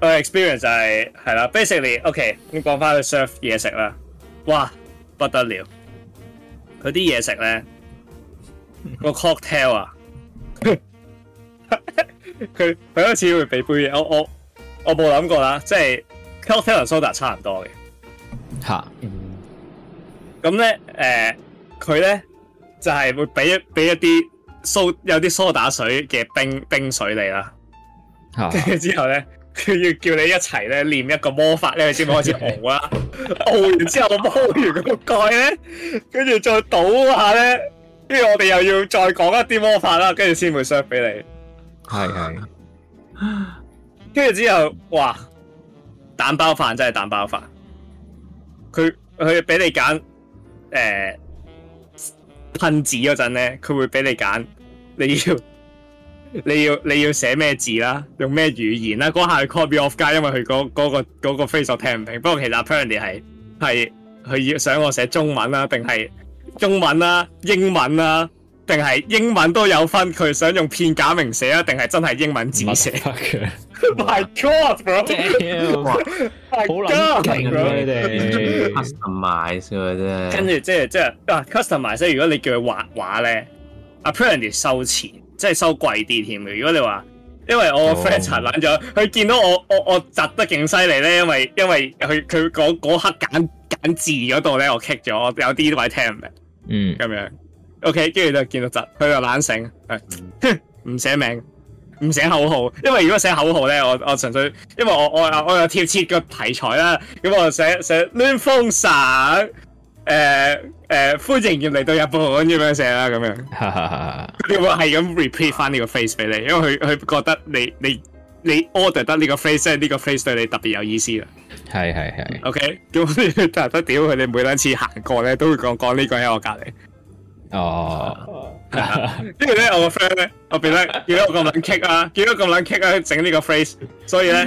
[SPEAKER 2] 個 experience 就係、是、係啦，basically，OK，、okay，咁講翻去 serve 嘢食啦，哇，不得了！佢啲嘢食咧， 個 cocktail 啊，佢佢一次會俾杯嘢，我我我冇諗過啦，即係 cocktail 同 soda 差唔多嘅，
[SPEAKER 1] 嚇 ，
[SPEAKER 2] 咁咧誒，佢咧就係、是、會俾俾一啲蘇有啲蘇打水嘅冰冰水嚟啦，跟住 之後咧。佢要叫你一齊咧練一個魔法咧，先開始熬啦。熬 完之後，煲完嗰蓋咧，跟住再倒下咧，跟住我哋又要再講一啲魔法啦，跟住先會 share 俾你。係係。跟住之後，哇！蛋包飯真係蛋包飯。佢佢俾你揀，誒、呃、噴紙嗰陣咧，佢會俾你揀，你要。你要你要寫咩字啦、啊，用咩語言啦、啊？嗰下 copy off 加，因為佢嗰嗰個、那個 face 聽唔明。不過其實 apparently 係係佢要想我寫中文啦、啊，定係中文啦、啊，英文啦、啊，定係英文都有分。佢想用片假名寫、啊，定係真係英文字寫
[SPEAKER 3] the？My God，bro！哇，好難
[SPEAKER 2] customize 真跟住即係即係啊 customize。如果你叫佢畫畫咧，apparently 收錢。即係收貴啲添嘅，如果你話，因為我個 friend 殘攬咗，佢、oh. 見到我我我窒得勁犀利咧，因為因為佢佢嗰刻揀揀字嗰度咧，我 k 咗，有啲都位聽唔明，嗯，咁樣，OK，跟住就見到窒，佢又懶醒，唔、mm. 寫名，唔寫口號，因為如果寫口號咧，我我純粹因為我我我又貼切個題材啦，咁我就寫寫亂風散。誒誒，歡迎你嚟到日本，咁樣寫啦，咁樣，你會係咁 repeat 翻呢個 phrase 俾你，因為佢佢覺得你你你 order 得呢個 phrase，即係呢個 phrase 對你特別有意思啦。係係係。OK，咁但係得屌佢哋每兩次行過咧，都會講講呢個喺我隔籬。哦。跟住咧，我個 friend 咧，我變咗見到我咁撚 kick 啊，見到咁撚 kick 啊，整呢個 phrase，所以咧，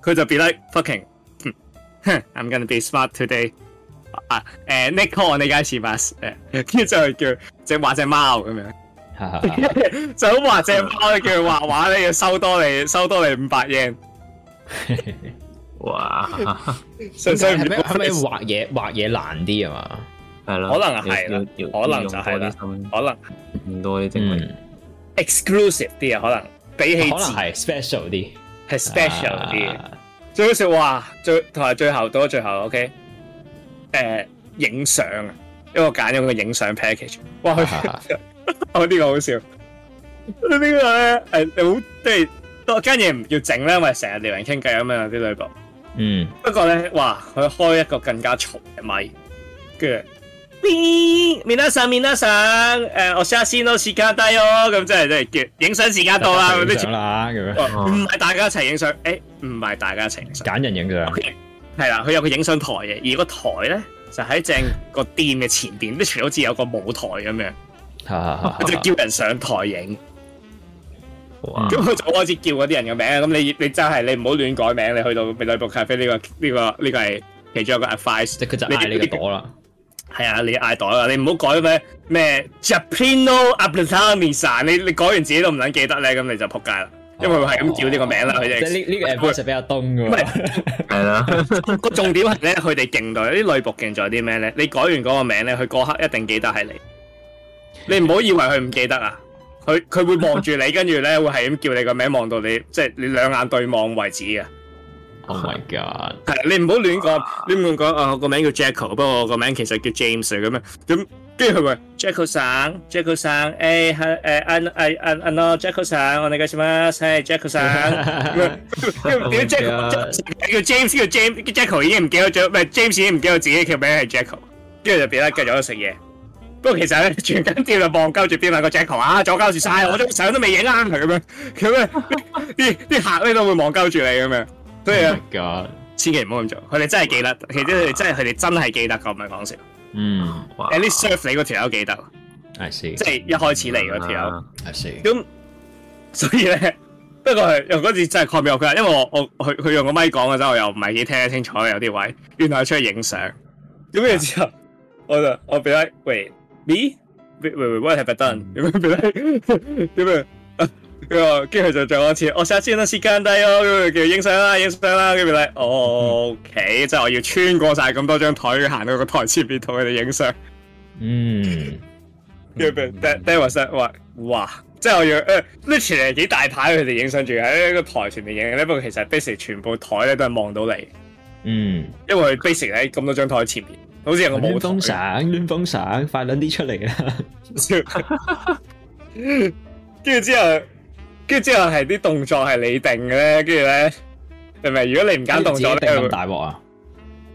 [SPEAKER 2] 佢就變咗 fucking，I'm gonna be smart today。啊！誒 Nikon 呢間事辦誒，跟住就叫即係畫隻貓咁樣，就畫隻貓咧叫佢畫畫咧，要收多你收多你五百 yen。
[SPEAKER 1] 哇！
[SPEAKER 2] 所以係咩？係咪畫
[SPEAKER 1] 嘢畫嘢難啲啊？嘛係咯，可能係啦，可能就係，可能唔多啲珍貴
[SPEAKER 2] ，exclusive 啲啊，可能比起可
[SPEAKER 1] 能係 special 啲，係 special 啲。
[SPEAKER 2] 最好笑哇！最同埋最後到咗最後，OK。誒，影相啊，一個揀咁嘅影相 package，哇佢，哦呢個好笑，呢個咧係你好即係，嗰間嘢唔要整咧，因為成日撩人傾偈咁樣啲女僕，嗯，不過咧哇，佢開一個更加嘈嘅咪，跟住，邊，面得上，面得上，誒我先啦，時間低哦，咁即係即係叫影相時間到啦，啦，咁樣，唔係大家一齊影相，誒唔係大家一齊揀人影相。係啦，佢有個影相台嘅，而個台咧就喺正個店嘅前邊，都好似有個舞台咁樣，
[SPEAKER 1] 即 就叫
[SPEAKER 2] 人上台影。
[SPEAKER 3] 咁
[SPEAKER 2] 佢 就開始叫嗰啲人嘅名字，咁你你真係你唔好亂改名字，你去到美秘魯咖啡呢、呢個呢、呢個呢、呢個係其中一個 advice，即係佢就嗌呢個袋啦。係啊，你嗌袋啦，你唔好改咩咩 Japano Ablesa Mission 你你改完自己都唔撚記得咧，咁你就仆街啦。因為係咁叫呢個名啦，佢哋即係呢，呢個 app 其實比較凍嘅，係啦。個重點係咧，佢哋勁在啲內仆勁在啲咩咧？你改完嗰個名咧，佢嗰刻一定記得係你。你唔好以為佢唔記得啊！佢佢會望住你，跟住咧會係咁叫你個名，望到你即係你兩眼對望為止啊！Oh my god！係你唔好亂講，你唔好講啊！我個名叫 Jackal，不過我個名其實叫 James 咁樣咁。叫佢跟住佢話傑克桑、傑克桑，誒，係誒，阿阿阿阿諾傑克桑，我哋叫什麼？係傑克桑。點傑？叫 James 叫 James 叫 Jacko，已經唔記得咗，唔係 James，已經唔記得自己嘅名係 Jacko。跟住就變啦，繼續喺度食嘢。不過其實咧，全緊貼就望鳩住邊啦，個 Jacko 啊，阻鳩住晒，我張相都未影啦，係咁樣。咁咧，啲啲客咧都會望鳩住你咁樣。所以啊，千祈唔好咁做，佢哋真係記得，其實佢哋真係佢哋真係記得噶，唔係講笑。嗯，Alice surf 你嗰條友記得，係 I see. 即係一開始嚟嗰條友，係咁，所以咧，不過又嗰次真係改變我佢，因為我我佢佢用個麥講嘅時候，我又唔係幾聽得清楚，有啲位，原來 Yeah. 然後出去影相，咁嘅之後，我就我俾咧 wait 喂喂喂，what happen 點解俾點解？Mm hmm. 跟住佢就再講一次，我試下先啦，時間低咯，咁就叫影相啦，影相啦，跟住咧，OK，即係我要穿過晒咁多張台，行到個台前邊同佢哋影相。嗯，跟住俾俾話聲話，哇！即係我要誒，呢條嚟幾大牌，佢哋影相住喺個台前面影咧。不過、呃、其實 basic 全部台咧都係望到你。嗯，因為佢 basic 喺咁多張台前面。好似有個舞。亂
[SPEAKER 1] 亂風扇，快撚啲出嚟啦！跟
[SPEAKER 2] 住之後。跟住之後係啲動作係你定嘅咧，跟住咧，明唔明？如果你唔揀動作，你大鑊啊！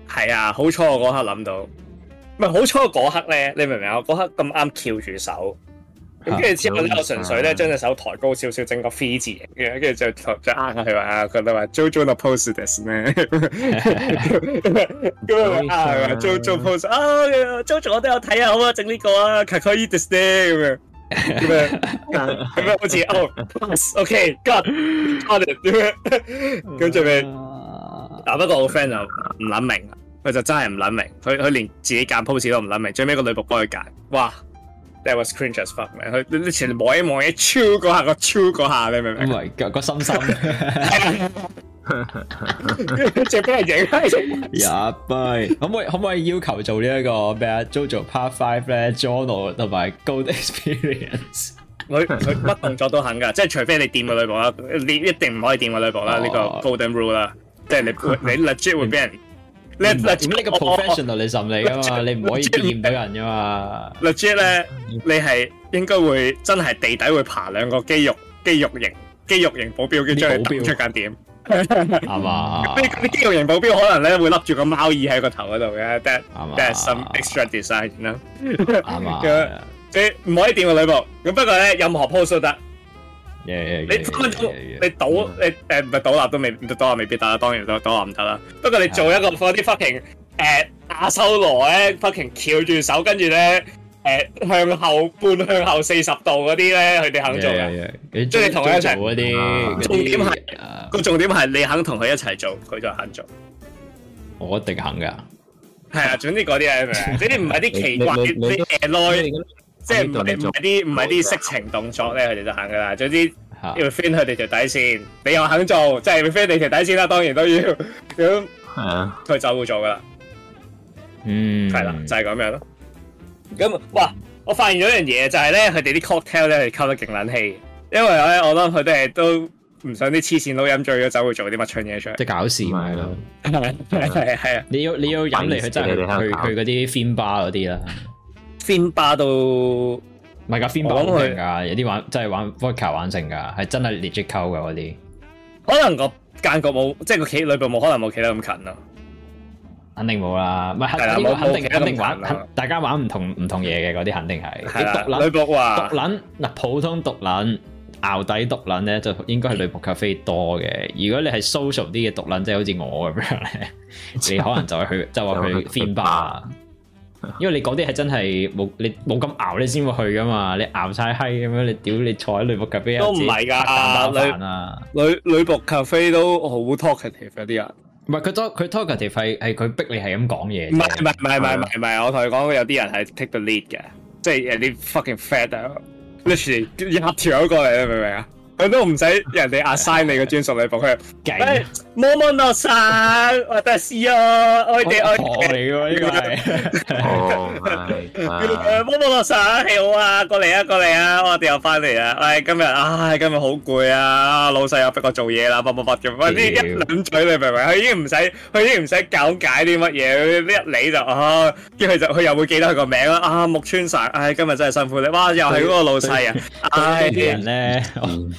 [SPEAKER 2] 係啊，好彩我嗰刻諗到，唔係好彩嗰刻咧，你明唔明啊？嗰刻咁啱翹住手，咁跟住之後， 後我純粹咧將隻手抬高少少，整個飛字形嘅，跟住就就呃啱佢係嘛，啊 啊、覺得話 o 做個 pose 呢，咁 JoJo 啊 jo,，JoJo pose， 啊，啊，JoJo 我都有睇啊，好啊，整呢個啊，かっこいいですね咁樣。 點樣？點樣好似？哦，pose，OK，God，on it，點樣？跟住咪，但不過我 friend 就唔諗明，佢就真係唔諗明，佢佢連自己揀 pose 都唔諗明，最尾個女僕幫佢揀，哇！That was cringe as fuck，明唔明？佢你你全部一望一超嗰下，個超嗰下，你明唔明？唔係個個心心，即係俾人影係。
[SPEAKER 1] 入杯，可唔可可唔可以要求做呢一個咩啊？JoJo part five 咧
[SPEAKER 2] ，Giorno 同埋 golden experience。佢佢乜動作都肯㗎，即係除非你掂個女僕啦，你一定唔可以掂個女僕啦。呢個 golden rule 啦，即係你你 lead 會俾。你你點呢個 professional 你
[SPEAKER 1] 審你噶嘛？你唔可以經驗
[SPEAKER 2] 俾人噶嘛？律姐咧，你係應該會真係地底會爬兩個肌肉肌肉型肌肉型保鏢，跟住出出間店，係嘛？咁啲肌肉型保鏢可能咧會笠住個貓耳喺個頭嗰度嘅，that that some extra design 啦，
[SPEAKER 3] 咁
[SPEAKER 2] 你唔可以點啊，女僕。咁不過咧，任何 pose 都得。Yeah, 你你倒你誒唔係倒立都未，倒立未必得啦，當然倒倒立唔得啦。不過你做一個放啲 fucking 誒阿修羅咧，fucking 翹住手跟住咧誒向後半向後四十度嗰啲咧，佢哋肯做
[SPEAKER 1] 嘅。即係同佢一齊嗰啲重點係
[SPEAKER 2] 個些、啊、重點係你肯同佢一齊做，佢就肯做。我一定
[SPEAKER 1] 肯
[SPEAKER 2] 㗎。係啊，總之嗰啲係咪？嗰啲唔係啲奇怪啲誒內。即係唔係啲唔係啲色情動作咧，佢哋就肯噶啦。總之要 fin 佢哋條底線，你又肯做，即係 fin 你條底線啦。當然都要咁。係啊，佢就會做噶啦。嗯，係啦，就係咁樣咯。咁哇，我發現咗一樣嘢就係咧，佢哋啲 cocktail 咧係溝得勁冷氣，因為咧我諗佢哋都唔想啲黐線佬飲醉咗就會做啲乜蠢嘢出嚟。即
[SPEAKER 1] 係搞事咪咯？係
[SPEAKER 2] 係係啊！你要你要
[SPEAKER 1] 飲嚟，去真係去去嗰啲 fin bar 嗰啲啦。邊霸到，唔係噶，邊霸好聽噶，有啲玩、就是、玩、玩真係玩 vocal 玩成噶，係真係直接溝噶嗰啲。可能個間隔冇，即、就、係、是、個企女邊冇可能冇企得咁近咯，啊。肯定冇啦，唔係的肯定肯定玩，大家玩唔同唔同嘢嘅嗰啲肯定係。獨的冷，裏邊獨撚嗱，普通獨撚，熬底獨撚咧，就應該係女僕咖啡多嘅。如果你係 social 啲嘅獨撚，即、就、係、是、好似我咁樣咧， 你可能就去，即就話去邊霸。 因為你嗰啲係真係冇，你冇咁熬，你先會去噶嘛。你熬晒閪咁樣，你屌你坐喺女僕咖啡都唔係噶，女女
[SPEAKER 2] 女僕咖啡都好 talkative 嗰啲人，
[SPEAKER 1] 唔係佢多佢 talkative 係佢逼你係咁講嘢。唔係唔係唔係唔係
[SPEAKER 2] 唔係， 我同你講，有啲人係 take the lead 嘅，即係有啲 fucking fat literally 一條過嚟，你明唔明啊？佢都唔使人哋 assign 你嘅專屬禮服，佢係魔魔諾神，我哋係 C.O. 我哋我我嚟嘅喎，呢個係哦誒，魔魔諾神你好啊，過嚟啊，過嚟啊，我哋又翻嚟啦。喂，今日唉，今日好攰啊，老細又逼我做嘢啦，乜乜乜咁。反正一兩嘴你明唔明？佢已經唔使，佢已經唔使講解啲乜嘢，一嚟就啊，跟住就佢又會記得佢個名啦。啊，木村神，唉，今日真係辛苦你。哇，又係嗰個老細啊，係啲人
[SPEAKER 1] 咧。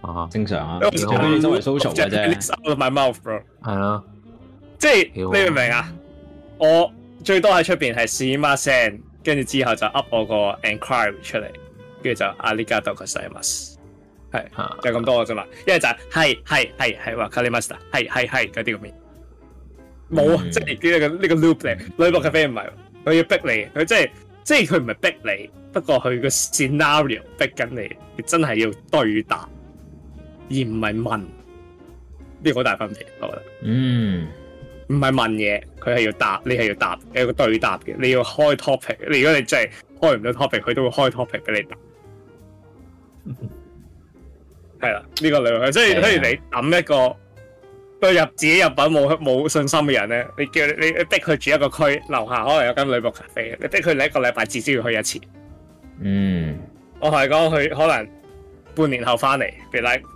[SPEAKER 1] 啊，正常啊，因為佢係作
[SPEAKER 2] 為 o 藏嘅啫。係咯，的即係好你明唔明啊？我最多喺出邊係試下聲，跟住之後就 up 我個 enquiry 出嚟，跟住就阿利亞多格西莫斯，係、啊、有咁多個啫嘛，一係就係係係係話卡里馬斯特係係係嗰啲咁嘅，冇啊，即係呢個 loop 咧，loop 嘅 friend 唔係，佢、嗯、要逼你，佢即係即係佢唔係逼你，不過佢個 scenario 逼緊你，你真係要對答。而唔係問，呢個好大分別，我覺得。嗯，唔係問嘢，佢係要答，你係要答，有個對答嘅。你要開 topic，你如果你真係開唔到 topic，佢都會開 topic 俾你答。嗯，係啦，呢個嚟，所以所以你諗一個對入自己入品冇冇信心嘅人咧，你叫你你逼佢住一個區，樓下可能有間女僕咖啡，你逼佢你一個禮拜至少要去一次。嗯，我同你講佢可能半年後翻嚟，be like。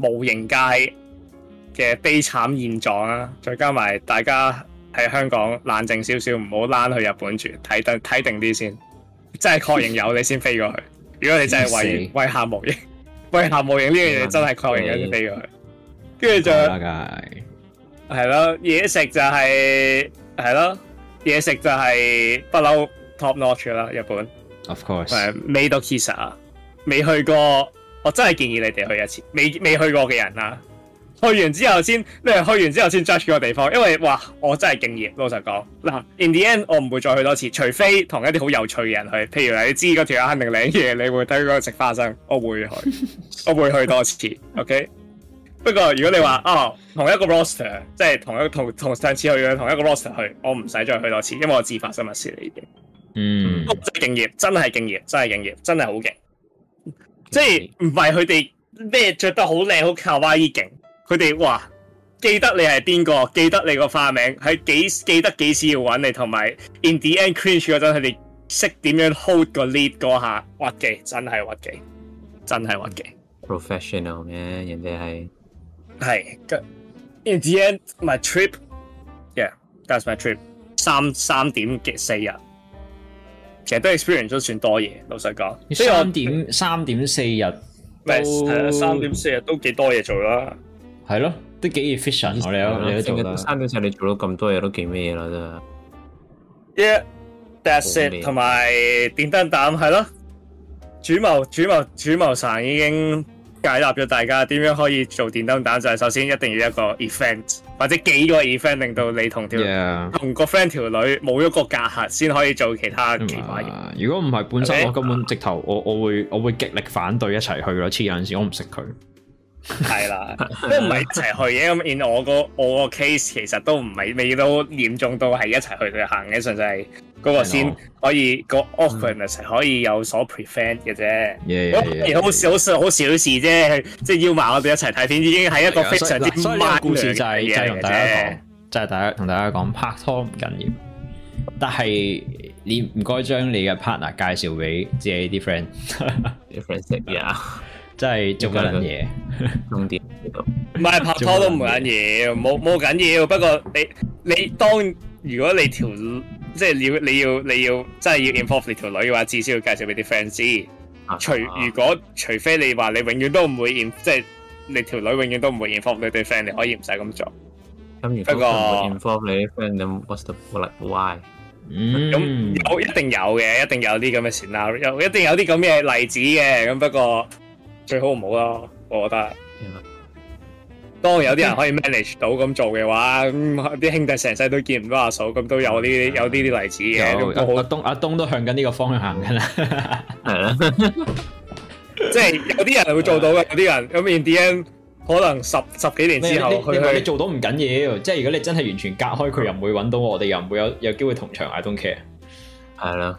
[SPEAKER 2] 模型界嘅悲慘現狀啊！再加埋大家喺香港冷靜少少，唔好躝去日本住，睇定睇定啲先。真係確認有 你先飛過去。如果你真係為為下模型，為下模型呢樣嘢真係確認有先怪飛過去。跟住就係咯，嘢食就係係咯，嘢食就係不嬲 top notch 啦，日本。Of course，誒未到 Kisa，未去過。我真係建議你哋去一次，未未去過嘅人啦、啊，去完之後先，你們去完之後先 judge 個地方，因為哇，我真係敬業，老實講。嗱，in the end 我唔會再去多次，除非同一啲好有趣嘅人去，譬如你知嗰條友肯定靚嘢，你會睇嗰個食花生，我會去， 我會去多次。OK，不過如果你話哦，同一個 roster，即係同一個同同上次去嘅同一個 roster 去，我唔使再去多次，因為我知發生乜事已嘅。嗯。真係敬業，真係敬業，真係敬業，真係好勁。 即係唔係佢哋咩着得好靚好卡哇伊勁，佢哋哇記得你係邊個，記得你個花名係幾記得幾時要揾你，同埋 in the end cringe 嗰陣佢哋識點樣 hold 個 lead 嗰下滑嘅，真係滑嘅，真係滑嘅。嗯、
[SPEAKER 1] professional 咩人哋係
[SPEAKER 2] 係 in the end my trip yeah that's my trip 三三點幾四日。其實都 experience 都算多嘢，老實講。點所以三點三點四日，咩？三點四日都幾多嘢做啦。
[SPEAKER 1] 係咯，都幾 efficient 了我哋啊。成日三點四，你做到咁多嘢都幾咩啦？真
[SPEAKER 2] 係。Yeah, that's it S。同埋電燈膽係咯，主謀主謀主謀神已經。解答咗大家點樣可以做電燈膽就係、是、首先一定要一個 event 或者幾個 event 令到你同條同個 friend 條女冇一個隔閡先可以做其他
[SPEAKER 1] 嘅。如果唔係本身我根本直頭我我會我會極力反對一齊去咯。似有陣時我唔識佢，
[SPEAKER 2] 係 啦，都唔係一齊去嘅。咁 我個我個 case 其實都唔係你都嚴重到係一齊去行嘅，純粹係。嗰個先可以是的個 awkwardness 可以有所 prevent 嘅啫，好、yeah, yeah, yeah, yeah, yeah, 小好小好事啫。即係邀埋我哋一齊睇片，已經係一個非常之唔啱嘅故事、就是。就係就係同大家講，
[SPEAKER 1] 就係大家同大家講拍拖唔緊要，但係你唔該將你嘅 partner 介紹俾自己啲 friend 啲 friend 識嘅， 真係做緊嘢，做啲
[SPEAKER 2] 唔係拍拖都唔緊要，冇冇緊要。不過你你當如果你條。即係你要你要，你要真係要 inform 你條女嘅話，至少要介紹俾啲 friend 知。啊、除如果除非你話你永遠都唔會 in 即係你條女永遠都唔會 inform 你啲 friend，你可以唔使咁做。咁如果唔會 inform 你啲 friend，咁 what's the like why？咁、嗯嗯嗯、有一定有嘅，一定有啲咁嘅 scenario，一定有啲咁嘅例子嘅。咁不過最好唔好咯、啊，我覺得。當有啲人可以 manage 到咁做嘅話，咁啲兄弟成世都見唔到阿嫂，咁都有呢啲有呢啲例子嘅。有我阿東阿東都向緊呢個方向行嘅啦，係啦，即係有啲人會做到嘅，有啲人咁。 In the end, 可能十十幾年之後，如果你
[SPEAKER 1] 做到唔緊要，即係如果你真係完全隔開佢，又唔會揾到我哋，又唔會有有機會同場，I don't care，係啦。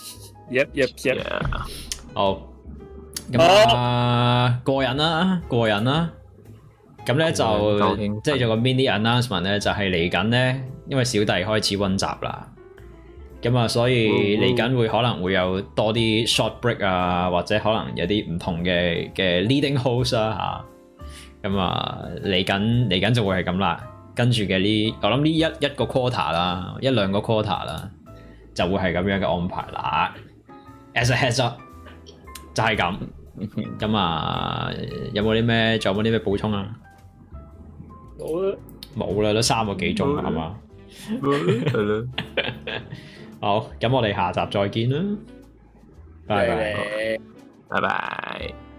[SPEAKER 1] Yep, yep, yep。哦，咁啊，過癮啦，過癮啦。咁咧就即係、oh. oh. oh. 做個 mini announcement 咧，就係嚟緊咧，因為小弟開始溫習啦。咁啊，所以嚟緊會可能會有多啲 short break 啊，或者可能有啲唔同嘅嘅 leading host 啊。吓、啊，咁啊嚟緊嚟緊就會係咁啦。跟住嘅呢，我諗呢一一個 quarter 啦，一兩個 quarter 啦，就會係咁樣嘅安排啦。As a heads up，就係咁。咁啊， 有冇啲咩？仲有冇啲咩補充啊？冇啦，冇啦，都三個幾鐘啦，係嘛？係啦吧。 好，咁我哋下集再見啦。
[SPEAKER 3] 拜拜，拜拜
[SPEAKER 1] 好。Bye bye